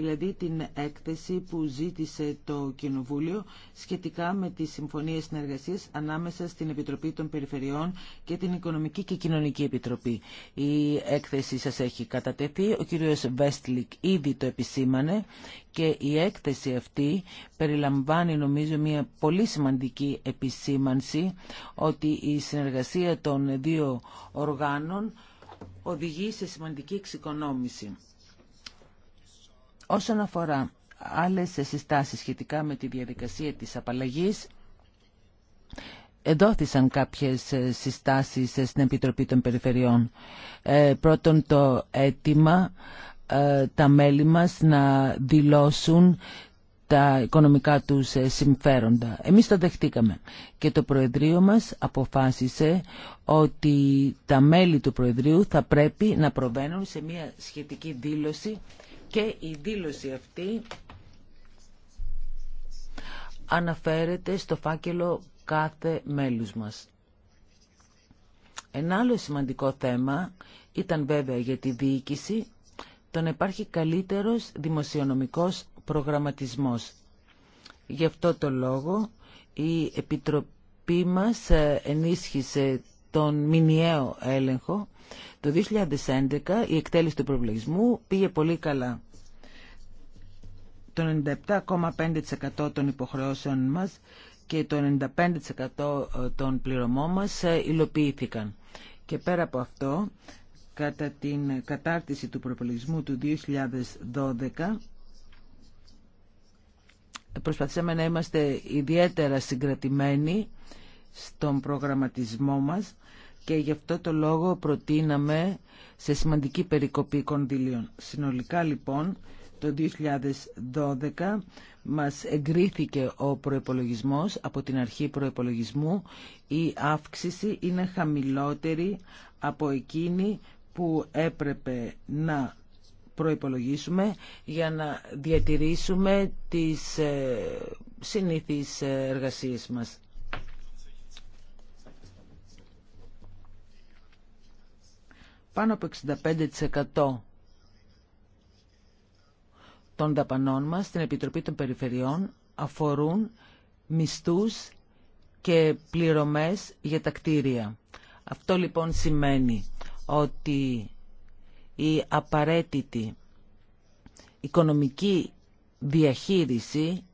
δηλαδή την έκθεση που ζήτησε το Κοινοβούλιο σχετικά με τις συμφωνίες συνεργασίας ανάμεσα στην Επιτροπή των Περιφερειών και την Οικονομική και Κοινωνική Επιτροπή. Η έκθεση σας έχει κατατεθεί, ο κύριος Βέστλικ ήδη το επισήμανε και η έκθεση αυτή περιλαμβάνει νομίζω μια πολύ σημαντική επισήμανση ότι η συνεργασία των δύο οργάνων οδηγεί σε σημαντική εξοικονόμηση. Όσον αφορά άλλες συστάσεις σχετικά με τη διαδικασία της απαλλαγής, εδόθησαν κάποιες συστάσεις στην Επιτροπή των Περιφερειών. Ε, πρώτον το αίτημα ε, τα μέλη μας να δηλώσουν τα οικονομικά τους συμφέροντα. Εμείς το δεχτήκαμε και το Προεδρείο μας αποφάσισε ότι τα μέλη του Προεδρείου θα πρέπει να προβαίνουν σε μια σχετική δήλωση και η δήλωση αυτή αναφέρεται στο φάκελο κάθε μέλους μας. Ένα άλλο σημαντικό θέμα ήταν βέβαια για τη διοίκηση το να υπάρχει καλύτερος δημοσιονομικός προγραμματισμός. Γι' αυτό το λόγο η Επιτροπή μας ενίσχυσε τον μηνιαίο έλεγχο το 2011 η εκτέλεση του προϋπολογισμού πήγε πολύ καλά. Το 97,5% των υποχρεώσεων μας και το 95% ε, των πληρωμών μας ε, υλοποιήθηκαν. Και πέρα από αυτό, κατά την κατάρτιση του προπολογισμού του 2012, προσπαθήσαμε να είμαστε ιδιαίτερα συγκρατημένοι στον προγραμματισμό μας και γι' αυτό το λόγο προτείναμε σε σημαντική περικοπή κονδυλίων. Συνολικά λοιπόν το 2012 μας εγκρίθηκε ο προϋπολογισμός από την αρχή προεπολογισμού η αύξηση είναι χαμηλότερη από εκείνη που έπρεπε να προϋπολογίσουμε για να διατηρήσουμε τις ε, συνήθεις ε, εργασίες μας. πάνω από 65% των δαπανών μας στην Επιτροπή των Περιφερειών αφορούν μισθούς και πληρωμές για τα κτίρια. Αυτό λοιπόν σημαίνει ότι η απαραίτητη οικονομική διαχείριση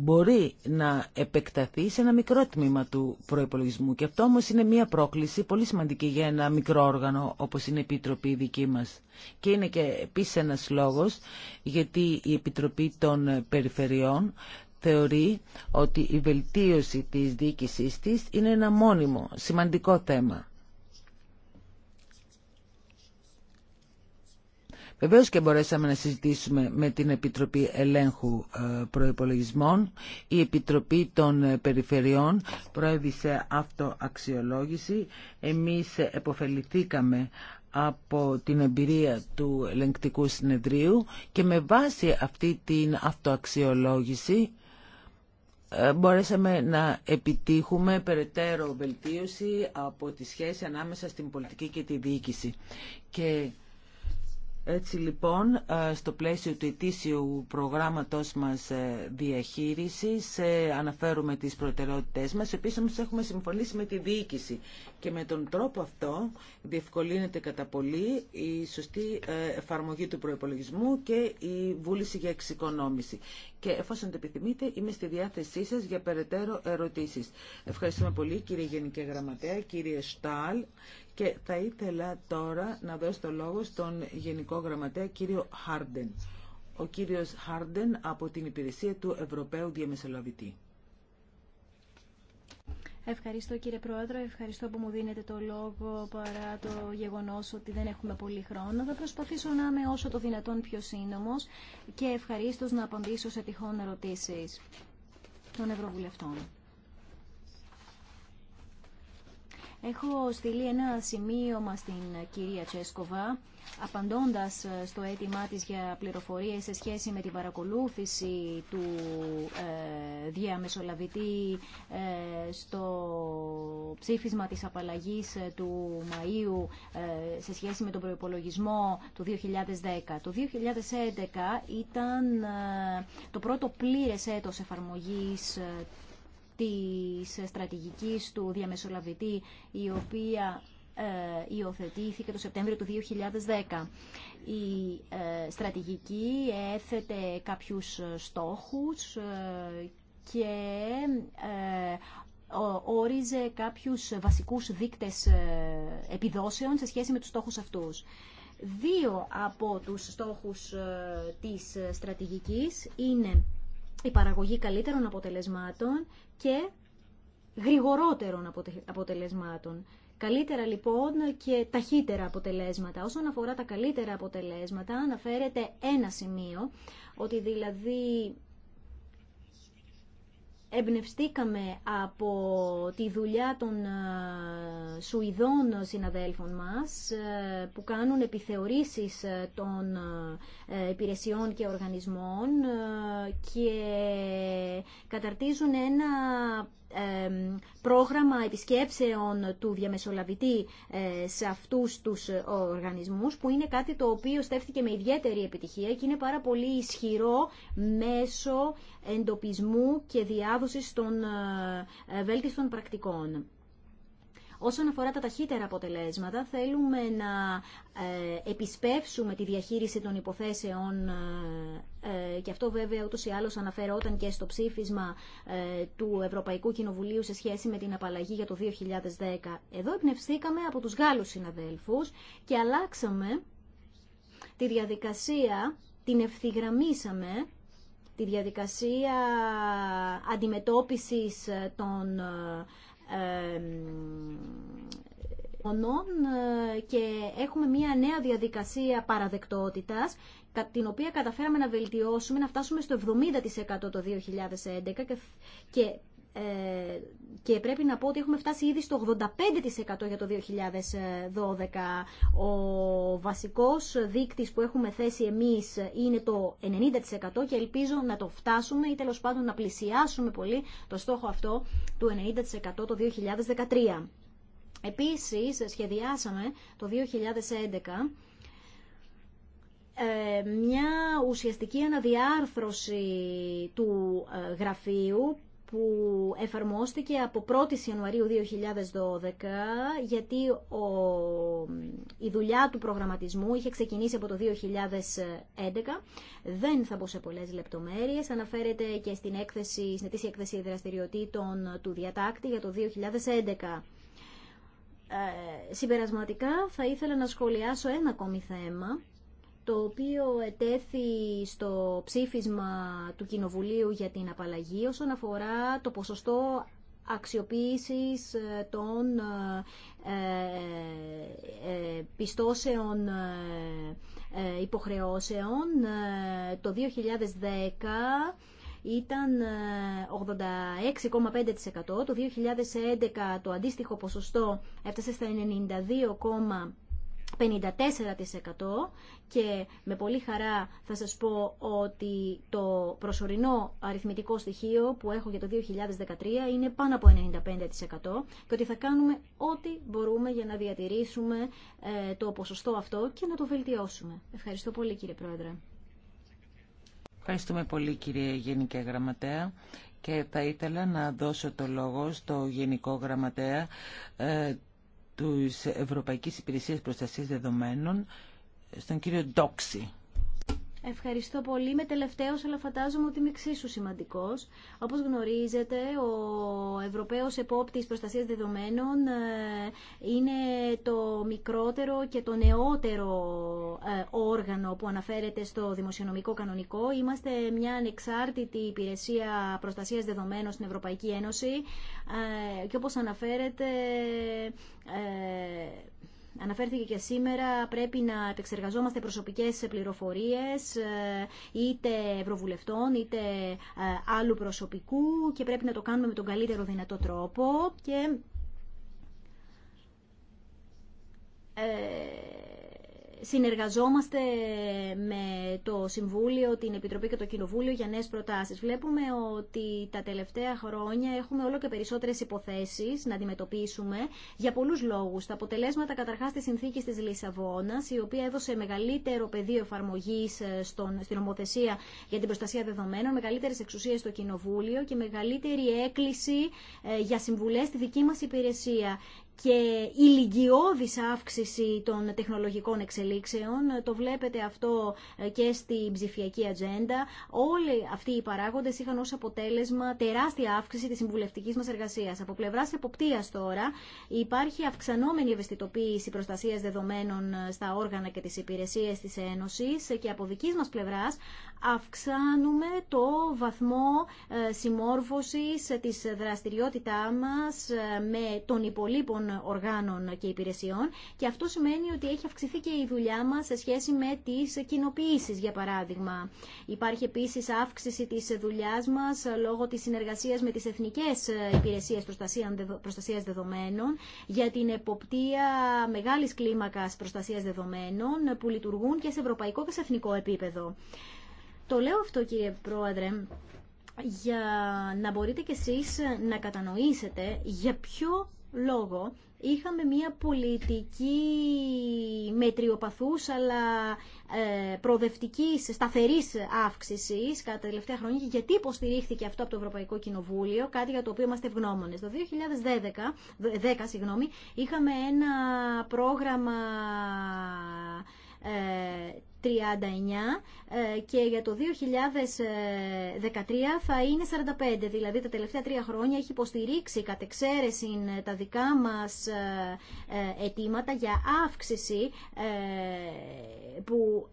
μπορεί να επεκταθεί σε ένα μικρό τμήμα του προϋπολογισμού. Και αυτό όμως είναι μια πρόκληση πολύ σημαντική για ένα μικρό όργανο όπως είναι η Επιτροπή δική μας. Και είναι και επίσης ένας λόγος γιατί η Επιτροπή των Περιφερειών θεωρεί ότι η βελτίωση της διοίκησής της είναι ένα μόνιμο, σημαντικό θέμα. Βεβαίω και μπορέσαμε να συζητήσουμε με την Επιτροπή Ελέγχου ε, προπολογισμών, Η Επιτροπή των ε, Περιφερειών προέβησε αυτοαξιολόγηση. Εμεί επωφεληθήκαμε από την εμπειρία του ελεγκτικού συνεδρίου και με βάση αυτή την αυτοαξιολόγηση ε, μπορέσαμε να επιτύχουμε περαιτέρω βελτίωση από τη σχέση ανάμεσα στην πολιτική και τη διοίκηση. Και έτσι λοιπόν, ε, στο πλαίσιο του ετήσιου προγράμματος μας ε, διαχείρισης ε, αναφέρουμε τις προτεραιότητές μας. Επίσης έχουμε συμφωνήσει με τη διοίκηση και με τον τρόπο αυτό διευκολύνεται κατά πολύ η σωστή εφαρμογή του προϋπολογισμού και η βούληση για εξοικονόμηση. Και εφόσον το επιθυμείτε, είμαι στη διάθεσή σας για περαιτέρω ερωτήσεις. Ευχαριστούμε πολύ κύριε Γενική Γραμματέα, κύριε Στάλ και θα ήθελα τώρα να δώσω το λόγο στον Γενικό Γραμματέα κύριο Χάρντεν. Ο κύριος Χάρντεν από την υπηρεσία του Ευρωπαίου Διαμεσολαβητή. Ευχαριστώ κύριε Πρόεδρο, ευχαριστώ που μου δίνετε το λόγο παρά το γεγονός ότι δεν έχουμε πολύ χρόνο. Θα προσπαθήσω να είμαι όσο το δυνατόν πιο σύντομος και ευχαριστώ να απαντήσω σε τυχόν ερωτήσεις των Ευρωβουλευτών. Έχω στείλει ένα σημείωμα στην κυρία Τσέσκοβα απαντώντας ε, στο αίτημά της για πληροφορίες σε σχέση με την παρακολούθηση του ε, διαμεσολαβητή ε, στο ψήφισμα της απαλλαγής του Μαΐου σε σχέση με τον προϋπολογισμό του 2010. Το 2011 ήταν το πρώτο πλήρες έτος εφαρμογής της στρατηγικής του διαμεσολαβητή η οποία ε, υιοθετήθηκε το Σεπτέμβριο του 2010. Η ε, στρατηγική έθετε κάποιους στόχους ε, και όριζε κάποιους βασικούς δείκτες επιδόσεων σε σχέση με τους στόχους αυτούς. Δύο από τους στόχους της στρατηγικής είναι η παραγωγή καλύτερων αποτελεσμάτων και γρηγορότερων αποτελεσμάτων. Καλύτερα λοιπόν και ταχύτερα αποτελέσματα. Όσον αφορά τα καλύτερα αποτελέσματα αναφέρεται ένα σημείο, ότι δηλαδή εμπνευστήκαμε από τη δουλειά των ε, Σουηδών συναδέλφων μας ε, που κάνουν επιθεωρήσεις ε, των υπηρεσιών και οργανισμών και καταρτίζουν ένα πρόγραμμα επισκέψεων του διαμεσολαβητή ε, σε αυτούς τους οργανισμούς που είναι κάτι το οποίο στέφθηκε με ιδιαίτερη επιτυχία και είναι πάρα πολύ ισχυρό μέσω εντοπισμού και διάδοσης των ε, βέλτιστων πρακτικών. Όσον αφορά τα ταχύτερα αποτελέσματα, θέλουμε να ε, επισπεύσουμε τη διαχείριση των υποθέσεων ε, ε, και αυτό βέβαια ούτως ή άλλως αναφερόταν και στο ψήφισμα του Ευρωπαϊκού Κοινοβουλίου σε σχέση με την απαλλαγή για το 2010. Εδώ εμπνευστήκαμε από τους Γάλλους συναδέλφους και αλλάξαμε τη διαδικασία, την ευθυγραμμίσαμε τη διαδικασία αντιμετώπισης των ε, και έχουμε μια νέα διαδικασία παραδεκτότητας την οποία καταφέραμε να βελτιώσουμε, να φτάσουμε στο 70% το 2011 και ε, και πρέπει να πω ότι έχουμε φτάσει ήδη στο 85% για το 2012. Ο βασικός δείκτης που έχουμε θέσει εμείς είναι το 90% και ελπίζω να το φτάσουμε ή τέλος πάντων να πλησιάσουμε πολύ το στόχο αυτό του 90% το 2013. Επίσης, σχεδιάσαμε το 2011 ε, μια ουσιαστική αναδιάρθρωση του ε, γραφείου που εφαρμόστηκε από 1η Ιανουαρίου 2012 γιατί ο, η δουλειά του προγραμματισμού είχε ξεκινήσει από το 2011. Δεν θα πω σε πολλές λεπτομέρειες. Αναφέρεται και στην έκθεση, στην έκθεση δραστηριοτήτων του διατάκτη για το 2011. Ε, συμπερασματικά θα ήθελα να σχολιάσω ένα ακόμη θέμα το οποίο ετέθη στο ψήφισμα του Κοινοβουλίου για την απαλλαγή όσον αφορά το ποσοστό αξιοποίησης ε, των ε, ε, πιστώσεων υποχρεώσεων. Το 2010 ήταν 86,5%. Το 2011 το αντίστοιχο ποσοστό έφτασε στα 92,5%. 54% και με πολύ χαρά θα σας πω ότι το προσωρινό αριθμητικό στοιχείο που έχω για το 2013 είναι πάνω από 95% και ότι θα κάνουμε ό,τι μπορούμε για να διατηρήσουμε ε, το ποσοστό αυτό και να το βελτιώσουμε. Ευχαριστώ πολύ κύριε Πρόεδρε. Ευχαριστούμε πολύ κύριε Γενική Γραμματέα και θα ήθελα να δώσω το λόγο στο Γενικό Γραμματέα ε, της Ευρωπαϊκής Υπηρεσίας Προστασίας Δεδομένων, στον κύριο Ντόξη. Ευχαριστώ πολύ. Είμαι τελευταίο αλλά φαντάζομαι ότι είμαι εξίσου σημαντικός. Όπως γνωρίζετε, ο Ευρωπαίος Επόπτης Προστασίας Δεδομένων ε, είναι το μικρότερο και το νεότερο ε, όργανο που αναφέρεται στο δημοσιονομικό κανονικό. Είμαστε μια ανεξάρτητη υπηρεσία προστασίας δεδομένων στην Ευρωπαϊκή Ένωση ε, και όπως αναφέρεται Αναφέρθηκε και σήμερα πρέπει να επεξεργαζόμαστε προσωπικές πληροφορίες ε, είτε ευρωβουλευτών είτε ε, άλλου προσωπικού και πρέπει να το κάνουμε με τον καλύτερο δυνατό τρόπο και ε, συνεργαζόμαστε με το Συμβούλιο, την Επιτροπή και το Κοινοβούλιο για νέες προτάσεις. Βλέπουμε ότι τα τελευταία χρόνια έχουμε όλο και περισσότερες υποθέσεις να αντιμετωπίσουμε για πολλούς λόγους. Τα αποτελέσματα καταρχάς της συνθήκης της Λισαβόνας, η οποία έδωσε μεγαλύτερο πεδίο εφαρμογής ε, στην ομοθεσία για την προστασία δεδομένων, μεγαλύτερες εξουσίες στο Κοινοβούλιο και μεγαλύτερη έκκληση ε, για συμβουλές στη δική μας υπηρεσία και ηλικιώδης αύξηση των τεχνολογικών εξελίξεων. Το βλέπετε αυτό ε, και στην ψηφιακή ατζέντα. Όλοι αυτοί οι παράγοντες είχαν ως αποτέλεσμα τεράστια αύξηση της συμβουλευτικής μας εργασίας. Από πλευράς εποπτείας τώρα υπάρχει αυξανόμενη ευαισθητοποίηση προστασίας δεδομένων ε, στα όργανα και τις υπηρεσίες της Ένωσης και από δικής μας πλευράς αυξάνουμε το βαθμό ε, συμμόρφωσης της δραστηριότητά μας με τον υπολείπον οργάνων και υπηρεσιών και αυτό σημαίνει ότι έχει αυξηθεί και η δουλειά μας σε σχέση με τις κοινοποιήσει, για παράδειγμα. Υπάρχει επίσης αύξηση της δουλειά μας λόγω της συνεργασίας με τις Εθνικές Υπηρεσίες Προστασίας Δεδομένων για την εποπτεία μεγάλης κλίμακας προστασίας δεδομένων που λειτουργούν και σε ευρωπαϊκό και σε εθνικό επίπεδο. Το λέω αυτό κύριε Πρόεδρε για να μπορείτε κι εσείς να κατανοήσετε για ποιο λόγο είχαμε μια πολιτική μετριοπαθούς αλλά ε, προοδευτικής σταθερής αύξησης κατά τα τελευταία χρόνια γιατί υποστηρίχθηκε αυτό από το Ευρωπαϊκό Κοινοβούλιο κάτι για το οποίο είμαστε ευγνώμονες. Το 2010 10, συγγνώμη, είχαμε ένα πρόγραμμα 39 ε, και για το 2013 ε, θα είναι 45. Δηλαδή τα τελευταία τρία χρόνια έχει υποστηρίξει κατ' εξαίρεση ε, τα δικά μας αιτήματα για αύξηση που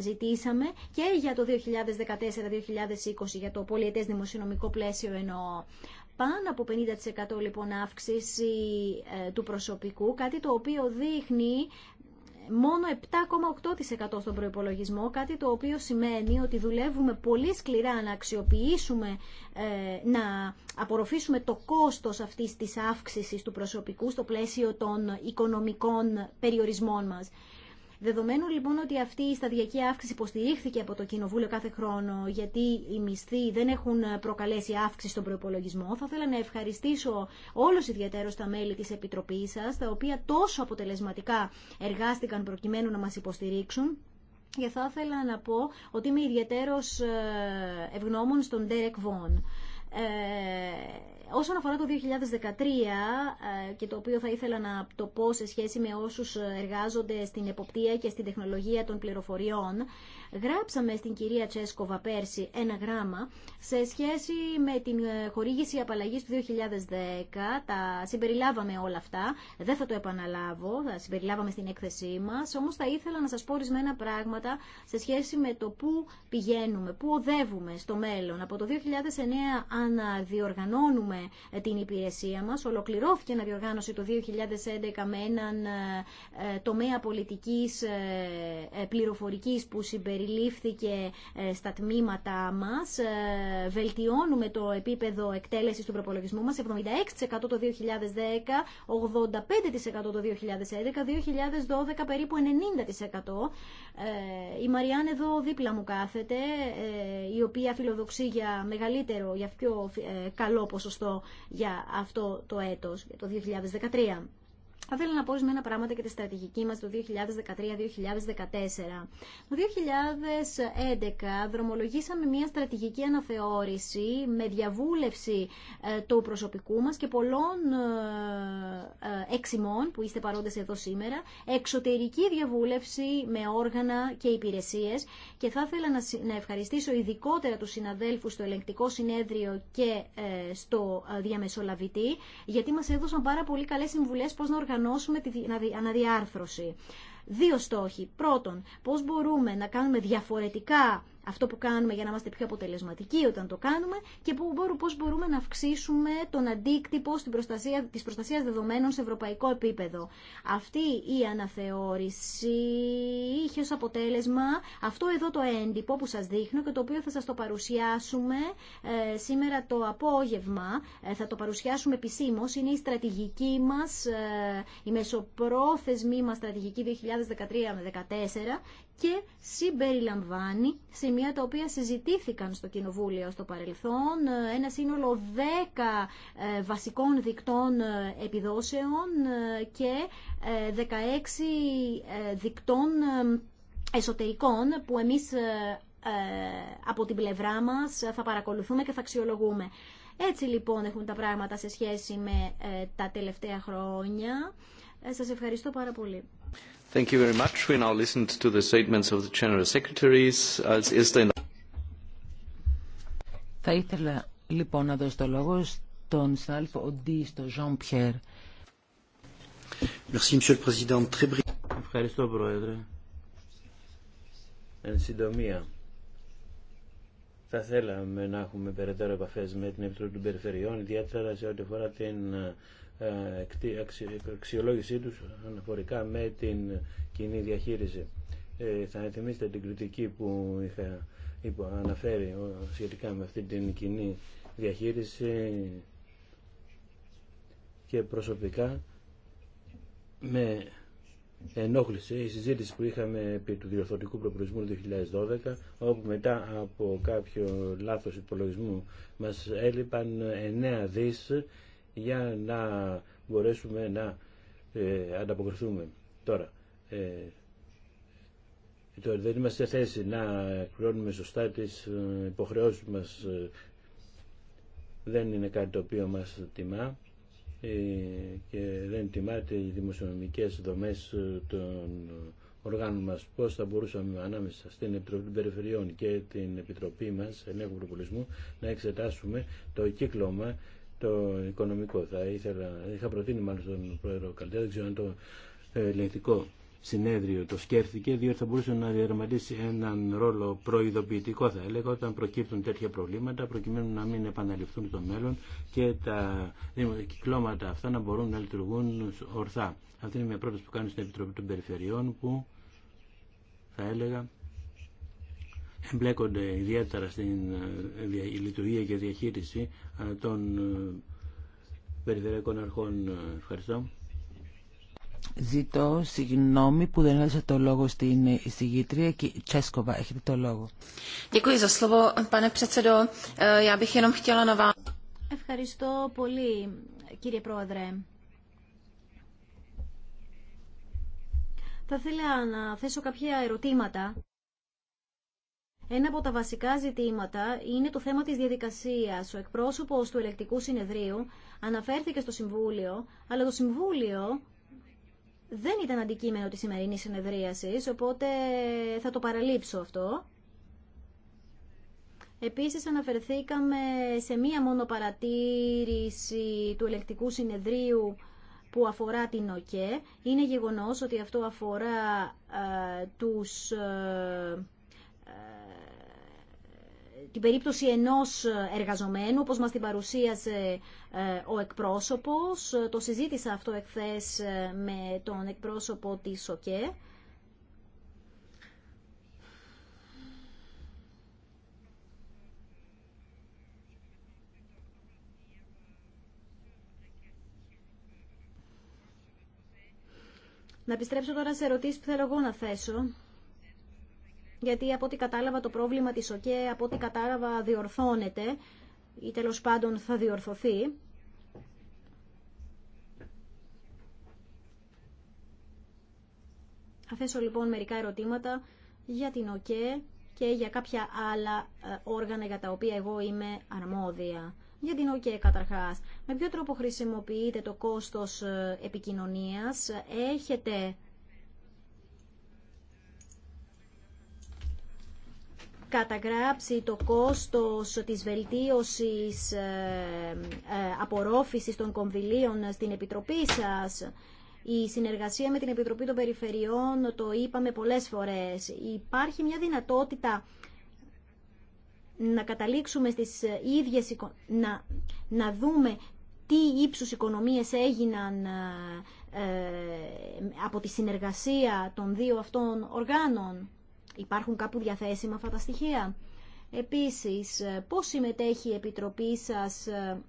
ζητήσαμε και για το 2014-2020 για το πολιετές δημοσιονομικό πλαίσιο εννοώ πάνω από 50% λοιπόν αύξηση του προσωπικού, κάτι το οποίο δείχνει μόνο 7,8% στον προϋπολογισμό, κάτι το οποίο σημαίνει ότι δουλεύουμε πολύ σκληρά να αξιοποιήσουμε, ε, να απορροφήσουμε το κόστος αυτής της αύξησης του προσωπικού στο πλαίσιο των οικονομικών περιορισμών μας. Δεδομένου λοιπόν ότι αυτή η σταδιακή αύξηση υποστηρίχθηκε από το Κοινοβούλιο κάθε χρόνο, γιατί οι μισθοί δεν έχουν προκαλέσει αύξηση στον προπολογισμό, θα ήθελα να ευχαριστήσω όλου ιδιαίτερω τα μέλη τη Επιτροπή σα, τα οποία τόσο αποτελεσματικά εργάστηκαν προκειμένου να μα υποστηρίξουν. Και θα ήθελα να πω ότι είμαι ιδιαίτερο ε, ευγνώμων στον Derek Βόν. Όσον αφορά το 2013 ε, και το οποίο θα ήθελα να το πω σε σχέση με όσους εργάζονται στην εποπτεία και στην τεχνολογία των πληροφοριών, γράψαμε στην κυρία Τσέσκοβα πέρσι ένα γράμμα σε σχέση με την ε, χορήγηση απαλλαγής του 2010. Τα συμπεριλάβαμε όλα αυτά. Δεν θα το επαναλάβω, θα συμπεριλάβαμε στην έκθεσή μας. Όμως θα ήθελα να σας πω ορισμένα πράγματα σε σχέση με το πού πηγαίνουμε, πού οδεύουμε στο μέλλον. Από το 2009 αναδιοργανώνουμε την υπηρεσία μας. Ολοκληρώθηκε να διοργάνωση το 2011 με έναν ε, ε, τομέα πολιτικής ε, πληροφορικής που συμπεριλήφθηκε στα τμήματα μας. Βελτιώνουμε το επίπεδο εκτέλεσης του προπολογισμού μας 76% το 2010, 85% το 2011, 2012 περίπου 90%. Η Μαριάν εδώ δίπλα μου κάθεται, η οποία φιλοδοξεί για μεγαλύτερο, για πιο καλό ποσοστό για αυτό το έτος, για το 2013. Θα ήθελα να πω ένα πράγματα και τη στρατηγική μας το 2013-2014. Το 2011 δρομολογήσαμε μια στρατηγική αναθεώρηση με διαβούλευση ε, του προσωπικού μας και πολλών ε, ε, εξημών που είστε παρόντες εδώ σήμερα, εξωτερική διαβούλευση με όργανα και υπηρεσίες και θα ήθελα να ευχαριστήσω ειδικότερα τους συναδέλφους στο ελεγκτικό συνέδριο και στο διαμεσολαβητή γιατί μας έδωσαν πάρα πολύ καλές συμβουλές πώς να οργανώσουμε οργανώσουμε την αναδιάρθρωση. Δύο στόχοι. Πρώτον, πώς μπορούμε να κάνουμε διαφορετικά αυτό που κάνουμε για να είμαστε πιο αποτελεσματικοί όταν το κάνουμε και που μπορούμε, πώς μπορούμε να αυξήσουμε τον αντίκτυπο στην προστασία, της προστασίας δεδομένων σε ευρωπαϊκό επίπεδο. Αυτή η αναθεώρηση είχε ως αποτέλεσμα αυτό εδώ το έντυπο που σας δείχνω και το οποίο θα σας το παρουσιάσουμε ε, σήμερα το απόγευμα. Ε, θα το παρουσιάσουμε επισήμω. Είναι η στρατηγική μας, ε, η μεσοπρόθεσμή μας στρατηγική 2013 με 2014 και συμπεριλαμβάνει σημεία τα οποία συζητήθηκαν στο Κοινοβούλιο στο παρελθόν, ε, ένα σύνολο 10 ε, βασικών δικτών ε, επιδόσεων και 16 δικτών εσωτερικών που εμείς από την πλευρά μας θα παρακολουθούμε και θα αξιολογούμε. Έτσι λοιπόν έχουν τα πράγματα σε σχέση με τα τελευταία χρόνια. Σας ευχαριστώ πάρα πολύ. Thank you very much. We now listened to the statements of the General Secretaries. Θα ήθελα λοιπόν να δώσω το λόγο στον συνάδελφο Οντί, στον Ζαν Πιέρ. Ευχαριστώ, Πρόεδρε. Εν συντομία, θα θέλαμε να έχουμε περαιτέρω επαφές με την Επιτροπή των Περιφερειών, ιδιαίτερα σε ό,τι αφορά την ε, αξιολόγησή τους αναφορικά με την κοινή διαχείριση. Ε, θα θυμίσετε την κριτική που είχα που αναφέρει σχετικά με αυτή την κοινή διαχείριση και προσωπικά με ενόχληση η συζήτηση που είχαμε επί του διορθωτικού προπορισμού 2012 όπου μετά από κάποιο λάθος υπολογισμού μας έλειπαν 9 δις για να μπορέσουμε να ε, ανταποκριθούμε. Τώρα, ε, δεν είμαστε σε θέση να εκπληρώνουμε σωστά τις ε, υποχρεώσεις μας. Ε, δεν είναι κάτι το οποίο μας τιμά και δεν τιμάται οι δημοσιονομικές δομές των οργάνων μας. Πώς θα μπορούσαμε ανάμεσα στην Επιτροπή Περιφερειών και την Επιτροπή μας Ενέργου Προπολισμού να εξετάσουμε το κύκλωμα το οικονομικό. Θα ήθελα, είχα προτείνει μάλλον στον Πρόεδρο Καλτέρα, δεν ξέρω αν το ε, ελεγχτικό συνέδριο το σκέφτηκε, διότι θα μπορούσε να διαρματίσει έναν ρόλο προειδοποιητικό, θα έλεγα, όταν προκύπτουν τέτοια προβλήματα, προκειμένου να μην επαναληφθούν στο μέλλον και τα κυκλώματα αυτά να μπορούν να λειτουργούν ορθά. Αυτή είναι μια πρόταση που κάνω στην Επιτροπή των Περιφερειών, που θα έλεγα εμπλέκονται ιδιαίτερα στην ε, λειτουργία και διαχείριση ε, των ε, περιφερειακών αρχών. Ευχαριστώ. Ζητώ συγγνώμη που δεν έδωσα το λόγο στην εισηγήτρια και Τσέσκοβα, έχετε το λόγο. E, ευχαριστώ πολύ, κύριε Πρόεδρε. Θα ήθελα να θέσω κάποια ερωτήματα. Ένα από τα βασικά ζητήματα είναι το θέμα της διαδικασίας. Ο εκπρόσωπος του ελεκτικού συνεδρίου αναφέρθηκε στο Συμβούλιο, αλλά το Συμβούλιο δεν ήταν αντικείμενο της σημερινής συνεδρίασης, οπότε θα το παραλείψω αυτό. Επίσης αναφερθήκαμε σε μία μόνο παρατήρηση του ελεκτικού συνεδρίου που αφορά την ΟΚΕ. Είναι γεγονός ότι αυτό αφορά ε, τους... Ε, την περίπτωση ενός ε, εργαζομένου, όπως μας την παρουσίασε ε, ο εκπρόσωπος. Ε, το συζήτησα αυτό εχθές με τον εκπρόσωπο της ΟΚΕ. Να επιστρέψω τώρα σε ερωτήσεις που θέλω εγώ να θέσω γιατί από ό,τι κατάλαβα το πρόβλημα της ΟΚΕ, από ό,τι κατάλαβα διορθώνεται ή τέλος πάντων θα διορθωθεί. Θα λοιπόν μερικά ερωτήματα για την ΟΚΕ και για κάποια άλλα ε, όργανα για τα οποία εγώ είμαι αρμόδια. Για την ΟΚΕ καταρχάς. Με ποιο τρόπο χρησιμοποιείτε το κόστος ε, επικοινωνίας. Έχετε καταγράψει το κόστος της βελτίωσης ε, ε, απορρόφησης των κομβιλίων στην Επιτροπή σας. Η συνεργασία με την Επιτροπή των Περιφερειών το είπαμε πολλές φορές. Υπάρχει μια δυνατότητα να καταλήξουμε στις ε, ίδιες, να, να δούμε τι ύψους οικονομίες έγιναν από τη συνεργασία των δύο αυτών οργάνων. Υπάρχουν κάπου διαθέσιμα αυτά τα στοιχεία. Επίσης, ε, πώς συμμετέχει η Επιτροπή σας ε,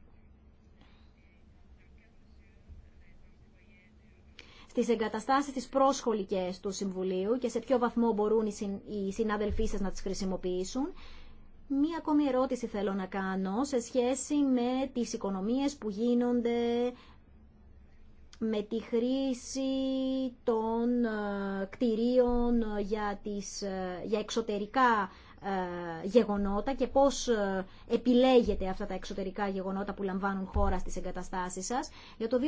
στις εγκαταστάσεις της πρόσχολικες του Συμβουλίου και σε ποιο βαθμό μπορούν οι συνάδελφοί σας να τις χρησιμοποιήσουν. Μία ακόμη ερώτηση θέλω να κάνω σε σχέση με τις οικονομίες που γίνονται με τη χρήση των ε, κτηρίων ε, για, τις, ε, για εξωτερικά γεγονότα και πώς επιλέγετε αυτά τα εξωτερικά γεγονότα που λαμβάνουν χώρα στις εγκαταστάσεις σας. Για το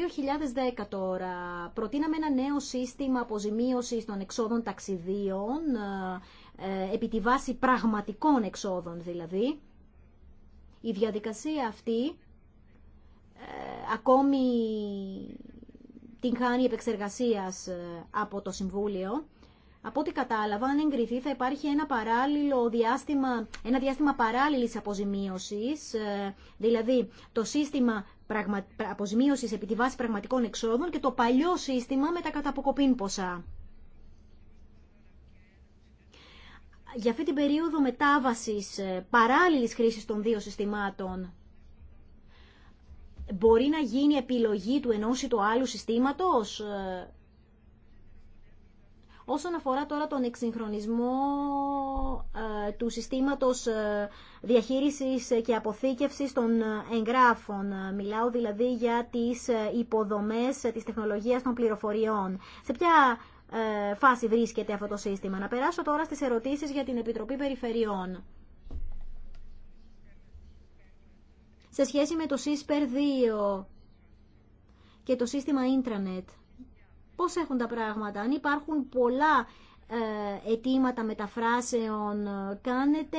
2010 τώρα προτείναμε ένα νέο σύστημα αποζημίωσης των εξόδων ταξιδίων επί τη βάση πραγματικών εξόδων δηλαδή. Η διαδικασία αυτή ακόμη την χάνει επεξεργασία ε, από το Συμβούλιο. Από ό,τι κατάλαβα, αν εγκριθεί θα υπάρχει ένα παράλληλο διάστημα, ένα διάστημα παράλληλης αποζημίωσης, ε, δηλαδή το σύστημα πραγμα... αποζημίωσης επί τη βάση πραγματικών εξόδων και το παλιό σύστημα με τα καταποκοπήν ποσά. Για αυτή την περίοδο μετάβασης ε, παράλληλης χρήσης των δύο συστημάτων μπορεί να γίνει επιλογή του ενός ή του άλλου συστήματος. Ε, όσον αφορά τώρα τον εξυγχρονισμό ε, του συστήματος ε, διαχείρισης και αποθήκευσης των εγγράφων, μιλάω δηλαδή για τις υποδομές της τεχνολογίας των πληροφοριών. Σε ποια φάση βρίσκεται αυτό το σύστημα. Να περάσω τώρα στις ερωτήσεις για την Επιτροπή Περιφερειών. σε σχέση με το CISPER 2 και το σύστημα ίντρανετ. Πώς έχουν τα πράγματα, αν υπάρχουν πολλά ε, αιτήματα μεταφράσεων, κάνετε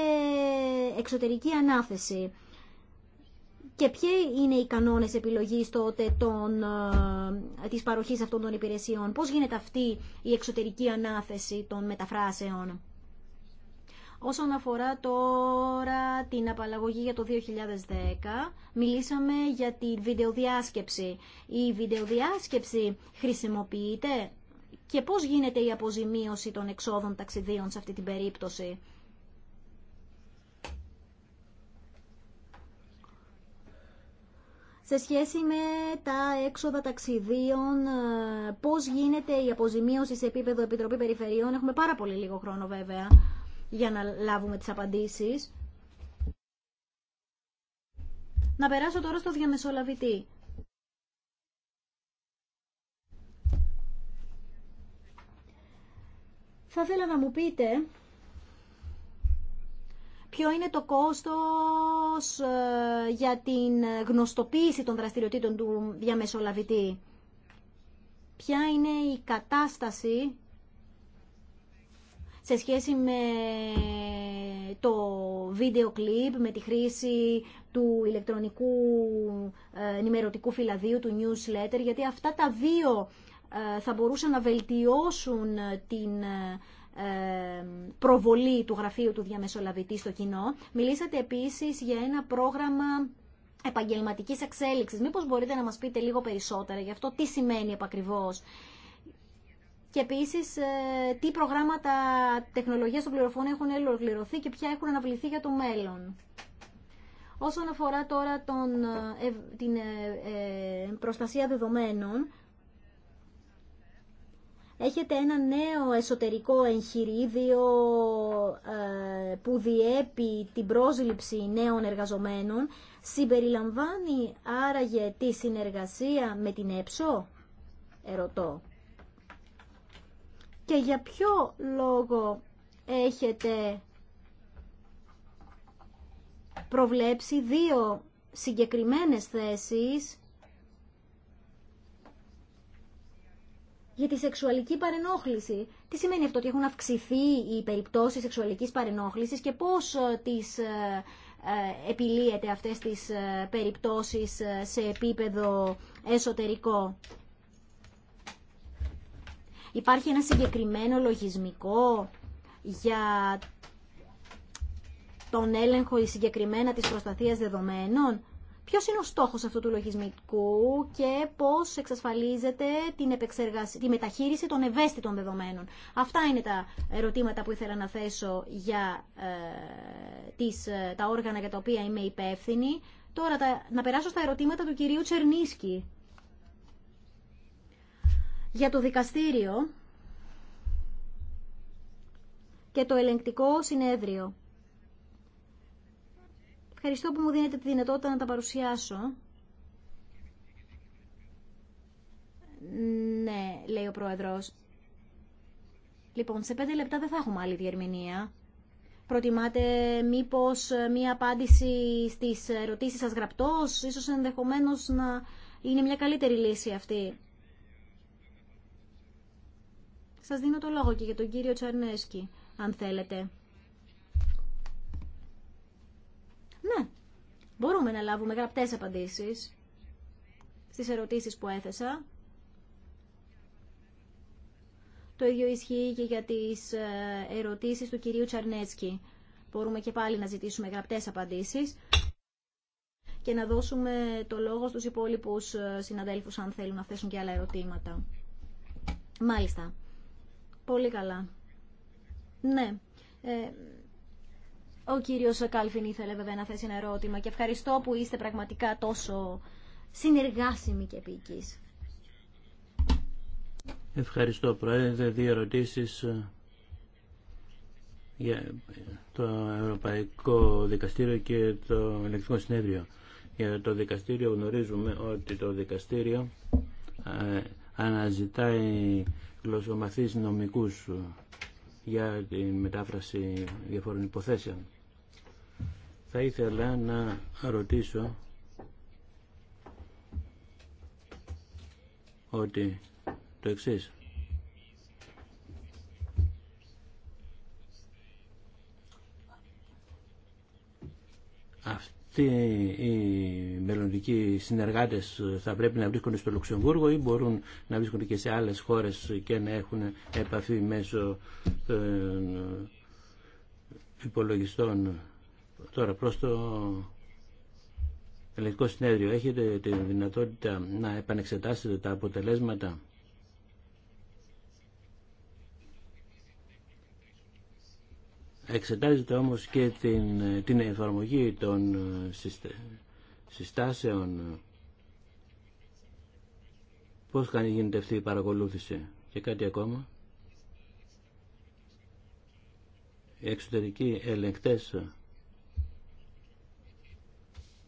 εξωτερική ανάθεση. Και ποιοι είναι οι κανόνες επιλογής τότε των, ε, της παροχής αυτών των υπηρεσιών. Πώς γίνεται αυτή η εξωτερική ανάθεση των μεταφράσεων. Όσον αφορά τώρα την απαλλαγωγή για το 2010, μιλήσαμε για τη βιντεοδιάσκεψη. Η βιντεοδιάσκεψη χρησιμοποιείται και πώς γίνεται η αποζημίωση των εξόδων ταξιδίων σε αυτή την περίπτωση. σε σχέση με τα έξοδα ταξιδίων, πώς γίνεται η αποζημίωση σε επίπεδο Επιτροπή Περιφερειών. Έχουμε πάρα πολύ λίγο χρόνο βέβαια για να λάβουμε τις απαντήσεις. Να περάσω τώρα στο διαμεσολαβητή. Θα ήθελα να μου πείτε ποιο είναι το κόστος ε, για την γνωστοποίηση των δραστηριοτήτων του διαμεσολαβητή. Ποια είναι η κατάσταση σε σχέση με το βίντεο κλιπ, με τη χρήση του ηλεκτρονικού ε, ενημερωτικού φυλαδίου, του newsletter, γιατί αυτά τα δύο ε, θα μπορούσαν να βελτιώσουν την ε, προβολή του γραφείου του διαμεσολαβητή στο κοινό. Μιλήσατε επίσης για ένα πρόγραμμα επαγγελματικής εξέλιξης. Μήπως μπορείτε να μας πείτε λίγο περισσότερα γι' αυτό τι σημαίνει επακριβώς και επίση ε, τι προγράμματα τεχνολογία των πληροφοριών έχουν ολοκληρωθεί και ποια έχουν αναβληθεί για το μέλλον. Όσον αφορά τώρα τον, ε, την ε, προστασία δεδομένων, έχετε ένα νέο εσωτερικό εγχειρίδιο που διέπει την πρόσληψη νέων εργαζομένων. Συμπεριλαμβάνει άραγε τη συνεργασία με την ΕΨΟ, ερωτώ και για ποιο λόγο έχετε προβλέψει δύο συγκεκριμένες θέσεις για τη σεξουαλική παρενόχληση. Τι σημαίνει αυτό, ότι έχουν αυξηθεί οι περιπτώσεις σεξουαλικής παρενόχλησης και πώς ε, τις ε, ε, επιλύεται αυτές τις περιπτώσεις σε επίπεδο εσωτερικό. Υπάρχει ένα συγκεκριμένο λογισμικό για τον έλεγχο ή συγκεκριμένα της προστασίας δεδομένων. Ποιος είναι ο στόχος αυτού του λογισμικού και πώς εξασφαλίζεται την επεξεργασία, τη μεταχείριση των ευαίσθητων δεδομένων. Αυτά είναι τα ερωτήματα που ήθελα να θέσω για ε, τις, ε, τα όργανα για τα οποία είμαι υπεύθυνη. Τώρα να περάσω στα ερωτήματα του κυρίου Τσερνίσκη για το δικαστήριο και το ελεγκτικό συνέδριο. Ευχαριστώ που μου δίνετε τη δυνατότητα να τα παρουσιάσω. Ναι, λέει ο πρόεδρος. Λοιπόν, σε πέντε λεπτά δεν θα έχουμε άλλη διερμηνία. Προτιμάτε μήπως μία απάντηση στις ερωτήσεις σας γραπτός, ίσως ενδεχομένως να είναι μια καλύτερη λύση αυτή. Σας δίνω το λόγο και για τον κύριο Τσαρνέσκι, αν θέλετε. Ναι, μπορούμε να λάβουμε γραπτές απαντήσεις στις ερωτήσεις που έθεσα. Το ίδιο ισχύει και για τις ε, ερωτήσεις του κυρίου Τσαρνέσκι. Μπορούμε και πάλι να ζητήσουμε γραπτές απαντήσεις και να δώσουμε το λόγο στους υπόλοιπους ε, συναδέλφους αν θέλουν να θέσουν και άλλα ερωτήματα. Μάλιστα. Πολύ καλά. Ναι. Ε, ο κύριος Κάλφιν ήθελε βέβαια να θέσει ένα ερώτημα και ευχαριστώ που είστε πραγματικά τόσο συνεργάσιμοι και επίκης. Ευχαριστώ Πρόεδρε. Δύο ερωτήσεις ε, για το Ευρωπαϊκό Δικαστήριο και το Ελεκτικό Συνέδριο. Για το δικαστήριο γνωρίζουμε ότι το δικαστήριο ε, αναζητάει γλωσσομαθείς νομικούς για τη μετάφραση διαφόρων υποθέσεων. Θα ήθελα να ρωτήσω ότι το εξής. Αυτή τι οι μελλοντικοί συνεργάτε θα πρέπει να βρίσκονται στο Λουξεμβούργο ή μπορούν να βρίσκονται και σε άλλες χώρες και να έχουν επαφή μέσω ε, υπολογιστών. Τώρα προς το ελεγχτικό συνέδριο έχετε τη δυνατότητα να επανεξετάσετε τα αποτελέσματα Εξετάζεται όμως και την, την εφαρμογή των ε, συστάσεων. Ε, πώς κάνει γίνεται αυτή η παρακολούθηση και κάτι ακόμα. Οι εξωτερικοί ελεγκτές ε,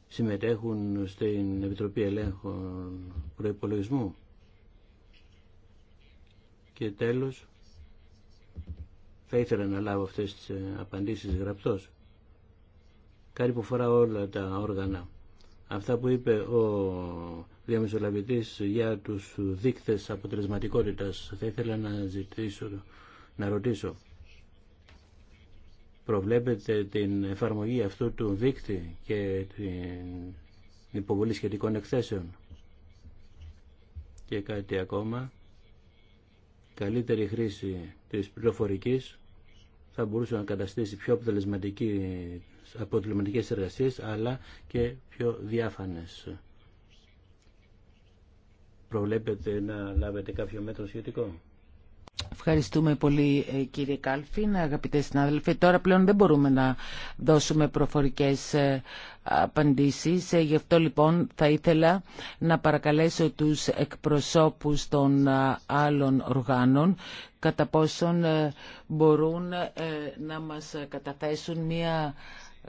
συμμετέχουν στην Επιτροπή Ελέγχων Προϋπολογισμού. Και τέλος, θα ήθελα να λάβω αυτές τις ε, απαντήσεις γραπτός. Κάτι που φορά όλα τα όργανα. Αυτά που είπε ο διαμεσολαβητής για τους δείκτες αποτελεσματικότητας θα ήθελα να ζητήσω, να ρωτήσω. Προβλέπετε την εφαρμογή αυτού του δείκτη και την υποβολή σχετικών εκθέσεων. Και κάτι ακόμα. Καλύτερη χρήση της πληροφορικής θα μπορούσε να καταστήσει πιο αποτελεσματικές εργασίες αλλά και πιο διάφανες. Προβλέπετε να λάβετε κάποιο μέτρο σχετικό. Ευχαριστούμε πολύ ε, κύριε Κάλφιν, αγαπητές συνάδελφοι. Τώρα πλέον δεν μπορούμε να δώσουμε προφορικές ε, απαντήσεις. Ε, γι' αυτό λοιπόν θα ήθελα να παρακαλέσω τους εκπροσώπους των άλλων οργάνων κατά πόσον μπορούν να μας καταθέσουν μία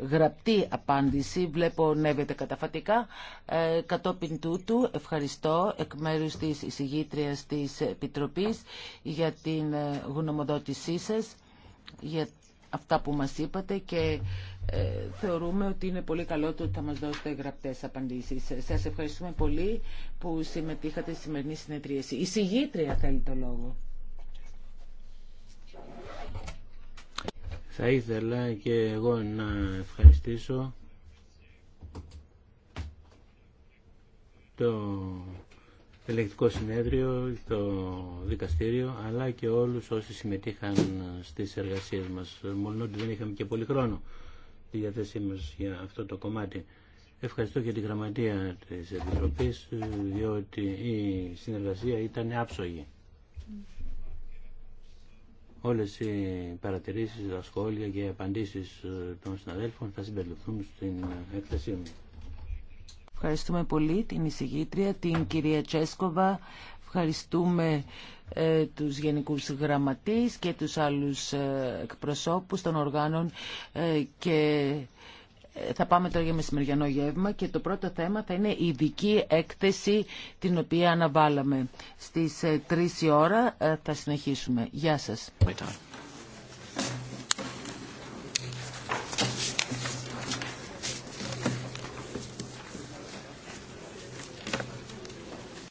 γραπτή απάντηση. Βλέπω νεύεται καταφατικά. Ε, κατόπιν τούτου ευχαριστώ εκ μέρους της εισηγήτριας της Επιτροπής για την ε, γνωμοδότησή σας, για αυτά που μας είπατε και ε, θεωρούμε ότι είναι πολύ καλό το ότι θα μας δώσετε γραπτές απαντήσεις. Σας ευχαριστούμε πολύ που συμμετείχατε στη σημερινή συνεδρίαση. Η συγγήτρια θέλει το λόγο. Θα ήθελα και εγώ να ευχαριστήσω το ηλεκτρικό συνέδριο, το δικαστήριο, αλλά και όλους όσοι συμμετείχαν στις εργασίες μας. Μόνο ότι δεν είχαμε και πολύ χρόνο τη διαθέσή μας για αυτό το κομμάτι. Ευχαριστώ και τη γραμματεία της Επιτροπής, διότι η συνεργασία ήταν άψογη όλες οι παρατηρήσεις, τα σχόλια και οι απαντήσεις ε, των συναδέλφων θα συμπεριληφθούν στην ε, έκθεσή μου. Ευχαριστούμε πολύ την εισηγήτρια, την κυρία Τσέσκοβα. Ευχαριστούμε ε, τους γενικούς γραμματείς και τους άλλους ε, εκπροσώπους των οργάνων ε, και θα πάμε τώρα για μεσημεριανό γεύμα και το πρώτο θέμα θα είναι η ειδική έκθεση την οποία αναβάλαμε. Στις 3 ε, η ώρα ε, θα συνεχίσουμε. Γεια σας.